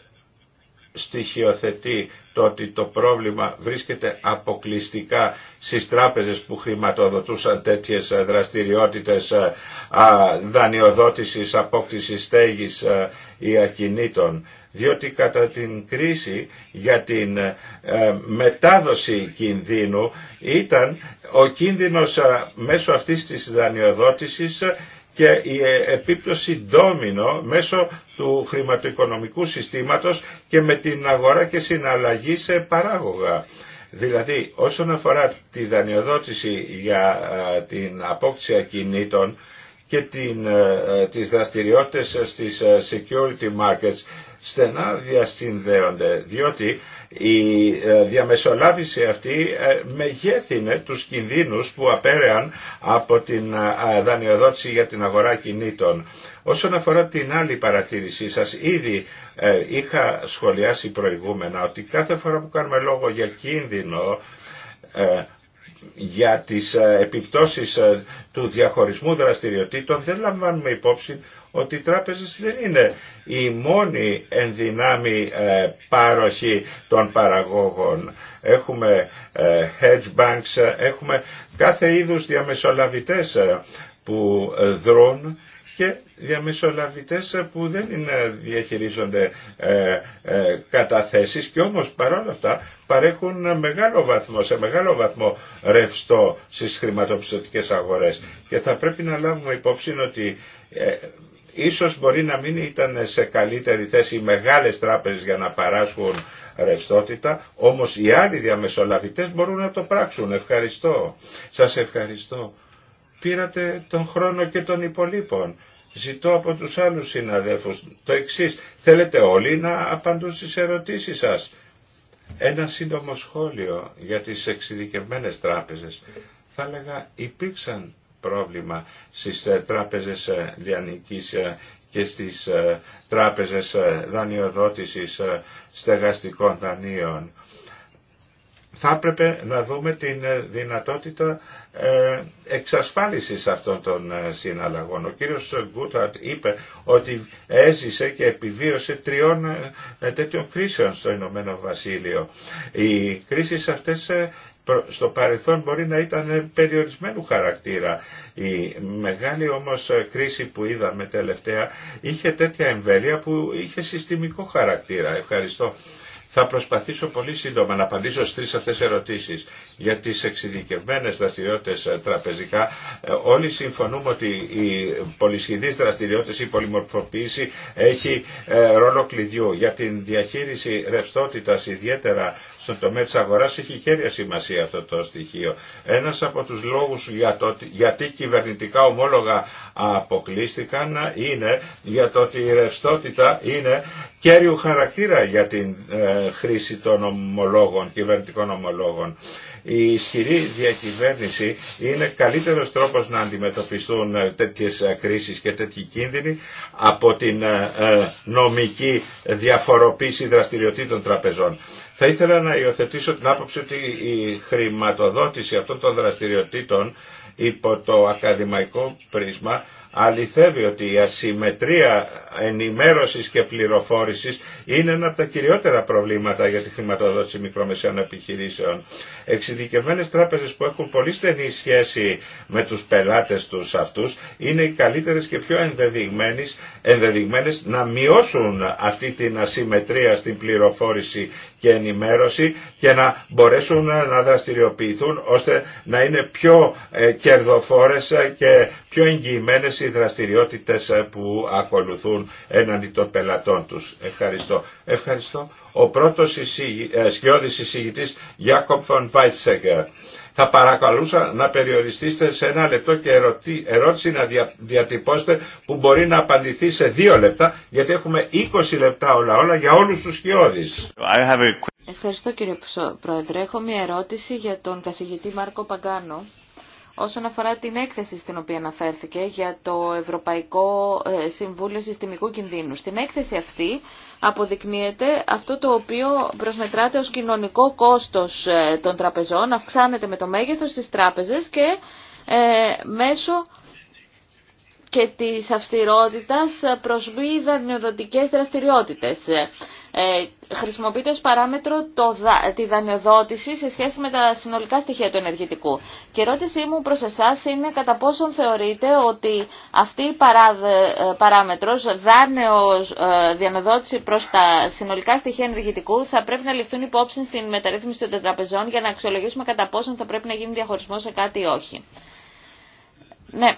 στοιχειοθετεί το ότι το πρόβλημα βρίσκεται αποκλειστικά στις τράπεζες που χρηματοδοτούσαν τέτοιες ε, δραστηριότητες δανειοδότησης, απόκτησης στέγης ή ακινήτων διότι κατά την κρίση για την ε, μετάδοση κινδύνου ήταν ο κίνδυνος ε, μέσω αυτής της δανειοδότησης και η ε, επίπτωση ντόμινο μέσω του χρηματοοικονομικού συστήματος και με την αγορά και συναλλαγή σε παράγωγα. Δηλαδή όσον αφορά τη δανειοδότηση για την απόκτηση ακινήτων και την, τις δραστηριότητες στις security markets στενά διασυνδέονται, διότι η ε, διαμεσολάβηση αυτή ε, μεγέθυνε τους κινδύνους που απέρεαν από την ε, δανειοδότηση για την αγορά κινήτων. Όσον αφορά την άλλη παρατήρησή σας, ήδη είχα σχολιάσει προηγούμενα ότι κάθε φορά που κάνουμε λόγο για κίνδυνο για τις επιπτώσεις του διαχωρισμού δραστηριοτήτων δεν λαμβάνουμε υπόψη ότι οι τράπεζες δεν είναι η μόνη ενδυνάμει ε, πάροχη των παραγόγων. Έχουμε ε, hedge banks, ε, έχουμε κάθε είδους διαμεσολαβητές που δρούν και διαμεσολαβητές που δεν είναι, διαχειρίζονται ε, καταθέσεις και όμως παρόλα αυτά παρέχουν μεγάλο βαθμό, σε μεγάλο βαθμό ρευστό στις χρηματοπιστωτικές αγορές. Και θα πρέπει να λάβουμε υπόψη ότι Ίσως μπορεί να μην ήταν σε καλύτερη θέση οι μεγάλες τράπεζες για να παράσχουν ρευστότητα, όμως οι άλλοι διαμεσολαβητές μπορούν να το πράξουν. Ευχαριστώ. Σας ευχαριστώ. Πήρατε τον χρόνο και των υπολείπων. Ζητώ από τους άλλους συναδέλφους το εξής. Θέλετε όλοι να απαντούν στις ερωτήσεις σας. Ένα σύντομο σχόλιο για τις εξειδικευμένες τράπεζες. Θα έλεγα υπήρξαν πρόβλημα στις ε, τράπεζες λιανικής ε, ε, και στις τράπεζες δανειοδότησης στεγαστικών δανείων. Θα έπρεπε να δούμε την δυνατότητα εξασφάλισης αυτών των συναλλαγών. Ο κύριος Γκούταρτ είπε ότι έζησε και επιβίωσε τριών τέτοιων κρίσεων στο Ηνωμένο Βασίλειο. Οι κρίσεις αυτές στο παρελθόν μπορεί να ήταν περιορισμένου χαρακτήρα. Η μεγάλη όμως κρίση που είδαμε τελευταία είχε τέτοια εμβέλεια που είχε συστημικό χαρακτήρα. Ευχαριστώ. Θα προσπαθήσω πολύ σύντομα να απαντήσω στι τρει αυτέ ερωτήσει. Για τι εξειδικευμένε δραστηριότητε ε, τραπεζικά, ε, όλοι συμφωνούμε ότι η πολυσχηδή δραστηριότητα, η πολυμορφοποίηση έχει ε, ρόλο κλειδιού. Για την διαχείριση ρευστότητα, ιδιαίτερα στον τομέα τη αγορά, έχει χέρια σημασία αυτό το στοιχείο. Ένα από του λόγου για το, γιατί κυβερνητικά ομόλογα αποκλείστηκαν είναι για το ότι η ρευστότητα είναι κέριου χαρακτήρα για την ε, χρήση των ομολόγων, κυβερνητικών ομολόγων. Η ισχυρή διακυβέρνηση είναι καλύτερος τρόπος να αντιμετωπιστούν ε, τέτοιες ε, κρίσεις και τέτοιοι κίνδυνοι από την νομική διαφοροποίηση δραστηριοτήτων τραπεζών. Θα ήθελα να υιοθετήσω την άποψη ότι η χρηματοδότηση αυτών των δραστηριοτήτων υπό το ακαδημαϊκό πρίσμα αληθεύει ότι η ασυμμετρία ενημέρωσης και πληροφόρησης είναι ένα από τα κυριότερα προβλήματα για τη χρηματοδότηση μικρομεσαίων επιχειρήσεων. Εξειδικευμένες τράπεζες που έχουν πολύ στενή σχέση με τους πελάτες τους αυτούς είναι οι καλύτερες και πιο ενδεδειγμένες να μειώσουν αυτή την ασυμμετρία στην πληροφόρηση και ενημέρωση και να μπορέσουν να δραστηριοποιηθούν ώστε να είναι πιο ε, κερδοφόρες ε, και πιο εγγυημένες οι δραστηριότητες ε, που ακολουθούν έναντι των πελατών τους. Ευχαριστώ. Ευχαριστώ. Ο πρώτος σκιώδης εισηγητής Γιάκοπ Φον Βάιτσεγκερ. Θα παρακαλούσα να περιοριστείτε σε ένα λεπτό και ερωτή, ερώτηση να διατυπώσετε που μπορεί να απαντηθεί σε δύο λεπτά γιατί έχουμε 20 λεπτά όλα όλα για όλους τους σκιώδεις. Ευχαριστώ κύριε Πρόεδρε. Έχω μια ερώτηση για τον καθηγητή Μάρκο Παγκάνο όσον αφορά την έκθεση στην οποία αναφέρθηκε για το Ευρωπαϊκό ε, Συμβούλιο Συστημικού Κινδύνου. Στην έκθεση αυτή αποδεικνύεται αυτό το οποίο προσμετράται ως κοινωνικό κόστος ε, των τραπεζών, αυξάνεται με το μέγεθος της τράπεζες και ε, μέσω και της αυστηρότητας προσβεί δανειοδοτικές δραστηριότητες. Ε, χρησιμοποιείται ως παράμετρο το, τη δανειοδότηση σε σχέση με τα συνολικά στοιχεία του ενεργητικού. Και η ερώτησή μου προς εσάς είναι κατά πόσον θεωρείτε ότι αυτή η ε, παράμετρος δάνειο ε, διανοδότηση προς τα συνολικά στοιχεία ενεργητικού θα πρέπει να ληφθούν υπόψη στην μεταρρύθμιση των τετραπεζών για να αξιολογήσουμε κατά πόσον θα πρέπει να γίνει διαχωρισμό σε κάτι ή όχι. Ναι,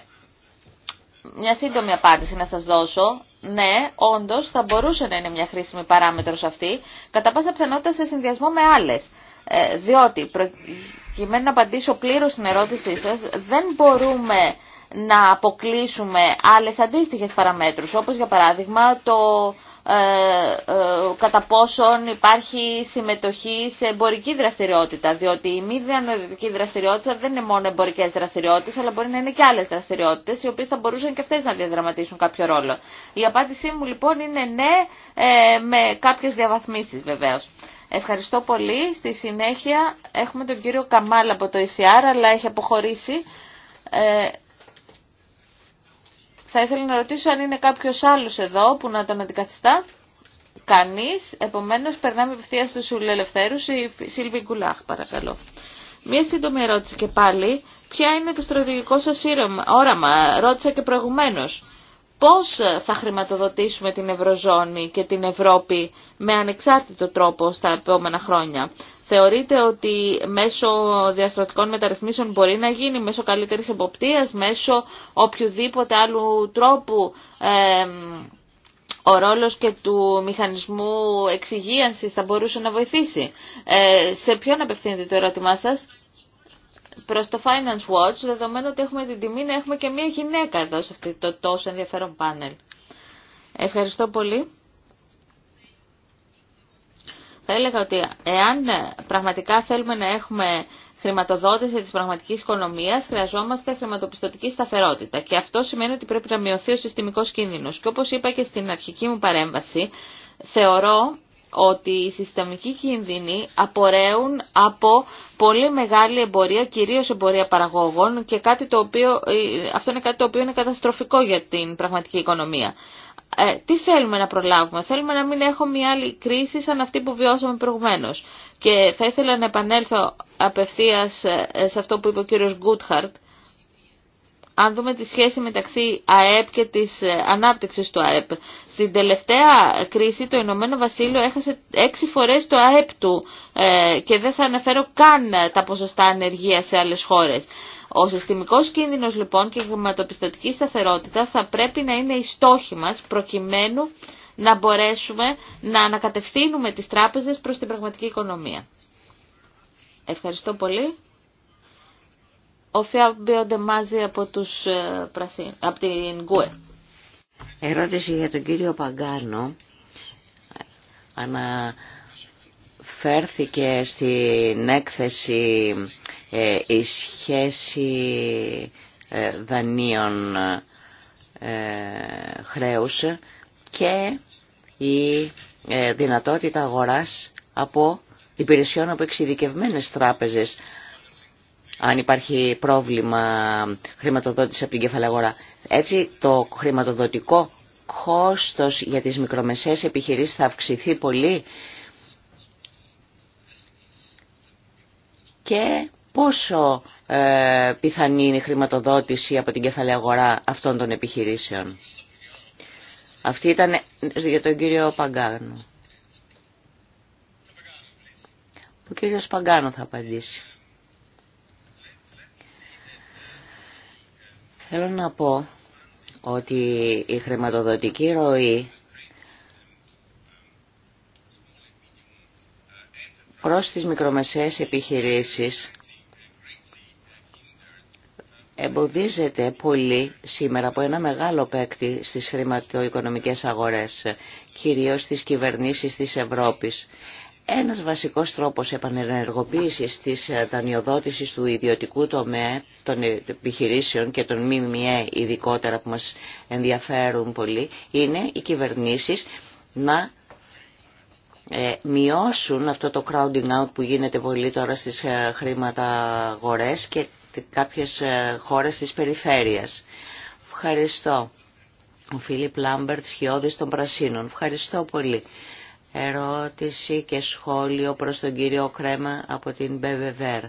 μια σύντομη απάντηση να σας δώσω ναι, όντω θα μπορούσε να είναι μια χρήσιμη παράμετρο αυτή, κατά πάσα πιθανότητα σε συνδυασμό με άλλε. Ε, διότι, προκειμένου να απαντήσω πλήρω στην ερώτησή σα, δεν μπορούμε να αποκλείσουμε άλλε αντίστοιχε παραμέτρου, όπω για παράδειγμα το ε, ε, κατά πόσον υπάρχει συμμετοχή σε εμπορική δραστηριότητα, διότι η μη διανοητική δραστηριότητα δεν είναι μόνο εμπορικέ δραστηριότητε, αλλά μπορεί να είναι και άλλε δραστηριότητε, οι οποίε θα μπορούσαν και αυτέ να διαδραματίσουν κάποιο ρόλο. Η απάντησή μου λοιπόν είναι ναι, ε, με κάποιε διαβαθμίσει βεβαίω. Ευχαριστώ πολύ. Στη συνέχεια έχουμε τον κύριο Καμάλ από το ECR, αλλά έχει αποχωρήσει. Θα ήθελα να ρωτήσω αν είναι κάποιο άλλο εδώ που να τον αντικαθιστά. κανεί, επομένω, περνάμε ευθεία στου ουλελευθέρου. Η Σίλβη Γκουλάχ, παρακαλώ. Μία σύντομη ερώτηση και πάλι. Ποια είναι το στρατηγικό σα όραμα, ρώτησα και προηγουμένω, πώ θα χρηματοδοτήσουμε την Ευρωζώνη και την Ευρώπη με ανεξάρτητο τρόπο στα επόμενα χρόνια. Θεωρείτε ότι μέσω διαστροτικών μεταρρυθμίσεων μπορεί να γίνει, μέσω καλύτερης εποπτείας, μέσω οποιοδήποτε άλλου τρόπου ε, ο ρόλος και του μηχανισμού εξυγίανσης θα μπορούσε να βοηθήσει. Ε, σε ποιον απευθύνεται το ερώτημά σας? Προς το Finance Watch, δεδομένου ότι έχουμε την τιμή να έχουμε και μία γυναίκα εδώ σε αυτό το τόσο ενδιαφέρον πάνελ. Ευχαριστώ πολύ θα έλεγα ότι εάν πραγματικά θέλουμε να έχουμε χρηματοδότηση της πραγματικής οικονομίας, χρειαζόμαστε χρηματοπιστωτική σταθερότητα. Και αυτό σημαίνει ότι πρέπει να μειωθεί ο συστημικός κίνδυνος. Και όπως είπα και στην αρχική μου παρέμβαση, θεωρώ ότι οι συστημικοί κίνδυνοι απορρέουν από πολύ μεγάλη εμπορία, κυρίως εμπορία παραγόγων και κάτι το οποίο, ε, αυτό είναι κάτι το οποίο είναι καταστροφικό για την πραγματική οικονομία ε, τι θέλουμε να προλάβουμε. Θέλουμε να μην έχω μια άλλη κρίση σαν αυτή που βιώσαμε προηγουμένως. Και θα ήθελα να επανέλθω απευθείας ε, σε αυτό που είπε ο κύριος Γκούτχαρτ. Αν δούμε τη σχέση μεταξύ ΑΕΠ και της ε, ανάπτυξης του ΑΕΠ. Στην τελευταία κρίση το Ηνωμένο Βασίλειο έχασε έξι φορές το ΑΕΠ του ε, και δεν θα αναφέρω καν τα ποσοστά ανεργία σε άλλες χώρες. Ο συστημικός κίνδυνος λοιπόν και η χρηματοπιστωτική σταθερότητα θα πρέπει να είναι οι στόχοι μας προκειμένου να μπορέσουμε να ανακατευθύνουμε τις τράπεζες προς την πραγματική οικονομία. Ευχαριστώ πολύ. Ο Φιάμπιοντε μαζί από, τους, ε, από την ΚΟΕ. Ερώτηση για τον κύριο Παγκάνο. Αναφέρθηκε στην έκθεση ε, η σχέση ε, δανείων ε, χρέους και η δυνατότητα αγοράς από υπηρεσιών από εξειδικευμένες τράπεζες αν υπάρχει πρόβλημα χρηματοδότηση από την αγορά. Έτσι το χρηματοδοτικό κόστος για τις μικρομεσαίες επιχειρήσεις θα αυξηθεί πολύ και πόσο ε, πιθανή είναι η χρηματοδότηση από την κεφαλαία αγορά αυτών των επιχειρήσεων. Αυτή ήταν για τον κύριο Παγκάνο. Ο κύριος Παγκάνο θα απαντήσει. Θέλω να πω ότι η χρηματοδοτική ροή προς τις μικρομεσαίες επιχειρήσεις εμποδίζεται πολύ σήμερα από ένα μεγάλο παίκτη στις χρηματοοικονομικές αγορές, κυρίως στις κυβερνήσεις της Ευρώπης. Ένας βασικός τρόπος επανενεργοποίησης της ε, δανειοδότησης του ιδιωτικού τομέα των επιχειρήσεων και των ΜΜΕ ειδικότερα που μας ενδιαφέρουν πολύ είναι οι κυβερνήσεις να ε, μειώσουν αυτό το crowding out που γίνεται πολύ τώρα στις ε, χρήματα αγορές και κάποιες ε, χώρες της περιφέρειας. Ευχαριστώ. Ο Φίλιπ Λάμπερτ, Χιώδης των Πρασίνων. Ευχαριστώ πολύ. Ερώτηση και σχόλιο προς τον κύριο Κρέμα από την Μπεβεβέρ.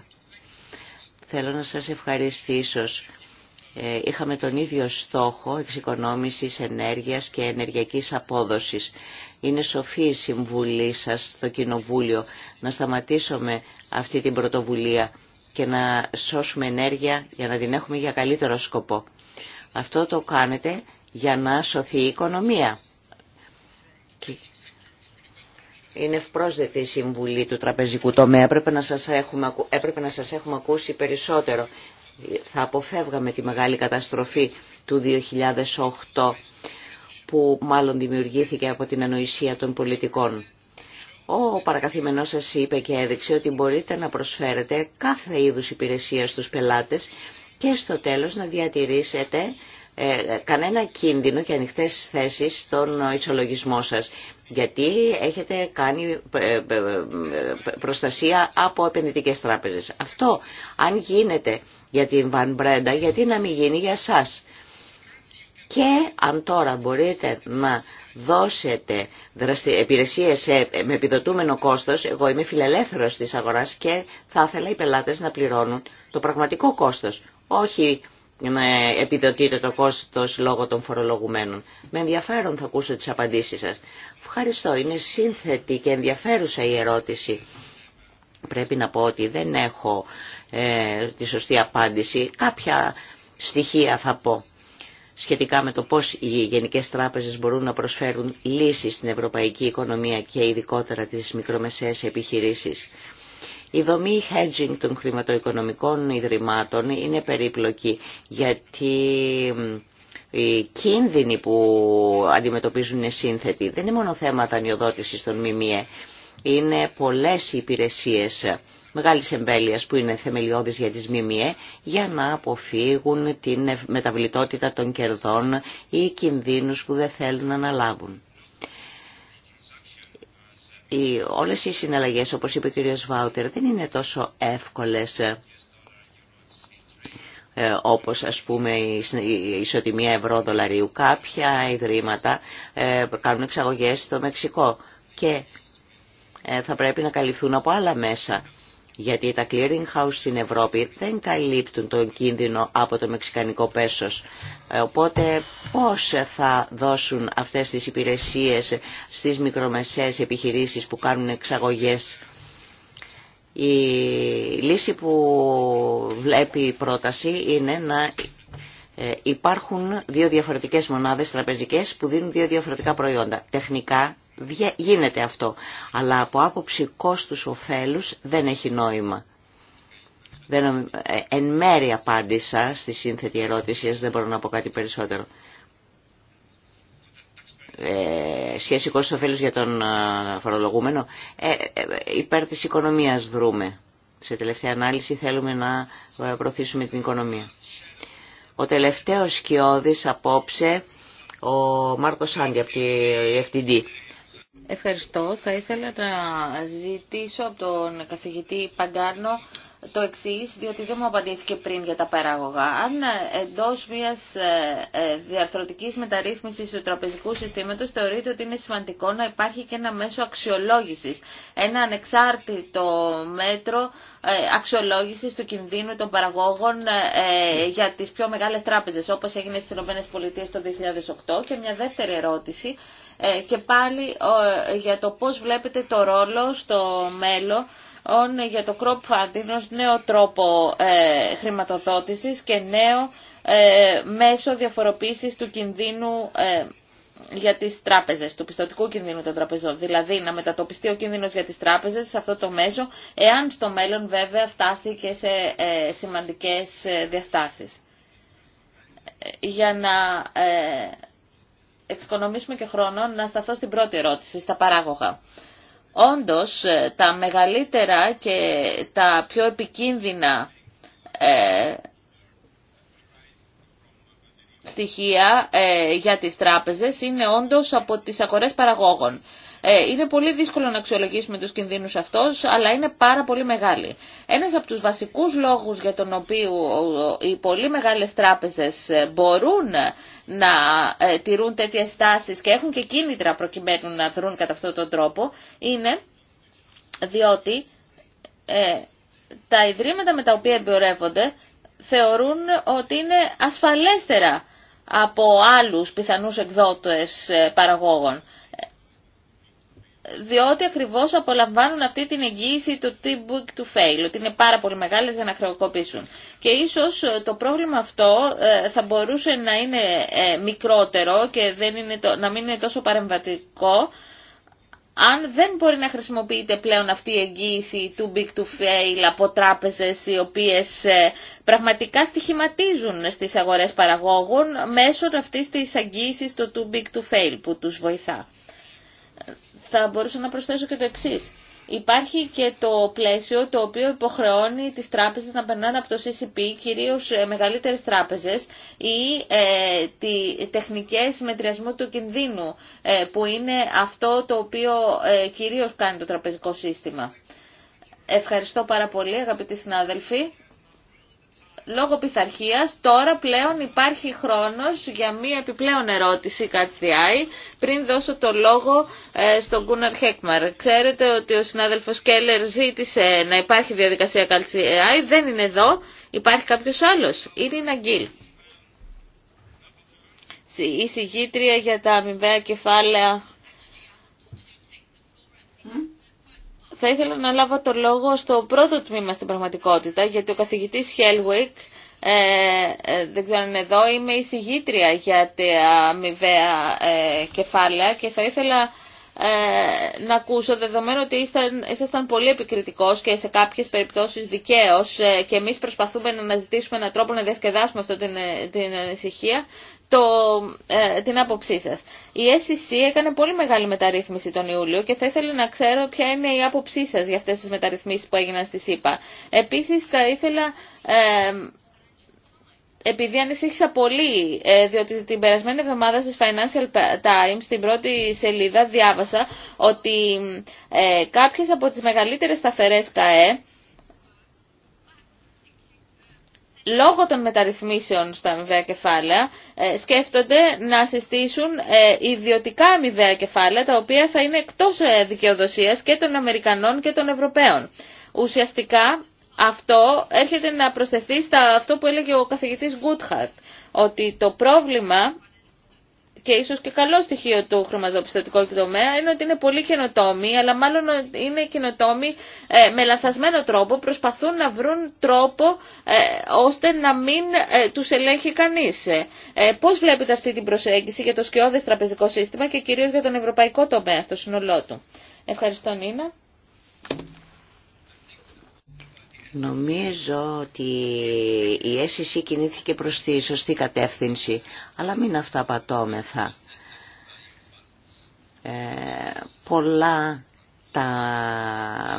Θέλω να σας ευχαριστήσω. Ε, είχαμε τον ίδιο στόχο εξοικονόμησης ενέργειας και ενεργειακής απόδοσης. Είναι σοφή η συμβουλή σας στο Κοινοβούλιο να σταματήσουμε αυτή την πρωτοβουλία και να σώσουμε ενέργεια για να την έχουμε για καλύτερο σκοπό. Αυτό το κάνετε για να σωθεί η οικονομία. Είναι ευπρόσδεκτη η συμβουλή του τραπεζικού τομέα. Έπρεπε να σας έχουμε, έπρεπε να σας έχουμε ακούσει περισσότερο. Θα αποφεύγαμε τη μεγάλη καταστροφή του 2008 που μάλλον δημιουργήθηκε από την ανοησία των πολιτικών. Ο παρακαθήμενός σας είπε και έδειξε ότι μπορείτε να προσφέρετε κάθε είδους υπηρεσία στους πελάτες και στο τέλος να διατηρήσετε ε, κανένα κίνδυνο και ανοιχτές θέσεις στον ισολογισμό σας. Γιατί έχετε κάνει ε, ε, προστασία από επενδυτικές τράπεζες. Αυτό αν γίνεται για την Βαν Μπρέντα, γιατί να μην γίνει για σας. Και αν τώρα μπορείτε να δώσετε υπηρεσίες με επιδοτούμενο κόστος, εγώ είμαι φιλελεύθερος της αγοράς και θα ήθελα οι πελάτες να πληρώνουν το πραγματικό κόστος, όχι να επιδοτείτε το κόστος λόγω των φορολογουμένων. Με ενδιαφέρον θα ακούσω τις απαντήσεις σας. Ευχαριστώ. Είναι σύνθετη και ενδιαφέρουσα η ερώτηση. Πρέπει να πω ότι δεν έχω ε, τη σωστή απάντηση. Κάποια στοιχεία θα πω σχετικά με το πώς οι γενικές τράπεζες μπορούν να προσφέρουν λύσεις στην ευρωπαϊκή οικονομία και ειδικότερα τις μικρομεσαίες επιχειρήσεις. Η δομή hedging των χρηματοοικονομικών ιδρυμάτων είναι περίπλοκη γιατί οι κίνδυνοι που αντιμετωπίζουν είναι σύνθετοι. Δεν είναι μόνο θέματα ανιοδότησης των ΜΜΕ, είναι πολλές υπηρεσίες μεγάλης εμβέλειας που είναι θεμελιώδης για τις ΜΜΕ για να αποφύγουν την μεταβλητότητα των κερδών ή κινδύνους που δεν θέλουν να αναλάβουν. Οι, όλες οι συναλλαγές, όπως είπε ο κ. Βάουτερ, δεν είναι τόσο εύκολες ε, ε, όπως ας πούμε η ισοτιμία ευρώ-δολαρίου. Κάποια ιδρύματα ε, κάνουν εξαγωγές στο Μεξικό και θα πρέπει να καλυφθούν από άλλα μέσα γιατί τα clearing house στην Ευρώπη δεν καλύπτουν τον κίνδυνο από το μεξικανικό πέσος. Ε, οπότε πώς θα δώσουν αυτές τις υπηρεσίες στις μικρομεσαίες επιχειρήσεις που κάνουν εξαγωγές. Η λύση που βλέπει η πρόταση είναι να ε, υπάρχουν δύο διαφορετικές μονάδες τραπεζικές που δίνουν δύο διαφορετικά προϊόντα. Τεχνικά γίνεται αυτό. Αλλά από άποψη κόστους ωφέλους δεν έχει νόημα. Δεν, ε, εν μέρη απάντησα στη σύνθετη ερώτηση, δεν μπορώ να πω κάτι περισσότερο. Ε, σχέση κόστος ωφέλους για τον ε, φορολογούμενο. Ε, υπέρ της οικονομίας δρούμε. Σε τελευταία ανάλυση θέλουμε να προωθήσουμε την οικονομία. Ο τελευταίος σκιώδης απόψε, ο Μάρκος Σάντι από τη FTD. Ευχαριστώ. Θα ήθελα να ζητήσω από τον καθηγητή Παγκάρνο το εξή, διότι δεν μου απαντήθηκε πριν για τα παράγωγα. Αν εντό μια ε, ε, διαρθρωτική μεταρρύθμιση του τραπεζικού συστήματο θεωρείται ότι είναι σημαντικό να υπάρχει και ένα μέσο αξιολόγηση, ένα ανεξάρτητο μέτρο ε, αξιολόγηση του κινδύνου των παραγόγων για τι πιο μεγάλε τράπεζε, όπω έγινε στι ΗΠΑ το 2008. Και μια δεύτερη ερώτηση ε, και πάλι για το πώς βλέπετε το ρόλο στο μέλλον για το crowdfunding ως νέο τρόπο ε, χρηματοδότησης και νέο ε, μέσο διαφοροποίησης του κινδύνου ε, για τις τράπεζες, του πιστοτικού κινδύνου των τραπεζών. Δηλαδή να μετατοπιστεί ο κίνδυνος για τις τράπεζες σε αυτό το μέσο, εάν στο μέλλον βέβαια φτάσει και σε ε, σημαντικές διαστάσεις. Για να εξοικονομήσουμε και χρόνο να σταθώ στην πρώτη ερώτηση, στα παράγωγα. Όντως, ε, τα μεγαλύτερα και τα πιο επικίνδυνα ε, στοιχεία ε, για τις τράπεζες είναι όντως από τις αγορές παραγόγων. είναι πολύ δύσκολο να αξιολογήσουμε τους κινδύνους αυτός, αλλά είναι πάρα πολύ μεγάλη. Ένας από τους βασικούς λόγους για τον οποίο οι πολύ μεγάλες τράπεζες μπορούν να ε, τηρούν τέτοιες στάσεις και έχουν και κίνητρα προκειμένου να δρουν κατά αυτόν τον τρόπο είναι διότι ε, τα ιδρύματα με τα οποία εμπορεύονται θεωρούν ότι είναι ασφαλέστερα από άλλους πιθανούς εκδότες ε, παραγόγων διότι ακριβώς απολαμβάνουν αυτή την εγγύηση του too big to fail, ότι είναι πάρα πολύ μεγάλες για να χρεοκοπήσουν. Και ίσως ε, το πρόβλημα αυτό ε, θα μπορούσε να είναι ε, μικρότερο και δεν είναι να μην είναι τόσο παρεμβατικό, αν δεν μπορεί να χρησιμοποιείται πλέον αυτή η εγγύηση του big to fail από τράπεζες οι οποίες πραγματικά στοιχηματίζουν στις αγορές παραγόγων μέσω αυτής της εγγύησης του too big to fail που τους βοηθά θα μπορούσα να προσθέσω και το εξή. Υπάρχει και το πλαίσιο το οποίο υποχρεώνει τις τράπεζες να περνάνε από το CCP, κυρίως ε, μεγαλύτερες τράπεζες, ή ε, τι, τεχνικές μετριασμού του κινδύνου, ε, που είναι αυτό το οποίο ε, κυρίως κάνει το τραπεζικό σύστημα. Ευχαριστώ πάρα πολύ αγαπητοί συνάδελφοι λόγω πειθαρχία, τώρα πλέον υπάρχει χρόνος για μία επιπλέον ερώτηση ΚΑΤΣΔΙ πριν δώσω το λόγο ε, στον Κούναρ Χέκμαρ. Ξέρετε ότι ο συνάδελφος Κέλλερ ζήτησε να υπάρχει διαδικασία ΚΑΤΣΔΙ, δεν είναι εδώ. Υπάρχει κάποιος άλλος. Είναι η Ναγκίλ. Η συγγήτρια για τα αμοιβαία κεφάλαια Θα ήθελα να λάβω το λόγο στο πρώτο τμήμα στην πραγματικότητα, γιατί ο καθηγητής Χέλουικ, ε, ε, δεν ξέρω αν είναι εδώ, είμαι η συγγήτρια για τα αμοιβαία ε, κεφάλαια και θα ήθελα ε, να ακούσω, δεδομένου ότι ήσασταν, πολύ επικριτικός και σε κάποιες περιπτώσεις δικαίως και εμείς προσπαθούμε να αναζητήσουμε έναν τρόπο να διασκεδάσουμε αυτή την, την ανησυχία, το, ε, την άποψή σας. Η SEC έκανε πολύ μεγάλη μεταρρύθμιση τον Ιούλιο και θα ήθελα να ξέρω ποια είναι η άποψή σας για αυτές τις μεταρρυθμίσεις που έγιναν στη ΣΥΠΑ. Επίσης θα ήθελα... Ε, επειδή ανησύχησα πολύ, ε, διότι την περασμένη εβδομάδα στις Financial Times, στην πρώτη σελίδα, διάβασα ότι ε, κάποιες από τις μεγαλύτερες σταθερές ΚΑΕ λόγω των μεταρρυθμίσεων στα αμοιβαία κεφάλαια ε, σκέφτονται να συστήσουν ε, ιδιωτικά αμοιβαία κεφάλαια τα οποία θα είναι εκτός ε, δικαιοδοσίας και των Αμερικανών και των Ευρωπαίων. Ουσιαστικά αυτό έρχεται να προσθεθεί στα αυτό που έλεγε ο καθηγητής Γκούτχαρτ, ότι το πρόβλημα και ίσως και καλό στοιχείο του χρηματοπιστωτικού τομέα είναι ότι είναι πολύ καινοτόμοι, αλλά μάλλον είναι καινοτόμοι ε, με λαθασμένο τρόπο, προσπαθούν να βρουν τρόπο ε, ώστε να μην ε, τους ελέγχει κανείς. Ε, πώς βλέπετε αυτή την προσέγγιση για το σκιώδες τραπεζικό σύστημα και κυρίως για τον ευρωπαϊκό τομέα στο σύνολό του. Ευχαριστώ Νίνα. Νομίζω ότι η αίσθηση κινήθηκε προς τη σωστή κατεύθυνση, αλλά μην αυταπατώμεθα. Ε, πολλά τα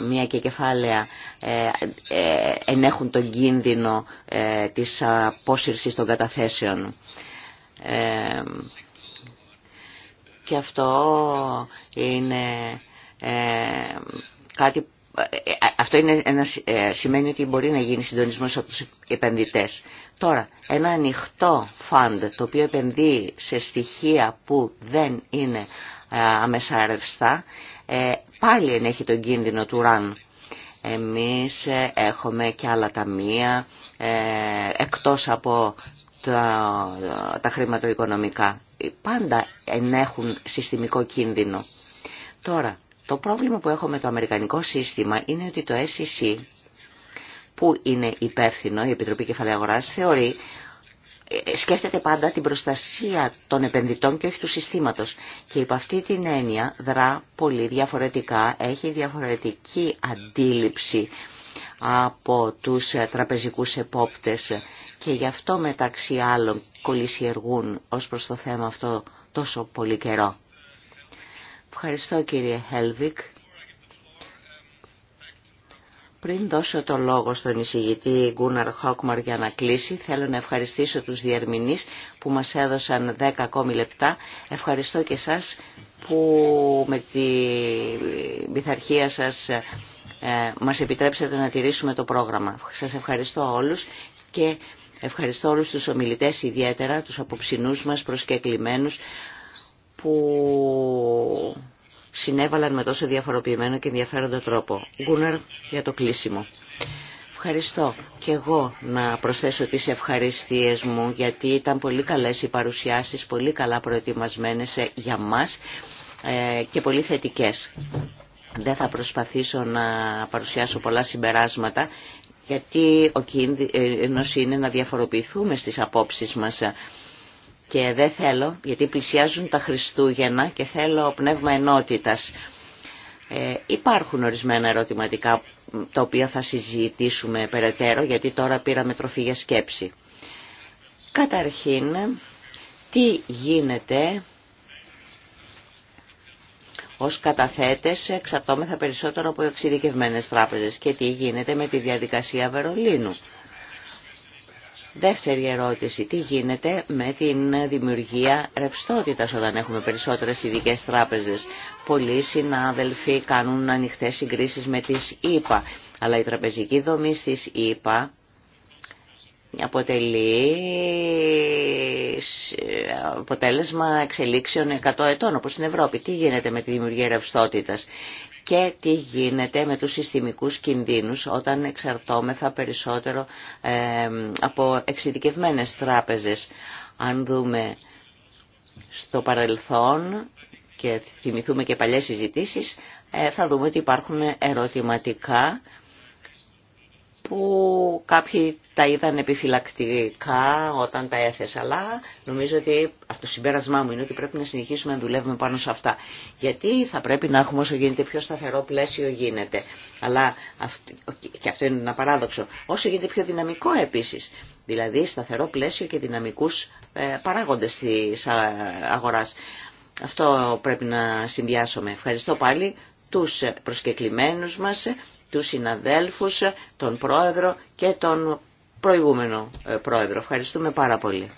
μία και κεφάλαια ε, ε, ενέχουν τον κίνδυνο ε, της απόσυρσης των καταθέσεων. Ε, και αυτό είναι ε, κάτι αυτό είναι ένα, ε, σημαίνει ότι μπορεί να γίνει συντονισμός από τους επενδυτές. Τώρα, ένα ανοιχτό φαντ το οποίο επενδύει σε στοιχεία που δεν είναι ε, αμεσαρευστά, ε, πάλι ενέχει τον κίνδυνο του ραν. Εμείς έχουμε και άλλα ταμεία εκτός από τα, τα χρηματοοικονομικά. Πάντα ενέχουν συστημικό κίνδυνο. Τώρα, το πρόβλημα που έχω με το αμερικανικό σύστημα είναι ότι το SEC που είναι υπεύθυνο, η Επιτροπή Κεφαλαίου Αγοράς, θεωρεί ε, σκέφτεται πάντα την προστασία των επενδυτών και όχι του συστήματος. Και υπ' αυτή την έννοια δρά πολύ διαφορετικά, έχει διαφορετική αντίληψη από τους τραπεζικούς επόπτες και γι' αυτό μεταξύ άλλων κολλησιεργούν ως προς το θέμα αυτό τόσο πολύ καιρό. Ευχαριστώ κύριε Χέλβικ. Πριν δώσω το λόγο στον εισηγητή Γκούναρ Χόκμαρ για να κλείσει, θέλω να ευχαριστήσω τους διερμηνείς που μας έδωσαν 10 ακόμη λεπτά. Ευχαριστώ και εσάς που με τη πειθαρχία σας ε, μας επιτρέψατε να τηρήσουμε το πρόγραμμα. Σας ευχαριστώ όλους και ευχαριστώ όλους τους ομιλητές, ιδιαίτερα τους αποψινούς μας προσκεκλημένους που συνέβαλαν με τόσο διαφοροποιημένο και ενδιαφέροντο τρόπο. Γκούναρ για το κλείσιμο. Ευχαριστώ και εγώ να προσθέσω τις ευχαριστίες μου γιατί ήταν πολύ καλές οι παρουσιάσεις, πολύ καλά προετοιμασμένες ε, για μας ε, και πολύ θετικές. Δεν θα προσπαθήσω να παρουσιάσω πολλά συμπεράσματα γιατί ο κίνδυνος ε, είναι να διαφοροποιηθούμε στις απόψεις μας και δεν θέλω, γιατί πλησιάζουν τα Χριστούγεννα και θέλω πνεύμα ενότητας. Ε, υπάρχουν ορισμένα ερωτηματικά τα οποία θα συζητήσουμε περαιτέρω, γιατί τώρα πήραμε τροφή για σκέψη. Καταρχήν, τι γίνεται ως καταθέτες εξαρτώμεθα περισσότερο από εξειδικευμένες τράπεζες και τι γίνεται με τη διαδικασία Βερολίνου. Δεύτερη ερώτηση. Τι γίνεται με την δημιουργία ρευστότητα όταν έχουμε περισσότερες ειδικέ τράπεζες. Πολλοί συνάδελφοι κάνουν ανοιχτές συγκρίσεις με τις ΙΠΑ, αλλά η τραπεζική δομή στις ΙΠΑ αποτελεί αποτέλεσμα εξελίξεων 100 ετών, όπως στην Ευρώπη. Τι γίνεται με τη δημιουργία ρευστότητα και τι γίνεται με τους συστημικούς κινδύνους όταν εξαρτώμεθα περισσότερο από εξειδικευμένες τράπεζες. Αν δούμε στο παρελθόν και θυμηθούμε και παλιές συζητήσεις, ε, θα δούμε ότι υπάρχουν ερωτηματικά που κάποιοι τα είδαν επιφυλακτικά όταν τα έθεσα, αλλά νομίζω ότι αυτό το συμπέρασμά μου είναι ότι πρέπει να συνεχίσουμε να δουλεύουμε πάνω σε αυτά. Γιατί θα πρέπει να έχουμε όσο γίνεται πιο σταθερό πλαίσιο γίνεται. Αλλά και αυτό είναι ένα παράδοξο. Όσο γίνεται πιο δυναμικό επίσης. Δηλαδή σταθερό πλαίσιο και δυναμικούς ε, παράγοντες της αγοράς. Αυτό πρέπει να συνδυάσουμε. Ευχαριστώ πάλι τους προσκεκλημένους μας τους συναδέλφους, τον πρόεδρο και τον προηγούμενο ε, πρόεδρο. Ευχαριστούμε πάρα πολύ.